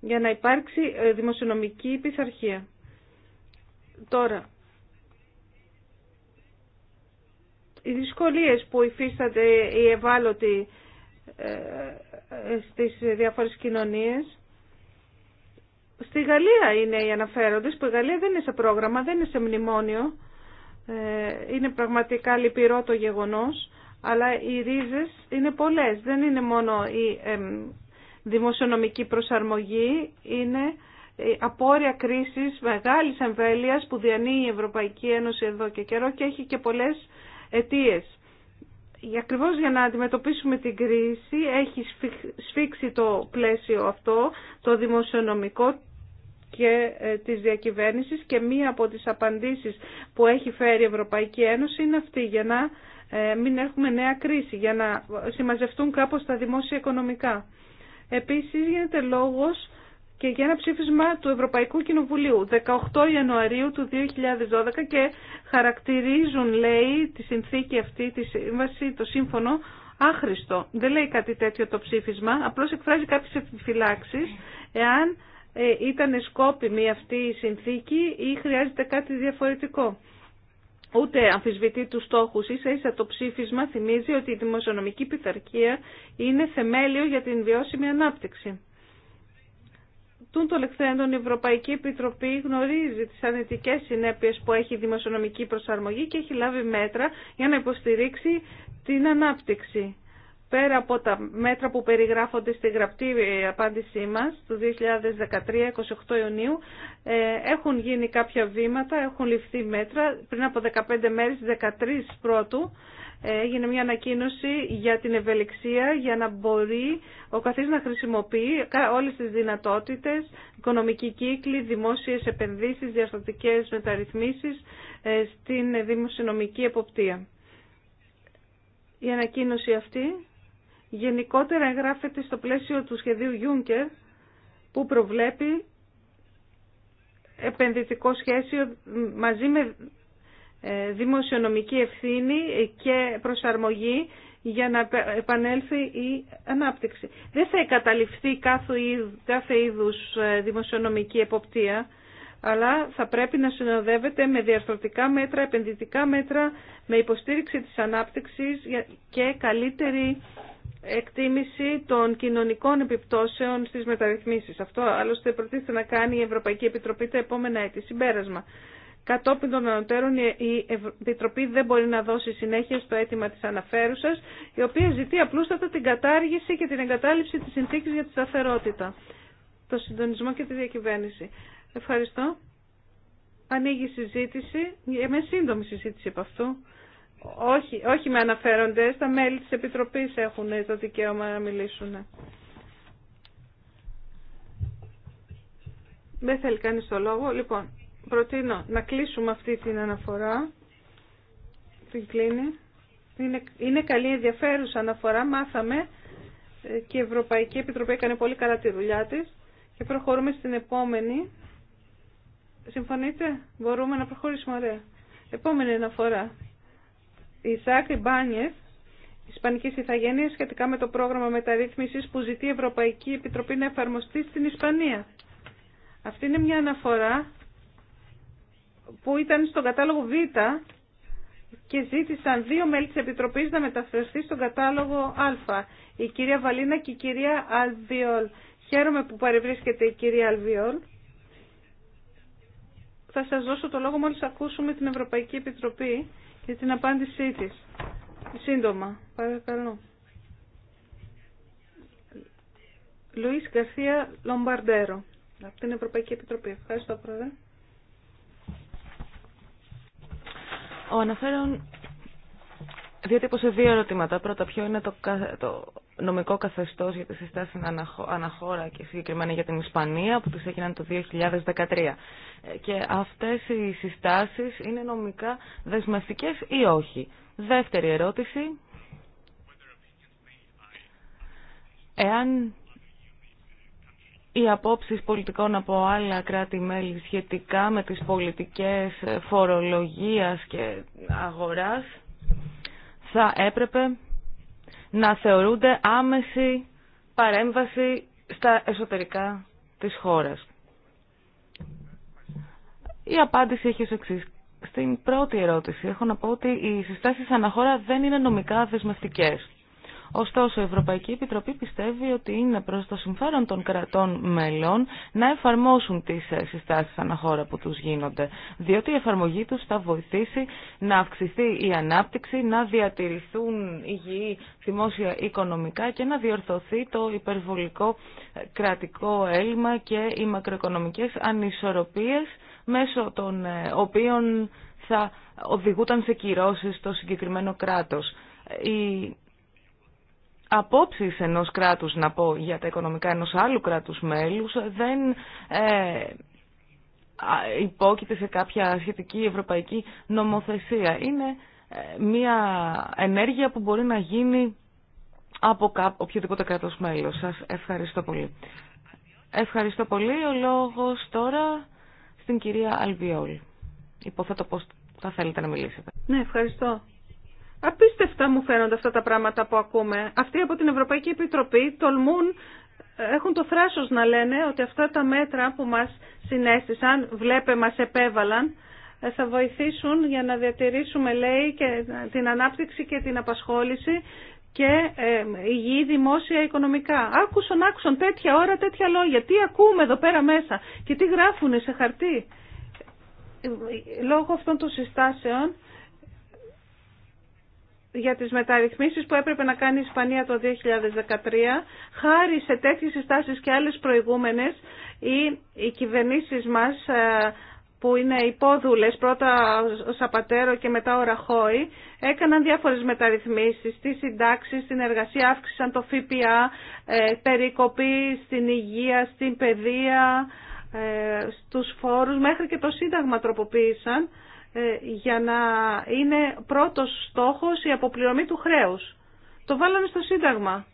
για να υπάρξει ε, δημοσιονομική πειθαρχία. Τώρα, οι δυσκολίες που υφίστανται οι ευάλωτοι ε, ε, στις διάφορες κοινωνίες. Στη Γαλλία είναι οι αναφέροντες, που η Γαλλία δεν είναι σε πρόγραμμα, δεν είναι σε μνημόνιο. Ε, είναι πραγματικά λυπηρό το γεγονός, αλλά οι ρίζες είναι πολλές. Δεν είναι μόνο η δημοσιονομική προσαρμογή, είναι απόρρια κρίσης μεγάλης εμβέλειας που διανύει η Ευρωπαϊκή Ένωση εδώ και καιρό και έχει και πολλές αιτίες ακριβώς για να αντιμετωπίσουμε την κρίση έχει σφίξει το πλαίσιο αυτό, το δημοσιονομικό και ε, της διακυβέρνησης και μία από τις απαντήσεις που έχει φέρει η Ευρωπαϊκή Ένωση είναι αυτή για να ε, μην έχουμε νέα κρίση, για να ε, συμμαζευτούν κάπως τα δημόσια οικονομικά. Επίσης γίνεται λόγος και για ένα ψήφισμα του Ευρωπαϊκού Κοινοβουλίου 18 Ιανουαρίου του 2012 και χαρακτηρίζουν, λέει, τη συνθήκη αυτή, τη σύμβαση, το σύμφωνο, άχρηστο. Δεν λέει κάτι τέτοιο το ψήφισμα, απλώς εκφράζει κάποιες επιφυλάξεις εάν ε, ήταν σκόπιμη αυτή η συνθήκη ή χρειάζεται κάτι διαφορετικό. Ούτε αμφισβητεί τους στόχους. Ίσα ίσα το ψήφισμα θυμίζει ότι η δημοσιονομική πειθαρχία είναι θεμέλιο για την βιώσιμη ανάπτυξη. Τούν το η Ευρωπαϊκή Επιτροπή γνωρίζει τις ανετικές συνέπειες που έχει η δημοσιονομική προσαρμογή και έχει λάβει μέτρα για να υποστηρίξει την ανάπτυξη. Πέρα από τα μέτρα που περιγράφονται στη γραπτή ε, απάντησή μας του 2013-28 Ιουνίου, ε, έχουν γίνει κάποια βήματα, έχουν ληφθεί μέτρα πριν από 15 μέρες, 13 πρώτου, έγινε μια ανακοίνωση για την ευελιξία για να μπορεί ο καθής να χρησιμοποιεί όλες τις δυνατότητες, οικονομική κύκλη, δημόσιες επενδύσεις, διαστατικές μεταρρυθμίσεις ε, στην δημοσιονομική εποπτεία. Η ανακοίνωση αυτή γενικότερα εγγράφεται στο πλαίσιο του σχεδίου Juncker που προβλέπει επενδυτικό σχέσιο μαζί με ε, δημοσιονομική ευθύνη και προσαρμογή για να επανέλθει η ανάπτυξη. Δεν θα εγκαταλειφθεί κάθε είδους ε, δημοσιονομική εποπτεία, αλλά θα πρέπει να συνοδεύεται με διαρθρωτικά μέτρα, επενδυτικά μέτρα, με υποστήριξη της ανάπτυξης και καλύτερη εκτίμηση των κοινωνικών επιπτώσεων στις μεταρρυθμίσεις. Αυτό άλλωστε προτίθεται να κάνει η Ευρωπαϊκή Επιτροπή τα επόμενα έτη. Συμπέρασμα. Κατόπιν των ανωτέρων η Επιτροπή δεν μπορεί να δώσει συνέχεια στο αίτημα της αναφέρουσας, η οποία ζητεί απλούστατα την κατάργηση και την εγκατάλειψη της συνθήκης για τη σταθερότητα, το συντονισμό και τη διακυβέρνηση. Ευχαριστώ. Ανοίγει η συζήτηση, ε, με σύντομη συζήτηση από αυτού. Όχι, όχι με αναφέροντες, τα μέλη της Επιτροπής έχουν το δικαίωμα να μιλήσουν. Δεν θέλει κανείς το λόγο. Λοιπόν, προτείνω να κλείσουμε αυτή την αναφορά. Την κλείνει. Είναι, είναι καλή ενδιαφέρουσα αναφορά, μάθαμε ε, και η Ευρωπαϊκή Επιτροπή έκανε πολύ καλά τη δουλειά της και προχωρούμε στην επόμενη. Συμφωνείτε, μπορούμε να προχωρήσουμε ωραία. Επόμενη αναφορά. Η Ισάκ η Ισπανική Ιθαγένεια, σχετικά με το πρόγραμμα μεταρρύθμιση που ζητεί η Ευρωπαϊκή Επιτροπή να εφαρμοστεί στην Ισπανία. Αυτή είναι μια αναφορά που ήταν στον κατάλογο Β και ζήτησαν δύο μέλη της Επιτροπής να μεταφερθεί στον κατάλογο Α. Η κυρία Βαλίνα και η κυρία Αλβιόλ. Χαίρομαι που παρευρίσκεται η κυρία Αλβιόλ. Θα σας δώσω το λόγο μόλις ακούσουμε την Ευρωπαϊκή Επιτροπή και την απάντησή της. Σύντομα, παρακαλώ. Λουίς Γκαρθία Λομπαρντέρο, από την Ευρωπαϊκή Επιτροπή. Ευχαριστώ, Πρόεδρε. Ο αναφέρον διατύπωσε δύο ερωτήματα. Πρώτα, ποιο είναι το, το νομικό καθεστώς για τη συστάσεις αναχώρα και συγκεκριμένα για την Ισπανία που τις έγιναν το 2013. Και αυτές οι συστάσεις είναι νομικά δεσμευτικές ή όχι. Δεύτερη ερώτηση. Εάν οι απόψεις πολιτικών από άλλα κράτη-μέλη σχετικά με τις πολιτικές φορολογίας και αγοράς θα έπρεπε να θεωρούνται άμεση παρέμβαση στα εσωτερικά της χώρας. Η απάντηση έχει ως εξής. Στην πρώτη ερώτηση έχω να πω ότι οι συστάσεις αναχώρα δεν είναι νομικά δεσμευτικές. Ωστόσο, η Ευρωπαϊκή Επιτροπή πιστεύει ότι είναι προς το συμφέρον των κρατών μελών να εφαρμόσουν τις ε, συστάσεις αναχώρα που τους γίνονται, διότι η εφαρμογή τους θα βοηθήσει να αυξηθεί η ανάπτυξη, να διατηρηθούν υγιή δημόσια οικονομικά και να διορθωθεί το υπερβολικό ε, κρατικό έλλειμμα και οι μακροοικονομικές ανισορροπίες μέσω των ε, οποίων θα οδηγούνταν σε κυρώσεις το συγκεκριμένο κράτος απόψεις ενός κράτους, να πω, για τα οικονομικά ενός άλλου κράτους μέλους δεν ε, υπόκειται σε κάποια σχετική ευρωπαϊκή νομοθεσία. Είναι ε, μια ενέργεια που μπορεί να γίνει από κά, οποιοδήποτε κράτος μέλος. Σας ευχαριστώ πολύ. Ευχαριστώ πολύ. Ο λόγος τώρα στην κυρία Αλβιόλ. Υποθέτω πως θα θέλετε να μιλήσετε. Ναι, ευχαριστώ. Απίστευτα μου φαίνονται αυτά τα πράγματα που ακούμε. Αυτοί από την Ευρωπαϊκή Επιτροπή τολμούν, έχουν το θράσος να λένε ότι αυτά τα μέτρα που μας συνέστησαν, βλέπε μας επέβαλαν, ε, θα βοηθήσουν για να διατηρήσουμε, λέει, και την ανάπτυξη και την απασχόληση και ε, υγιή δημόσια οικονομικά. Άκουσαν, άκουσαν τέτοια ώρα, τέτοια λόγια. Τι ακούμε εδώ πέρα μέσα και τι γράφουν σε χαρτί. Ε, ε, λόγω αυτών των συστάσεων για τις μεταρρυθμίσεις που έπρεπε να κάνει η Ισπανία το 2013, χάρη σε τέτοιες συστάσεις και άλλες προηγούμενες, οι, οι κυβερνήσεις μας ε, που είναι υπόδουλες, πρώτα ο Σαπατέρο και μετά ο Ραχώη, έκαναν διάφορες μεταρρυθμίσεις, στις συντάξεις, στην εργασία, αύξησαν το ΦΠΑ, ε, περικοπή στην υγεία, στην παιδεία, ε, στους φόρους, μέχρι και το Σύνταγμα τροποποίησαν ε, για να είναι πρώτος στόχος η αποπληρωμή του χρέους. Το βάλαμε στο Σύνταγμα.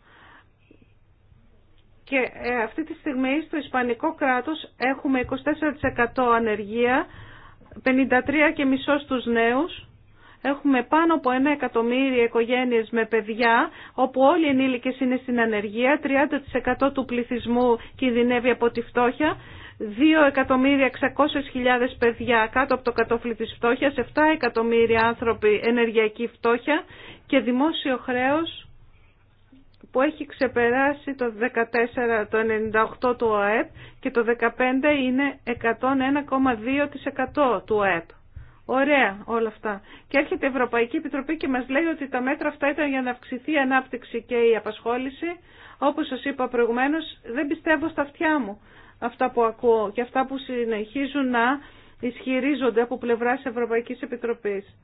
Και ε, αυτή τη στιγμή στο Ισπανικό κράτος έχουμε 24% ανεργία, 53% και μισό στους νέους. Έχουμε πάνω από ένα εκατομμύριο οικογένειες με παιδιά, όπου όλοι οι ενήλικες είναι στην ανεργία, 30% του πληθυσμού κινδυνεύει από τη φτώχεια 2.600.000 παιδιά κάτω από το κατόφλι της φτώχειας, 7 εκατομμύρια άνθρωποι ενεργειακή φτώχεια και δημόσιο χρέος που έχει ξεπεράσει το 14, 98 του ΟΕΠ και το 15 είναι 101,2% του ΟΕΠ. Ωραία όλα αυτά. Και έρχεται η Ευρωπαϊκή Επιτροπή και μας λέει ότι τα μέτρα αυτά ήταν για να αυξηθεί η ανάπτυξη και η απασχόληση. Όπως σας είπα προηγουμένως, δεν πιστεύω στα αυτιά μου αυτά που ακούω και αυτά που συνεχίζουν να ισχυρίζονται από πλευράς Ευρωπαϊκής Επιτροπής.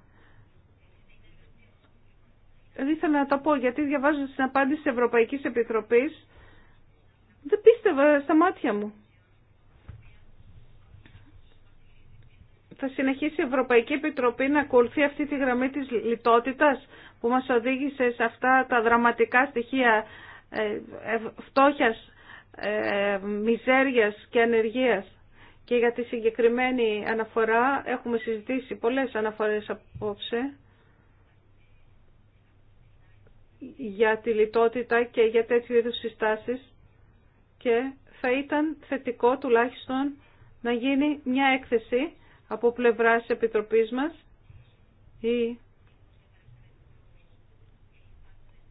Δεν ήθελα να τα πω γιατί διαβάζοντας την απάντηση της Ευρωπαϊκής Επιτροπής δεν πίστευα στα μάτια μου. Θα συνεχίσει η Ευρωπαϊκή Επιτροπή να ακολουθεί αυτή τη γραμμή της λιτότητας που μας οδήγησε σε αυτά τα δραματικά στοιχεία ε, φτώχειας ε, μιζέριας και ανεργίας. Και για τη συγκεκριμένη αναφορά έχουμε συζητήσει πολλές αναφορές απόψε για τη λιτότητα και για τέτοιου είδους συστάσεις και θα ήταν θετικό τουλάχιστον να γίνει μια έκθεση από πλευράς Επιτροπής μας ή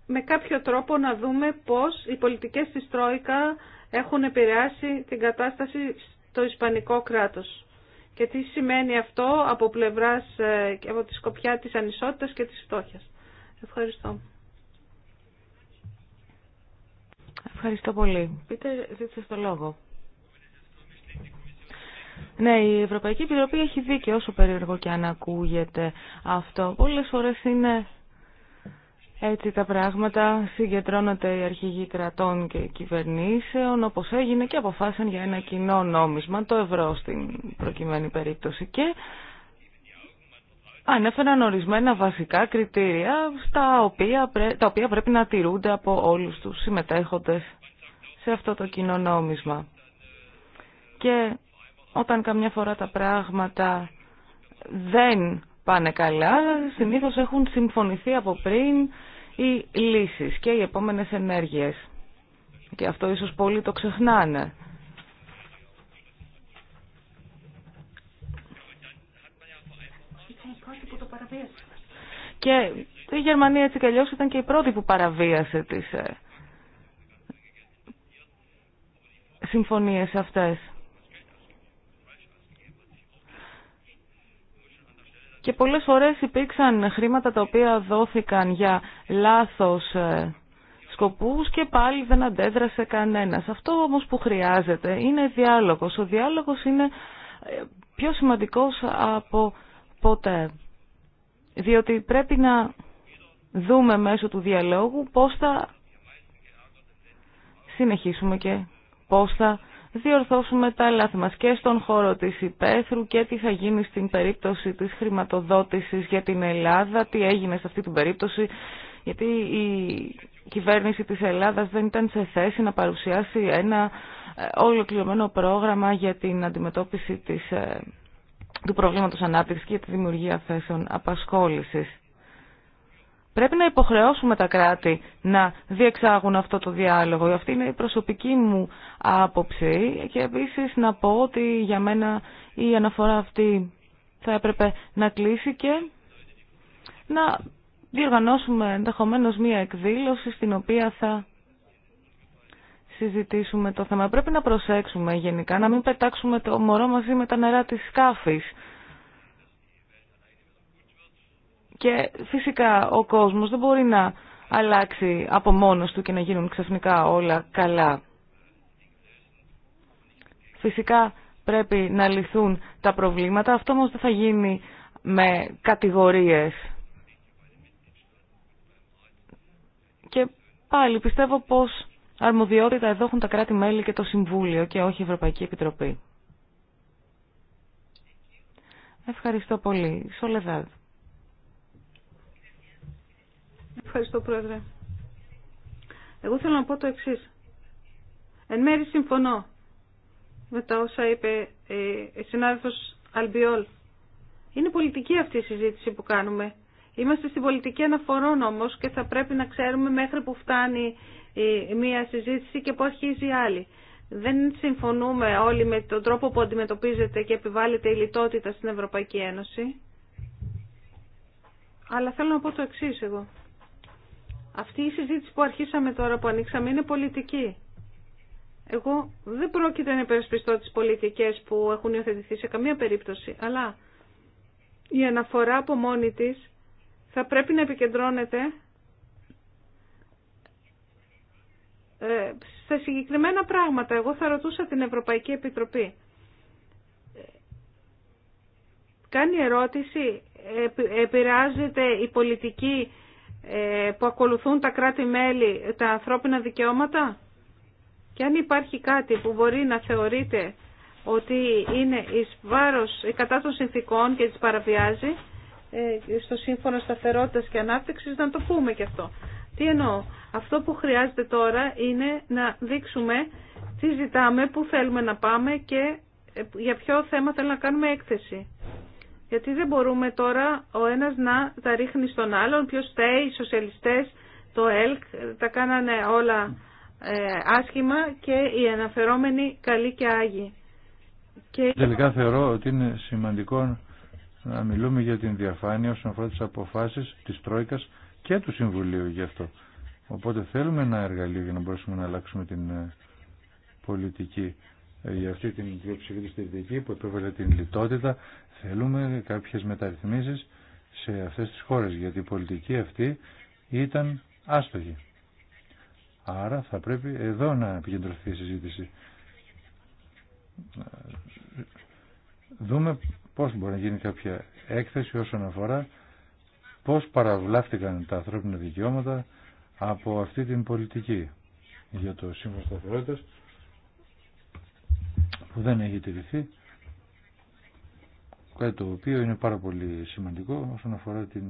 με κάποιο τρόπο να δούμε πώς οι πολιτικές της Τρόικα έχουν επηρεάσει την κατάσταση στο Ισπανικό κράτος. Και τι σημαίνει αυτό από πλευράς, ε, από τη σκοπιά της ανισότητας και της φτώχειας. Ευχαριστώ. Ευχαριστώ πολύ. Πείτε, ζήτησε το λόγο. Ναι, η Ευρωπαϊκή Επιτροπή έχει δίκιο όσο περίεργο και αν ακούγεται αυτό. Πολλές φορές είναι έτσι τα πράγματα συγκεντρώνονται οι αρχηγοί κρατών και κυβερνήσεων, όπως έγινε και αποφάσισαν για ένα κοινό νόμισμα, το ευρώ στην προκειμένη περίπτωση. Και ανέφεραν ορισμένα βασικά κριτήρια στα οποία, τα οποία πρέπει να τηρούνται από όλους τους συμμετέχοντες σε αυτό το κοινό νόμισμα. Και όταν καμιά φορά τα πράγματα δεν πάνε καλά, συνήθως έχουν συμφωνηθεί από πριν οι λύσεις και οι επόμενες ενέργειες. Και αυτό ίσως πολλοί το ξεχνάνε. Και η Γερμανία έτσι και ήταν και η πρώτη που παραβίασε τις ε, συμφωνίες αυτές. Και πολλές φορές υπήρξαν χρήματα τα οποία δόθηκαν για λάθος ε, σκοπούς και πάλι δεν αντέδρασε κανένας. Αυτό όμως που χρειάζεται είναι διάλογος. Ο διάλογος είναι ε, πιο σημαντικός από ποτέ. Διότι πρέπει να δούμε μέσω του διαλόγου πώς θα συνεχίσουμε και πώς θα διορθώσουμε τα λάθη μας και στον χώρο της υπαίθρου και τι θα γίνει στην περίπτωση της χρηματοδότησης για την Ελλάδα, τι έγινε σε αυτή την περίπτωση, γιατί η κυβέρνηση της Ελλάδας δεν ήταν σε θέση να παρουσιάσει ένα ε, ολοκληρωμένο πρόγραμμα για την αντιμετώπιση της, ε, του προβλήματος ανάπτυξης και τη δημιουργία θέσεων απασχόλησης. Πρέπει να υποχρεώσουμε τα κράτη να διεξάγουν αυτό το διάλογο. Αυτή είναι η προσωπική μου άποψη και επίσης να πω ότι για μένα η αναφορά αυτή θα έπρεπε να κλείσει και να διοργανώσουμε ενδεχομένω μία εκδήλωση στην οποία θα συζητήσουμε το θέμα. Πρέπει να προσέξουμε γενικά, να μην πετάξουμε το μωρό μαζί με τα νερά της σκάφης. Και φυσικά ο κόσμος δεν μπορεί να αλλάξει από μόνος του και να γίνουν ξαφνικά όλα καλά. Φυσικά πρέπει να λυθούν τα προβλήματα, αυτό όμως δεν θα γίνει με κατηγορίες. Και πάλι πιστεύω πως αρμοδιότητα εδώ έχουν τα κράτη-μέλη και το Συμβούλιο και όχι η Ευρωπαϊκή Επιτροπή. Ευχαριστώ πολύ. Σολεδάδ. Ευχαριστώ, Πρόεδρε. Εγώ θέλω να πω το εξής. Εν μέρη συμφωνώ με τα όσα είπε ε, η συνάδελφος Αλμπιόλ. Είναι πολιτική αυτή η συζήτηση που κάνουμε. Είμαστε στην πολιτική αναφορών όμως και θα πρέπει να ξέρουμε μέχρι που φτάνει ε, μία συζήτηση και που αρχίζει η άλλη. Δεν συμφωνούμε όλοι με τον τρόπο που αντιμετωπίζεται και επιβάλλεται η λιτότητα στην Ευρωπαϊκή Ένωση. Αλλά θέλω να πω το εξή εγώ. Αυτή η συζήτηση που αρχίσαμε τώρα, που ανοίξαμε, είναι πολιτική. Εγώ δεν πρόκειται να υπερασπιστώ τις πολιτικές που έχουν υιοθετηθεί σε καμία περίπτωση, αλλά η αναφορά από μόνη της θα πρέπει να επικεντρώνεται ε, σε συγκεκριμένα πράγματα. Εγώ θα ρωτούσα την Ευρωπαϊκή Επιτροπή. Κάνει ερώτηση, επηρεάζεται η πολιτική ε, που ακολουθούν τα κράτη-μέλη τα ανθρώπινα δικαιώματα και αν υπάρχει κάτι που μπορεί να θεωρείται ότι είναι εις βάρος κατά των συνθήκων και τις παραβιάζει ε, στο σύμφωνο σταθερότητας και ανάπτυξης να το πούμε και αυτό. Τι εννοώ. Αυτό που χρειάζεται τώρα είναι να δείξουμε τι ζητάμε, πού θέλουμε να πάμε και ε, για ποιο θέμα θέλουμε να κάνουμε έκθεση. Γιατί δεν μπορούμε τώρα ο ένας να τα ρίχνει στον άλλον, ποιος φταίει, οι σοσιαλιστές, το ΕΛΚ, τα κάνανε όλα ε, άσχημα και οι αναφερόμενοι καλοί και άγιοι. Και... Τελικά θεωρώ ότι είναι σημαντικό να μιλούμε για την διαφάνεια όσον αφορά τις αποφάσεις της Τρόικας και του Συμβουλίου γι' αυτό. Οπότε θέλουμε ένα εργαλείο για να μπορέσουμε να αλλάξουμε την ε, πολιτική για αυτή την πλειοψηφία στη που επέβαλε την λιτότητα θέλουμε κάποιες μεταρρυθμίσεις σε αυτές τις χώρες γιατί η πολιτική αυτή ήταν άστοχη. Άρα θα πρέπει εδώ να επικεντρωθεί η συζήτηση. Δούμε πώς μπορεί να γίνει κάποια έκθεση όσον αφορά πώς παραβλάφτηκαν τα ανθρώπινα δικαιώματα από αυτή την πολιτική για το Σύμφωνο Σταθερότητας που δεν έχει τηρηθεί κάτι το οποίο είναι πάρα πολύ σημαντικό όσον αφορά την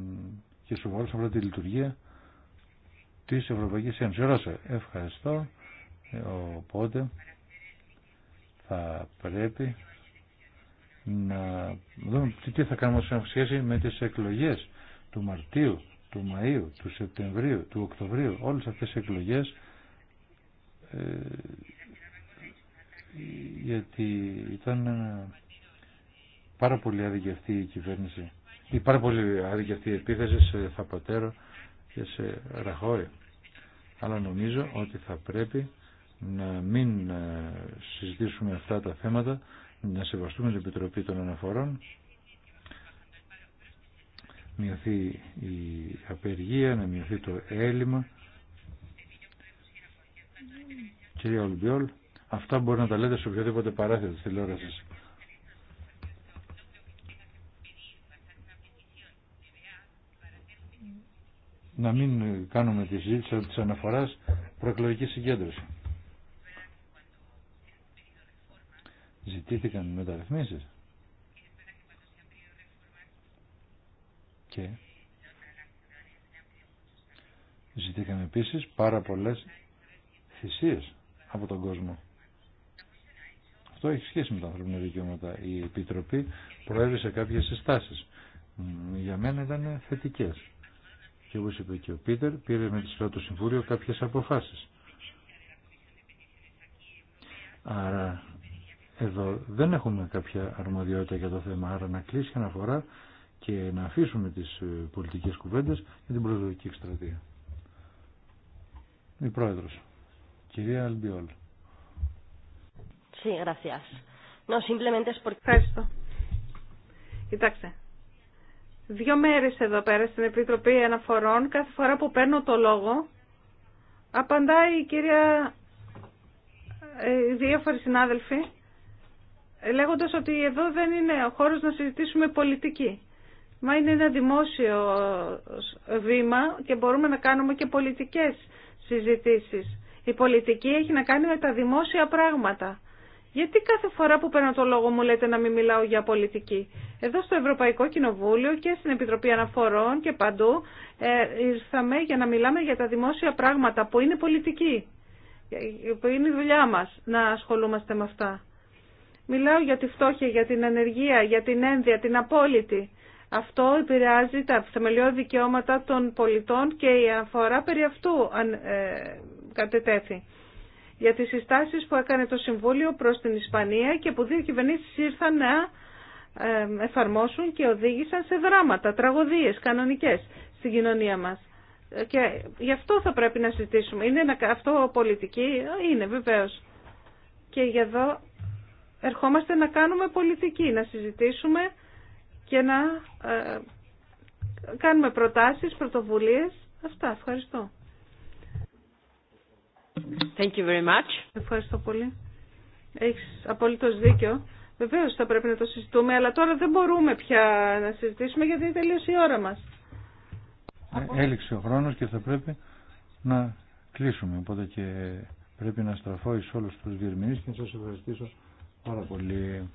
και σοβαρό όσον αφορά τη λειτουργία της Ευρωπαϊκής Ένωσης. Ρώσα, ευχαριστώ. Ε, οπότε θα πρέπει να δούμε τι θα κάνουμε σε σχέση με τις εκλογές του Μαρτίου, του Μαΐου, του Σεπτεμβρίου, του Οκτωβρίου. Όλες αυτές οι εκλογές ε, γιατί ήταν πάρα πολύ άδικη αυτή η κυβέρνηση ή πάρα πολύ άδικη αυτή η επίθεση σε Θαπατέρο και σε Ραχώρη. Αλλά νομίζω ότι θα πρέπει να μην ε, συζητήσουμε αυτά τα θέματα, να σεβαστούμε την Επιτροπή των Αναφορών, μειωθεί η απεργία, να μειωθεί το έλλειμμα. Κυρία Ολμπιόλ. Αυτά μπορεί να τα λέτε σε οποιοδήποτε παράθυρο της τηλεόρασης. Να μην κάνουμε τη συζήτηση της αναφοράς προεκλογική συγκέντρωση. Ζητήθηκαν μεταρρυθμίσεις. Και ζητήθηκαν επίσης πάρα πολλές θυσίες από τον κόσμο αυτό έχει σχέση με τα ανθρώπινα δικαιώματα. Η Επιτροπή προέβησε κάποιε συστάσεις. Για μένα ήταν θετικέ. Και όπω είπε και ο Πίτερ, πήρε με τη σειρά του Συμβούλιο κάποιες αποφάσεις. Άρα εδώ δεν έχουμε κάποια αρμοδιότητα για το θέμα. Άρα να κλείσει και αναφορά και να αφήσουμε τι ε, πολιτικέ κουβέντε για την προεδρική εκστρατεία. Η Πρόεδρος, κυρία Αλμπιόλ. Sí, gracias. No, simplemente es porque... Ευχαριστώ. Κοιτάξτε. Δύο μέρες εδώ πέρα στην Επιτροπή Αναφορών, κάθε φορά που παίρνω το λόγο, απαντάει η κυρία, ε, οι διάφοροι συνάδελφοι, λέγοντας ότι εδώ δεν είναι ο χώρος να συζητήσουμε πολιτική. Μα είναι ένα δημόσιο βήμα και μπορούμε να κάνουμε και πολιτικές συζητήσεις. Η πολιτική έχει να κάνει με τα δημόσια πράγματα. Γιατί κάθε φορά που παίρνω το λόγο μου λέτε να μην μιλάω για πολιτική. Εδώ στο Ευρωπαϊκό Κοινοβούλιο και στην Επιτροπή Αναφορών και παντού ε, ήρθαμε για να μιλάμε για τα δημόσια πράγματα που είναι πολιτική, που είναι η δουλειά μας να ασχολούμαστε με αυτά. Μιλάω για τη φτώχεια, για την ανεργία, για την ένδια, την απόλυτη. Αυτό επηρεάζει τα θεμελιώδη δικαιώματα των πολιτών και η αφορά περί αυτού αν, ε, κατετέθη για τις συστάσεις που έκανε το Συμβούλιο προς την Ισπανία και που δύο κυβερνήσεις ήρθαν να εφαρμόσουν και οδήγησαν σε δράματα, τραγωδίες κανονικές στην κοινωνία μας. Ε, και γι' αυτό θα πρέπει να συζητήσουμε. Είναι αυτό πολιτική, ε, είναι βεβαίως. Και για εδώ ερχόμαστε να κάνουμε πολιτική, να συζητήσουμε και να ε, κάνουμε προτάσεις, πρωτοβουλίες. Αυτά, ευχαριστώ. Thank you very much. Ευχαριστώ πολύ. Έχει απολύτω δίκιο. Βεβαίω θα πρέπει να το συζητούμε, αλλά τώρα δεν μπορούμε πια να συζητήσουμε γιατί τελείωσε η ώρα μα. Ε, έληξε ο χρόνο και θα πρέπει να κλείσουμε. Οπότε και πρέπει να στραφώ ει όλου του διερμηνεί και να σα ευχαριστήσω πάρα πολύ.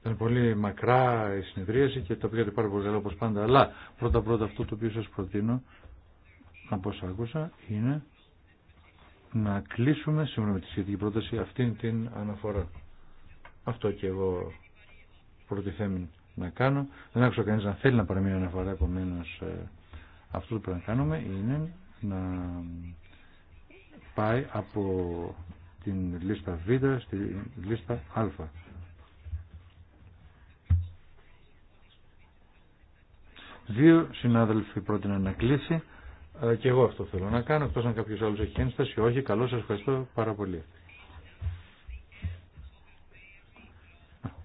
Ήταν πολύ μακρά η συνεδρίαση και τα πήγατε πάρα πολύ καλά όπω πάντα. Αλλά πρώτα πρώτα αυτό το οποίο σα προτείνω από όσα άκουσα είναι να κλείσουμε σύμφωνα με τη σχετική πρόταση αυτήν την αναφορά. Αυτό και εγώ προτιθέμουν να κάνω. Δεν άκουσα κανεί να θέλει να παραμείνει αναφορά, επομένω ε, αυτό που πρέπει να κάνουμε είναι να πάει από την λίστα Β στη λίστα Α. Δύο συνάδελφοι πρότειναν να κλείσει και εγώ αυτό θέλω να κάνω, εκτός αν κάποιος άλλος έχει ένσταση. Όχι, καλώς σας ευχαριστώ πάρα πολύ.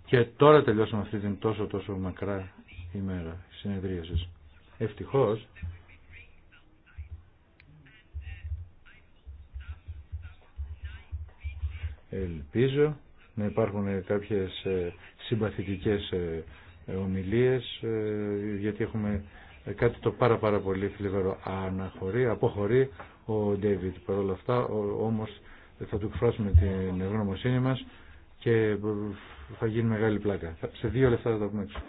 Και τώρα τελειώσαμε αυτή την τόσο τόσο μακρά ημέρα συνεδρίασης. Ευτυχώς. Ελπίζω να υπάρχουν κάποιες ε, συμπαθητικές ε, ομιλίες ε, γιατί έχουμε ε, κάτι το πάρα πάρα πολύ θλιβερό. Αναχωρεί, αποχωρεί ο Ντέιβιτ. Παρ' όλα αυτά όμως θα του εκφράσουμε την ευγνωμοσύνη μας και ε, θα γίνει μεγάλη πλάκα. Σε δύο λεφτά θα τα πούμε έξω.